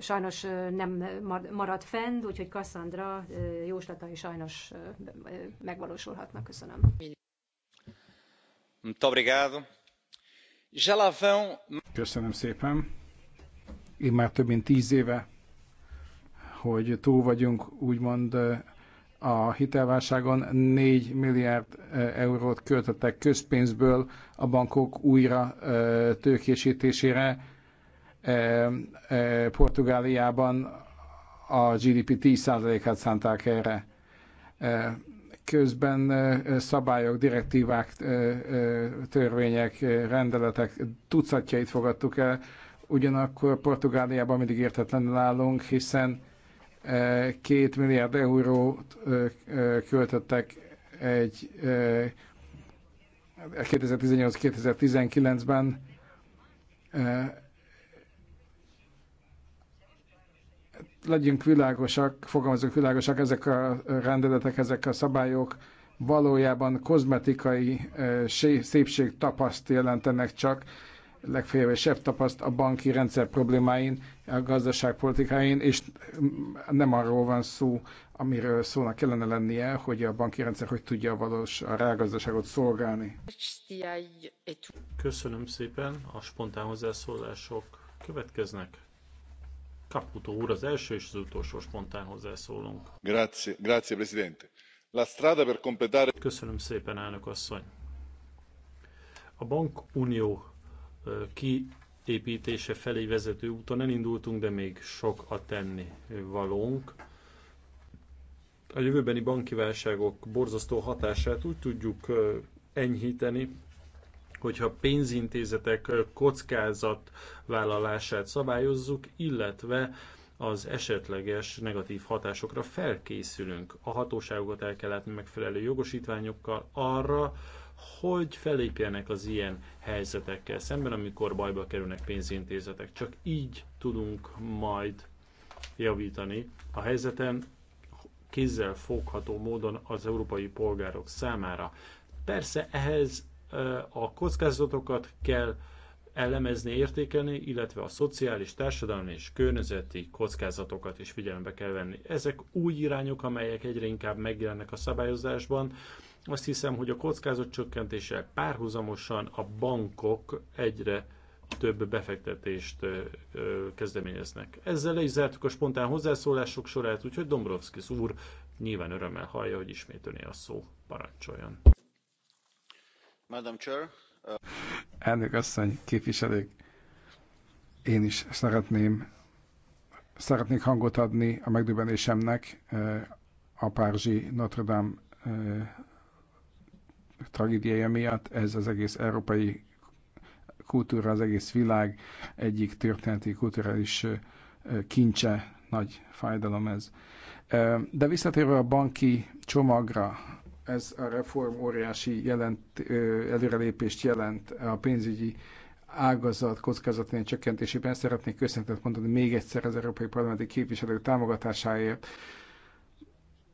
sajnos nem marad fenn, úgyhogy Kassandra jóslatai sajnos megvalósulhatnak. Köszönöm. Köszönöm szépen. Én már több mint tíz éve, hogy túl vagyunk úgymond a hitelválságon 4 milliárd eurót költöttek közpénzből a bankok újra tőkésítésére Portugáliában a GDP 10%-át szánták erre. Közben szabályok, direktívák, törvények, rendeletek tucatjait fogadtuk el, ugyanakkor Portugáliában mindig értetlenül állunk, hiszen két milliárd eurót költöttek egy 2018-2019-ben legyünk világosak, fogalmazunk világosak, ezek a rendeletek, ezek a szabályok valójában kozmetikai szépség tapaszt jelentenek csak, legfeljebb sebb tapaszt a banki rendszer problémáin, a gazdaságpolitikáin, és nem arról van szó, amiről szónak kellene lennie, hogy a banki rendszer hogy tudja a valós a rágazdaságot szolgálni. Köszönöm szépen, a spontán hozzászólások következnek. Caputo úr az első és az utolsó spontán hozzászólónk. Köszönöm szépen, elnök asszony. A bankunió kiépítése felé vezető úton elindultunk, de még sok a tenni valónk. A jövőbeni banki válságok borzasztó hatását úgy tudjuk enyhíteni, hogyha pénzintézetek kockázat vállalását szabályozzuk, illetve az esetleges negatív hatásokra felkészülünk. A hatóságokat el kell látni megfelelő jogosítványokkal arra, hogy felépjenek az ilyen helyzetekkel szemben, amikor bajba kerülnek pénzintézetek. Csak így tudunk majd javítani a helyzeten kézzel fogható módon az európai polgárok számára. Persze ehhez a kockázatokat kell elemezni, értékelni, illetve a szociális, társadalmi és környezeti kockázatokat is figyelembe kell venni. Ezek új irányok, amelyek egyre inkább megjelennek a szabályozásban. Azt hiszem, hogy a kockázat csökkentéssel párhuzamosan a bankok egyre több befektetést kezdeményeznek. Ezzel le is zártuk a spontán hozzászólások sorát, úgyhogy Dombrovskis úr nyilván örömmel hallja, hogy ismét öné a szó. Parancsoljon! Madam Chair. Uh, Elnök asszony, képviselők, én is szeretném, szeretnék hangot adni a megdöbbenésemnek uh, a Párzsi Notre Dame uh, tragédiája miatt. Ez az egész európai kultúra, az egész világ egyik történeti kulturális kincse, nagy fájdalom ez. De visszatérve a banki csomagra, ez a reform óriási jelent, előrelépést jelent a pénzügyi ágazat kockázatnél csökkentésében. Szeretnék köszönetet mondani még egyszer az Európai Parlamenti képviselők támogatásáért,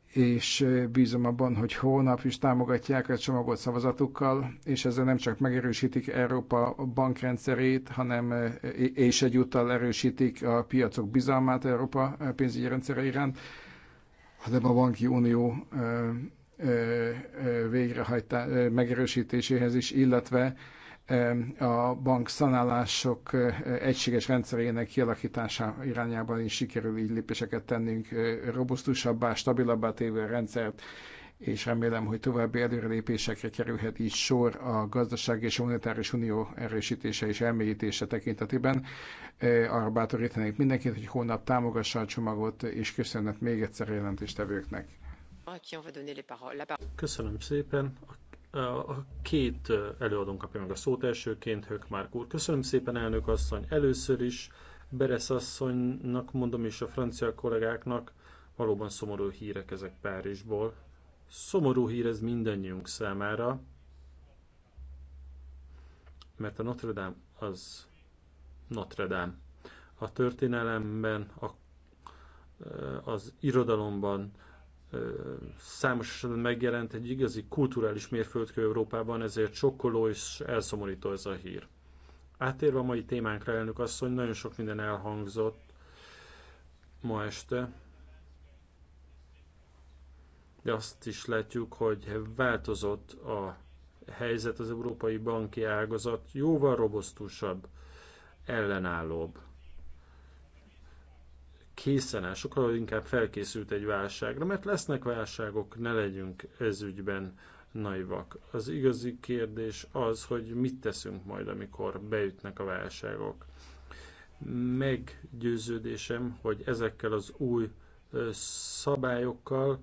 és bízom abban, hogy holnap is támogatják a csomagot szavazatukkal, és ezzel nem csak megerősítik Európa bankrendszerét, hanem és egyúttal erősítik a piacok bizalmát Európa pénzügyi rendszere iránt, hanem a banki unió végrehajtá, megerősítéséhez is, illetve a bank szanálások egységes rendszerének kialakítása irányában is sikerül így lépéseket tennünk, robusztusabbá, stabilabbá tévő rendszert, és remélem, hogy további előrelépésekre kerülhet így sor a gazdaság és a monetáris unió erősítése és elmélyítése tekintetében. Arra bátorítanék mindenkit, hogy holnap támogassa a csomagot, és köszönet még egyszer jelentéstevőknek. Köszönöm szépen. A, a két előadón kapja meg a szót elsőként, Márk úr. Köszönöm szépen, elnök asszony. Először is Beres asszonynak mondom, és a francia kollégáknak valóban szomorú hírek ezek Párizsból. Szomorú hír ez mindannyiunk számára, mert a Notre Dame az Notre Dame. A történelemben, a, az irodalomban, számos megjelent egy igazi kulturális mérföldkő Európában, ezért sokkoló és elszomorító ez a hír. Átérve a mai témánkra, elnök asszony, nagyon sok minden elhangzott ma este, de azt is látjuk, hogy változott a helyzet az európai banki ágazat, jóval robosztusabb, ellenállóbb készen áll, sokkal inkább felkészült egy válságra, mert lesznek válságok, ne legyünk ezügyben naivak. Az igazi kérdés az, hogy mit teszünk majd, amikor beütnek a válságok. Meggyőződésem, hogy ezekkel az új szabályokkal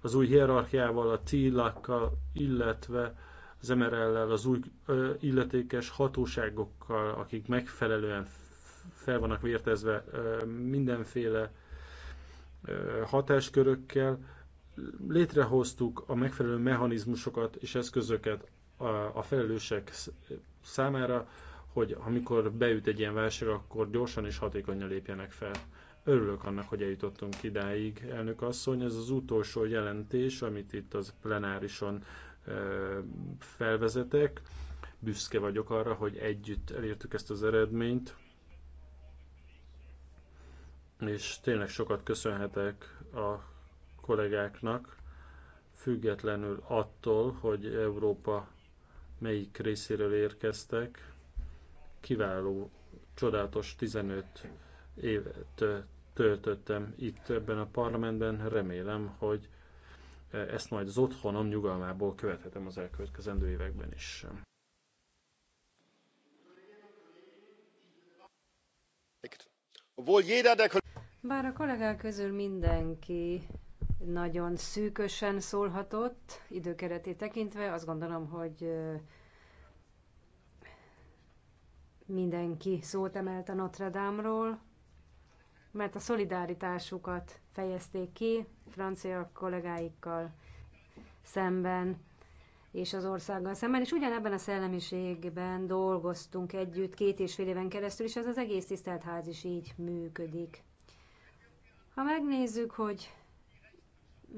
az új hierarchiával, a tílakkal, illetve az MRL-lel, az új illetékes hatóságokkal, akik megfelelően fel vannak vértezve mindenféle hatáskörökkel, létrehoztuk a megfelelő mechanizmusokat és eszközöket a felelősek számára, hogy amikor beüt egy ilyen válság, akkor gyorsan és hatékonyan lépjenek fel. Örülök annak, hogy eljutottunk idáig, elnök asszony. Ez az utolsó jelentés, amit itt az plenárison felvezetek. Büszke vagyok arra, hogy együtt elértük ezt az eredményt, és tényleg sokat köszönhetek a kollégáknak, függetlenül attól, hogy Európa melyik részéről érkeztek, kiváló, csodálatos 15 évet töltöttem itt ebben a parlamentben. Remélem, hogy ezt majd az otthonom nyugalmából követhetem az elkövetkezendő években is. Bár a kollégák közül mindenki nagyon szűkösen szólhatott, időkeretét tekintve, azt gondolom, hogy mindenki szót emelt a Notre Dame-ról, mert a szolidáritásukat fejezték ki francia kollégáikkal szemben és az országgal szemben, és ugyanebben a szellemiségben dolgoztunk együtt két és fél éven keresztül, és ez az egész tisztelt ház is így működik. Ha megnézzük, hogy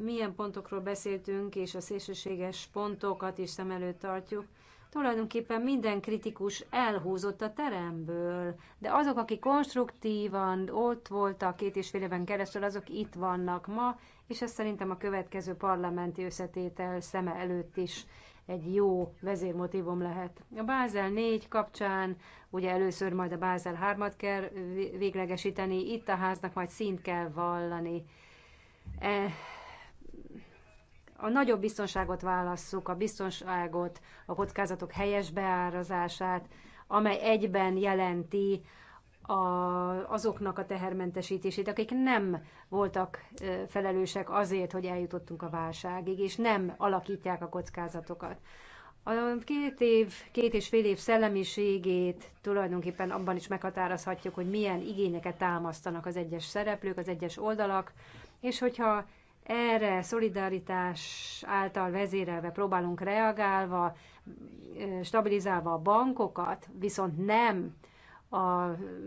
milyen pontokról beszéltünk, és a szélsőséges pontokat is szem előtt tartjuk, Tulajdonképpen minden kritikus elhúzott a teremből, de azok, akik konstruktívan ott voltak két és fél éven keresztül, azok itt vannak ma, és ez szerintem a következő parlamenti összetétel szeme előtt is egy jó vezérmotívum lehet. A Bázel 4 kapcsán ugye először majd a Bázel 3-at kell véglegesíteni, itt a háznak majd szint kell vallani. E, a nagyobb biztonságot válasszuk, a biztonságot, a kockázatok helyes beárazását, amely egyben jelenti a, azoknak a tehermentesítését, akik nem voltak felelősek azért, hogy eljutottunk a válságig, és nem alakítják a kockázatokat. A két év, két és fél év szellemiségét tulajdonképpen abban is meghatározhatjuk, hogy milyen igényeket támasztanak az egyes szereplők, az egyes oldalak, és hogyha erre szolidaritás által vezérelve próbálunk reagálva, stabilizálva a bankokat, viszont nem a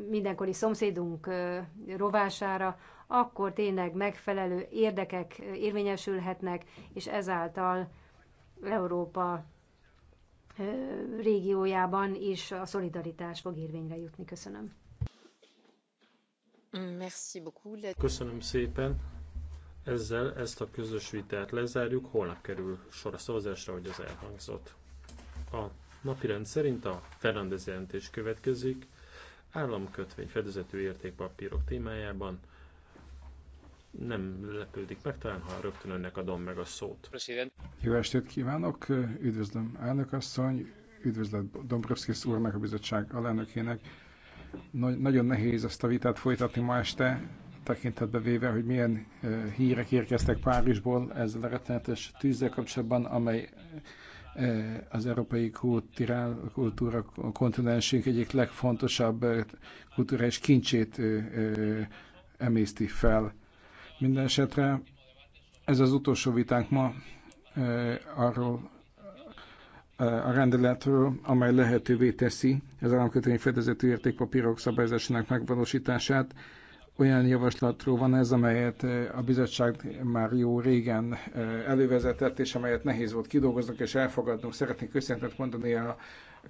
mindenkori szomszédunk rovására, akkor tényleg megfelelő érdekek érvényesülhetnek, és ezáltal Európa régiójában is a szolidaritás fog érvényre jutni. Köszönöm. Köszönöm szépen. Ezzel ezt a közös vitát lezárjuk, holnap kerül sor a szavazásra, hogy az elhangzott. A napirend szerint a Fernandez jelentés következik, államkötvény fedezetű értékpapírok témájában. Nem lepődik meg talán, ha rögtön önnek adom meg a szót. President. Jó estét kívánok, üdvözlöm elnökasszony, üdvözlet Dombrovskis meg a bizottság alelnökének. Nagy, nagyon nehéz ezt a vitát folytatni ma este, tekintetbe véve, hogy milyen hírek érkeztek Párizsból ezzel a rettenetes tűzzel kapcsolatban, amely az európai kultúrál, kultúra kontinensünk egyik legfontosabb kulturális kincsét emészti fel. Minden esetre ez az utolsó vitánk ma arról a rendeletről, amely lehetővé teszi az államkötvény fedezetű értékpapírok szabályozásának megvalósítását, olyan javaslatról van ez, amelyet eh, a bizottság már jó régen eh, elővezetett, és amelyet nehéz volt kidolgoznunk és elfogadnunk. Szeretnék köszönetet mondani a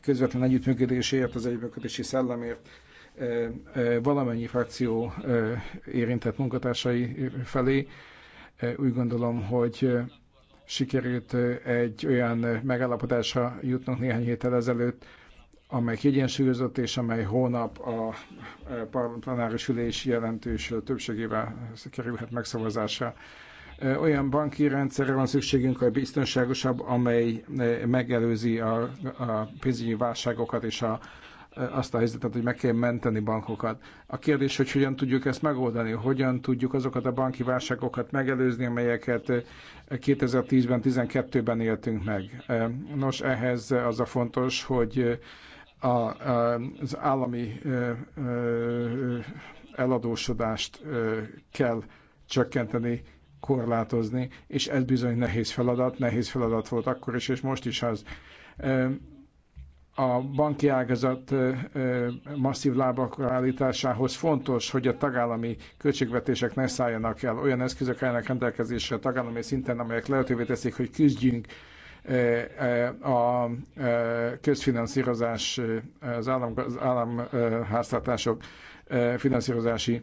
közvetlen együttműködésért, az együttműködési szellemért eh, valamennyi frakció érintett munkatársai felé. Úgy gondolom, hogy sikerült egy olyan megállapodásra jutnunk néhány héttel ezelőtt, amely kiegyensúlyozott, és amely hónap a parlamentáris ülés jelentős többségével kerülhet megszavazásra. Olyan banki rendszerre van szükségünk, hogy biztonságosabb, amely megelőzi a, a pénzügyi válságokat és a, azt a helyzetet, hogy meg kell menteni bankokat. A kérdés, hogy hogyan tudjuk ezt megoldani, hogyan tudjuk azokat a banki válságokat megelőzni, amelyeket 2010-ben, 2012 ben éltünk meg. Nos, ehhez az a fontos, hogy a, az állami eladósodást kell csökkenteni, korlátozni, és ez bizony nehéz feladat, nehéz feladat volt akkor is, és most is az. A banki ágazat masszív lábak állításához fontos, hogy a tagállami költségvetések ne szálljanak el. Olyan eszközök állnak rendelkezésre a tagállami szinten, amelyek lehetővé teszik, hogy küzdjünk a közfinanszírozás, az, állam, az államháztartások e, finanszírozási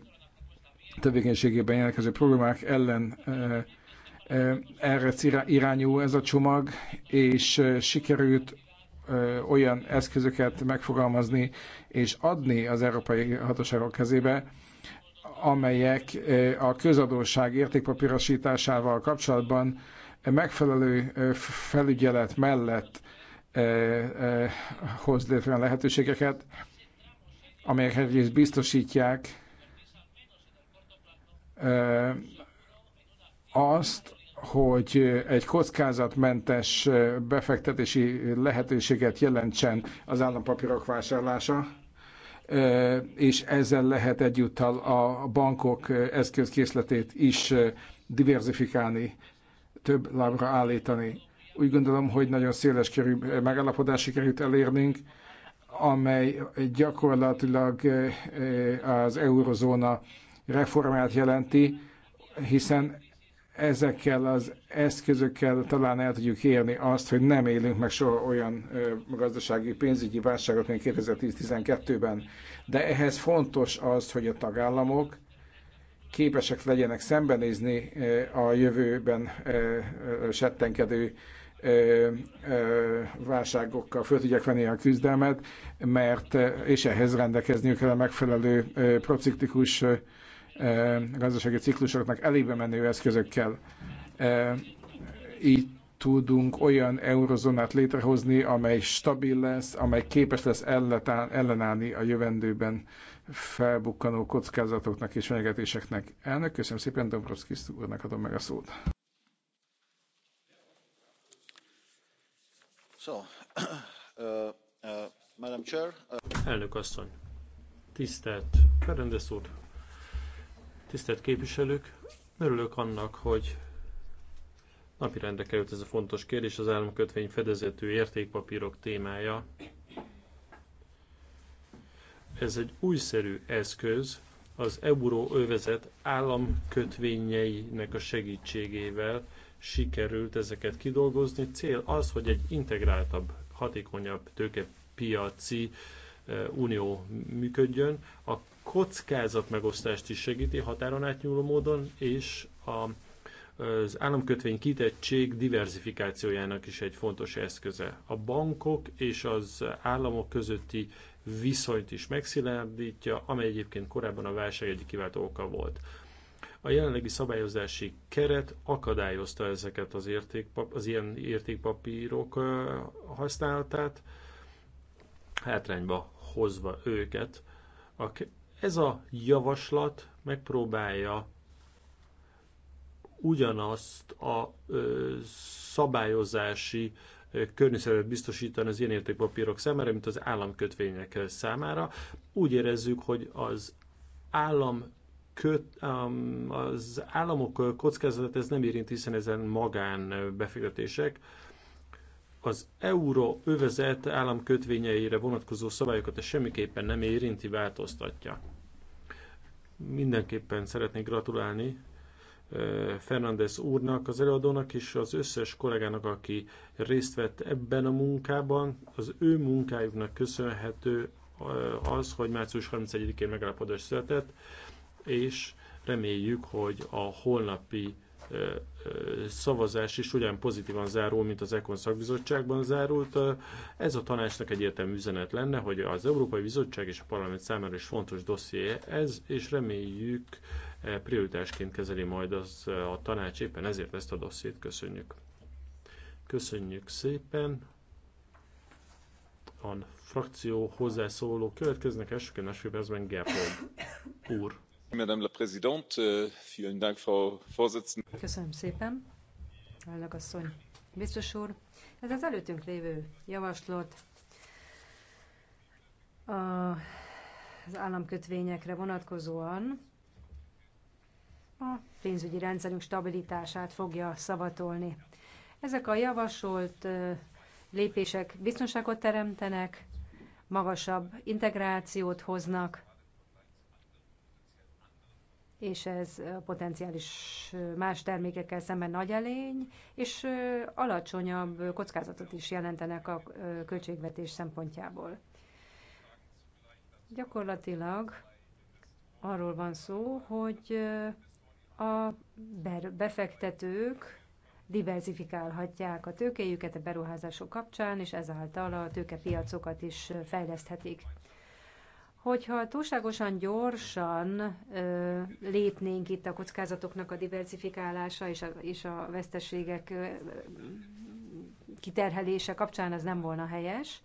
tevékenységében jelentkező problémák ellen e, e, erre irányul ez a csomag, és sikerült olyan eszközöket megfogalmazni és adni az európai hatóságok kezébe, amelyek a közadóság értékpapírosításával kapcsolatban megfelelő felügyelet mellett hoz létre olyan lehetőségeket, amelyek egyrészt biztosítják azt, hogy egy kockázatmentes befektetési lehetőséget jelentsen az állampapírok vásárlása, és ezzel lehet egyúttal a bankok eszközkészletét is diversifikálni, több lábra állítani. Úgy gondolom, hogy nagyon széles körű eh, megállapodás sikerült elérnünk, amely gyakorlatilag eh, eh, az eurozóna reformát jelenti, hiszen ezekkel az eszközökkel talán el tudjuk érni azt, hogy nem élünk meg soha olyan gazdasági pénzügyi válságot, mint 2010-12-ben. De ehhez fontos az, hogy a tagállamok képesek legyenek szembenézni a jövőben settenkedő válságokkal föl tudják venni a küzdelmet, mert és ehhez rendelkezniük kell a megfelelő prociklikus gazdasági ciklusoknak elébe menő eszközökkel. Így tudunk olyan eurozónát létrehozni, amely stabil lesz, amely képes lesz ellenállni a jövendőben felbukkanó kockázatoknak és fenyegetéseknek. Elnök, köszönöm szépen, Dombrovszki úrnak adom meg a szót. So, (coughs) uh, uh, Madam Chair, uh... Elnök asszony, tisztelt Ferendes úr, tisztelt képviselők, örülök annak, hogy napirendre került ez a fontos kérdés, az államkötvény fedezetű értékpapírok témája ez egy újszerű eszköz az euróövezet államkötvényeinek a segítségével sikerült ezeket kidolgozni. Cél az, hogy egy integráltabb, hatékonyabb tőkepiaci e, unió működjön, a kockázat megosztást is segíti határon átnyúló módon, és a az államkötvény kitettség diversifikációjának is egy fontos eszköze. A bankok és az államok közötti viszonyt is megszilárdítja, amely egyébként korábban a válság egyik kiváltó oka volt. A jelenlegi szabályozási keret akadályozta ezeket az, értékpap, az ilyen értékpapírok használatát, hátrányba hozva őket. Ez a javaslat megpróbálja ugyanazt a szabályozási környezetet biztosítani az ilyen értékpapírok számára, mint az államkötvények számára. Úgy érezzük, hogy az állam köt, um, az államok kockázatát ez nem érint, hiszen ezen magán befektetések. Az euró övezet államkötvényeire vonatkozó szabályokat ez semmiképpen nem érinti, változtatja. Mindenképpen szeretnék gratulálni Fernández úrnak, az előadónak és az összes kollégának, aki részt vett ebben a munkában. Az ő munkájuknak köszönhető az, hogy március 31-én megállapodás született, és reméljük, hogy a holnapi szavazás is ugyan pozitívan zárul, mint az Ekon szakbizottságban zárult. Ez a tanácsnak egyértelmű üzenet lenne, hogy az Európai Bizottság és a Parlament számára is fontos dosszié ez, és reméljük E, prioritásként kezeli majd az e, a tanács, éppen ezért ezt a dossziét köszönjük. Köszönjük szépen! A frakció hozzászóló következnek elsőként másfél percben Gerfold úr. Madame la Présidente, e, vielen Dank, Frau Vorsitzende. Köszönöm szépen, elnök asszony. Biztos úr, ez az előttünk lévő javaslat a, az államkötvényekre vonatkozóan a pénzügyi rendszerünk stabilitását fogja szavatolni. Ezek a javasolt lépések biztonságot teremtenek, magasabb integrációt hoznak, és ez potenciális más termékekkel szemben nagy elény, és alacsonyabb kockázatot is jelentenek a költségvetés szempontjából. Gyakorlatilag arról van szó, hogy a befektetők diversifikálhatják a tőkéjüket a beruházások kapcsán, és ezáltal a tőkepiacokat is fejleszthetik. Hogyha túlságosan gyorsan ö, lépnénk itt a kockázatoknak a diversifikálása és a, és a veszteségek ö, kiterhelése kapcsán, az nem volna helyes.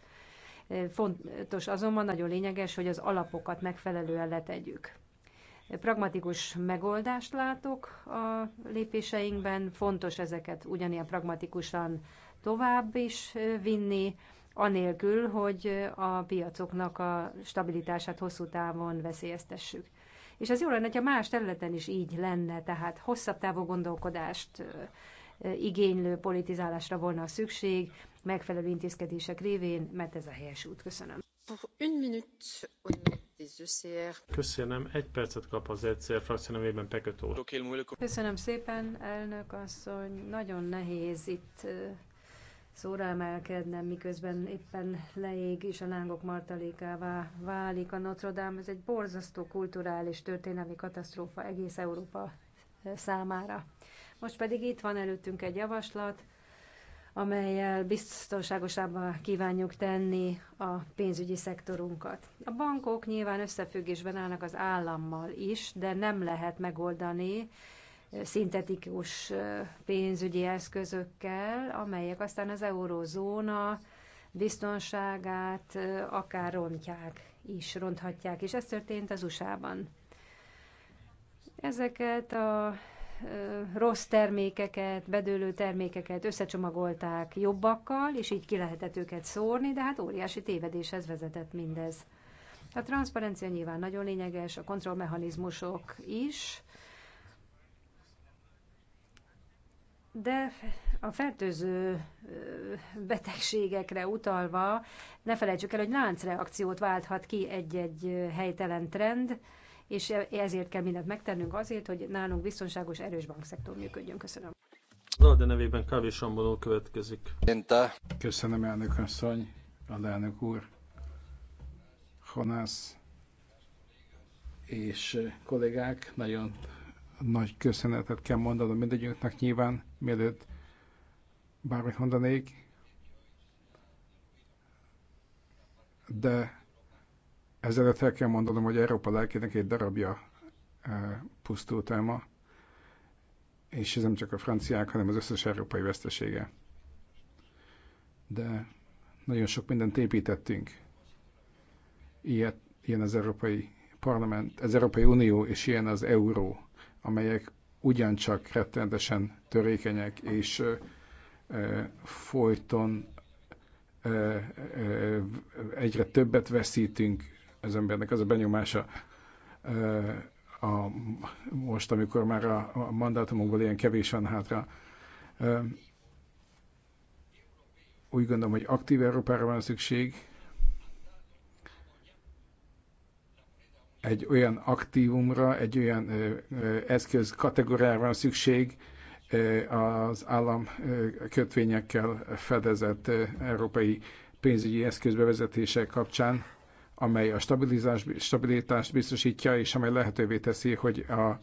Fontos azonban, nagyon lényeges, hogy az alapokat megfelelően letegyük. Pragmatikus megoldást látok a lépéseinkben, fontos ezeket ugyanilyen pragmatikusan tovább is vinni, anélkül, hogy a piacoknak a stabilitását hosszú távon veszélyeztessük. És ez jó lenne, ha más területen is így lenne, tehát hosszabb távú gondolkodást igénylő politizálásra volna a szükség, megfelelő intézkedések révén, mert ez a helyes út. Köszönöm. une minute, E Köszönöm, egy percet kap az egyszer frakció nevében Pekötó. Köszönöm szépen, elnök asszony. Nagyon nehéz itt szóra emelkednem, miközben éppen leég és a lángok martalékává válik a Notre Dame. Ez egy borzasztó kulturális történelmi katasztrófa egész Európa számára. Most pedig itt van előttünk egy javaslat, amelyel biztonságosabbá kívánjuk tenni a pénzügyi szektorunkat. A bankok nyilván összefüggésben állnak az állammal is, de nem lehet megoldani eh, szintetikus eh, pénzügyi eszközökkel, amelyek aztán az eurózóna biztonságát eh, akár rontják is, ronthatják, és ez történt az USA-ban. Ezeket a rossz termékeket, bedőlő termékeket összecsomagolták jobbakkal, és így ki lehetett őket szórni, de hát óriási tévedéshez vezetett mindez. A transzparencia nyilván nagyon lényeges, a kontrollmechanizmusok is, de a fertőző betegségekre utalva ne felejtsük el, hogy láncreakciót válthat ki egy-egy helytelen trend, és e- ezért kell mindent megtennünk azért, hogy nálunk biztonságos, erős bankszektor működjön. Köszönöm. Zalde nevében Kávé Samboló következik. Köszönöm, elnök asszony, a elnök úr, Honász és kollégák, nagyon nagy köszönetet kell mondanom mindegyünknek nyilván, mielőtt bármit mondanék, de ezzel fel kell mondanom, hogy Európa lelkének egy darabja eh, pusztult el ma, és ez nem csak a franciák, hanem az összes európai vesztesége. De nagyon sok mindent építettünk. Ilyet, ilyen az Európai Parlament, az Európai Unió, és ilyen az euró, amelyek ugyancsak rettenetesen törékenyek, és e, e, folyton egyre többet veszítünk az embernek az a benyomása, a, most, amikor már a, a mandátumokból ilyen kevés van hátra. Úgy gondolom, hogy aktív Európára van szükség, egy olyan aktívumra, egy olyan eszköz kategóriára van szükség az állam kötvényekkel fedezett európai pénzügyi eszközbevezetése kapcsán, amely a stabilitást biztosítja, és amely lehetővé teszi, hogy a,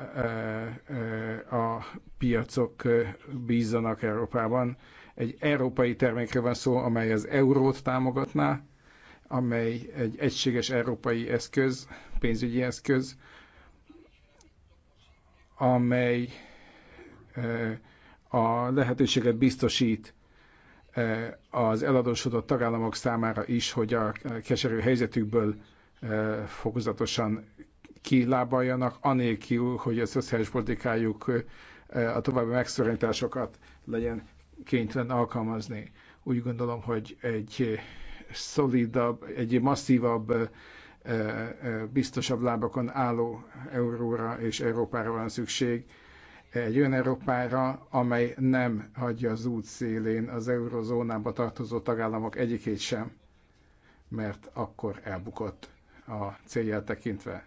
e, e, a piacok bízzanak Európában. Egy európai termékre van szó, amely az eurót támogatná, amely egy egységes európai eszköz, pénzügyi eszköz, amely e, a lehetőséget biztosít Eh, az eladósodott tagállamok számára is, hogy a keserű helyzetükből eh, fokozatosan kilábaljanak, anélkül, hogy a szociális politikájuk eh, a további megszorításokat legyen kénytelen alkalmazni. Úgy gondolom, hogy egy szolidabb, egy masszívabb, biztosabb lábakon álló euróra és Európára van szükség, egy olyan Európára, amely nem hagyja az út szélén az eurozónába tartozó tagállamok egyikét sem, mert akkor elbukott a célját tekintve.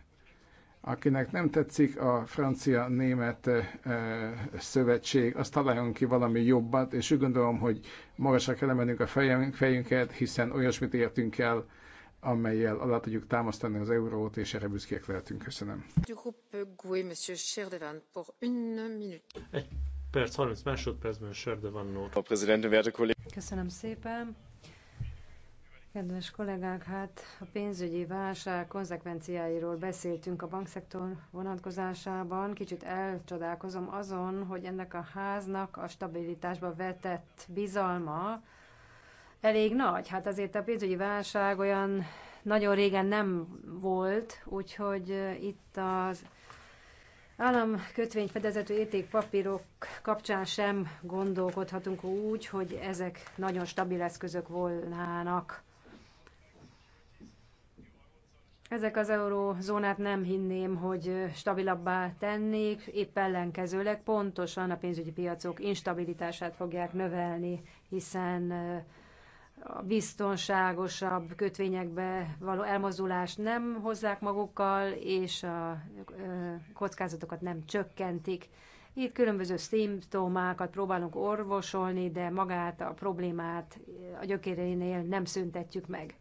Akinek nem tetszik a francia-német eh, szövetség, azt találjon ki valami jobbat, és úgy gondolom, hogy magasra kell emelnünk a fejünk, fejünket, hiszen olyasmit értünk el, amelyel alá tudjuk támasztani az eurót, és erre büszkék lehetünk. Köszönöm. Egy perc, 30 másodpercben Serdevan Köszönöm szépen. Kedves kollégák, hát a pénzügyi válság konzekvenciáiról beszéltünk a bankszektor vonatkozásában. Kicsit elcsodálkozom azon, hogy ennek a háznak a stabilitásba vetett bizalma, elég nagy. Hát azért a pénzügyi válság olyan nagyon régen nem volt, úgyhogy eh, itt az államkötvény kötvényfedezetű értékpapírok kapcsán sem gondolkodhatunk úgy, hogy ezek nagyon stabil eszközök volnának. Ezek az eurózónát nem hinném, hogy eh, stabilabbá tennék, épp ellenkezőleg pontosan a pénzügyi piacok instabilitását fogják növelni, hiszen eh, a biztonságosabb kötvényekbe való elmozdulást nem hozzák magukkal, és a kockázatokat nem csökkentik. Itt különböző szimptomákat próbálunk orvosolni, de magát a problémát a gyökérénél nem szüntetjük meg.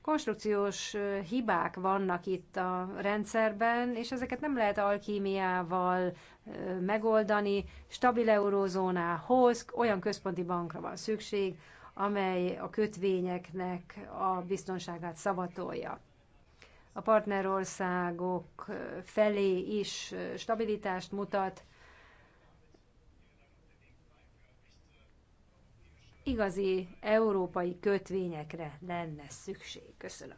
Konstrukciós hibák vannak itt a rendszerben, és ezeket nem lehet alkímiával megoldani. Stabil eurózónához olyan központi bankra van szükség, amely a kötvényeknek a biztonságát szavatolja. A partnerországok felé is stabilitást mutat, igazi európai kötvényekre lenne szükség. Köszönöm.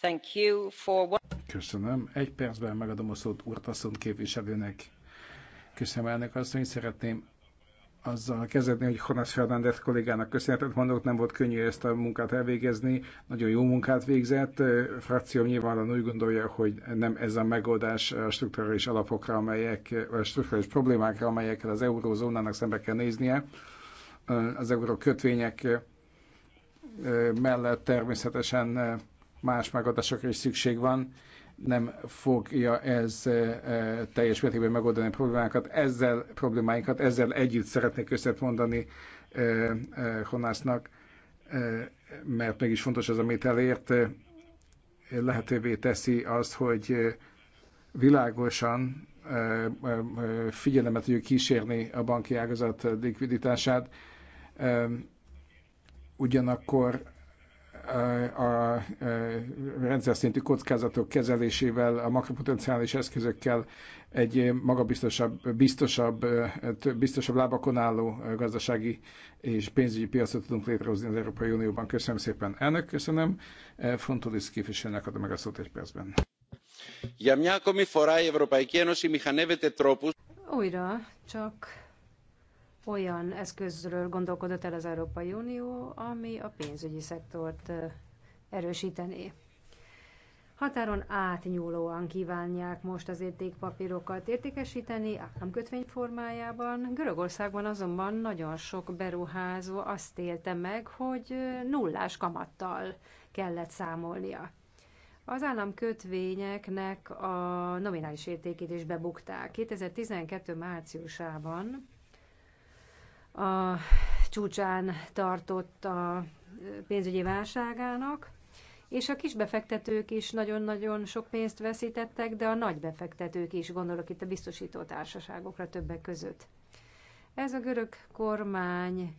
Thank you for... Köszönöm. Egy percben megadom a szót Urtaszont képviselőnek. Köszönöm elnök asszony, szeretném azzal kezdetni, hogy Jonas Fernández kollégának köszönetet mondok, nem volt könnyű ezt a munkát elvégezni, nagyon jó munkát végzett, frakció nyilvánvalóan úgy gondolja, hogy nem ez a megoldás a strukturális alapokra, amelyek, a strukturális problémákra, amelyekkel az eurózónának szembe kell néznie. Az euró kötvények mellett természetesen más megoldásokra is szükség van nem fogja ez e, e, teljes mértékben megoldani a problémákat. Ezzel problémáinkat, ezzel együtt szeretnék összet mondani Honásznak, e, mert mégis fontos az, amit elért. Lehetővé teszi azt, hogy világosan figyelemet tudjuk kísérni a banki ágazat likviditását. Ugyanakkor a rendszer szintű kockázatok kezelésével, a makropotenciális eszközökkel egy magabiztosabb, biztosabb, biztosabb lábakon álló gazdasági és pénzügyi piacot tudunk létrehozni az Európai Unióban. Köszönöm szépen. Elnök, köszönöm. Fontolis képviselőnek adom meg a szót egy percben. Újra csak olyan eszközről gondolkodott el az Európai Unió, ami a pénzügyi szektort erősítené. Határon átnyúlóan kívánják most az értékpapírokat értékesíteni államkötvény formájában. Görögországban azonban nagyon sok beruházó azt élte meg, hogy nullás kamattal kellett számolnia. Az államkötvényeknek a nominális értékét is bebukták. 2012. márciusában a csúcsán tartott a pénzügyi válságának, és a kisbefektetők is nagyon-nagyon sok pénzt veszítettek, de a nagy befektetők is, gondolok itt a biztosító társaságokra többek között. Ez a görög kormány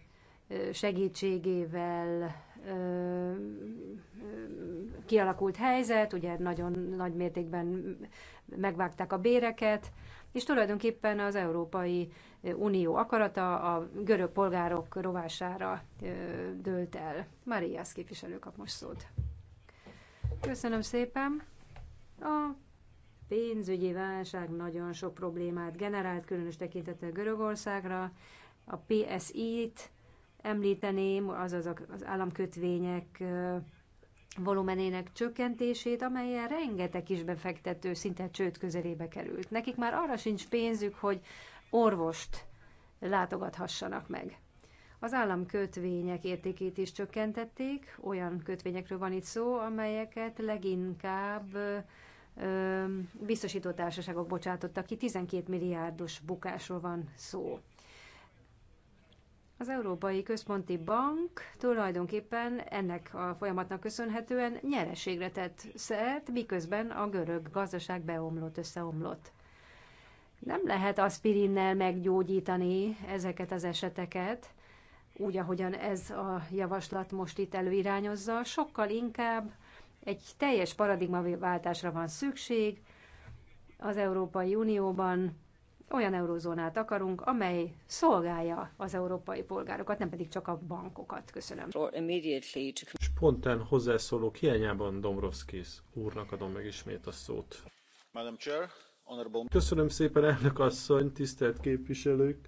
segítségével kialakult helyzet, ugye nagyon nagy mértékben megvágták a béreket, és tulajdonképpen az Európai Unió akarata a görög polgárok rovására dőlt el. Marias képviselő kap most szót. Köszönöm szépen. A pénzügyi válság nagyon sok problémát generált, különös tekintettel Görögországra. A PSI-t említeném, azaz az államkötvények volumenének csökkentését, amelyen rengeteg kisbefektető szinte csőd közelébe került. Nekik már arra sincs pénzük, hogy orvost látogathassanak meg. Az államkötvények értékét is csökkentették, olyan kötvényekről van itt szó, amelyeket leginkább társaságok bocsátottak ki, 12 milliárdos bukásról van szó. Az Európai Központi Bank tulajdonképpen ennek a folyamatnak köszönhetően nyereségre tett szert, miközben a görög gazdaság beomlott, összeomlott. Nem lehet aspirinnel meggyógyítani ezeket az eseteket, úgy, ahogyan ez a javaslat most itt előirányozza, sokkal inkább egy teljes paradigmaváltásra van szükség az Európai Unióban, olyan eurózónát akarunk, amely szolgálja az európai polgárokat, nem pedig csak a bankokat. Köszönöm. Spontán hozzászólók hiányában Dombrovskis úrnak adom meg ismét a szót. Madam Chair, honorable... Köszönöm szépen, elnök asszony, tisztelt képviselők!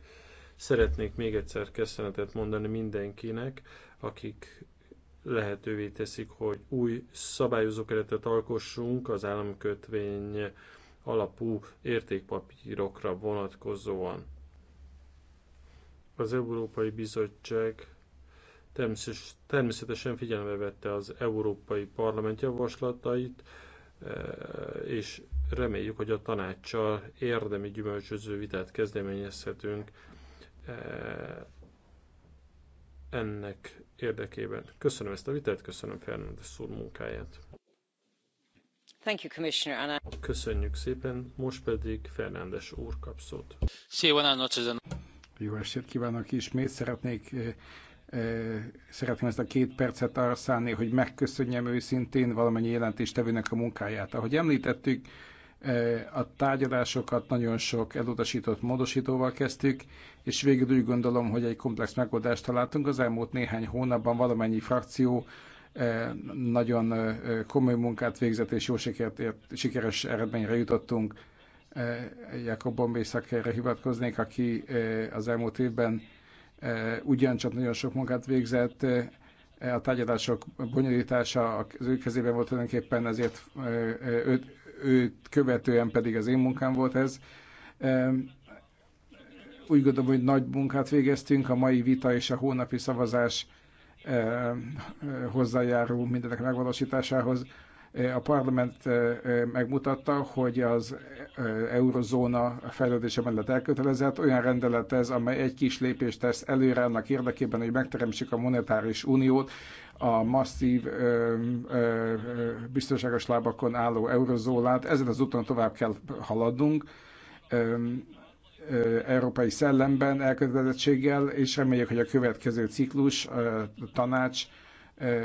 Szeretnék még egyszer köszönetet mondani mindenkinek, akik lehetővé teszik, hogy új szabályozó keretet alkossunk az államkötvény alapú értékpapírokra vonatkozóan. Az Európai Bizottság természetesen figyelembe vette az Európai Parlament javaslatait, e, és reméljük, hogy a tanácssal érdemi gyümölcsöző vitát kezdeményezhetünk e, ennek érdekében. Köszönöm ezt a vitát, köszönöm Fernández úr munkáját. Thank you, Commissioner. Köszönjük szépen, most pedig Fernándes úr kap szót. Jó estét kívánok ismét, szeretnék szeretném ezt a két percet arra szállni, hogy megköszönjem őszintén valamennyi jelentéstevőnek a munkáját. Ahogy említettük, a tárgyalásokat nagyon sok elutasított módosítóval kezdtük, és végül úgy gondolom, hogy egy komplex megoldást találtunk. Az elmúlt néhány hónapban valamennyi frakció nagyon komoly munkát végzett, és jó sikert ért, sikeres eredményre jutottunk. Jakob Bombé szakérre hivatkoznék, aki az elmúlt évben ugyancsak nagyon sok munkát végzett, a tárgyalások bonyolítása az ő kezében volt tulajdonképpen, ezért őt, őt követően pedig az én munkám volt ez. Úgy gondolom, hogy nagy munkát végeztünk, a mai vita és a hónapi szavazás hozzájárul mindenek megvalósításához. A parlament megmutatta, hogy az eurozóna fejlődése mellett elkötelezett. Olyan rendelet ez, amely egy kis lépést tesz előre annak érdekében, hogy megteremtsük a monetáris uniót, a masszív ö, ö, biztonságos lábakon álló eurozólát. Ezen az úton tovább kell haladnunk. Ö, európai szellemben, elkötelezettséggel, és reméljük, hogy a következő ciklus, a tanács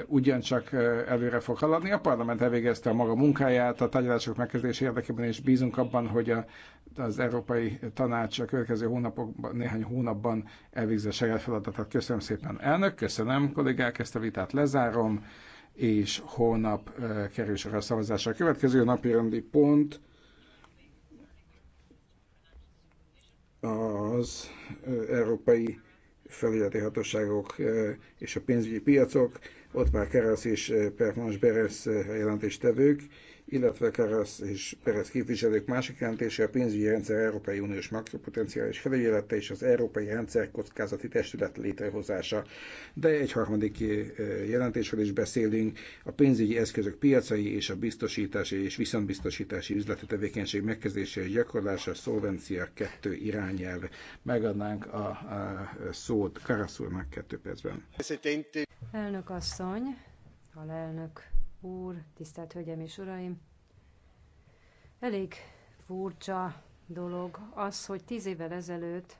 ugyancsak előre fog haladni. A parlament elvégezte a maga munkáját, a tárgyalások megkezdése érdekében, és bízunk abban, hogy a, az Európai Tanács a következő hónapokban, néhány hónapban elvégzi a saját feladatát. Köszönöm szépen, elnök, köszönöm, kollégák, ezt a vitát lezárom, és holnap kerül sor a szavazásra. A következő napi rendi pont az európai felügyeleti hatóságok és a pénzügyi piacok, ott már Karasz és Performance Beres jelentéstevők, illetve Karasz és Perez képviselők másik jelentése a pénzügyi rendszer Európai Uniós makropotenciális felügyelete és az Európai Rendszer Kockázati Testület létrehozása. De egy harmadik eh, jelentésről is beszélünk, a pénzügyi eszközök piacai és a biztosítási és viszontbiztosítási üzleti tevékenység megkezdése és gyakorlása Szolvencia kettő irányelv. Megadnánk a, a szót Karasz úrnak kettő percben. Elnök asszony, alelnök úr, tisztelt Hölgyeim és Uraim! Elég furcsa dolog az, hogy tíz évvel ezelőtt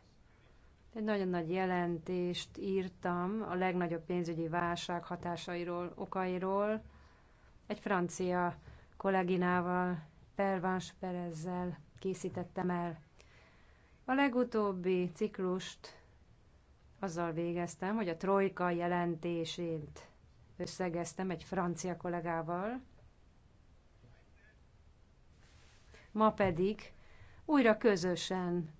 egy nagyon nagy jelentést írtam a legnagyobb pénzügyi válság hatásairól, okairól, egy francia kolléginával, Pervans Perezzel készítettem el. A legutóbbi ciklust azzal végeztem, hogy a trojka jelentését összegeztem egy francia kollégával. Ma pedig újra közösen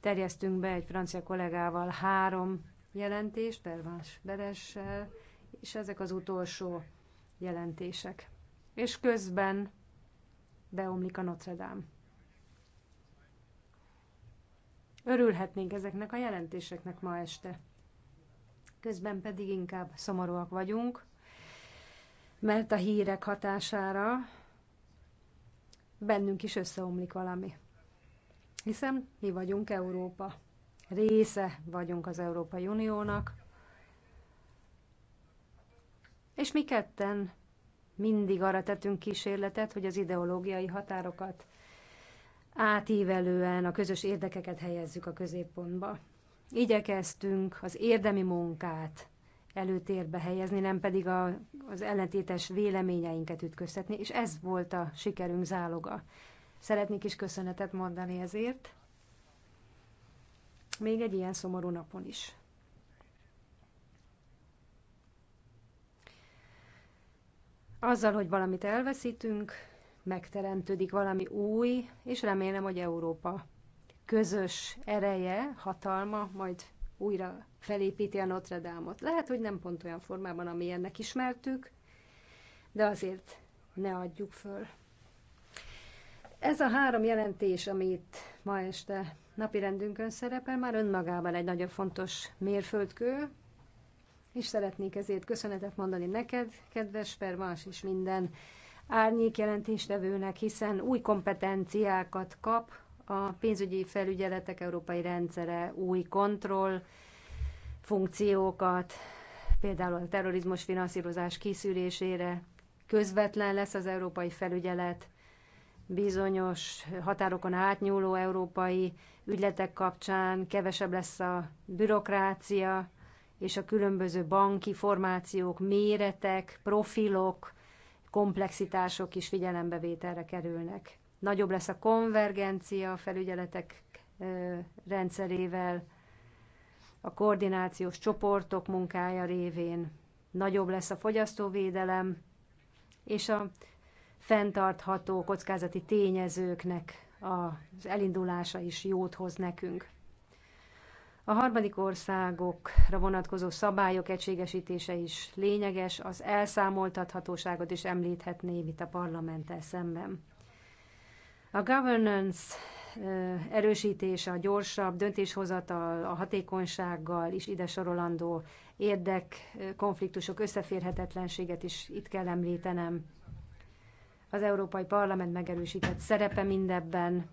terjesztünk be egy francia kollégával három jelentést, Pervás Beressel, és ezek az utolsó jelentések. És közben beomlik a Notre Dame. Örülhetnénk ezeknek a jelentéseknek ma este közben pedig inkább szomorúak vagyunk, mert a hírek hatására bennünk is összeomlik valami. Hiszen mi vagyunk Európa. Része vagyunk az Európai Uniónak, és mi ketten mindig arra tettünk kísérletet, hogy az ideológiai határokat átívelően a közös érdekeket helyezzük a középpontba igyekeztünk az érdemi munkát előtérbe helyezni, nem pedig a, az ellentétes véleményeinket ütköztetni, és ez volt a sikerünk záloga. Szeretnék is köszönetet mondani ezért, még egy ilyen szomorú napon is. Azzal, hogy valamit elveszítünk, megteremtődik valami új, és remélem, hogy Európa közös ereje, hatalma majd újra felépíti a Notre Dame-ot. Lehet, hogy nem pont olyan formában, ami ennek ismertük, de azért ne adjuk föl. Ez a három jelentés, amit ma este napirendünkön szerepel, már önmagában egy nagyon fontos mérföldkő, és szeretnék ezért köszönetet mondani neked, kedves Pervans, és minden árnyék jelentéstevőnek, hiszen új kompetenciákat kap a pénzügyi felügyeletek európai rendszere új kontroll funkciókat, például a terrorizmus finanszírozás kiszűrésére közvetlen lesz az európai felügyelet, bizonyos határokon átnyúló európai ügyletek kapcsán kevesebb lesz a bürokrácia, és a különböző banki formációk, méretek, profilok, komplexitások is figyelembevételre kerülnek nagyobb lesz a konvergencia a felügyeletek rendszerével, a koordinációs csoportok munkája révén, nagyobb lesz a fogyasztóvédelem, és a fenntartható kockázati tényezőknek az elindulása is jót hoz nekünk. A harmadik országokra vonatkozó szabályok egységesítése is lényeges, az elszámoltathatóságot is említhetné itt a parlamenttel szemben. A governance erősítése, a gyorsabb döntéshozatal, a hatékonysággal is ide sorolandó érdek, konfliktusok összeférhetetlenséget is itt kell említenem. Az Európai Parlament megerősített szerepe mindebben,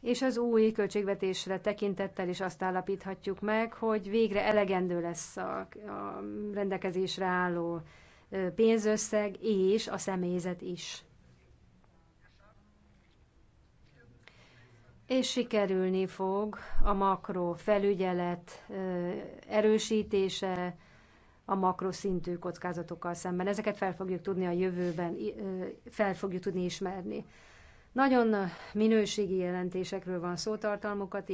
és az új költségvetésre tekintettel is azt állapíthatjuk meg, hogy végre elegendő lesz a, a rendelkezésre álló pénzösszeg és a személyzet is. és sikerülni fog a makro felügyelet erősítése a makroszintű kockázatokkal szemben. Ezeket fel fogjuk tudni a jövőben, fel fogjuk tudni ismerni. Nagyon minőségi jelentésekről van szó, tartalmukat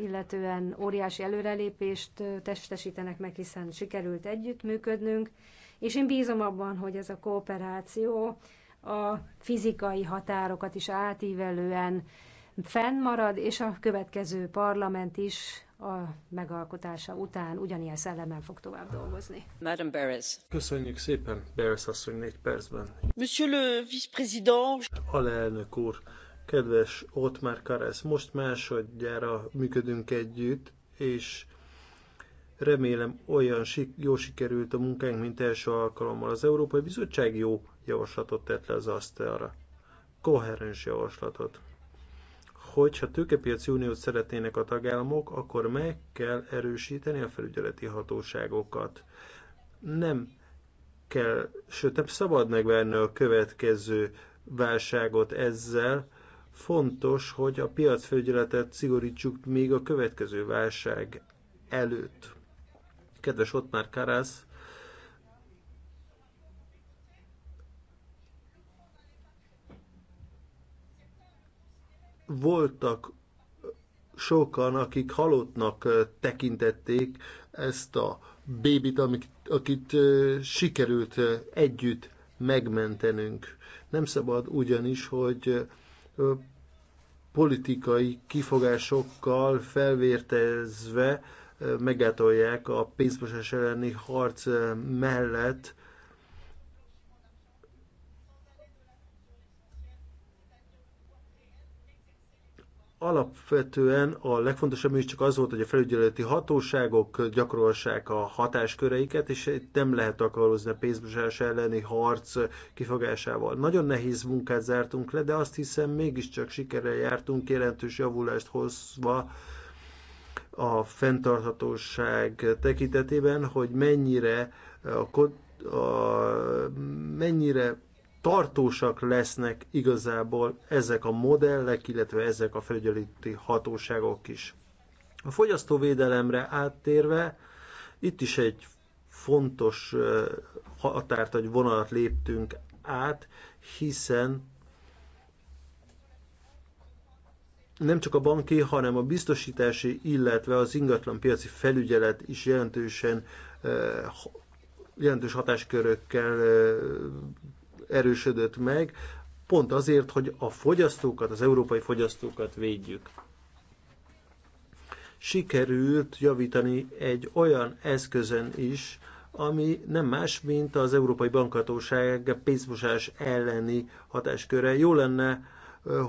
illetően óriási előrelépést testesítenek meg, hiszen sikerült együttműködnünk, és én bízom abban, hogy ez a kooperáció a fizikai határokat is átívelően fennmarad, és a következő parlament is a megalkotása után ugyanilyen szellemen fog tovább dolgozni. Madame Beres. Köszönjük szépen, Beres asszony négy percben. Monsieur le vice-président. Alelnök úr, kedves Ottmar Karesz, most másodjára működünk együtt, és remélem olyan sik, jó sikerült a munkánk, mint első alkalommal. Az Európai Bizottság jó javaslatot tett le az asztalra. Koherens javaslatot. Hogyha tőkepiaci uniót szeretnének a tagállamok, akkor meg kell erősíteni a felügyeleti hatóságokat. Nem kell, sőt nem szabad megvárni a következő válságot ezzel, fontos, hogy a piacfelügyeletet szigorítsuk még a következő válság előtt. Kedves Ottmar Karász, voltak sokan, akik halottnak tekintették ezt a bébit, amit akit sikerült együtt megmentenünk. Nem szabad ugyanis, hogy politikai kifogásokkal felvértezve megátolják a pénzmosás elleni harc mellett alapvetően a legfontosabb is csak az volt, hogy a felügyeleti hatóságok gyakorolsák a hatásköreiket, és itt nem lehet akarozni a pénzmosás elleni harc kifogásával. Nagyon nehéz munkát zártunk le, de azt hiszem mégiscsak sikerrel jártunk, jelentős javulást hozva a fenntarthatóság tekintetében, hogy mennyire a, a, mennyire tartósak lesznek igazából ezek a modellek, illetve ezek a felügyeleti hatóságok is. A fogyasztóvédelemre áttérve, itt is egy fontos határt vagy vonalat léptünk át, hiszen nem csak a banki, hanem a biztosítási, illetve az ingatlan piaci felügyelet is jelentősen jelentős hatáskörökkel erősödött meg, pont azért, hogy a fogyasztókat, az európai fogyasztókat védjük. Sikerült javítani egy olyan eszközön is, ami nem más, mint az Európai Bankhatóság pénzmosás elleni hatásköre. Jó lenne,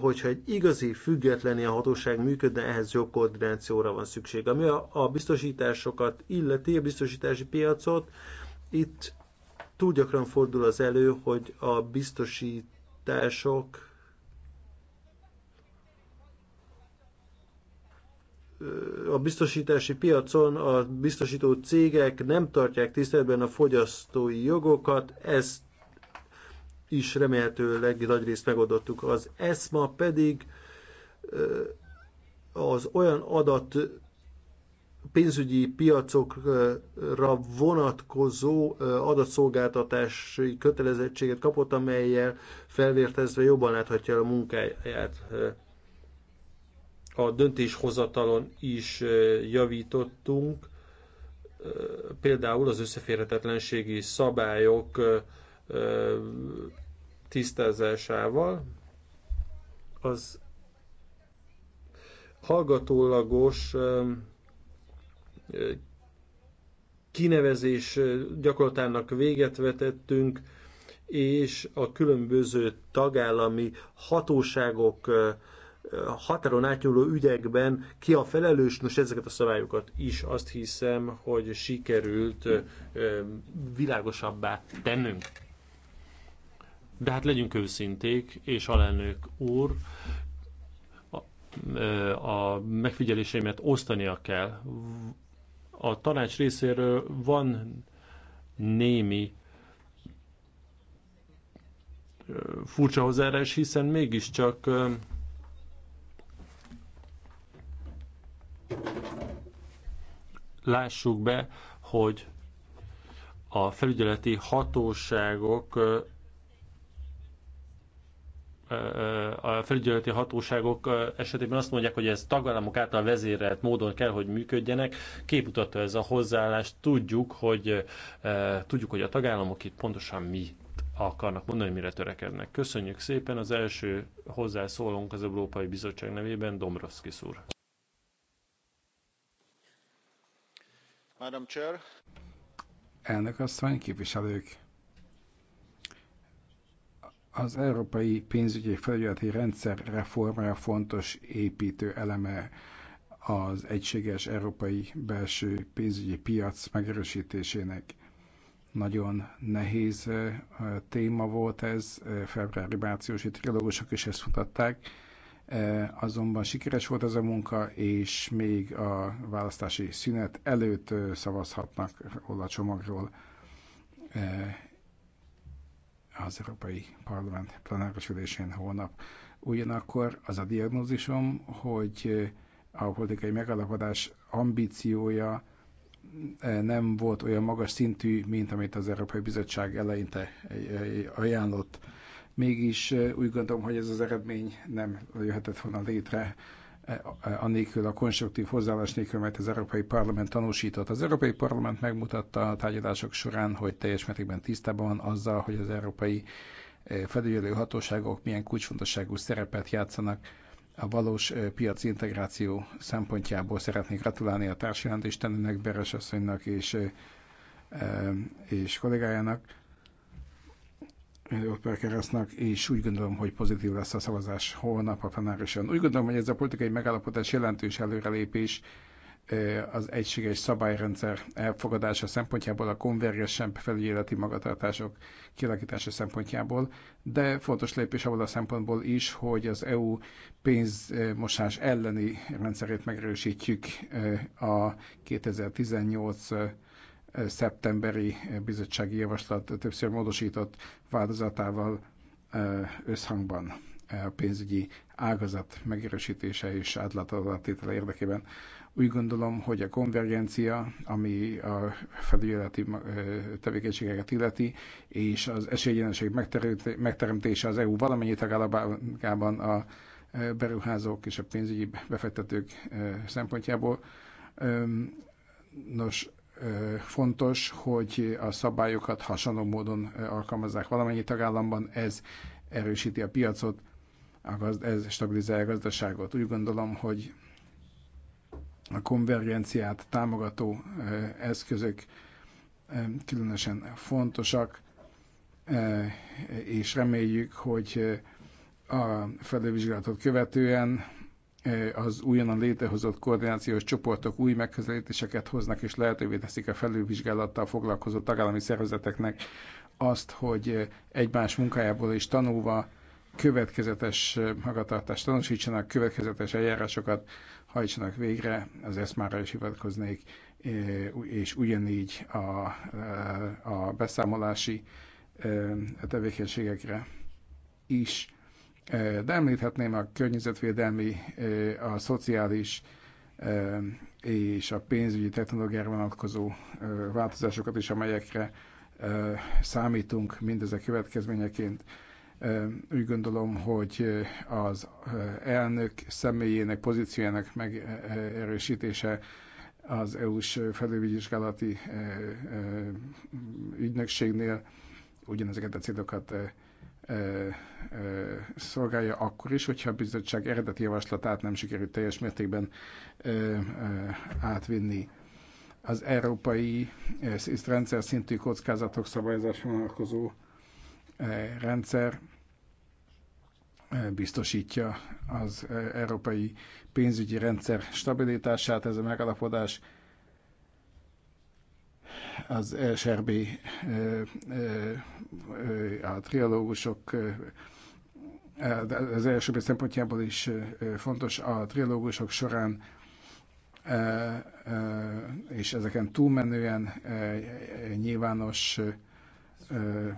hogyha egy igazi, független ilyen hatóság működne, ehhez jobb koordinációra van szükség. Ami a, a biztosításokat illeti, a biztosítási piacot, itt Túl gyakran fordul az elő, hogy a biztosítások a biztosítási piacon a biztosító cégek nem tartják tiszteletben a fogyasztói jogokat, ezt is remélhetőleg részt megoldottuk. Az ESMA pedig az olyan adat pénzügyi piacokra vonatkozó adatszolgáltatási kötelezettséget kapott, amelyel felvértezve jobban láthatja a munkáját. A döntéshozatalon is javítottunk, például az összeférhetetlenségi szabályok tisztázásával. Az hallgatólagos kinevezés gyakorlatának véget vetettünk, és a különböző tagállami hatóságok határon átnyúló ügyekben ki a felelős, most ezeket a szabályokat is azt hiszem, hogy sikerült világosabbá tennünk. De hát legyünk őszinték, és alelnök úr, a, a megfigyeléseimet osztania kell a tanács részéről van némi furcsa hozzáállás, hiszen mégiscsak lássuk be, hogy a felügyeleti hatóságok a felügyeleti hatóságok esetében azt mondják, hogy ez tagállamok által vezérelt módon kell, hogy működjenek. Képutatta ez a hozzáállás. Tudjuk, hogy tudjuk, hogy a tagállamok itt pontosan mi akarnak mondani, mire törekednek. Köszönjük szépen. Az első hozzászólónk az Európai Bizottság nevében Dombrovski úr. Madam Chair. Elnök asszony, képviselők, az európai pénzügyi felügyeleti rendszer reformja fontos építő eleme az egységes európai belső pénzügyi piac megerősítésének. Nagyon nehéz téma volt ez, februári márciusi trilógusok is ezt mutatták, azonban sikeres volt ez a munka, és még a választási szünet előtt szavazhatnak róla a csomagról az Európai Parlament plenáris ülésén holnap. Ugyanakkor az a diagnózisom, hogy eh, a politikai megállapodás ambíciója eh, nem volt olyan magas szintű, mint amit az Európai Bizottság eleinte eh, ajánlott. Mégis úgy gondolom, hogy ez az eredmény nem jöhetett volna létre annélkül a konstruktív hozzáállás nélkül, mert az Európai Parlament tanúsított. Az Európai Parlament megmutatta a tárgyalások során, hogy teljes mértékben tisztában van azzal, hogy az európai eh, felügyelő hatóságok milyen kulcsfontosságú szerepet játszanak a valós eh, piaci integráció szempontjából. Szeretnék gratulálni a tennének, Beres asszonynak és, eh, és kollégájának Opel Keresztnek, és úgy gondolom, hogy pozitív lesz a szavazás holnap a plenárison. Úgy gondolom, hogy ez a politikai megállapodás jelentős előrelépés az egységes szabályrendszer elfogadása szempontjából, a konvergensen felügyeleti magatartások kialakítása szempontjából, de fontos lépés abban a szempontból is, hogy az EU pénzmosás elleni rendszerét megerősítjük a 2018 szeptemberi bizottsági javaslat többször módosított változatával összhangban a pénzügyi ágazat megerősítése és átláthatóatétele érdekében. Úgy gondolom, hogy a konvergencia, ami a felügyeleti tevékenységeket illeti, és az esélyegyenlőség megteremtése az EU valamennyi tagállamában a beruházók és a pénzügyi befektetők szempontjából. Nos, fontos, hogy a szabályokat hasonló módon alkalmazzák valamennyi tagállamban, ez erősíti a piacot, a gazd- ez stabilizálja a gazdaságot. Úgy gondolom, hogy a konvergenciát támogató eszközök különösen fontosak, és reméljük, hogy a felővizsgálatot követően az újonnan létrehozott koordinációs csoportok új megközelítéseket hoznak, és lehetővé teszik a felülvizsgálattal foglalkozó tagállami szervezeteknek azt, hogy egymás munkájából is tanulva következetes magatartást tanúsítsanak, következetes eljárásokat hajtsanak végre, az ezt már is hivatkoznék, és ugyanígy a, a beszámolási tevékenységekre is de említhetném a környezetvédelmi, a szociális és a pénzügyi technológiára vonatkozó változásokat is, amelyekre számítunk mindezek következményeként. Úgy gondolom, hogy az elnök személyének, pozíciójának megerősítése az EU-s felülvizsgálati ügynökségnél ugyanezeket a célokat szolgálja akkor is, hogyha a bizottság eredeti javaslatát nem sikerült teljes mértékben átvinni. Az európai rendszer szintű kockázatok szabályozás vonalkozó rendszer biztosítja az európai pénzügyi rendszer stabilitását, ez a megalapodás az SRB a trialógusok az SRB szempontjából is fontos a trialógusok során és ezeken túlmenően nyilvános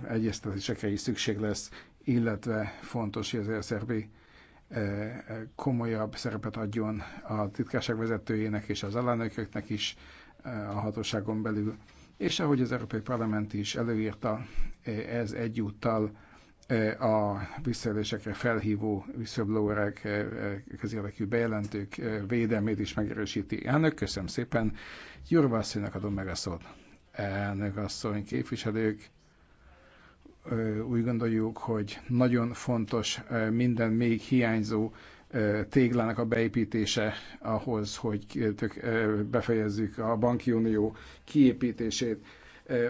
egyeztetésekre is szükség lesz, illetve fontos, hogy az SRB komolyabb szerepet adjon a titkárság vezetőjének és az alelnököknek is a hatóságon belül és ahogy az Európai Parlament is előírta, e, ez egyúttal e, a visszaélésekre felhívó visszablóerek, e, közérdekű bejelentők védelmét is megerősíti. Elnök, köszönöm szépen. Jurva asszonynak adom meg a szót. Elnök asszony, képviselők, úgy gondoljuk, hogy nagyon fontos minden még hiányzó téglának a beépítése ahhoz, hogy befejezzük a banki unió kiépítését.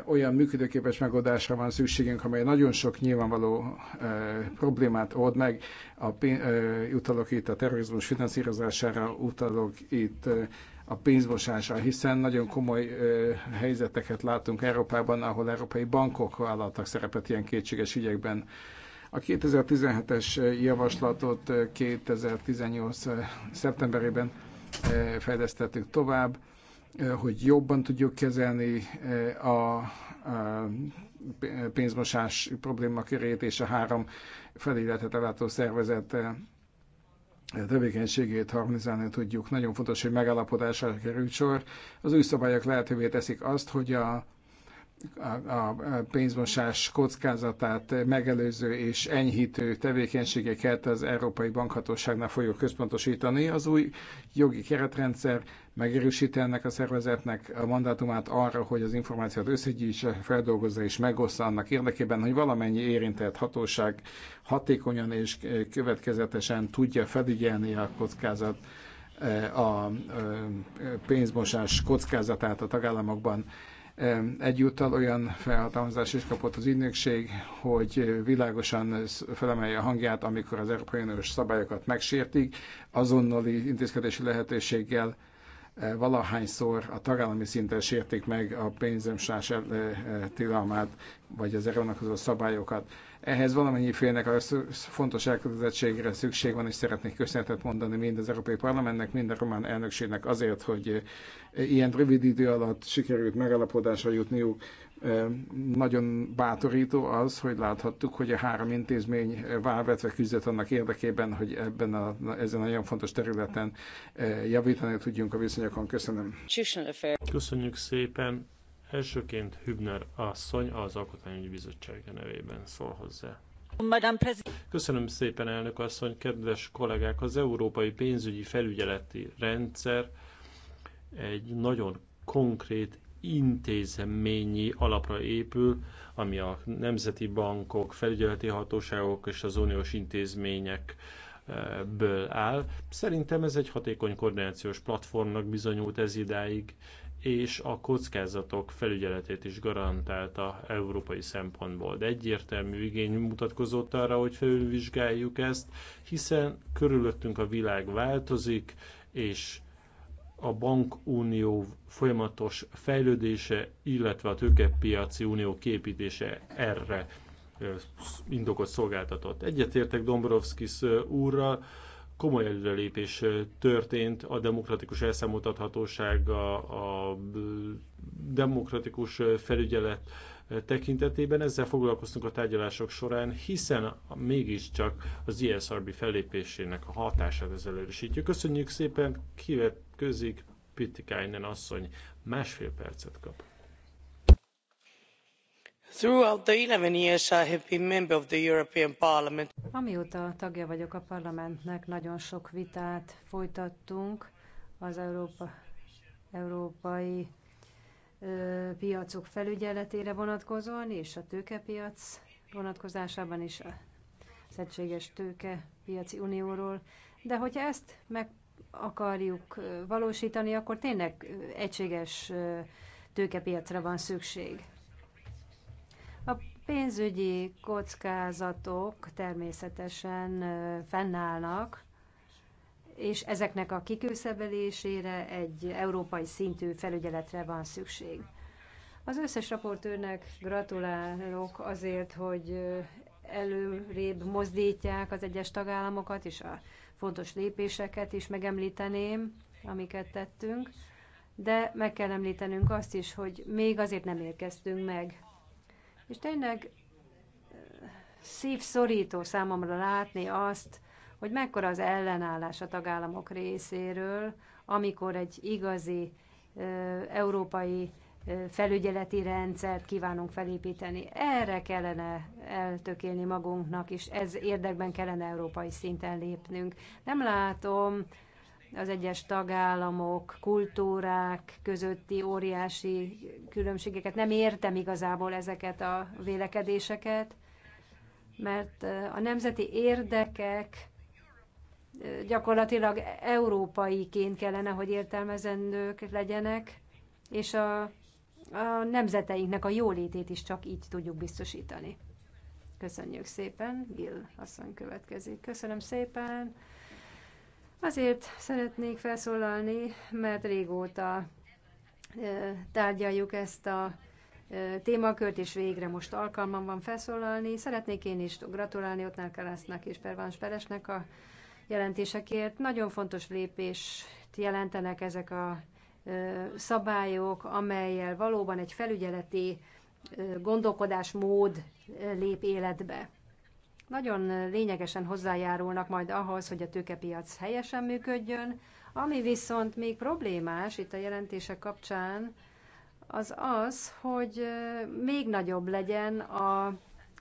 Olyan működőképes megoldásra van szükségünk, amely nagyon sok nyilvánvaló problémát old meg. A, utalok itt a terrorizmus finanszírozására, utalok itt a pénzmosásra, hiszen nagyon komoly ö, helyzeteket látunk Európában, ahol európai bankok vállaltak szerepet ilyen kétséges ügyekben. A 2017-es javaslatot 2018. Eh, eh, szeptemberében eh, fejlesztettük tovább, hogy jobban tudjuk kezelni a pénzmosás problémakörét és a három felületet ellátó szervezet tevékenységét harmonizálni tudjuk. Nagyon fontos, hogy megállapodásra került sor. Az új szabályok lehetővé teszik azt, hogy a a pénzmosás kockázatát megelőző és enyhítő tevékenységeket az Európai Bankhatóságnál fogjuk központosítani. Az új jogi keretrendszer megerősíti ennek a szervezetnek a mandátumát arra, hogy az információt összegyűjtse, feldolgozza és megoszta annak érdekében, hogy valamennyi érintett hatóság hatékonyan és következetesen tudja felügyelni a kockázat a pénzmosás kockázatát a tagállamokban Egyúttal olyan felhatalmazást is kapott az ügynökség, hogy világosan felemelje a hangját, amikor az Európai Uniós szabályokat megsértik, azonnali intézkedési lehetőséggel e, valahányszor a tagállami szinten sértik meg a pénzemsás e, e, tilalmát, vagy az erre vonatkozó szabályokat. Ehhez valamennyi félnek a fontos elkötelezettségre szükség van, és szeretnék köszönetet mondani mind az Európai Parlamentnek, mind a román elnökségnek azért, hogy eh, ilyen rövid idő alatt sikerült megalapodásra jutniuk. Eh, nagyon bátorító az, hogy láthattuk, hogy a három intézmény eh, válvetve küzdött annak érdekében, hogy ebben a, ezen a nagyon fontos területen javítani tudjunk a viszonyokon. Köszönöm. Köszönjük szépen. Elsőként Hübner asszony az Alkotmányügyi Bizottság nevében szól hozzá. Köszönöm szépen, elnök asszony, kedves kollégák! Az európai pénzügyi felügyeleti rendszer egy nagyon konkrét intézményi alapra épül, ami a nemzeti bankok, felügyeleti hatóságok és az uniós intézmények ből áll. Szerintem ez egy hatékony koordinációs platformnak bizonyult ez idáig, és a kockázatok felügyeletét is garantálta európai szempontból. De egyértelmű igény mutatkozott arra, hogy felülvizsgáljuk ezt, hiszen körülöttünk a világ változik, és a bankunió folyamatos fejlődése, illetve a tőkepiaci unió képítése erre indokot szolgáltatott. Egyetértek Dombrovskis úrral, komoly előrelépés történt a demokratikus elszámoltathatóság, a, a demokratikus felügyelet tekintetében. Ezzel foglalkoztunk a tárgyalások során, hiszen mégiscsak az ISRB fellépésének a hatását ezzel erősítjük. Köszönjük szépen, kivet közik Pitikainen asszony másfél percet kap throughout the years i have been member of the european parliament. amióta tagja vagyok a parlamentnek nagyon sok vitát folytattunk az Európa, európai piacok felügyeletére vonatkozóan és a tőkepiac vonatkozásában is az egységes tőkepiaci unióról de hogyha ezt meg akarjuk valósítani akkor tényleg egységes tőkepiacra van szükség. A pénzügyi kockázatok természetesen fennállnak, és ezeknek a kiküszöbölésére egy európai szintű felügyeletre van szükség. Az összes raportőrnek gratulálok azért, hogy előrébb mozdítják az egyes tagállamokat, és a fontos lépéseket is megemlíteném, amiket tettünk, de meg kell említenünk azt is, hogy még azért nem érkeztünk meg és tényleg szívszorító számomra látni azt, hogy mekkora az ellenállás a tagállamok részéről, amikor egy igazi európai felügyeleti rendszert kívánunk felépíteni. Erre kellene eltökélni magunknak, és ez érdekben kellene európai szinten lépnünk. Nem látom az egyes tagállamok, kultúrák közötti óriási különbségeket. Nem értem igazából ezeket a vélekedéseket, mert eh, a nemzeti érdekek eh, gyakorlatilag európaiként kellene, hogy értelmezendők legyenek, és a, a nemzeteinknek a jólétét is csak így tudjuk biztosítani. Köszönjük szépen, Gil asszony következik. Köszönöm szépen. Azért szeretnék felszólalni, mert régóta tárgyaljuk ezt a témakört, és végre most alkalmam van felszólalni. Szeretnék én is gratulálni Ottnár Kalásznak és Pervans Peresnek a jelentésekért. Nagyon fontos lépést jelentenek ezek a szabályok, amelyel valóban egy felügyeleti gondolkodásmód lép életbe nagyon lényegesen hozzájárulnak majd ahhoz, hogy a tőkepiac helyesen működjön, ami viszont még problémás itt a jelentések kapcsán, az az, hogy még nagyobb legyen a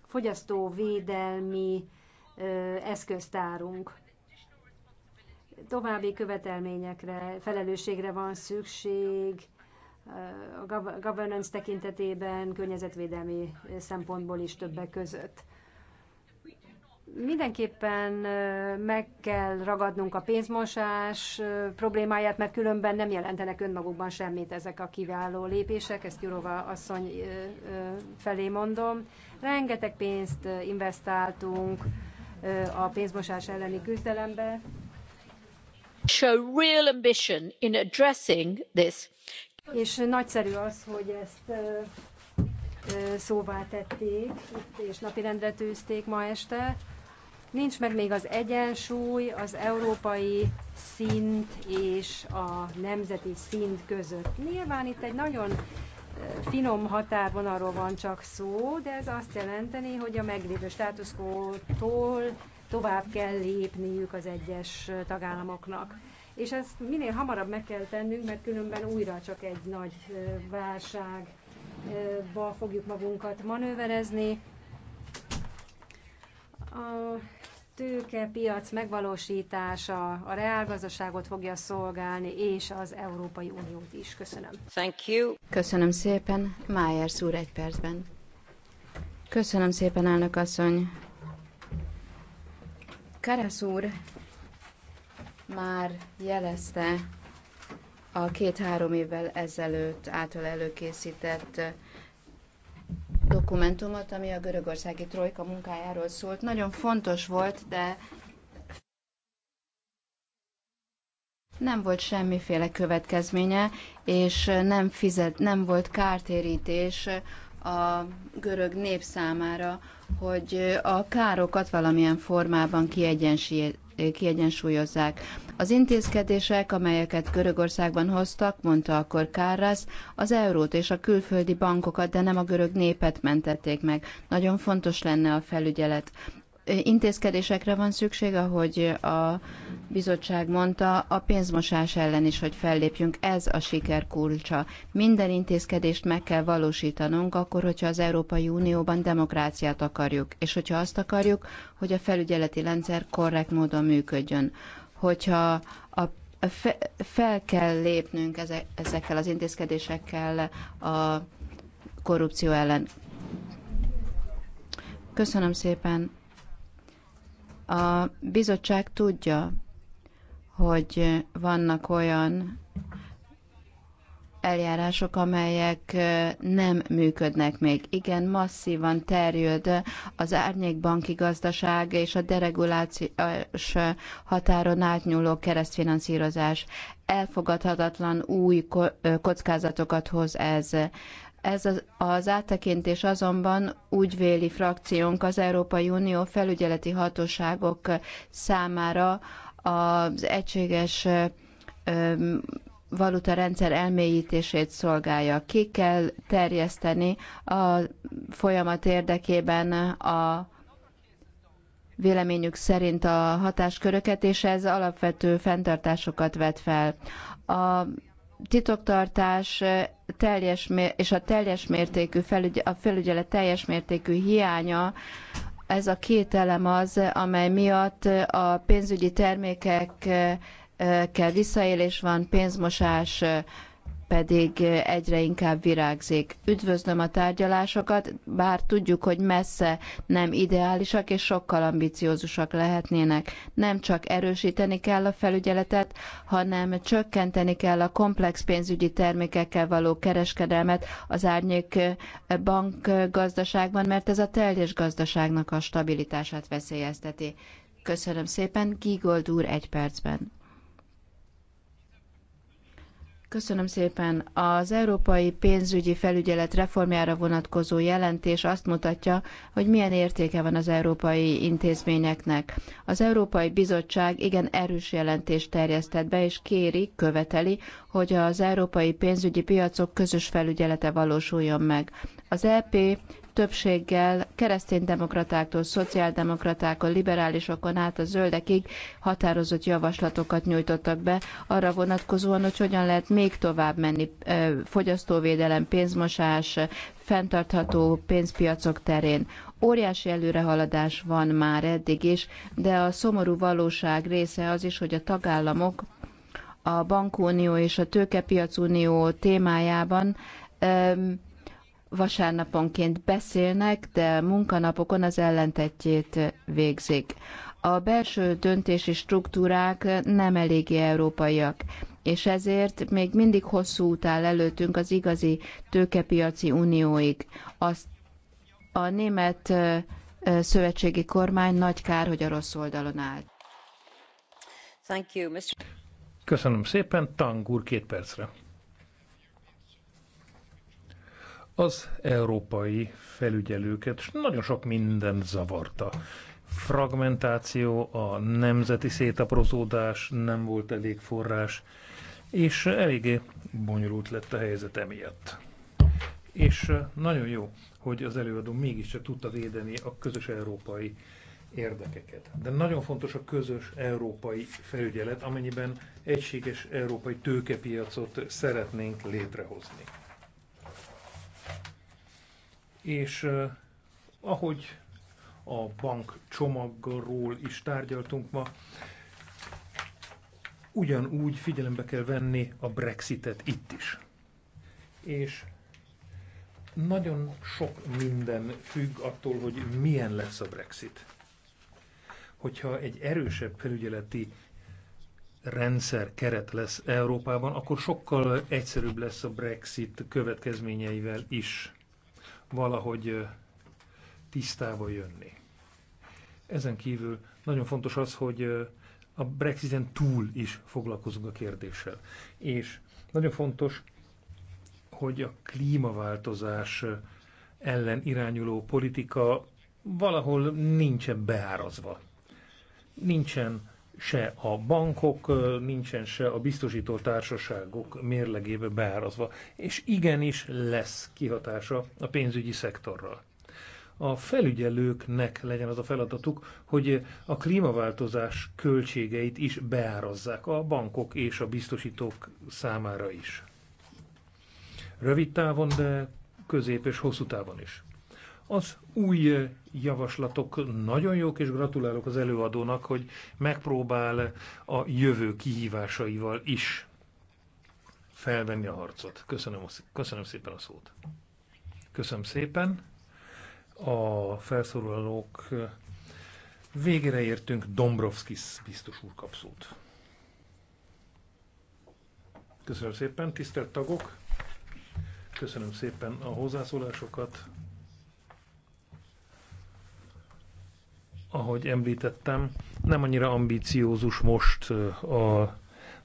fogyasztóvédelmi eszköztárunk. További követelményekre, felelősségre van szükség, a governance tekintetében, környezetvédelmi szempontból is többek között. Mindenképpen meg kell ragadnunk a pénzmosás problémáját, mert különben nem jelentenek önmagukban semmit ezek a kiváló lépések, ezt Jurova asszony felé mondom. Rengeteg pénzt investáltunk a pénzmosás elleni küzdelembe. Show real ambition in addressing this. És nagyszerű az, hogy ezt szóvá tették, és napirendre tűzték ma este. Nincs meg még az egyensúly az európai szint és a nemzeti szint között. Nyilván itt egy nagyon finom határvonalról van csak szó, de ez azt jelenteni, hogy a meglévő státuszkótól tovább kell lépniük az egyes tagállamoknak. És ezt minél hamarabb meg kell tennünk, mert különben újra csak egy nagy válságba fogjuk magunkat manőverezni, a tőkepiac megvalósítása a reálgazdaságot fogja szolgálni, és az Európai Uniót is. Köszönöm. Thank you. Köszönöm szépen. Májer úr egy percben. Köszönöm szépen, elnök asszony. Karasz úr már jelezte a két-három évvel ezelőtt által előkészített dokumentumot, ami a görögországi trojka munkájáról szólt. Nagyon fontos volt, de nem volt semmiféle következménye, és nem, fizet, nem volt kártérítés a görög nép számára, hogy a károkat valamilyen formában kiegyensúlyozzák. Az intézkedések, amelyeket Görögországban hoztak, mondta akkor Kárász, az eurót és a külföldi bankokat, de nem a görög népet mentették meg. Nagyon fontos lenne a felügyelet intézkedésekre van szükség, ahogy a bizottság mondta, a pénzmosás ellen is, hogy fellépjünk. Ez a siker kulcsa. Minden intézkedést meg kell valósítanunk, akkor, hogyha az Európai Unióban demokráciát akarjuk, és hogyha azt akarjuk, hogy a felügyeleti rendszer korrekt módon működjön. Hogyha a fe, fel kell lépnünk ezekkel az intézkedésekkel a korrupció ellen. Köszönöm szépen. A bizottság tudja, hogy vannak olyan eljárások, amelyek nem működnek még. Igen, masszívan terjed az árnyékbanki gazdaság és a deregulációs határon átnyúló keresztfinanszírozás. Elfogadhatatlan új kockázatokat hoz ez. Ez az, áttekintés azonban úgy véli frakciónk az Európai Unió felügyeleti hatóságok számára az egységes valuta rendszer elmélyítését szolgálja. Ki kell terjeszteni a folyamat érdekében a véleményük szerint a hatásköröket, és ez alapvető fenntartásokat vet fel. A titoktartás teljes és a teljes mértékű felügy, a felügyelet teljes mértékű hiánya ez a két elem az, amely miatt a pénzügyi termékekkel visszaélés van, pénzmosás, pedig egyre inkább virágzik. Üdvözlöm a tárgyalásokat, bár tudjuk, hogy messze nem ideálisak és sokkal ambiciózusak lehetnének. Nem csak erősíteni kell a felügyeletet, hanem csökkenteni kell a komplex pénzügyi termékekkel való kereskedelmet az árnyék bankgazdaságban, mert ez a teljes gazdaságnak a stabilitását veszélyezteti. Köszönöm szépen, Gigold úr egy percben. Köszönöm szépen. Az Európai Pénzügyi Felügyelet reformjára vonatkozó jelentés azt mutatja, hogy milyen értéke van az európai intézményeknek. Az Európai Bizottság igen erős jelentést terjesztett be, és kéri, követeli, hogy az európai pénzügyi piacok közös felügyelete valósuljon meg. Az EP többséggel kereszténydemokratáktól, szociáldemokratákon, liberálisokon át a zöldekig határozott javaslatokat nyújtottak be arra vonatkozóan, hogy hogyan lehet még tovább menni fogyasztóvédelem, pénzmosás, fenntartható pénzpiacok terén. Óriási előrehaladás van már eddig is, de a szomorú valóság része az is, hogy a tagállamok a bankunió és a tőkepiacunió témájában vasárnaponként beszélnek, de munkanapokon az ellentetjét végzik. A belső döntési struktúrák nem eléggé európaiak, és ezért még mindig hosszú út áll előttünk az igazi tőkepiaci unióig. Azt a német szövetségi kormány nagy kár, hogy a rossz oldalon áll. Thank you, Mr. Köszönöm szépen, Tang úr két percre. az európai felügyelőket nagyon sok minden zavarta. Fragmentáció, a nemzeti szétaprozódás, nem volt elég forrás, és eléggé bonyolult lett a helyzet emiatt. És nagyon jó, hogy az előadó mégiscsak tudta védeni a közös európai érdekeket. De nagyon fontos a közös európai felügyelet, amennyiben egységes európai tőkepiacot szeretnénk létrehozni és ahogy a bank csomagról is tárgyaltunk ma, ugyanúgy figyelembe kell venni a Brexitet itt is. És nagyon sok minden függ attól, hogy milyen lesz a Brexit. Hogyha egy erősebb felügyeleti rendszer keret lesz Európában, akkor sokkal egyszerűbb lesz a Brexit következményeivel is valahogy tisztába jönni. Ezen kívül nagyon fontos az, hogy a Brexiten túl is foglalkozunk a kérdéssel. És nagyon fontos, hogy a klímaváltozás ellen irányuló politika valahol nincsen beárazva. Nincsen se a bankok, nincsen se a biztosító társaságok mérlegébe beárazva, és igenis lesz kihatása a pénzügyi szektorral. A felügyelőknek legyen az a feladatuk, hogy a klímaváltozás költségeit is beárazzák a bankok és a biztosítók számára is. Rövid távon, de közép és hosszú távon is. Az új eh, javaslatok nagyon jók, és gratulálok az előadónak, hogy megpróbál eh, a jövő kihívásaival is felvenni a harcot. Köszönöm, köszönöm szépen a szót. Köszönöm szépen. A felszólalók eh, végére értünk. Dombrovskis biztos úr kapszót. Köszönöm szépen, tisztelt tagok! Köszönöm szépen a hozzászólásokat, ahogy említettem, nem annyira ambíciózus most a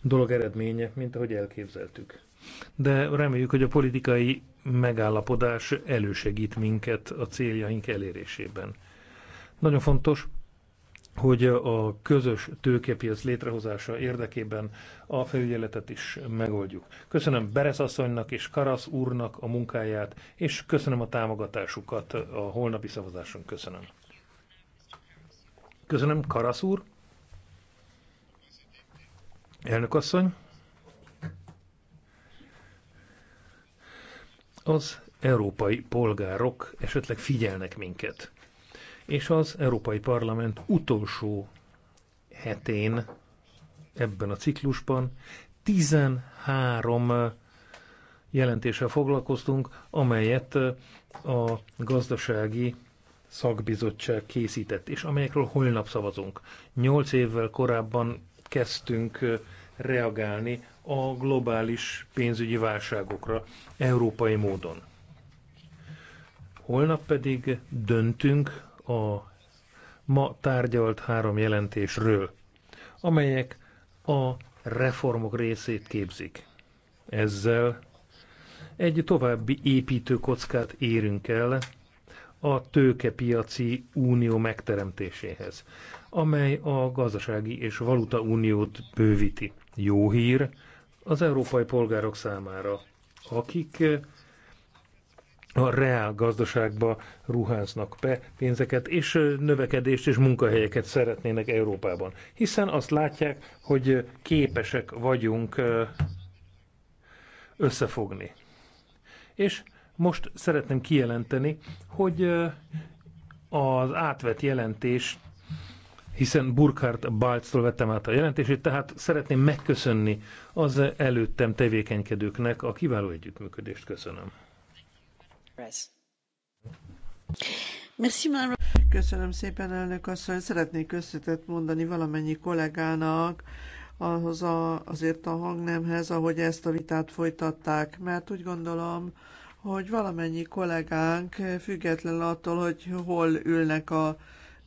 dolog eredménye, mint ahogy elképzeltük. De reméljük, hogy a politikai megállapodás elősegít minket a céljaink elérésében. Nagyon fontos, hogy a közös tőkepiac létrehozása érdekében a felügyeletet is megoldjuk. Köszönöm Beresz asszonynak és Karasz úrnak a munkáját, és köszönöm a támogatásukat a holnapi szavazáson. Köszönöm. Köszönöm, Karasz úr. Elnök asszony. Az európai polgárok esetleg figyelnek minket. És az Európai Parlament utolsó hetén ebben a ciklusban 13 jelentéssel foglalkoztunk, amelyet a gazdasági szakbizottság készített, és amelyekről holnap szavazunk. Nyolc évvel korábban kezdtünk reagálni a globális pénzügyi válságokra európai módon. Holnap pedig döntünk a ma tárgyalt három jelentésről, amelyek a reformok részét képzik. Ezzel egy további építőkockát érünk el a tőkepiaci unió megteremtéséhez, amely a gazdasági és valuta uniót bővíti. Jó hír az európai polgárok számára, akik a reál gazdaságba ruháznak be pénzeket, és növekedést és munkahelyeket szeretnének Európában. Hiszen azt látják, hogy képesek vagyunk összefogni. És most szeretném kijelenteni, hogy az átvett jelentés, hiszen Burkhard Balctól vettem át a jelentését, tehát szeretném megköszönni az előttem tevékenykedőknek a kiváló együttműködést. Köszönöm. Köszönöm szépen, elnök asszony. Szeretnék összetett mondani valamennyi kollégának, ahhoz a, azért a hangnemhez, ahogy ezt a vitát folytatták, mert úgy gondolom, hogy valamennyi kollégánk, független attól, hogy hol ülnek a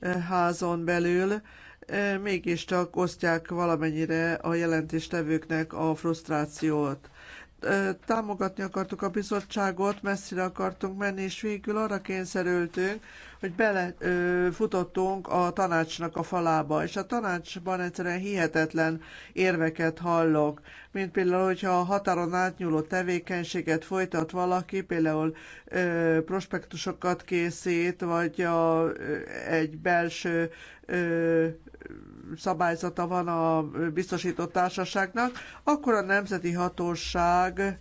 e, házon belül, e, mégiscsak osztják valamennyire a jelentéstevőknek a frusztrációt. E, támogatni akartuk a bizottságot, messzire akartunk menni, és végül arra kényszerültünk, hogy belefutottunk a tanácsnak a falába, és a tanácsban egyszerűen hihetetlen érveket hallok, mint például, hogyha a határon átnyúló tevékenységet folytat valaki, például ö, prospektusokat készít, vagy a, ö, egy belső ö, szabályzata van a biztosított társaságnak, akkor a nemzeti hatóság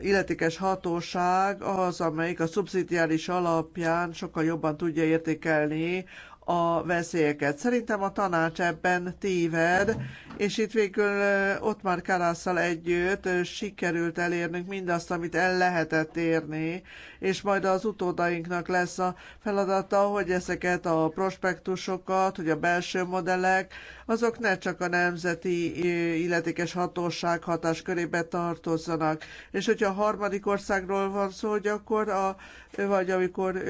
illetékes hatóság az, amelyik a szubszidiális alapján sokkal jobban tudja értékelni a veszélyeket. Szerintem a tanács ebben téved, és itt végül ott már Karászal együtt sikerült elérnünk mindazt, amit el lehetett érni, és majd az utódainknak lesz a feladata, hogy ezeket a prospektusokat, hogy a belső modellek, azok ne csak a nemzeti illetékes hatóság hatáskörébe tartozzanak. És hogyha a harmadik országról van szó, hogy akkor a, vagy amikor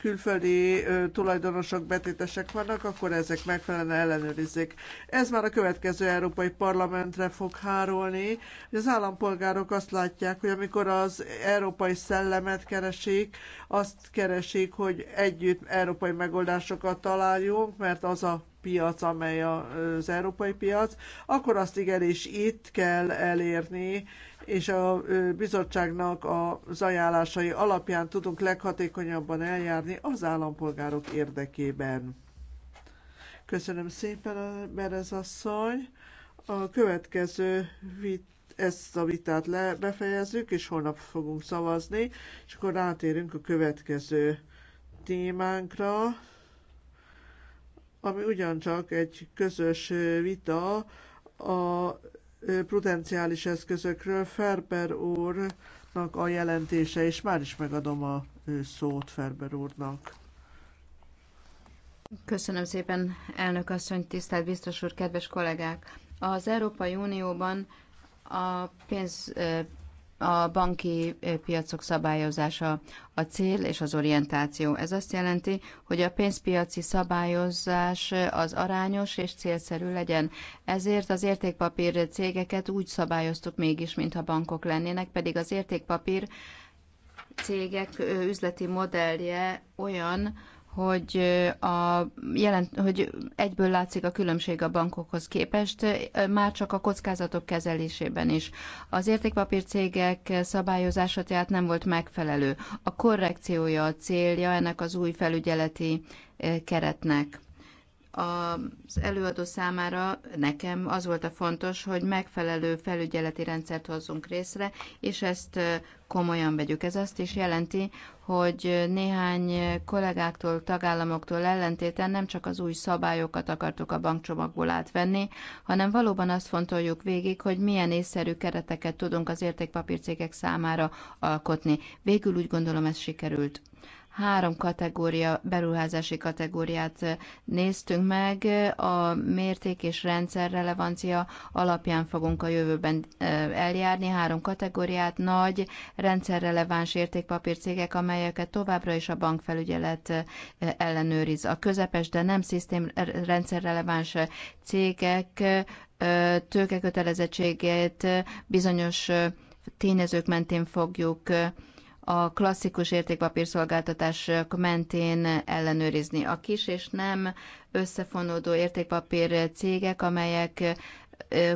külföldi tulajdonosok, betétesek vannak, akkor ezek megfelelően ellenőrizzék. Ez már a következő Európai Parlamentre fog hárolni, az állampolgárok azt látják, hogy amikor az európai szellemet keresik, azt keresik, hogy együtt európai megoldásokat találjunk, mert az a piac, amely az európai piac, akkor azt igenis itt kell elérni, és a bizottságnak az ajánlásai alapján tudunk leghatékonyabban eljárni az állampolgárok érdekében. Köszönöm szépen, Berez asszony. A következő vit, ezt a vitát le befejezzük, és holnap fogunk szavazni, és akkor rátérünk a következő témánkra ami ugyancsak egy közös vita a prudenciális eszközökről. Ferber úrnak a jelentése, és már is megadom a szót Ferber úrnak. Köszönöm szépen, elnök asszony, tisztelt biztos úr, kedves kollégák! Az Európai Unióban a pénz a banki eh, piacok szabályozása a cél és az orientáció. Ez azt jelenti, hogy a pénzpiaci szabályozás eh, az arányos és célszerű legyen. Ezért az értékpapír cégeket úgy szabályoztuk mégis, mintha bankok lennének, pedig az értékpapír cégek eh, üzleti modellje olyan, hogy, a jelent, hogy egyből látszik a különbség a bankokhoz képest, már csak a kockázatok kezelésében is. Az értékpapírcégek szabályozása tehát nem volt megfelelő. A korrekciója a célja ennek az új felügyeleti keretnek az előadó számára nekem az volt a fontos, hogy megfelelő felügyeleti rendszert hozzunk részre, és ezt komolyan vegyük. Ez azt is jelenti, hogy néhány kollégáktól, tagállamoktól ellentéten nem csak az új szabályokat akartuk a bankcsomagból átvenni, hanem valóban azt fontoljuk végig, hogy milyen észszerű kereteket tudunk az értékpapírcégek számára alkotni. Végül úgy gondolom ez sikerült három kategória, beruházási kategóriát néztünk meg. A mérték és rendszer relevancia alapján fogunk a jövőben eljárni. Három kategóriát, nagy, rendszerreleváns értékpapírcégek, amelyeket továbbra is a bankfelügyelet ellenőriz. A közepes, de nem szisztém rendszerreleváns cégek tőkekötelezettségét bizonyos tényezők mentén fogjuk a klasszikus értékpapírszolgáltatások mentén ellenőrizni. A kis és nem összefonódó értékpapír cégek, amelyek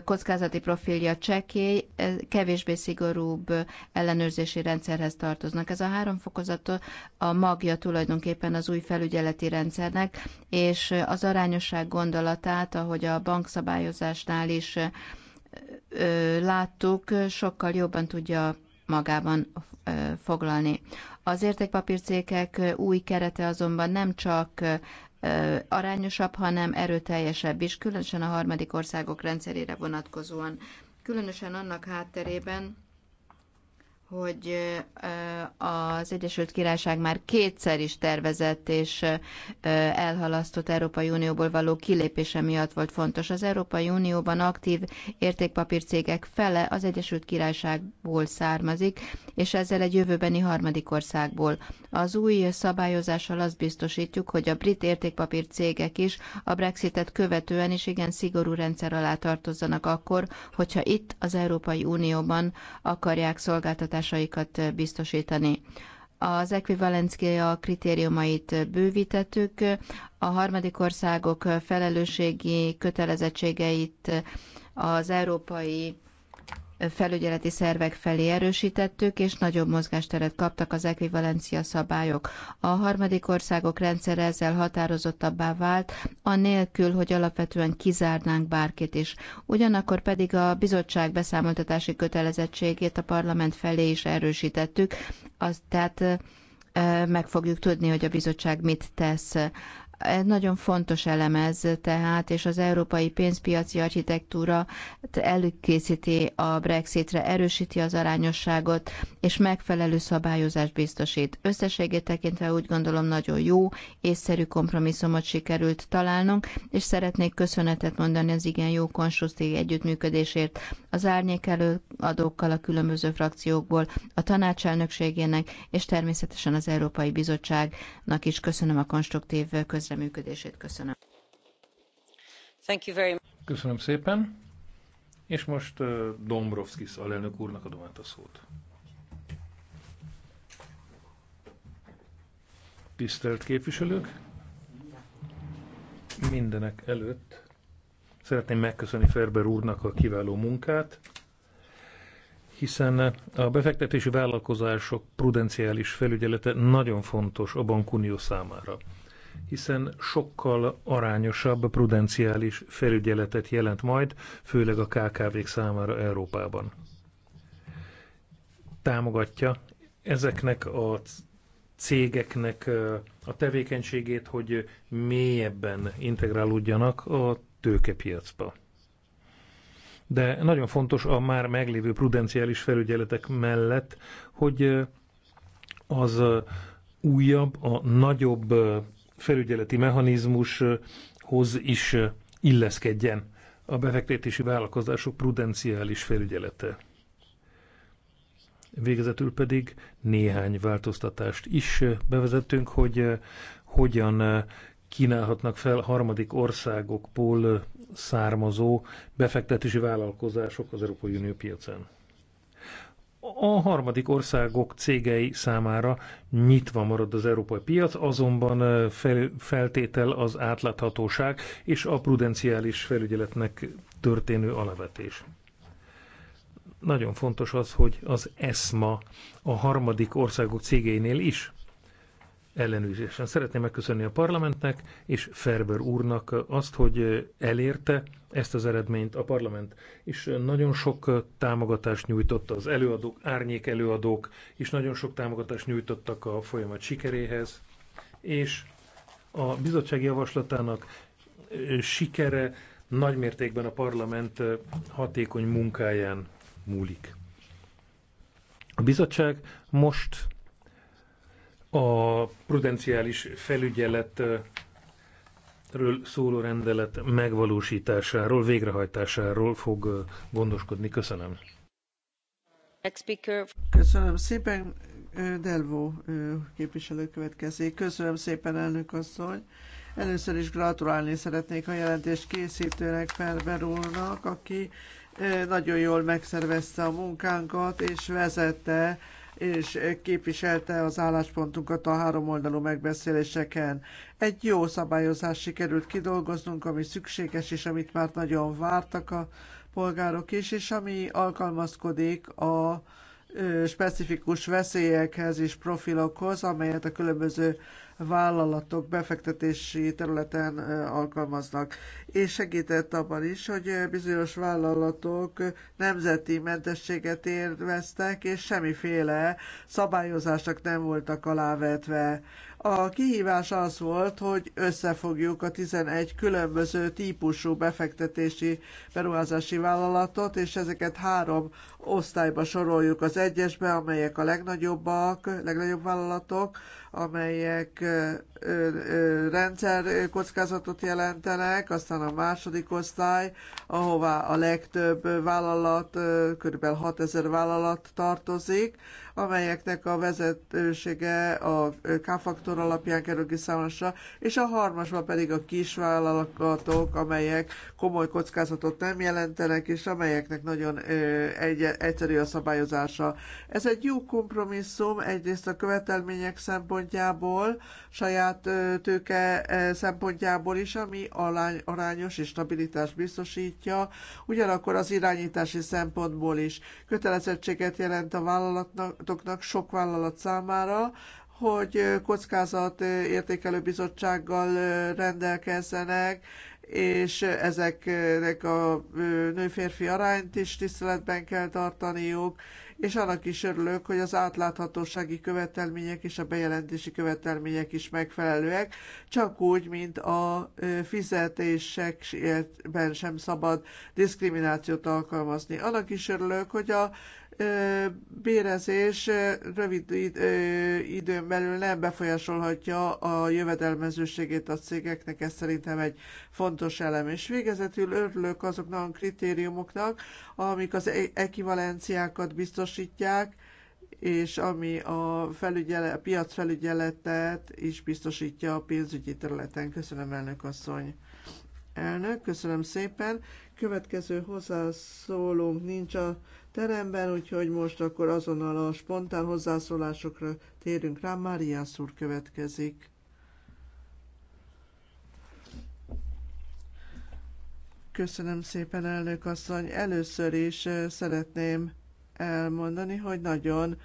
kockázati profilja csekély, kevésbé szigorúbb ellenőrzési rendszerhez tartoznak. Ez a három fokozat a magja tulajdonképpen az új felügyeleti rendszernek, és az arányosság gondolatát, ahogy a bankszabályozásnál is láttuk, sokkal jobban tudja magában foglalni. Az értékpapírcékek új kerete azonban nem csak arányosabb, hanem erőteljesebb is, különösen a harmadik országok rendszerére vonatkozóan. Különösen annak hátterében, hogy az Egyesült Királyság már kétszer is tervezett és elhalasztott Európai Unióból való kilépése miatt volt fontos. Az Európai Unióban aktív értékpapírcégek fele az Egyesült Királyságból származik, és ezzel egy jövőbeni harmadik országból. Az új szabályozással azt biztosítjuk, hogy a brit értékpapírcégek is a Brexitet követően is igen szigorú rendszer alá tartozzanak akkor, hogyha itt az Európai Unióban akarják szolgáltatást kapacitásaikat eh, biztosítani. Az ekvivalencia kritériumait bővítettük, a harmadik országok felelősségi kötelezettségeit az európai felügyeleti szervek felé erősítettük, és nagyobb mozgásteret kaptak az ekvivalencia szabályok. A harmadik országok rendszere ezzel határozottabbá vált, anélkül, hogy alapvetően kizárnánk bárkit is. Ugyanakkor pedig a bizottság beszámoltatási kötelezettségét a parlament felé is erősítettük, az, tehát meg fogjuk tudni, hogy a bizottság mit tesz. Nagyon fontos elem ez tehát, és az európai pénzpiaci architektúra előkészíti a Brexitre, erősíti az arányosságot, és megfelelő szabályozást biztosít. Összességét tekintve úgy gondolom nagyon jó, észszerű kompromisszumot sikerült találnunk, és szeretnék köszönetet mondani az igen jó konstruktív együttműködésért az árnyék előadókkal a különböző frakciókból, a tanácselnökségének, és természetesen az Európai Bizottságnak is köszönöm a konstruktív közvetítést közreműködését. Köszönöm. Thank you very much. Köszönöm szépen. És most Dombrovskis alelnök úrnak adom át a szót. Tisztelt képviselők! Mindenek előtt szeretném megköszönni Ferber úrnak a kiváló munkát, hiszen a befektetési vállalkozások prudenciális felügyelete nagyon fontos a bankunió számára hiszen sokkal arányosabb prudenciális felügyeletet jelent majd, főleg a KKV-k számára Európában. Támogatja ezeknek a cégeknek a tevékenységét, hogy mélyebben integrálódjanak a tőkepiacba. De nagyon fontos a már meglévő prudenciális felügyeletek mellett, hogy az újabb, a nagyobb felügyeleti mechanizmushoz is illeszkedjen a befektetési vállalkozások prudenciális felügyelete. Végezetül pedig néhány változtatást is bevezettünk, hogy hogyan kínálhatnak fel harmadik országokból származó befektetési vállalkozások az Európai Unió piacán a harmadik országok cégei számára nyitva marad az európai piac, azonban fel, feltétel az átláthatóság és a prudenciális felügyeletnek történő alapvetés. Nagyon fontos az, hogy az ESMA a harmadik országok cégeinél is ellenőrzésen. Szeretném megköszönni a parlamentnek és Ferber úrnak azt, hogy elérte ezt az eredményt a parlament, és nagyon sok támogatást nyújtott az előadók, árnyék előadók, és nagyon sok támogatást nyújtottak a folyamat sikeréhez, és a bizottság javaslatának sikere nagymértékben a parlament hatékony munkáján múlik. A bizottság most a prudenciális felügyeletről szóló rendelet megvalósításáról, végrehajtásáról fog gondoskodni. Köszönöm. Köszönöm szépen. Delvo képviselő következik. Köszönöm szépen, elnök asszony. Először is gratulálni szeretnék a jelentés készítőnek, Ferber úrnak, aki nagyon jól megszervezte a munkánkat és vezette és képviselte az álláspontunkat a háromoldalú megbeszéléseken. Egy jó szabályozás sikerült kidolgoznunk, ami szükséges, és amit már nagyon vártak a polgárok is, és ami alkalmazkodik a specifikus veszélyekhez és profilokhoz, amelyet a különböző vállalatok befektetési területen alkalmaznak. És segített abban is, hogy bizonyos vállalatok nemzeti mentességet érveztek, és semmiféle szabályozásnak nem voltak alávetve. A kihívás az volt, hogy összefogjuk a 11 különböző típusú befektetési beruházási vállalatot, és ezeket három osztályba soroljuk. Az egyesbe, amelyek a legnagyobbak, legnagyobb vállalatok, amelyek rendszer kockázatot jelentenek, aztán a második osztály, ahová a legtöbb vállalat, kb. 6000 vállalat tartozik, amelyeknek a vezetősége a K-faktor alapján kerül kiszámolásra, és a harmasban pedig a kisvállalatok, amelyek komoly kockázatot nem jelentenek, és amelyeknek nagyon egy, egyszerű a szabályozása. Ez egy jó kompromisszum, egyrészt a követelmények szempontjából, szempontjából, saját tőke szempontjából is, ami arányos és stabilitást biztosítja, ugyanakkor az irányítási szempontból is kötelezettséget jelent a vállalatoknak sok vállalat számára, hogy kockázat értékelő bizottsággal rendelkezzenek, és ezeknek a nő-férfi arányt is tiszteletben kell tartaniuk, és annak is örülök, hogy az átláthatósági követelmények és a bejelentési követelmények is megfelelőek, csak úgy, mint a fizetésekben sem szabad diszkriminációt alkalmazni. Annak is örülök, hogy a bérezés rövid időn belül nem befolyásolhatja a jövedelmezőségét a cégeknek, ez szerintem egy fontos elem. És végezetül örülök azoknak a kritériumoknak, amik az e-, ekivalenciákat biztosítják, és ami a, felügyelet, a piac felügyeletet is biztosítja a pénzügyi területen. Köszönöm, elnök asszony. Elnök, köszönöm szépen. Következő hozzászólónk nincs a teremben, úgyhogy most akkor azonnal a spontán hozzászólásokra térünk rá. Mária úr következik. Köszönöm szépen, elnök asszony. Először is eh, szeretném elmondani, hogy nagyon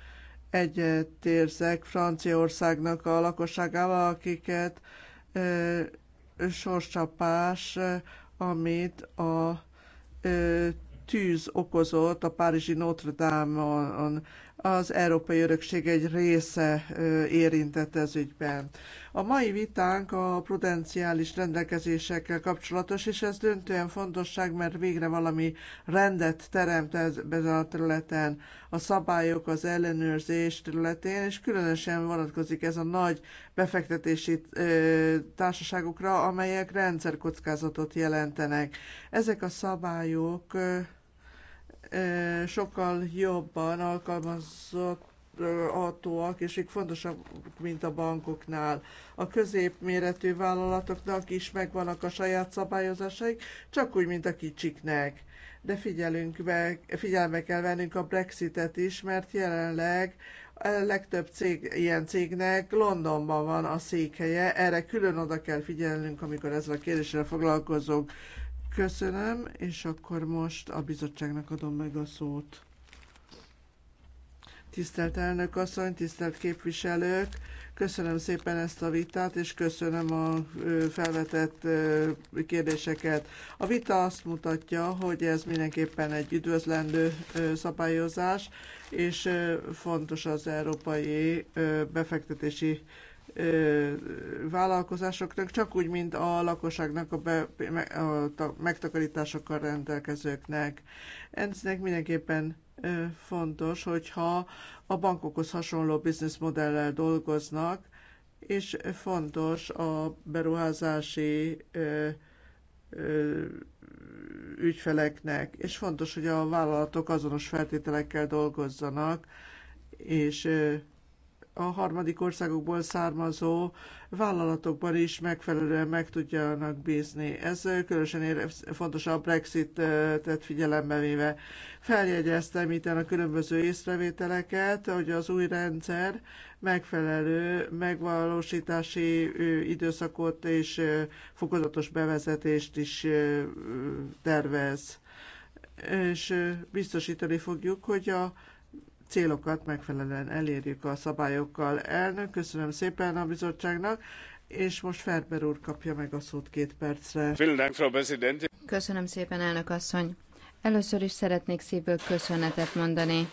egyetérzek Franciaországnak a lakosságával, akiket ö, eh, sorscsapás, eh, amit a ö, tűz okozott a Párizsi Notre Dame-on. Az Európai Örökség egy része érintett ez ügyben. A mai vitánk a prudenciális rendelkezésekkel kapcsolatos, és ez döntően fontosság, mert végre valami rendet teremt ez a területen, a szabályok, az ellenőrzés területén, és különösen vonatkozik ez a nagy befektetési társaságokra, amelyek rendszerkockázatot jelentenek. Ezek a szabályok sokkal jobban alkalmazott autóak, és így fontosabb, mint a bankoknál. A középméretű vállalatoknak is megvannak a saját szabályozásaik, csak úgy, mint a kicsiknek. De figyelünk be, figyelme kell vennünk a Brexitet is, mert jelenleg a legtöbb cég, ilyen cégnek Londonban van a székhelye, erre külön oda kell figyelnünk, amikor ezzel a kérdéssel foglalkozunk. Köszönöm, és akkor most a bizottságnak adom meg a szót. Tisztelt elnök asszony, tisztelt képviselők, köszönöm szépen ezt a vitát, és köszönöm a felvetett kérdéseket. A vita azt mutatja, hogy ez mindenképpen egy üdvözlendő szabályozás, és fontos az európai befektetési vállalkozásoknak, csak úgy, mint a lakosságnak, a, be, a megtakarításokkal rendelkezőknek. Ennek mindenképpen fontos, hogyha a bankokhoz hasonló bizniszmodellel dolgoznak, és fontos a beruházási ügyfeleknek, és fontos, hogy a vállalatok azonos feltételekkel dolgozzanak, és a harmadik országokból származó vállalatokban is megfelelően meg tudjanak bízni. Ez különösen fontos a Brexit-et figyelembe véve. Feljegyeztem itt a különböző észrevételeket, hogy az új rendszer megfelelő megvalósítási időszakot és fokozatos bevezetést is tervez és biztosítani fogjuk, hogy a célokat megfelelően elérjük a szabályokkal. Elnök, köszönöm szépen a bizottságnak, és most Ferber úr kapja meg a szót két percre. Köszönöm szépen, elnök asszony. Először is szeretnék szívből köszönetet mondani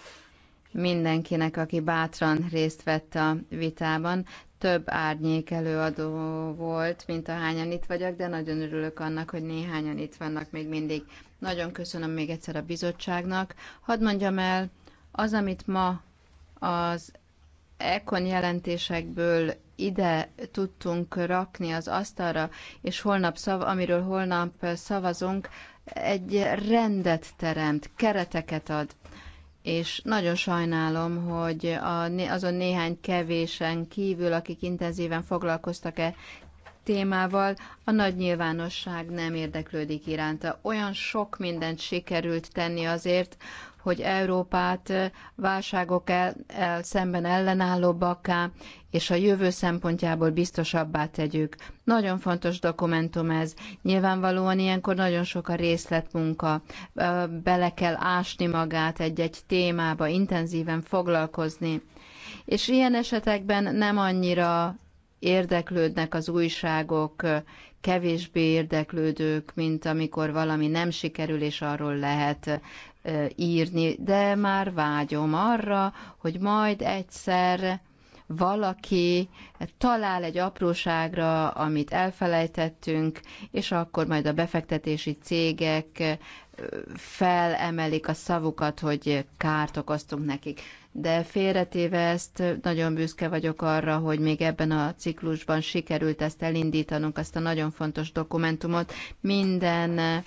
mindenkinek, aki bátran részt vett a vitában. Több árnyék előadó volt, mint a hányan itt vagyok, de nagyon örülök annak, hogy néhányan itt vannak még mindig. Nagyon köszönöm még egyszer a bizottságnak. Hadd mondjam el, az, amit ma az Ekon jelentésekből ide tudtunk rakni az asztalra, és holnap szav, amiről holnap szavazunk, egy rendet teremt, kereteket ad. És nagyon sajnálom, hogy a, azon néhány kevésen kívül, akik intenzíven foglalkoztak-e témával, a nagy nyilvánosság nem érdeklődik iránta. Olyan sok mindent sikerült tenni azért, hogy Európát válságok el, el szemben ellenállóbbakká és a jövő szempontjából biztosabbá tegyük. Nagyon fontos dokumentum ez. Nyilvánvalóan ilyenkor nagyon sok a részletmunka. Bele kell ásni magát egy-egy témába, intenzíven foglalkozni. És ilyen esetekben nem annyira érdeklődnek az újságok, kevésbé érdeklődők, mint amikor valami nem sikerül, és arról lehet írni, de már vágyom arra, hogy majd egyszer valaki talál egy apróságra, amit elfelejtettünk, és akkor majd a befektetési cégek felemelik a szavukat, hogy kárt okoztunk nekik. De félretéve ezt, nagyon büszke vagyok arra, hogy még ebben a ciklusban sikerült ezt elindítanunk, ezt a nagyon fontos dokumentumot. Minden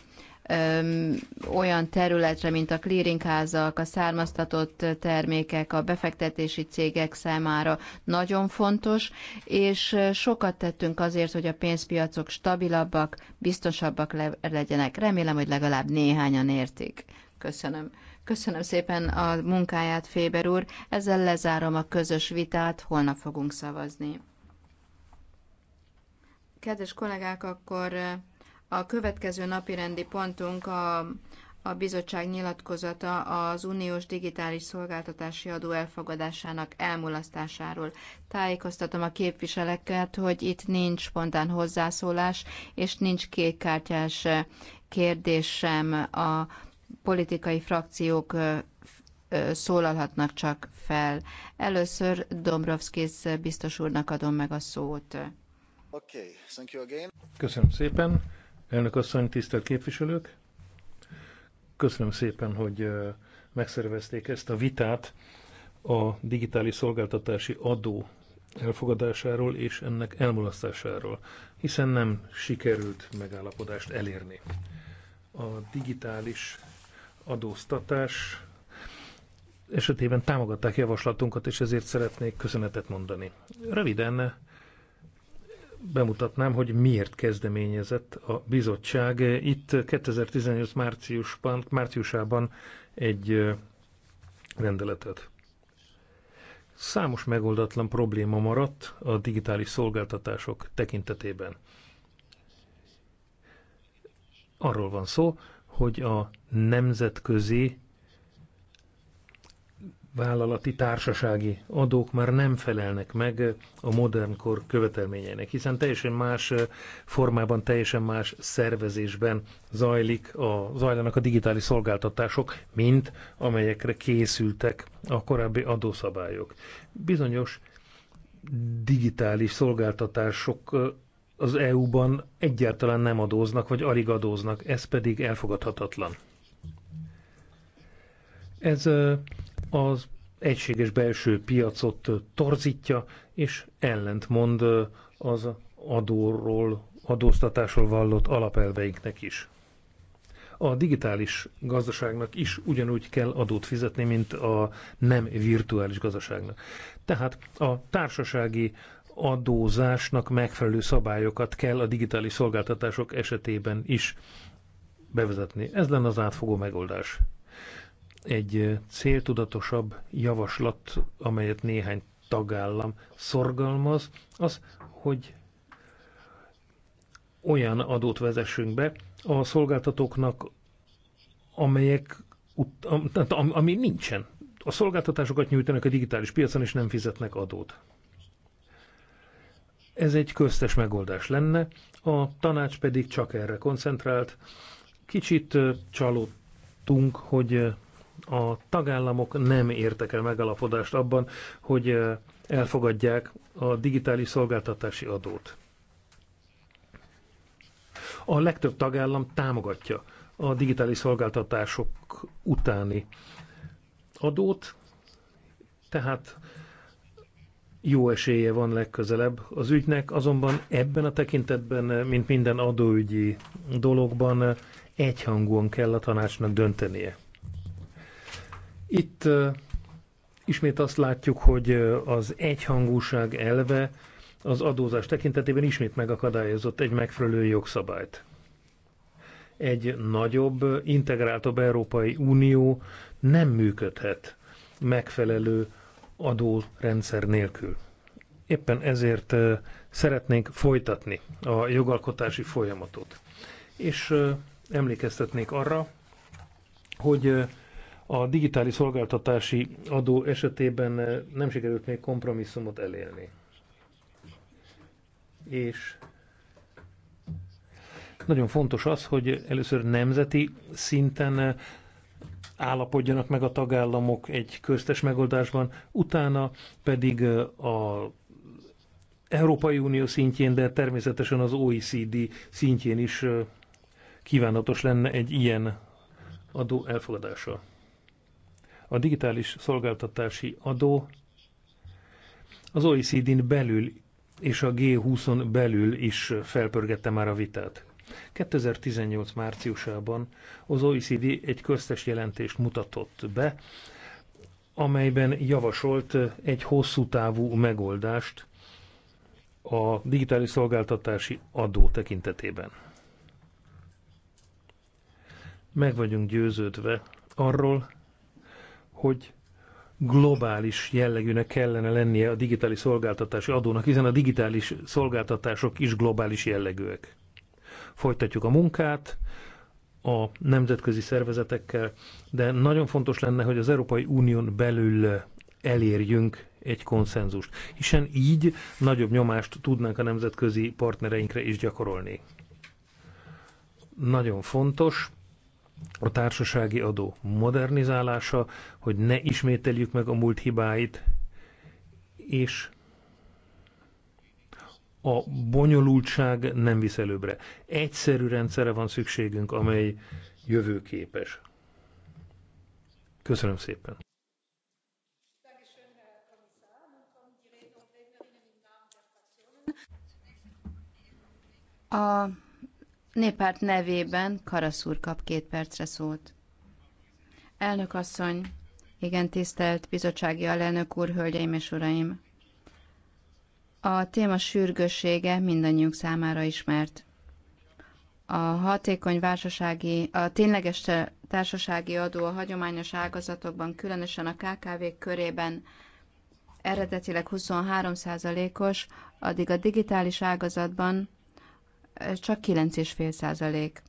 öm, olyan területre, mint a clearingházak, a származtatott termékek, a befektetési cégek számára nagyon fontos, és sokat tettünk azért, hogy a pénzpiacok stabilabbak, biztosabbak le- legyenek. Remélem, hogy legalább néhányan értik. Köszönöm. Köszönöm szépen a munkáját, Féber úr. Ezzel lezárom a közös vitát, holnap fogunk szavazni. Kedves kollégák, akkor a következő napi rendi pontunk a, a bizottság nyilatkozata az uniós digitális szolgáltatási adó elfogadásának elmulasztásáról. Tájékoztatom a képviseleket, hogy itt nincs spontán hozzászólás, és nincs kékkártyás kérdés sem. A politikai frakciók szólalhatnak csak fel. Először Dombrovskis biztos úrnak adom meg a szót. Okay, thank you again. Köszönöm szépen. Elnök asszony, tisztelt képviselők! Köszönöm szépen, hogy megszervezték ezt a vitát a digitális szolgáltatási adó elfogadásáról és ennek elmulasztásáról, hiszen nem sikerült megállapodást elérni. A digitális adóztatás esetében támogatták javaslatunkat, és ezért szeretnék köszönetet mondani. Röviden bemutatnám, hogy miért kezdeményezett a bizottság. Itt 2018 márciusban, márciusában egy rendeletet. Számos megoldatlan probléma maradt a digitális szolgáltatások tekintetében. Arról van szó, hogy a nemzetközi vállalati társasági adók már nem felelnek meg a modern kor követelményeinek, hiszen teljesen más eh, formában, teljesen más szervezésben zajlik a, zajlanak a digitális szolgáltatások, mint amelyekre készültek a korábbi adószabályok. Bizonyos digitális szolgáltatások eh, az EU-ban egyáltalán nem adóznak, vagy alig adóznak, ez pedig elfogadhatatlan. Ez eh, az egységes belső piacot torzítja, és ellentmond az adóról, adóztatásról vallott alapelveinknek is. A digitális gazdaságnak is ugyanúgy kell adót fizetni, mint a nem virtuális gazdaságnak. Tehát a társasági adózásnak megfelelő szabályokat kell a digitális szolgáltatások esetében is bevezetni. Ez lenne az átfogó megoldás egy céltudatosabb javaslat, amelyet néhány tagállam szorgalmaz, az, hogy olyan adót vezessünk be a szolgáltatóknak, amelyek, ami nincsen. A szolgáltatásokat nyújtanak a digitális piacon, és nem fizetnek adót. Ez egy köztes megoldás lenne, a tanács pedig csak erre koncentrált. Kicsit csalódtunk, hogy a tagállamok nem értek el megalapodást abban, hogy eh, elfogadják a digitális szolgáltatási adót. A legtöbb tagállam támogatja a digitális szolgáltatások utáni adót, tehát jó esélye van legközelebb az ügynek, azonban ebben a tekintetben, mint minden adóügyi dologban, egyhangúan kell a tanácsnak döntenie. Itt ismét azt látjuk, hogy az egyhangúság elve az adózás tekintetében ismét megakadályozott egy megfelelő jogszabályt. Egy nagyobb, integráltabb Európai Unió nem működhet megfelelő adórendszer nélkül. Éppen ezért szeretnénk folytatni a jogalkotási folyamatot. És emlékeztetnék arra, hogy a digitális szolgáltatási adó esetében eh, nem sikerült még kompromisszumot elérni. És nagyon fontos az, hogy először nemzeti szinten eh, állapodjanak meg a tagállamok egy köztes megoldásban, utána pedig eh, a Európai Unió szintjén, de természetesen az OECD szintjén is kívánatos lenne egy ilyen adó elfogadása a digitális szolgáltatási adó az OECD-n belül és a G20-on belül is felpörgette már a vitát. 2018 márciusában az OECD egy köztes jelentést mutatott be, amelyben javasolt egy hosszú távú megoldást a digitális szolgáltatási adó tekintetében. Meg vagyunk győződve arról, hogy globális jellegűnek kellene lennie a digitális szolgáltatási adónak, hiszen a digitális szolgáltatások is globális jellegűek. Folytatjuk a munkát a nemzetközi szervezetekkel, de nagyon fontos lenne, hogy az Európai Unión belül elérjünk egy konszenzust, hiszen így nagyobb nyomást tudnánk a nemzetközi partnereinkre is gyakorolni. Nagyon fontos, a társasági adó modernizálása, hogy ne ismételjük meg a múlt hibáit, és a bonyolultság nem visz előbbre. Egyszerű rendszere van szükségünk, amely jövőképes. Köszönöm szépen! A Népárt nevében Karaszúr kap két percre szót. Elnök asszony, igen tisztelt bizottsági alelnök úr, hölgyeim és uraim! A téma sürgősége mindannyiunk számára ismert. A hatékony válsasági, a tényleges társasági adó a hagyományos ágazatokban, különösen a KKV-k körében eredetileg 23%-os, addig a digitális ágazatban csak 9,5 százalék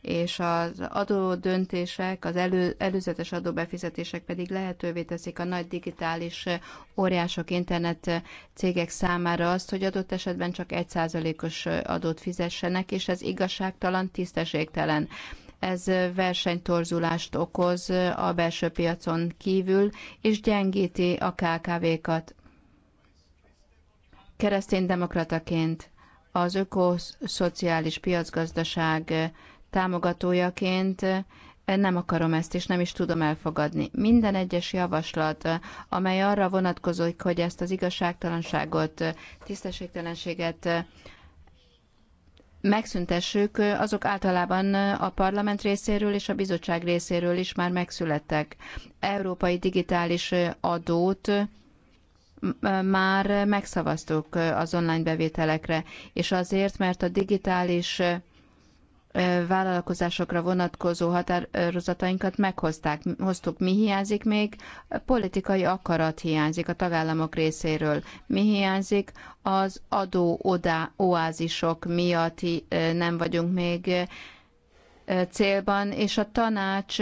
és az adó döntések, az elő, előzetes adóbefizetések pedig lehetővé teszik a nagy digitális eh, óriások internet eh, cégek számára azt, hogy adott esetben csak 1 százalékos eh, adót fizessenek, és ez igazságtalan, tisztességtelen ez versenytorzulást okoz a belső piacon kívül, és gyengíti a KKV-kat. Kereszténydemokrataként az ökoszociális piacgazdaság támogatójaként nem akarom ezt, és nem is tudom elfogadni. Minden egyes javaslat, amely arra vonatkozik, hogy ezt az igazságtalanságot, tisztességtelenséget megszüntessük, azok általában a parlament részéről és a bizottság részéről is már megszülettek. Európai digitális adót már megszavaztuk az online bevételekre, és azért, mert a digitális vállalkozásokra vonatkozó határozatainkat meghozták. Hoztuk, mi hiányzik még? Politikai akarat hiányzik a tagállamok részéről. Mi hiányzik? Az adó odá, oázisok miatt nem vagyunk még célban, és a tanács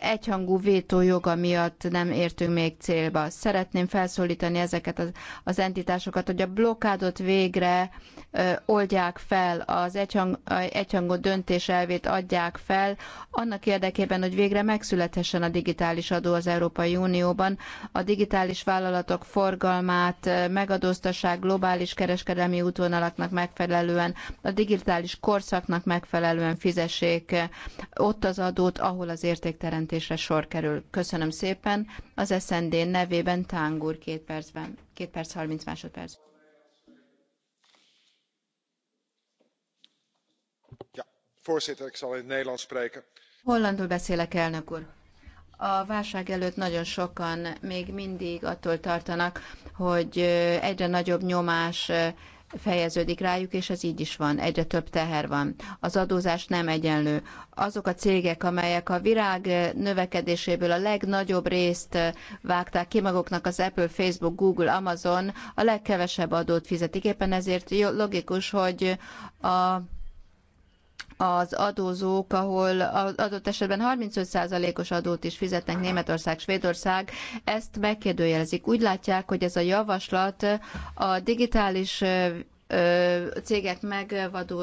egyhangú vétójoga miatt nem értünk még célba. Szeretném felszólítani ezeket az, az entitásokat, hogy a blokádot végre ö, oldják fel, az egyhang, egyhangú döntés elvét adják fel, annak érdekében, hogy végre megszülethessen a digitális adó az Európai Unióban, a digitális vállalatok forgalmát megadóztassák globális kereskedelmi útvonalaknak megfelelően, a digitális korszaknak megfelelően fizessék ott az adót, ahol az értékteremtésre sor kerül. Köszönöm szépen. Az SND nevében Tángur két percben, két perc 30 másodperc. Ja, voorzitter, ik zal in Nederlands spreken. Hollandul beszélek, elnök úr. A válság előtt nagyon sokan még mindig attól tartanak, hogy egyre nagyobb nyomás fejeződik rájuk, és ez így is van. Egyre több teher van. Az adózás nem egyenlő. Azok a cégek, amelyek a virág növekedéséből a legnagyobb részt eh, vágták ki maguknak, az Apple, Facebook, Google, Amazon a legkevesebb adót fizetik. Éppen ezért logikus, hogy a az adózók, ahol az adott esetben 35%-os adót is fizetnek Németország, Svédország, ezt megkérdőjelezik. Úgy látják, hogy ez a javaslat a digitális cégek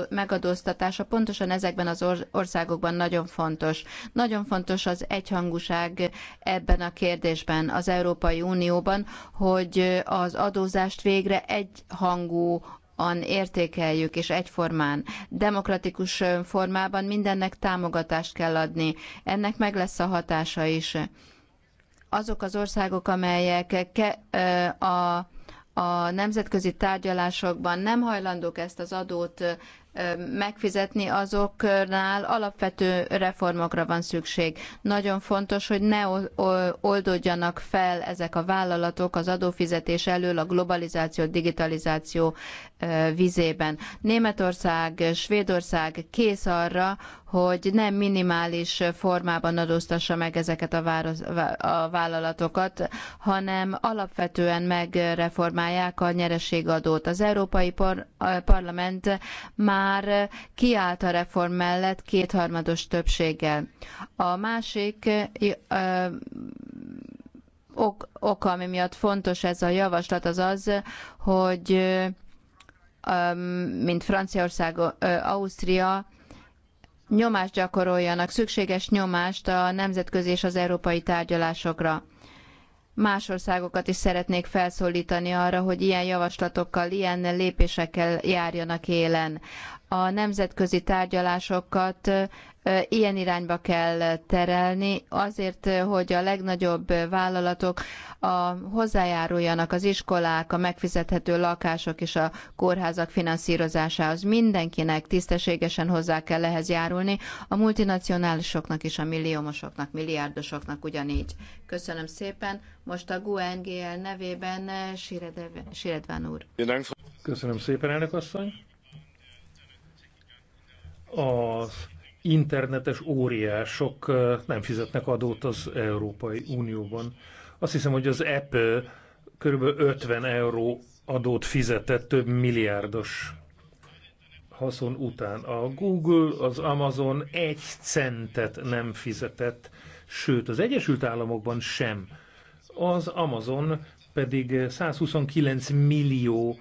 megadóztatása pontosan ezekben az országokban nagyon fontos. Nagyon fontos az egyhangúság ebben a kérdésben az Európai Unióban, hogy az adózást végre egyhangú an értékeljük, és egyformán, demokratikus formában mindennek támogatást kell adni. Ennek meg lesz a hatása is. Azok az országok, amelyek a a nemzetközi tárgyalásokban nem hajlandók ezt az adót megfizetni, azoknál alapvető reformokra van szükség. Nagyon fontos, hogy ne oldódjanak fel ezek a vállalatok az adófizetés elől a globalizáció, digitalizáció vizében. Németország, Svédország kész arra, hogy nem minimális formában adóztassa meg ezeket a, város, a vállalatokat, hanem alapvetően megreformálják a nyereségadót. Az Európai Par Parlament már kiállt a reform mellett kétharmados többséggel. A másik ö, ok, ami miatt fontos ez a javaslat, az az, hogy mint Franciaország, Ausztria nyomást gyakoroljanak, szükséges nyomást a nemzetközi és az európai tárgyalásokra. Más országokat is szeretnék felszólítani arra, hogy ilyen javaslatokkal, ilyen lépésekkel járjanak élen a nemzetközi tárgyalásokat ilyen irányba kell terelni, azért, hogy a legnagyobb vállalatok a, hozzájáruljanak az iskolák, a megfizethető lakások és a kórházak finanszírozásához. Mindenkinek tisztességesen hozzá kell ehhez járulni, a multinacionálisoknak és a milliómosoknak, milliárdosoknak ugyanígy. Köszönöm szépen. Most a GUNGL nevében Siredván úr. Köszönöm szépen, elnök asszony az internetes óriások nem fizetnek adót az Európai Unióban. Azt hiszem, hogy az Apple kb. 50 euró adót fizetett több milliárdos haszon után. A Google, az Amazon egy centet nem fizetett, sőt az Egyesült Államokban sem. Az Amazon pedig 129 millió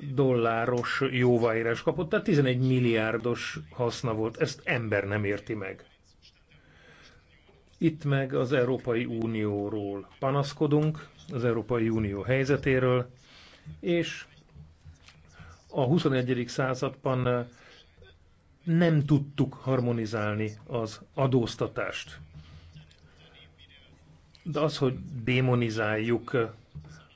dolláros jóváírás kapott, tehát 11 milliárdos haszna volt. Ezt ember nem érti meg. Itt meg az Európai Unióról panaszkodunk, az Európai Unió helyzetéről, és a 21. században eh, nem tudtuk harmonizálni az adóztatást. De az, hogy démonizáljuk eh,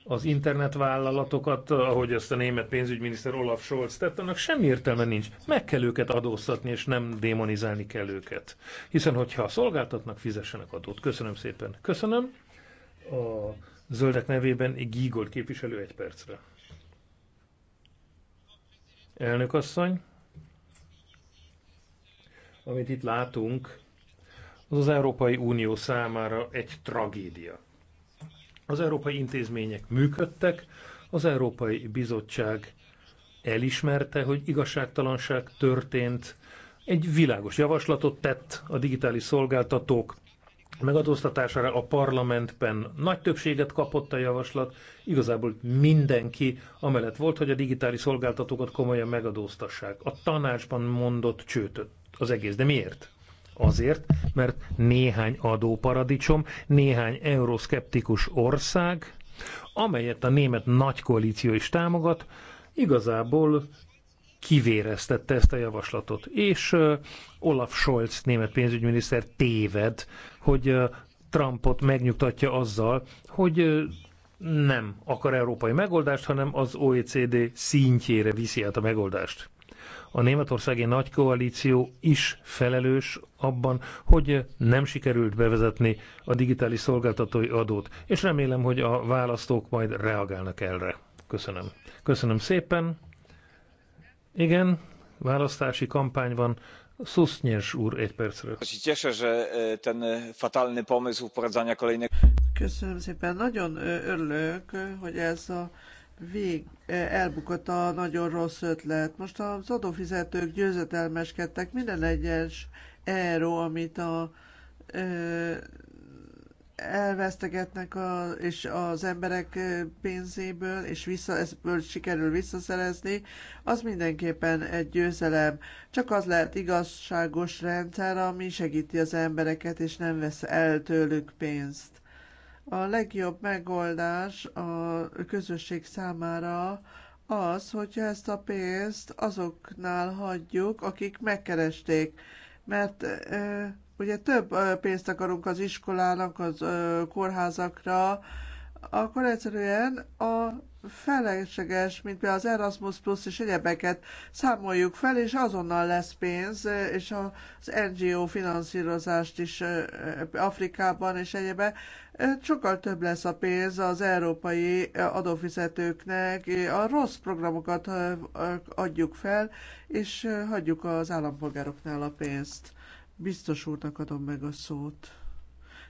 az internetvállalatokat, ahogy ezt a német pénzügyminiszter Olaf Scholz tett, annak semmi értelme nincs. Meg kell őket adóztatni, és nem démonizálni kell őket. Hiszen, hogyha szolgáltatnak, fizessenek adót. Köszönöm szépen. Köszönöm. A zöldek nevében Gígold képviselő egy percre. Elnök asszony, amit itt látunk, az az Európai Unió számára egy tragédia. Az európai intézmények működtek, az Európai Bizottság elismerte, hogy igazságtalanság történt, egy világos javaslatot tett a digitális szolgáltatók megadóztatására a parlamentben nagy többséget kapott a javaslat, igazából mindenki amellett volt, hogy a digitális szolgáltatókat komolyan megadóztassák. A tanácsban mondott csőtött az egész, de miért? azért, mert néhány adóparadicsom, néhány euroszkeptikus ország, amelyet a német nagykoalíció is támogat, igazából kivéreztette ezt a javaslatot. És uh, Olaf Scholz, német pénzügyminiszter téved, hogy uh, Trumpot megnyugtatja azzal, hogy uh, nem akar európai megoldást, hanem az OECD szintjére viszi át a megoldást a németországi nagy koalíció is felelős abban, hogy nem sikerült bevezetni a digitális szolgáltatói adót, és remélem, hogy a választók majd reagálnak erre. Köszönöm. Köszönöm szépen. Igen, választási kampány van. Susznyes úr, egy percről. E, e, Köszönöm szépen. Nagyon e, örülök, hogy ez a vég, e, elbukott a nagyon rossz ötlet. Most az adófizetők győzetelmeskedtek minden egyes euró, amit a e, elvesztegetnek a, és az emberek e, pénzéből, és vissza, ebből sikerül visszaszerezni, az mindenképpen egy győzelem. Csak az lehet igazságos rendszer, ami segíti az embereket, és nem vesz el tőlük pénzt. A legjobb megoldás a közösség számára az, hogy ezt a pénzt azoknál hagyjuk, akik megkeresték. Mert ugye több pénzt akarunk az iskolának, az kórházakra, akkor egyszerűen a felesleges, mint például az Erasmus Plus és egyebeket számoljuk fel, és azonnal lesz pénz, és az NGO finanszírozást is Afrikában és egyebe. Sokkal több lesz a pénz az európai adófizetőknek, a rossz programokat adjuk fel, és hagyjuk az állampolgároknál a pénzt. Biztos úrnak adom meg a szót.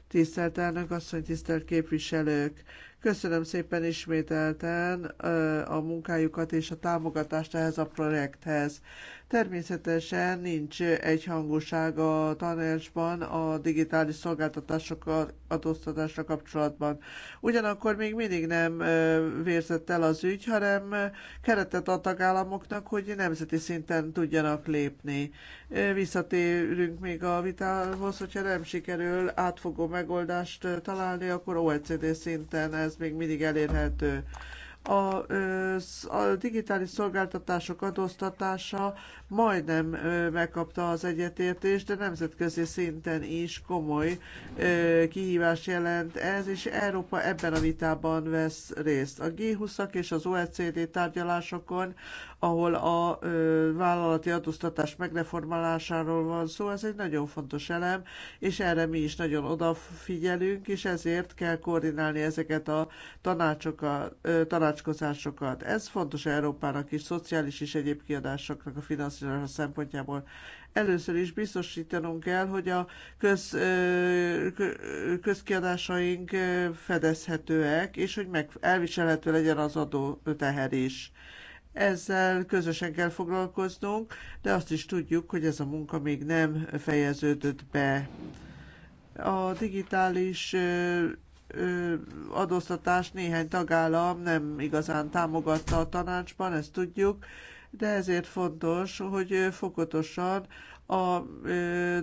Tisztelt elnök azt asszony, tisztelt képviselők! Köszönöm szépen ismételten a munkájukat és a támogatást ehhez a projekthez. Természetesen nincs egyhangúság a tanácsban a digitális szolgáltatások adóztatásra kapcsolatban. Ugyanakkor még mindig nem vérzett el az ügy, hanem keretet a tagállamoknak, hogy nemzeti szinten tudjanak lépni. Visszatérünk még a vitához, hogyha nem sikerül átfogó megoldást találni, akkor OECD szinten ez ez még mindig elérhető. A, a digitális szolgáltatások adóztatása majdnem megkapta az egyetértést, de nemzetközi szinten is komoly kihívás jelent ez, és Európa ebben a vitában vesz részt. A G20-ak és az OECD tárgyalásokon ahol a ö, vállalati adóztatás megreformálásáról van szó, ez egy nagyon fontos elem, és erre mi is nagyon odafigyelünk, és ezért kell koordinálni ezeket a tanácsokat, ö, tanácskozásokat. Ez fontos Európának is, szociális és egyéb kiadásoknak a finanszírozása szempontjából. Először is biztosítanunk kell, hogy a köz, ö, közkiadásaink fedezhetőek, és hogy meg elviselhető legyen az adó teher is ezzel közösen kell foglalkoznunk, de azt is tudjuk, hogy ez a munka még nem fejeződött be. A digitális adóztatás néhány tagállam nem igazán támogatta a tanácsban, ezt tudjuk, de ezért fontos, hogy fokozatosan a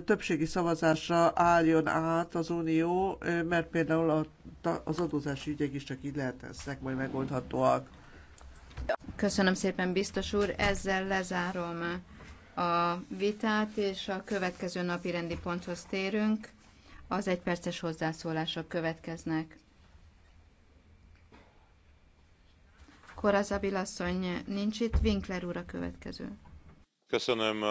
többségi szavazásra álljon át az Unió, mert például az adózási ügyek is csak így lehetnek majd megoldhatóak. Köszönöm szépen, biztos úr. Ezzel lezárom a vitát, és a következő napi rendi ponthoz térünk. Az egyperces hozzászólások következnek. Korazabil asszony nincs itt, Winkler úr a következő. Köszönöm,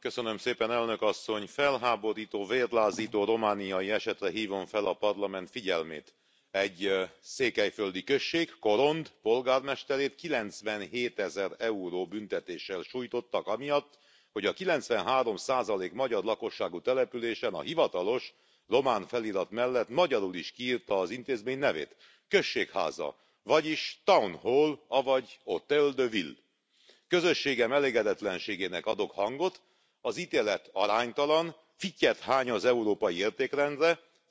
köszönöm szépen, elnök asszony. Felháborító, vérlázító romániai esetre hívom fel a parlament figyelmét egy székelyföldi község korond polgármesterét ninety seven ezer euró büntetéssel sújtottak amiatt hogy a ninety three magyar lakosságú településen a hivatalos román felirat mellett magyarul is kirta az intézmény nevét községháza vagyis town hall avagy Hotel de ville. közösségem elégedetlenségének adok hangot az télet aránytalan fittyet hány az európai értékrendre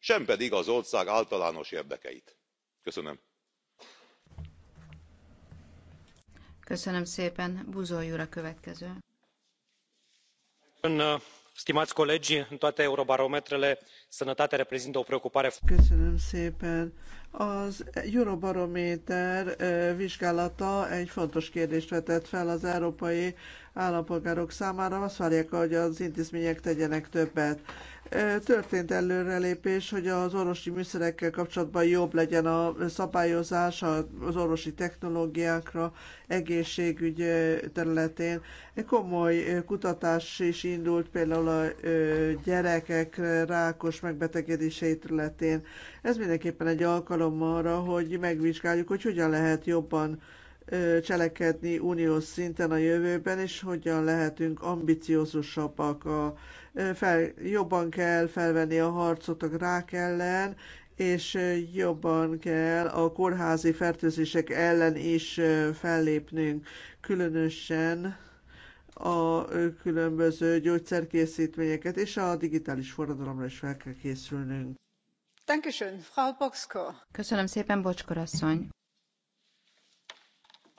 sem pedig az ország általános érdekeit. köszönöm. köszönöm szépen. buzoy úr a következő. Uh, stimați colegi în toate eurobarometrele sănătatea reprezintă o preocupare. köszönöm szépen. Az Eurobarométer uh, vizsgálata egy fontos kérdést vetett fel az európai állampolgárok számára, azt várják, hogy az intézmények tegyenek többet. Történt előrelépés, hogy az orvosi műszerekkel kapcsolatban jobb legyen a szabályozás az orvosi technológiákra, egészségügy területén. Egy komoly kutatás is indult például a gyerekek rákos megbetegedései területén. Ez mindenképpen egy alkalom arra, hogy megvizsgáljuk, hogy hogyan lehet jobban cselekedni uniós szinten a jövőben, és hogyan lehetünk ambiciózusabbak. A, fel, jobban kell felvenni a harcot a rák ellen, és jobban kell a kórházi fertőzések ellen is fellépnünk, különösen a különböző gyógyszerkészítményeket, és a digitális forradalomra is fel kell készülnünk. Köszönöm szépen, Bocskor asszony!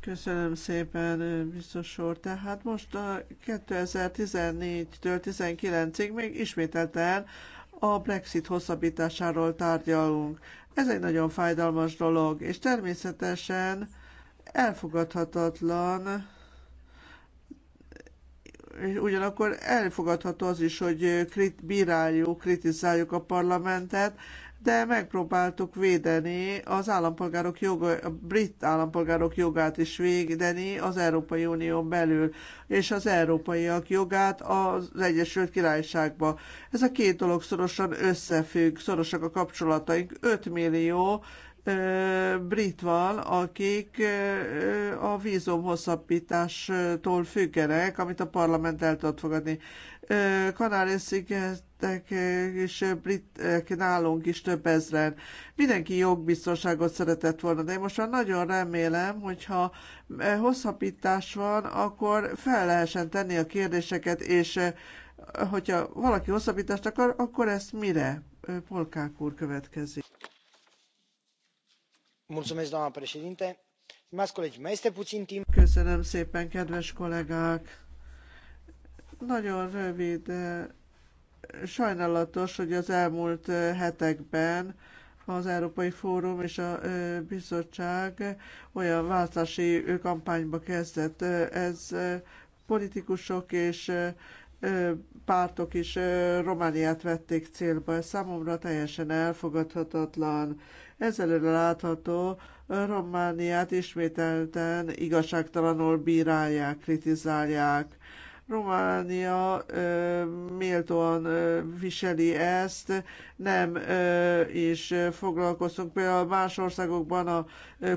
Köszönöm szépen, biztos úr. Tehát most a 2014-től 19-ig még ismételten a Brexit hosszabbításáról tárgyalunk. Ez egy nagyon fájdalmas dolog, és természetesen elfogadhatatlan, és ugyanakkor elfogadható az is, hogy krit, bíráljuk, kritizáljuk a parlamentet, de megpróbáltuk védeni az állampolgárok joga, a brit állampolgárok jogát is védeni az Európai Unión belül, és az európaiak jogát az Egyesült Királyságba. Ez a két dolog szorosan összefügg, szorosak a kapcsolataink. 5 millió brit van, akik a vízum hosszabbítástól függenek, amit a parlament el tud fogadni. Kanári sziget és britek eh, nálunk is több ezren. Mindenki jogbiztonságot szeretett volna, de én most már nagyon remélem, hogyha eh, hosszabbítás van, akkor fel lehessen tenni a kérdéseket, és eh, hogyha valaki hosszabbítást akar, akkor ezt mire? Polkák úr következik. Köszönöm szépen, kedves kollégák! Nagyon rövid Sajnálatos, hogy az elmúlt hetekben az Európai Fórum és a bizottság olyan választási kampányba kezdett. Ez politikusok és pártok is Romániát vették célba. Ez számomra teljesen elfogadhatatlan. Ezelőre látható, Romániát ismételten igazságtalanul bírálják, kritizálják. Románia ö, méltóan ö, viseli ezt, nem ö, is foglalkozunk például más országokban a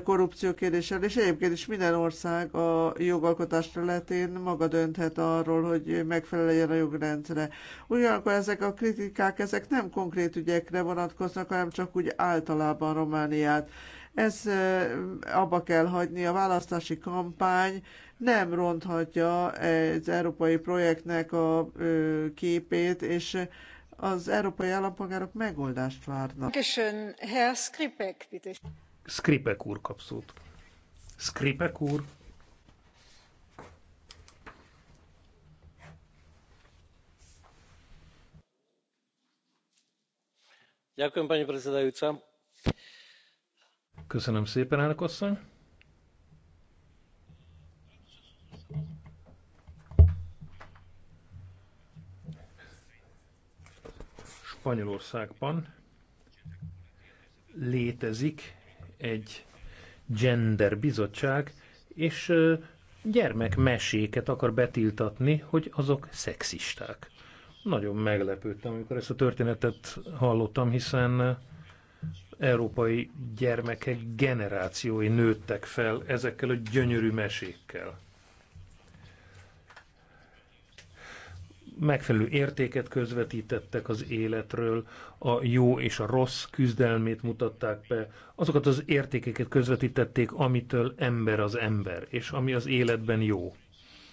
korrupció kérdéssel, és egyébként is minden ország a jogalkotás területén maga dönthet arról, hogy megfelel a jogrendre. Ugyanakkor ezek a kritikák, ezek nem konkrét ügyekre vonatkoznak, hanem csak úgy általában Romániát. Ez abba kell hagyni a választási kampány, nem ronthatja az európai projektnek a képét, és az európai állampolgárok megoldást várnak. Köszön, Herr Skripek, bitte. Skripek úr kap szót. Skripek úr. Köszönöm, pani Köszönöm szépen, elnök asszony. Spanyolországban létezik egy gender bizottság, és meséket akar betiltatni, hogy azok szexisták. Nagyon meglepődtem, amikor ezt a történetet hallottam, hiszen európai gyermekek generációi nőttek fel ezekkel a gyönyörű mesékkel. megfelelő értéket közvetítettek az életről, a jó és a rossz küzdelmét mutatták be, azokat az értékeket közvetítették, amitől ember az ember, és ami az életben jó.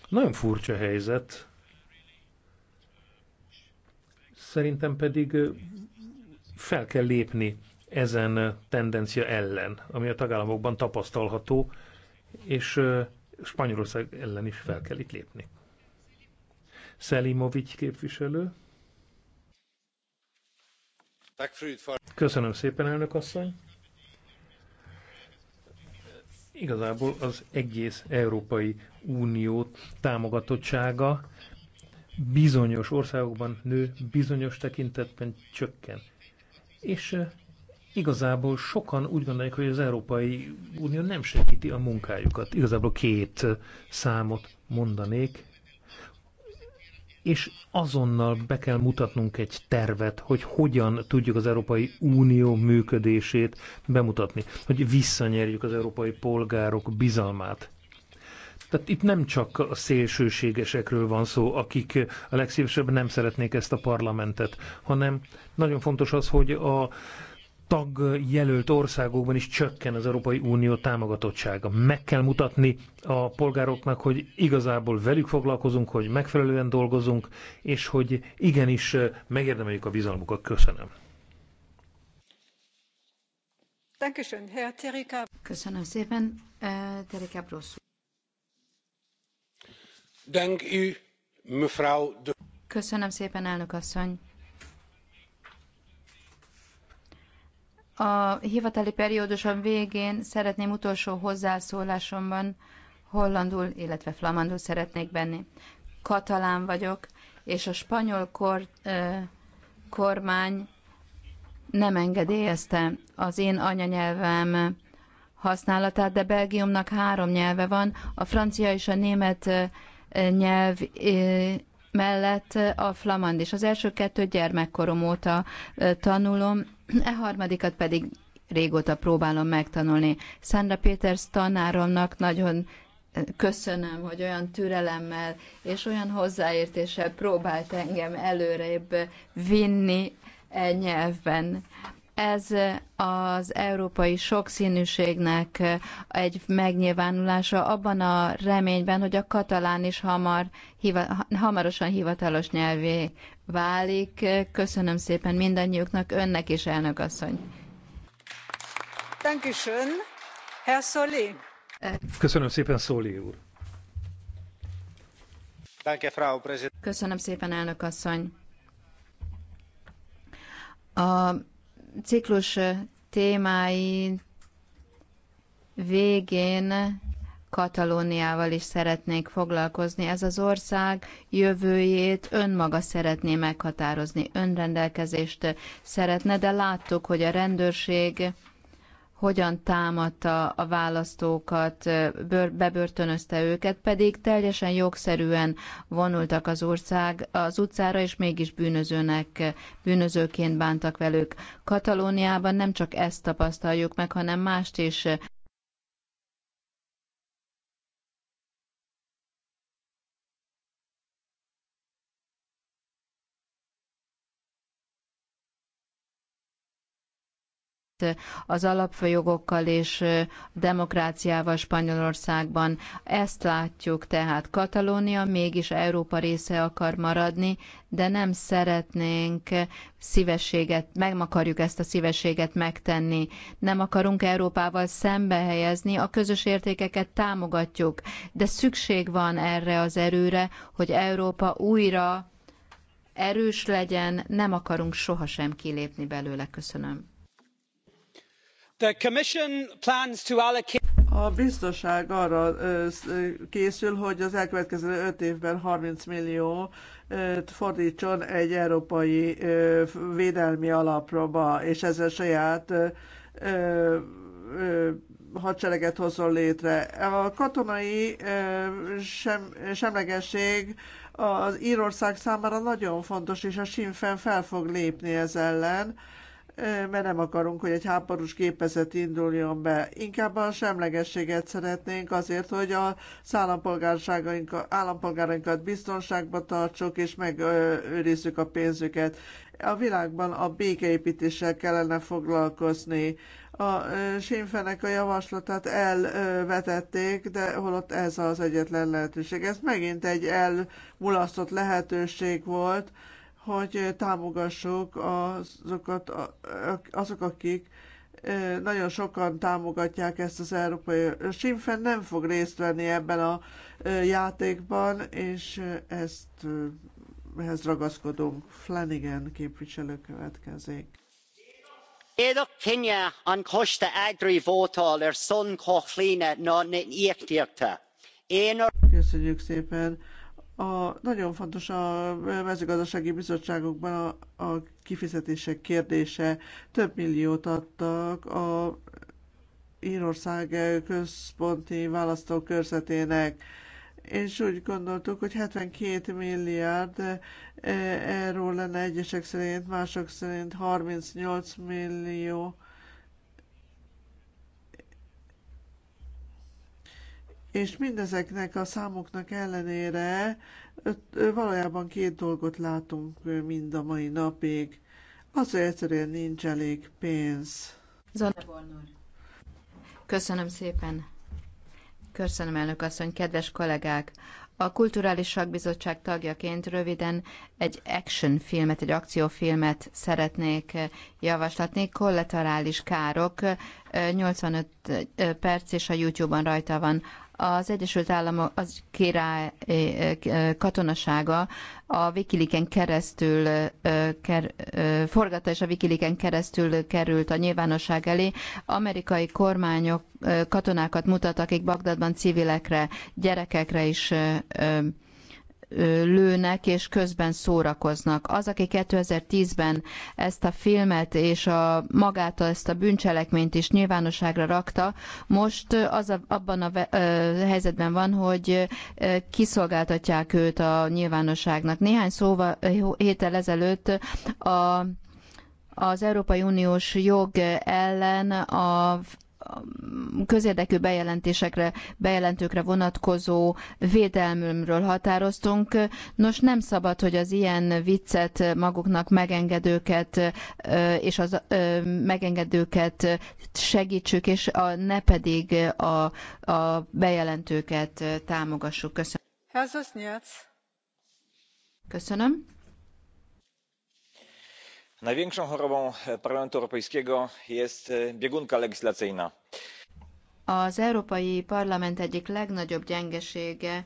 Nagyon furcsa helyzet. Szerintem pedig fel kell lépni ezen tendencia ellen, ami a tagállamokban tapasztalható, és Spanyolország ellen is fel kell itt lépni. Szelimovics képviselő. Köszönöm szépen, elnök asszony. Igazából az egész Európai Unió támogatottsága bizonyos országokban nő, bizonyos tekintetben csökken. És eh, igazából sokan úgy gondolják, hogy az Európai Unió nem segíti a munkájukat. Igazából két eh, számot mondanék és azonnal be kell mutatnunk egy tervet, hogy hogyan tudjuk az Európai Unió működését bemutatni, hogy visszanyerjük az európai polgárok bizalmát. Tehát itt nem csak a szélsőségesekről van szó, akik a legszívesebben nem szeretnék ezt a parlamentet, hanem nagyon fontos az, hogy a tagjelölt országokban is csökken az Európai Unió támogatottsága. Meg kell mutatni a polgároknak, hogy igazából velük foglalkozunk, hogy megfelelően dolgozunk, és hogy igenis eh, megérdemeljük a bizalmukat. Köszönöm. Köszönöm szépen, eh, Terika Brosszú. Köszönöm szépen, elnök asszony A hivatali periódusom végén szeretném utolsó hozzászólásomban hollandul, illetve flamandul szeretnék benni. Katalán vagyok, és a spanyol kor, ö, kormány nem engedélyezte az én anyanyelvem használatát, de Belgiumnak három nyelve van, a francia és a német nyelv mellett a flamand is. Az első kettő gyermekkorom óta tanulom, E harmadikat pedig régóta próbálom megtanulni. Sandra Péters tanáromnak nagyon eh, köszönöm, hogy olyan türelemmel és olyan hozzáértéssel próbált engem előrébb vinni e nyelvben. Ez az európai sokszínűségnek egy megnyilvánulása abban a reményben, hogy a katalán is hamar, hiva, hamarosan hivatalos nyelvé válik. Köszönöm szépen mindannyiuknak, önnek is, elnök asszony. Köszönöm szépen, Szóli úr. Köszönöm szépen, elnök asszony. A ciklus témái végén Katalóniával is szeretnék foglalkozni. Ez az ország jövőjét önmaga szeretné meghatározni, önrendelkezést szeretne, de láttuk, hogy a rendőrség hogyan támadta a választókat, bebörtönözte őket, pedig teljesen jogszerűen vonultak az ország az utcára, és mégis bűnözőnek, bűnözőként bántak velük. Katalóniában nem csak ezt tapasztaljuk meg, hanem mást is. az alapjogokkal és demokráciával Spanyolországban. Ezt látjuk tehát. Katalónia mégis Európa része akar maradni, de nem szeretnénk szívességet, meg akarjuk ezt a szívességet megtenni. Nem akarunk Európával szembe helyezni, a közös értékeket támogatjuk, de szükség van erre az erőre, hogy Európa újra erős legyen, nem akarunk sohasem kilépni belőle. Köszönöm. A biztonság arra készül, hogy az elkövetkező öt évben thirty millió fordtson egy európai védelmi alapra, és ezzel saját hadsereget hozzon létre. A katonai sem, semlegesség az Írország számára nagyon fontos, és a Sinn Féin fel fog lépni ez ellen mert nem akarunk, hogy egy háborús gépezet induljon be. Inkább a semlegességet szeretnénk azért, hogy a állampolgárainkat biztonságba tartsuk, és megőrizzük a pénzüket. A világban a békeépítéssel kellene foglalkozni. A Sinfenek a javaslatát elvetették, de holott ez az egyetlen lehetőség. Ez megint egy elmulasztott lehetőség volt, hogy támogassuk azokat, azok, akik nagyon sokan támogatják ezt az európai. Simfen nem fog részt venni ebben a játékban, és ezt ehhez ragaszkodunk. Flanagan képviselő következik. Éadach cinne an ágri eagraí er ar son na ne na íochtaíochta. Köszönjük szépen. A, nagyon fontos a mezőgazdasági bizottságokban a, a kifizetések kérdése. Több milliót adtak a Írország központi választókörzetének és úgy gondoltuk, hogy 72 milliárd erről eh, lenne egyesek szerint, mások szerint 38 millió és mindezeknek a számoknak ellenére valójában két dolgot látunk mind a mai napig. Az, hogy egyszerűen nincs elég pénz. Zana Köszönöm szépen. Köszönöm, elnök asszony, kedves kollégák! A Kulturális Szakbizottság tagjaként röviden egy action filmet, egy akciófilmet szeretnék javaslatni. Kollaterális károk, 85 perc, és a YouTube-on rajta van az Egyesült Államok az király eh, eh, katonasága a Wikileaken keresztül eh, ker, forgatta, és a Wikileaken keresztül került a nyilvánosság elé. Amerikai kormányok katonákat mutat, akik Bagdadban civilekre, gyerekekre is lőnek és közben szórakoznak. Az, aki 2010-ben ezt a filmet és a magát ezt a bűncselekményt is nyilvánosságra rakta, most az a, abban a helyzetben van, hogy kiszolgáltatják őt a nyilvánosságnak. Néhány szóval héttel ezelőtt a az Európai Uniós jog ellen a közérdekű bejelentésekre, bejelentőkre vonatkozó védelmről határoztunk. Nos, nem szabad, hogy az ilyen viccet maguknak megengedőket és az megengedőket segítsük, és a, ne pedig a, a bejelentőket támogassuk. Köszönöm. Köszönöm największą chorobą parlamentu europejskiego jest e, biegunka legislacyjna. Az Európai Parlament egyik legnagyobb gyengesége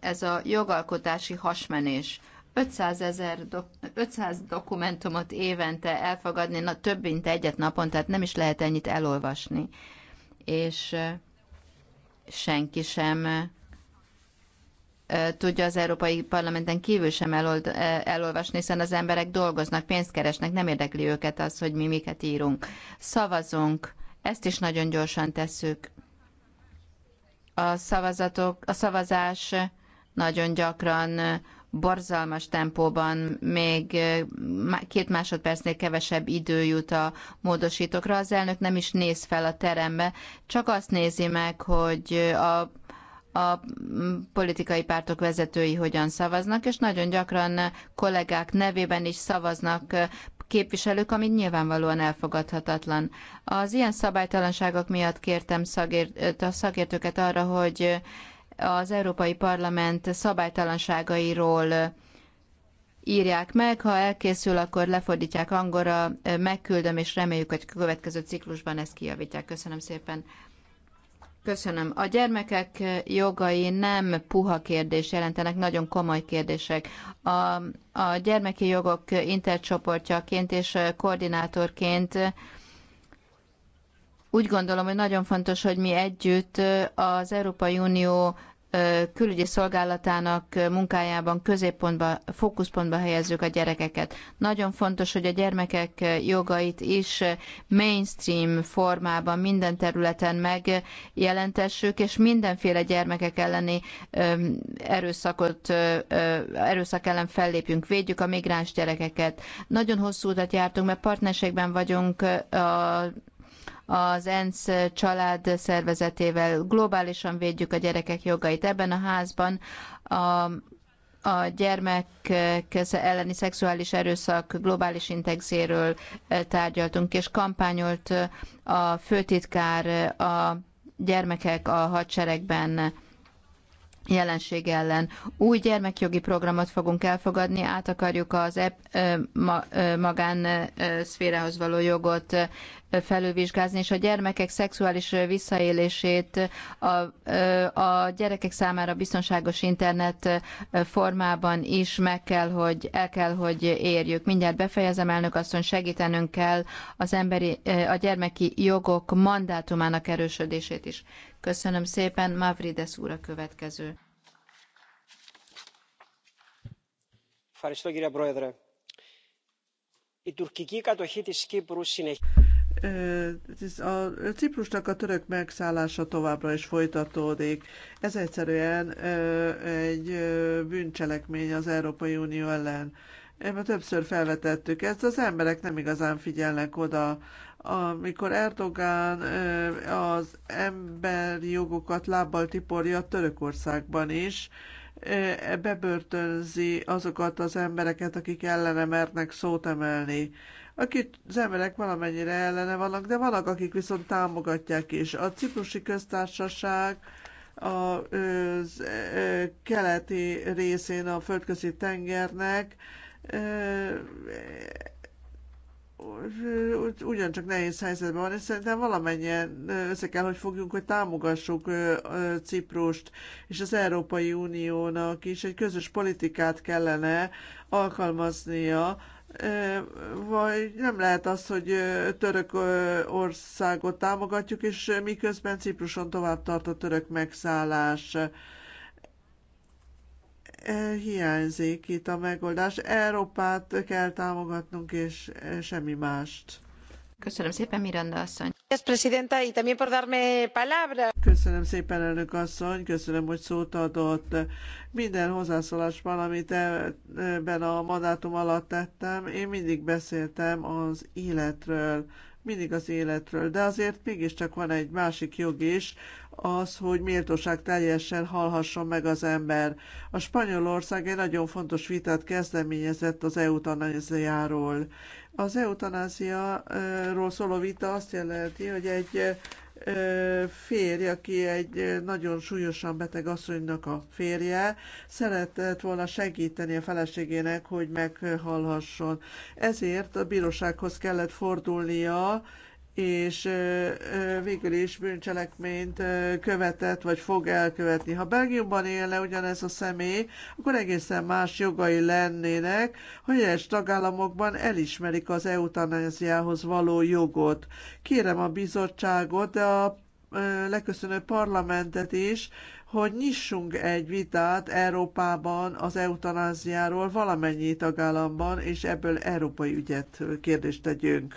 ez a jogalkotási hasmenés. 500, ezer do, 500 dokumentumot évente elfogadni, na, több mint egyet napon, tehát nem is lehet ennyit elolvasni. És e, senki sem tudja az Európai Parlamenten kívül sem elold, elolvasni, hiszen az emberek dolgoznak, pénzt keresnek, nem érdekli őket az, hogy mi miket írunk. Szavazunk, ezt is nagyon gyorsan tesszük. A, szavazatok, a szavazás nagyon gyakran borzalmas tempóban, még két másodpercnél kevesebb idő jut a módosítókra. Az elnök nem is néz fel a terembe, csak azt nézi meg, hogy a a mm, politikai pártok vezetői hogyan szavaznak, és nagyon gyakran kollégák nevében is szavaznak képviselők, ami nyilvánvalóan elfogadhatatlan. Az ilyen szabálytalanságok miatt kértem szakért, a szakértőket arra, hogy az Európai Parlament szabálytalanságairól írják meg, ha elkészül, akkor lefordítják angolra, megküldöm, és reméljük, hogy a következő ciklusban ezt kijavítják. Köszönöm szépen. Köszönöm. A gyermekek jogai nem puha kérdés jelentenek, nagyon komoly kérdések. A, a gyermeki jogok intercsoportjaként és koordinátorként úgy gondolom, hogy nagyon fontos, hogy mi együtt az Európai Unió külügyi szolgálatának munkájában középpontba, fókuszpontba helyezzük a gyerekeket. Nagyon fontos, hogy a gyermekek jogait is mainstream formában minden területen megjelentessük, és mindenféle gyermekek elleni erőszakot, erőszak ellen fellépjünk, védjük a migráns gyerekeket. Nagyon hosszú utat jártunk, mert partnerségben vagyunk a az ENSZ család szervezetével globálisan védjük a gyerekek jogait. Ebben a házban a a gyermek elleni szexuális erőszak globális indexéről e, tárgyaltunk, és kampányolt a főtitkár a gyermekek a hadseregben jelenség ellen. Új gyermekjogi programot fogunk elfogadni, át akarjuk az e-, e, e magán magánszférához való jogot felülvizsgázni, és a gyermekek szexuális visszaélését a, a gyerekek számára biztonságos internet formában is meg kell, hogy el kell, hogy érjük. Mindjárt befejezem, elnök asszony, segítenünk kell az emberi, a gyermeki jogok mandátumának erősödését is. Köszönöm szépen, Mavrides úr a következő. Ευχαριστώ κύριε Η τουρκική κατοχή της Κύπρου a Ciprusnak a török megszállása továbbra is folytatódik. Ez egyszerűen egy bűncselekmény az Európai Unió ellen. Mert többször felvetettük ezt, az emberek nem igazán figyelnek oda. Amikor Erdogán az emberi jogokat lábbal tiporja Törökországban is, bebörtönzi azokat az embereket, akik ellene mernek szót emelni akit az emberek valamennyire ellene vannak, de vannak, akik viszont támogatják is. A ciprusi köztársaság az keleti részén a földközi tengernek ugyancsak nehéz helyzetben van, és szerintem valamennyien össze kell, hogy fogjunk, hogy támogassuk Ciprust, és az Európai Uniónak is egy közös politikát kellene alkalmaznia vagy nem lehet az, hogy török országot támogatjuk, és miközben Cipruson tovább tart a török megszállás. Hiányzik itt a megoldás. Európát kell támogatnunk, és semmi mást. Köszönöm szépen, Miranda asszony. Köszönöm szépen, elnök asszony, köszönöm, hogy szót adott. Minden hozzászólásban, amit e, ebben a mandátum alatt tettem, én mindig beszéltem az életről, mindig az életről, de azért mégiscsak van egy másik jog is, az, hogy méltóság teljesen hallhasson meg az ember. A Spanyolország egy nagyon fontos vitát kezdeményezett az eutanáziáról. Az eutanáziáról szóló vita azt jelenti, hogy egy férj, aki egy nagyon súlyosan beteg asszonynak a férje, szeretett volna segíteni a feleségének, hogy meghallhasson. Ezért a bírósághoz kellett fordulnia, és végül is bűncselekményt követett, vagy fog elkövetni. Ha Belgiumban élne ugyanez a személy, akkor egészen más jogai lennének, hogy egyes tagállamokban elismerik az eutanáziához való jogot. Kérem a bizottságot, de a leköszönő parlamentet is, hogy nyissunk egy vitát Európában az eutanáziáról valamennyi tagállamban, és ebből európai ügyet kérdést tegyünk.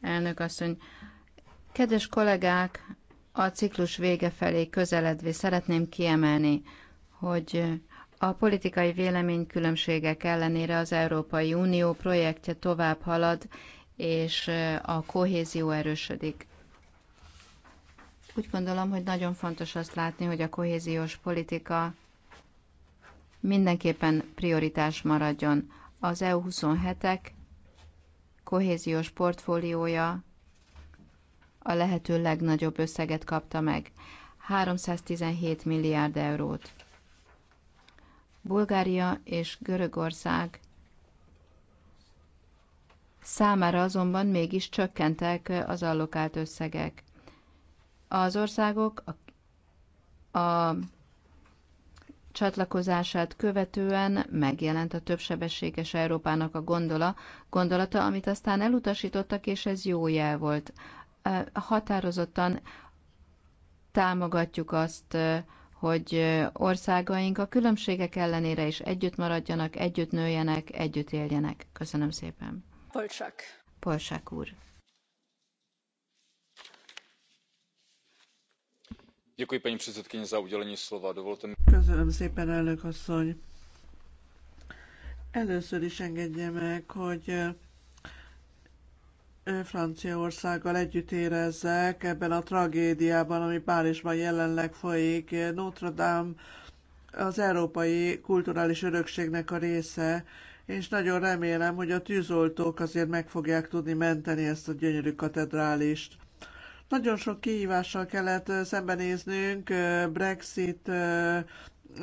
elnök asszony. Kedves kollégák, a ciklus vége felé közeledve szeretném kiemelni, hogy a politikai véleménykülönbségek ellenére az Európai Unió projektje tovább halad, és a kohézió erősödik. Úgy gondolom, hogy nagyon fontos azt látni, hogy a kohéziós politika mindenképpen prioritás maradjon. Az EU 27-ek kohéziós portfóliója a lehető legnagyobb összeget kapta meg, 317 milliárd eurót. Bulgária és Görögország számára azonban mégis csökkentek az allokált összegek. Az országok a, a csatlakozását követően megjelent a többsebességes Európának a gondola, gondolata, amit aztán elutasítottak, és ez jó jel volt. Határozottan támogatjuk azt, hogy országaink a különbségek ellenére is együtt maradjanak, együtt nőjenek, együtt éljenek. Köszönöm szépen. Polsak. Polsak úr. paní předsedající köszönöm szépen elnök asszony! először is engedje meg hogy franciaországgal együtt érezzek ebben a tragédiában ami párizsban jelenleg folyik. notre dame az európai kulturális örökségnek a része és nagyon remélem hogy a tűzoltók azért meg fogják tudni menteni ezt a gyönyörű katedrálist nagyon sok kihívással kellett szembenéznünk, Brexit,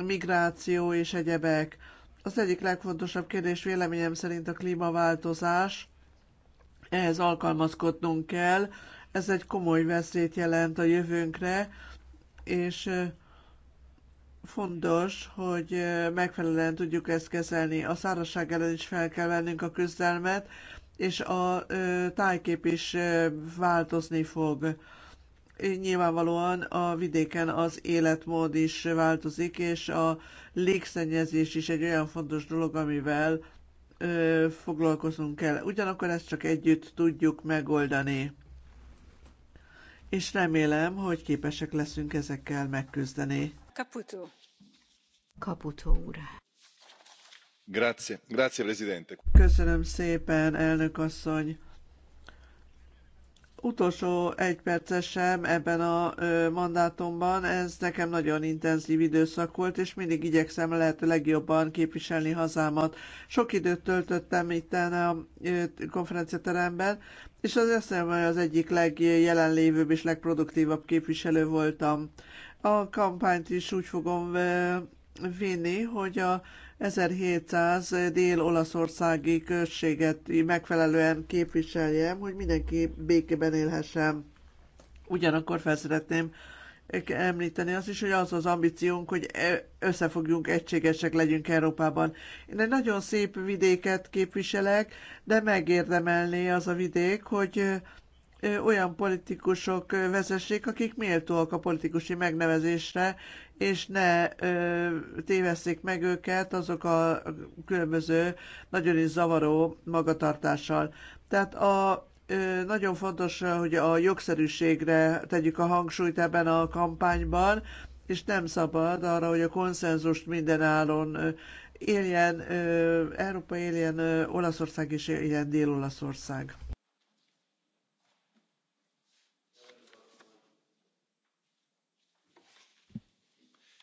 migráció és egyebek. Az egyik legfontosabb kérdés véleményem szerint a klímaváltozás. Ehhez alkalmazkodnunk kell. Ez egy komoly veszélyt jelent a jövőnkre, és fontos, hogy megfelelően tudjuk ezt kezelni. A szárazság ellen is fel kell vennünk a küzdelmet, és a tájkép is változni fog. Nyilvánvalóan a vidéken az életmód is változik, és a légszennyezés is egy olyan fontos dolog, amivel ö, foglalkozunk kell. Ugyanakkor ezt csak együtt tudjuk megoldani. És remélem, hogy képesek leszünk ezekkel megküzdeni. Caputo. Caputo úr. Köszönöm szépen, elnök asszony utolsó egy sem ebben a mandátumban, ez nekem nagyon intenzív időszak volt, és mindig igyekszem lehető legjobban képviselni hazámat. Sok időt töltöttem itt a konferenciateremben, és az eszembe az egyik legjelenlévőbb és legproduktívabb képviselő voltam. A kampányt is úgy fogom vinni, hogy a 1700 dél-olaszországi községet megfelelően képviseljem, hogy mindenki békében élhessen. Ugyanakkor felszeretném említeni azt is, hogy az az ambíciónk, hogy e- összefogjunk, egységesek legyünk Európában. Én egy nagyon szép vidéket képviselek, de megérdemelné az a vidék, hogy olyan politikusok vezessék, akik méltóak a politikusi megnevezésre, és ne ö, tévesszék meg őket azok a különböző nagyon is zavaró magatartással. Tehát a ö, nagyon fontos, hogy a jogszerűségre tegyük a hangsúlyt ebben a kampányban, és nem szabad arra, hogy a konszenzust mindenáron éljen, Európa éljen, Olaszország is éljen, Dél-Olaszország.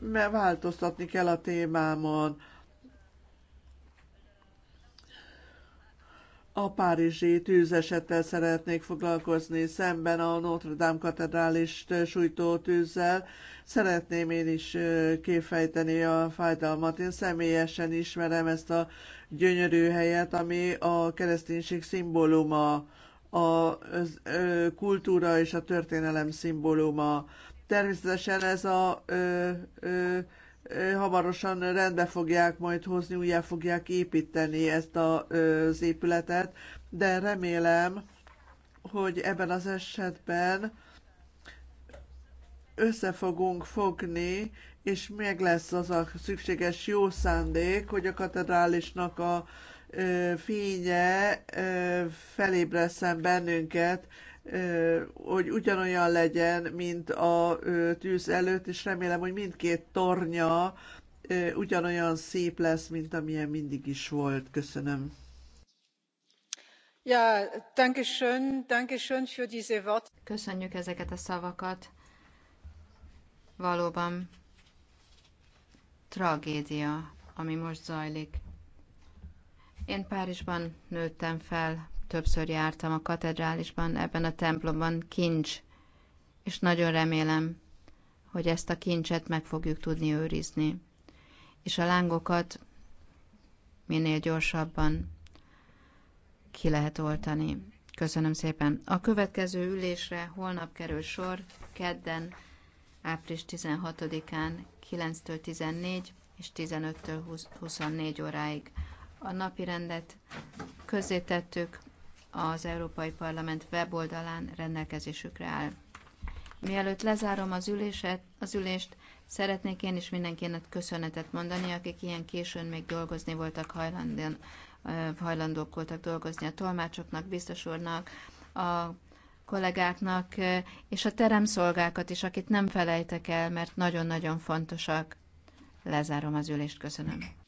mert változtatni kell a témámon. A párizsi tűzesettel szeretnék foglalkozni, szemben a Notre Dame katedrális sújtó tűzzel. Szeretném én is kifejteni a fájdalmat. Én személyesen ismerem ezt a gyönyörű helyet, ami a kereszténység szimbóluma, a kultúra és a történelem szimbóluma Természetesen ez a ö, ö, ö, hamarosan rendbe fogják majd hozni, újjá fogják építeni ezt a, ö, az épületet, de remélem, hogy ebben az esetben össze fogunk fogni, és meg lesz az a szükséges jó szándék, hogy a katedrálisnak a ö, fénye ö, felébresszen bennünket hogy ugyanolyan legyen, mint a tűz előtt, és remélem, hogy mindkét tornya ugyanolyan szép lesz, mint amilyen mindig is volt. Köszönöm. Ja, danke schön, danke schön für diese Worte. Köszönjük ezeket a szavakat. Valóban tragédia, ami most zajlik. Én Párizsban nőttem fel, többször jártam a katedrálisban, ebben a templomban kincs, és nagyon remélem, hogy ezt a kincset meg fogjuk tudni őrizni, és a lángokat minél gyorsabban ki lehet oltani. Köszönöm szépen. A következő ülésre holnap kerül sor, kedden, április 16-án 9-től 14 és 15-től 24 óráig. A napi rendet közzétettük, az Európai Parlament weboldalán rendelkezésükre áll. Mielőtt lezárom az, üléset, az ülést, szeretnék én is mindenkinek köszönetet mondani, akik ilyen későn még dolgozni voltak hajlandóan, hajlandók voltak dolgozni a tolmácsoknak, biztos úrnak, a kollégáknak, és a teremszolgákat is, akit nem felejtek el, mert nagyon-nagyon fontosak. Lezárom az ülést, köszönöm.